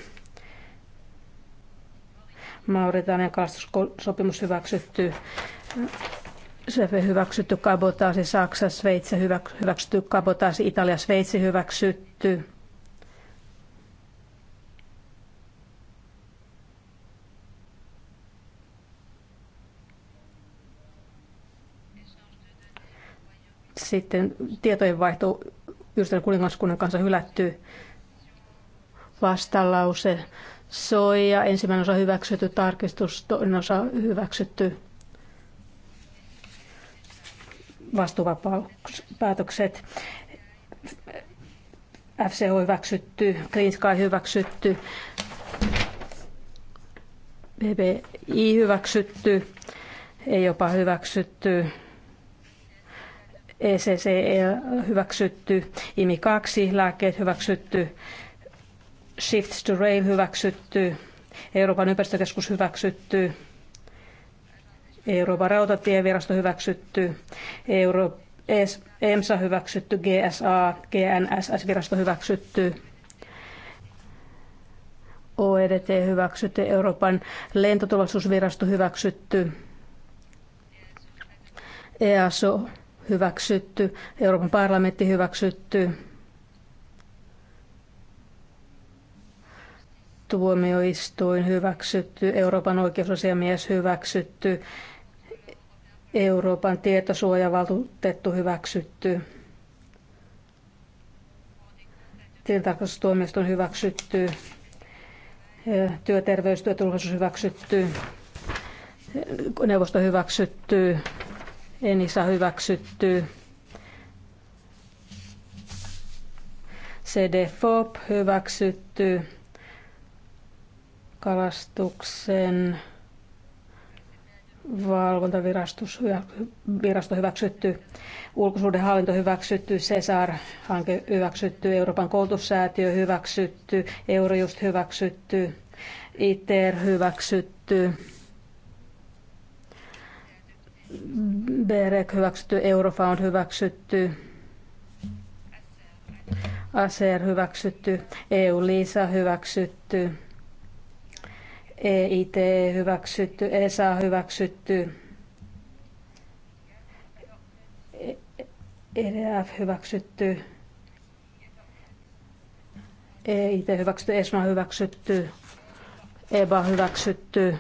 S4: Mauritanian kalastussopimus hyväksytty. Sefe hyväksytty kabotaasi Saksa, Sveitsi hyväksytty kabotaasi Italia, Sveitsi hyväksytty. sitten tietojenvaihto Yhdistelmän kuningaskunnan kanssa hylätty vastalause soi ja ensimmäinen osa hyväksytty, tarkistus toinen osa hyväksytty, vastuuvapauspäätökset, FCO hyväksytty, Green Sky hyväksytty, BBI hyväksytty, ei jopa hyväksytty, ECC e hyväksytty, IMI2 lääkkeet hyväksytty, Shift to Rail hyväksytty, Euroopan ympäristökeskus hyväksytty, Euroopan rautatievirasto hyväksytty, Euro, EMSA hyväksytty, GSA, GNSS-virasto hyväksytty, OEDT hyväksytty, Euroopan lentoturvallisuusvirasto hyväksytty, EASO hyväksytty, Euroopan parlamentti hyväksytty, tuomioistuin hyväksytty, Euroopan oikeusasiamies hyväksytty, Euroopan tietosuojavaltuutettu hyväksytty, tilintarkastustuomioistuin hyväksytty, työterveys, työturvallisuus hyväksytty, neuvosto hyväksytty, Enisa hyväksytty. CDFOP hyväksytty. Kalastuksen valvontavirasto hyväksytty, hallinto hyväksytty, CESAR-hanke hyväksytty, Euroopan koulutussäätiö hyväksytty, Eurojust hyväksytty, ITER hyväksytty, BEREC hyväksytty, Eurofound hyväksytty, ASER hyväksytty, EU-LISA hyväksytty, EIT hyväksytty, ESA hyväksytty, EDF e hyväksytty, EIT hyväksytty, ESMA hyväksytty, EBA hyväksytty,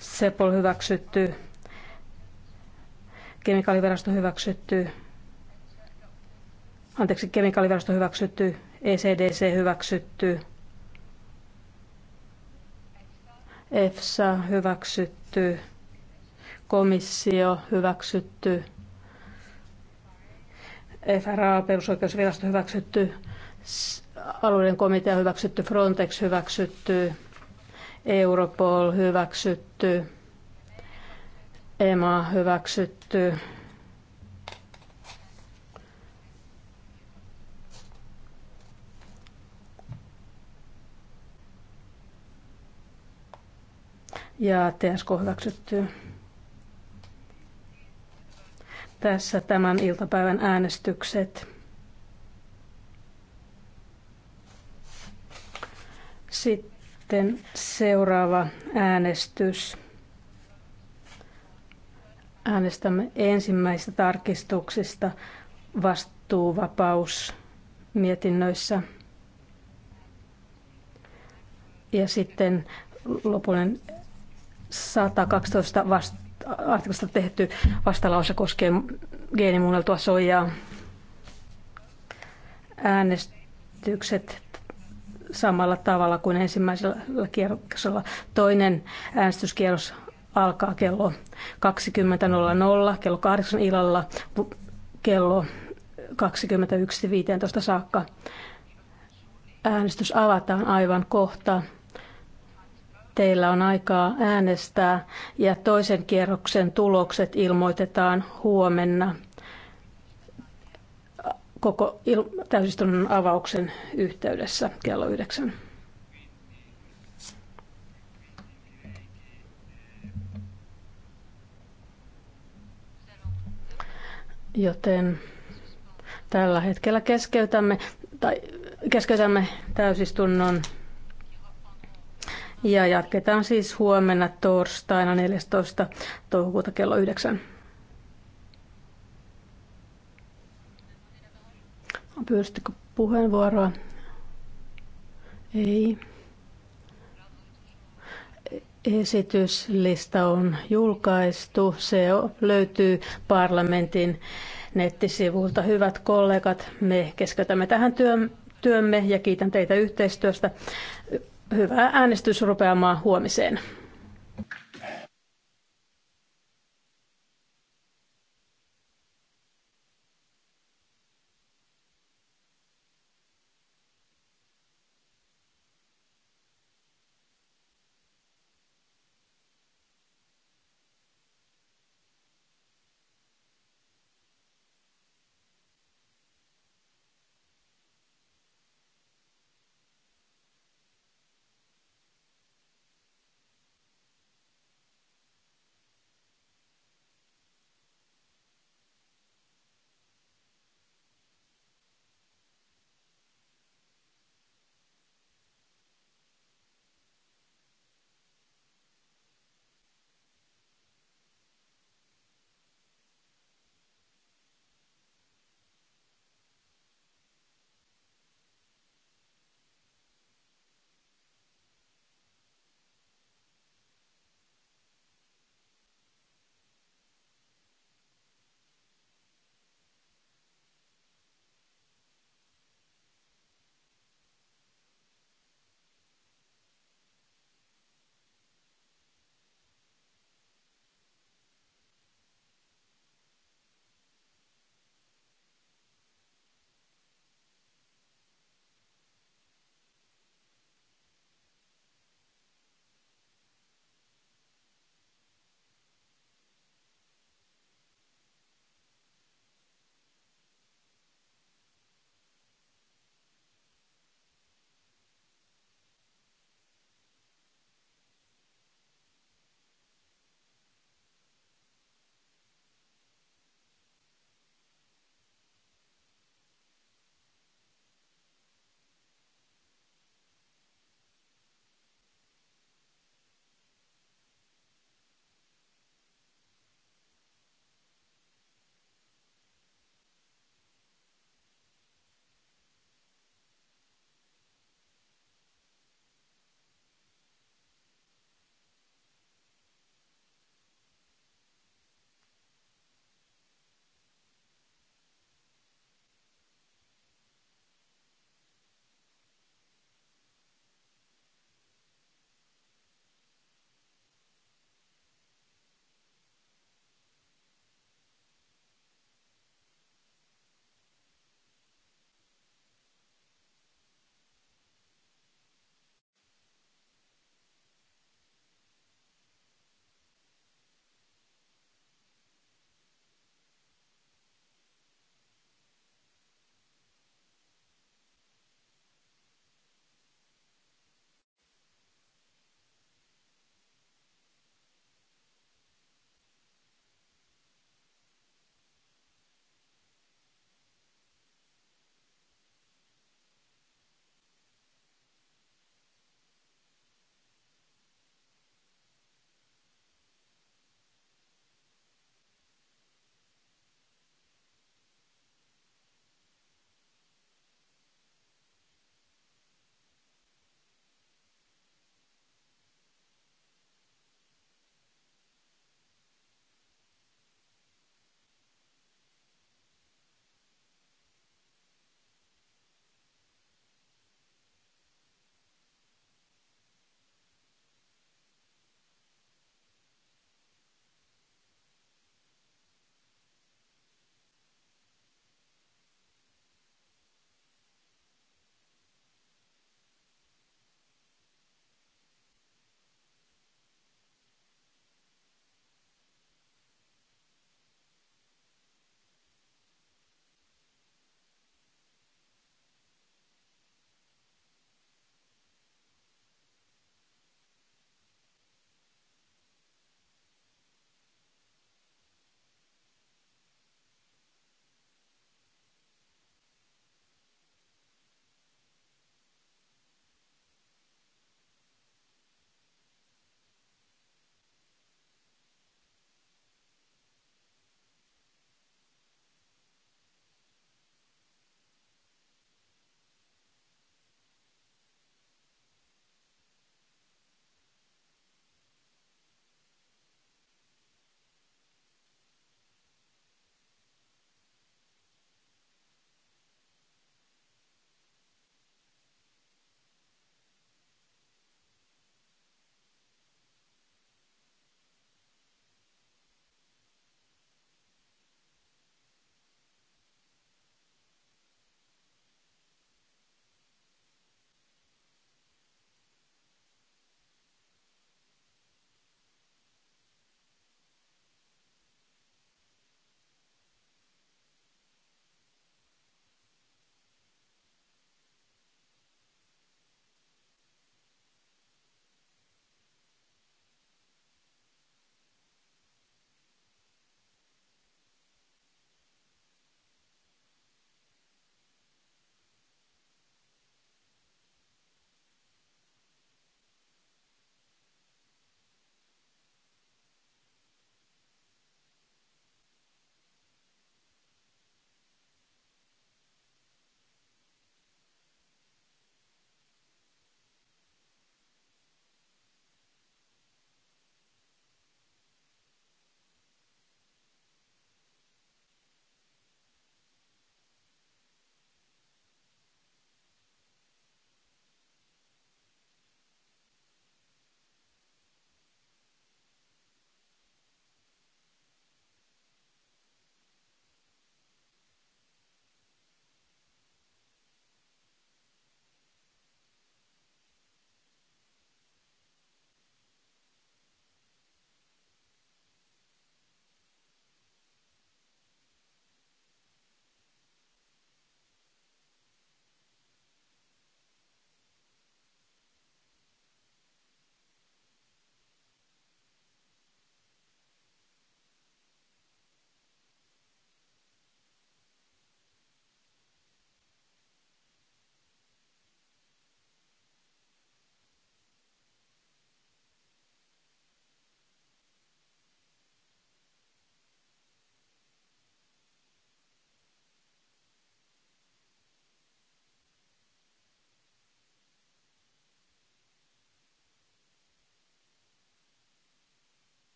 S4: SEPOL hyväksytty, kemikaalivirasto hyväksytty, anteeksi, kemikaalivirasto hyväksytty, ECDC hyväksytty, EFSA hyväksytty, komissio hyväksytty, FRA perusoikeusvirasto hyväksytty, alueiden komitea hyväksytty, Frontex hyväksytty, Europol hyväksytty, EMA hyväksytty. Ja TSK hyväksytty. Tässä tämän iltapäivän äänestykset. Sitten seuraava äänestys. Äänestämme ensimmäisistä tarkistuksista vastuuvapaus mietinnöissä. Ja sitten lopullinen 112 vasta- artikosta tehty vastalause koskee geenimuunneltua soijaa. Äänestykset samalla tavalla kuin ensimmäisellä kierroksella. Toinen äänestyskierros alkaa kello 20.00, kello 8 illalla, kello 21.15 saakka. Äänestys avataan aivan kohta. Teillä on aikaa äänestää ja toisen kierroksen tulokset ilmoitetaan huomenna koko täysistunnon avauksen yhteydessä kello 9. Joten tällä hetkellä keskeytämme, tai keskeytämme täysistunnon ja jatketaan siis huomenna torstaina 14. toukokuuta kello 9. Pyysittekö puheenvuoroa? Ei. Esityslista on julkaistu. Se löytyy parlamentin nettisivuilta. Hyvät kollegat, me keskitämme tähän työmme ja kiitän teitä yhteistyöstä. Hyvää äänestysrupeamaa huomiseen.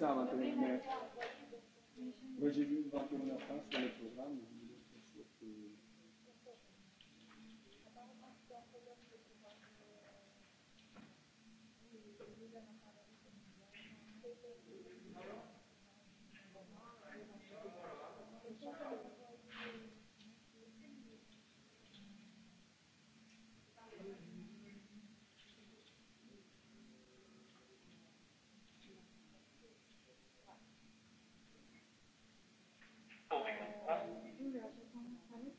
S5: seama că ne... Moi, j'ai vu une vingtaine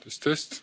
S1: Test, test.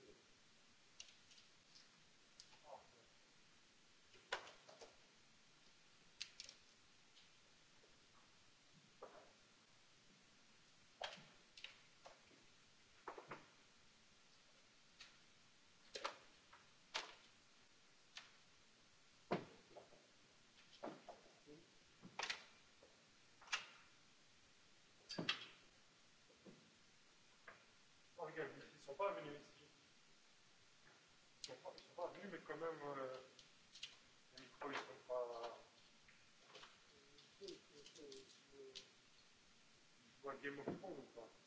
S1: parvenu ici. Ils sont, ils sont mais quand même, euh,
S5: les micros, ils sont pas. Game of Thrones ou pas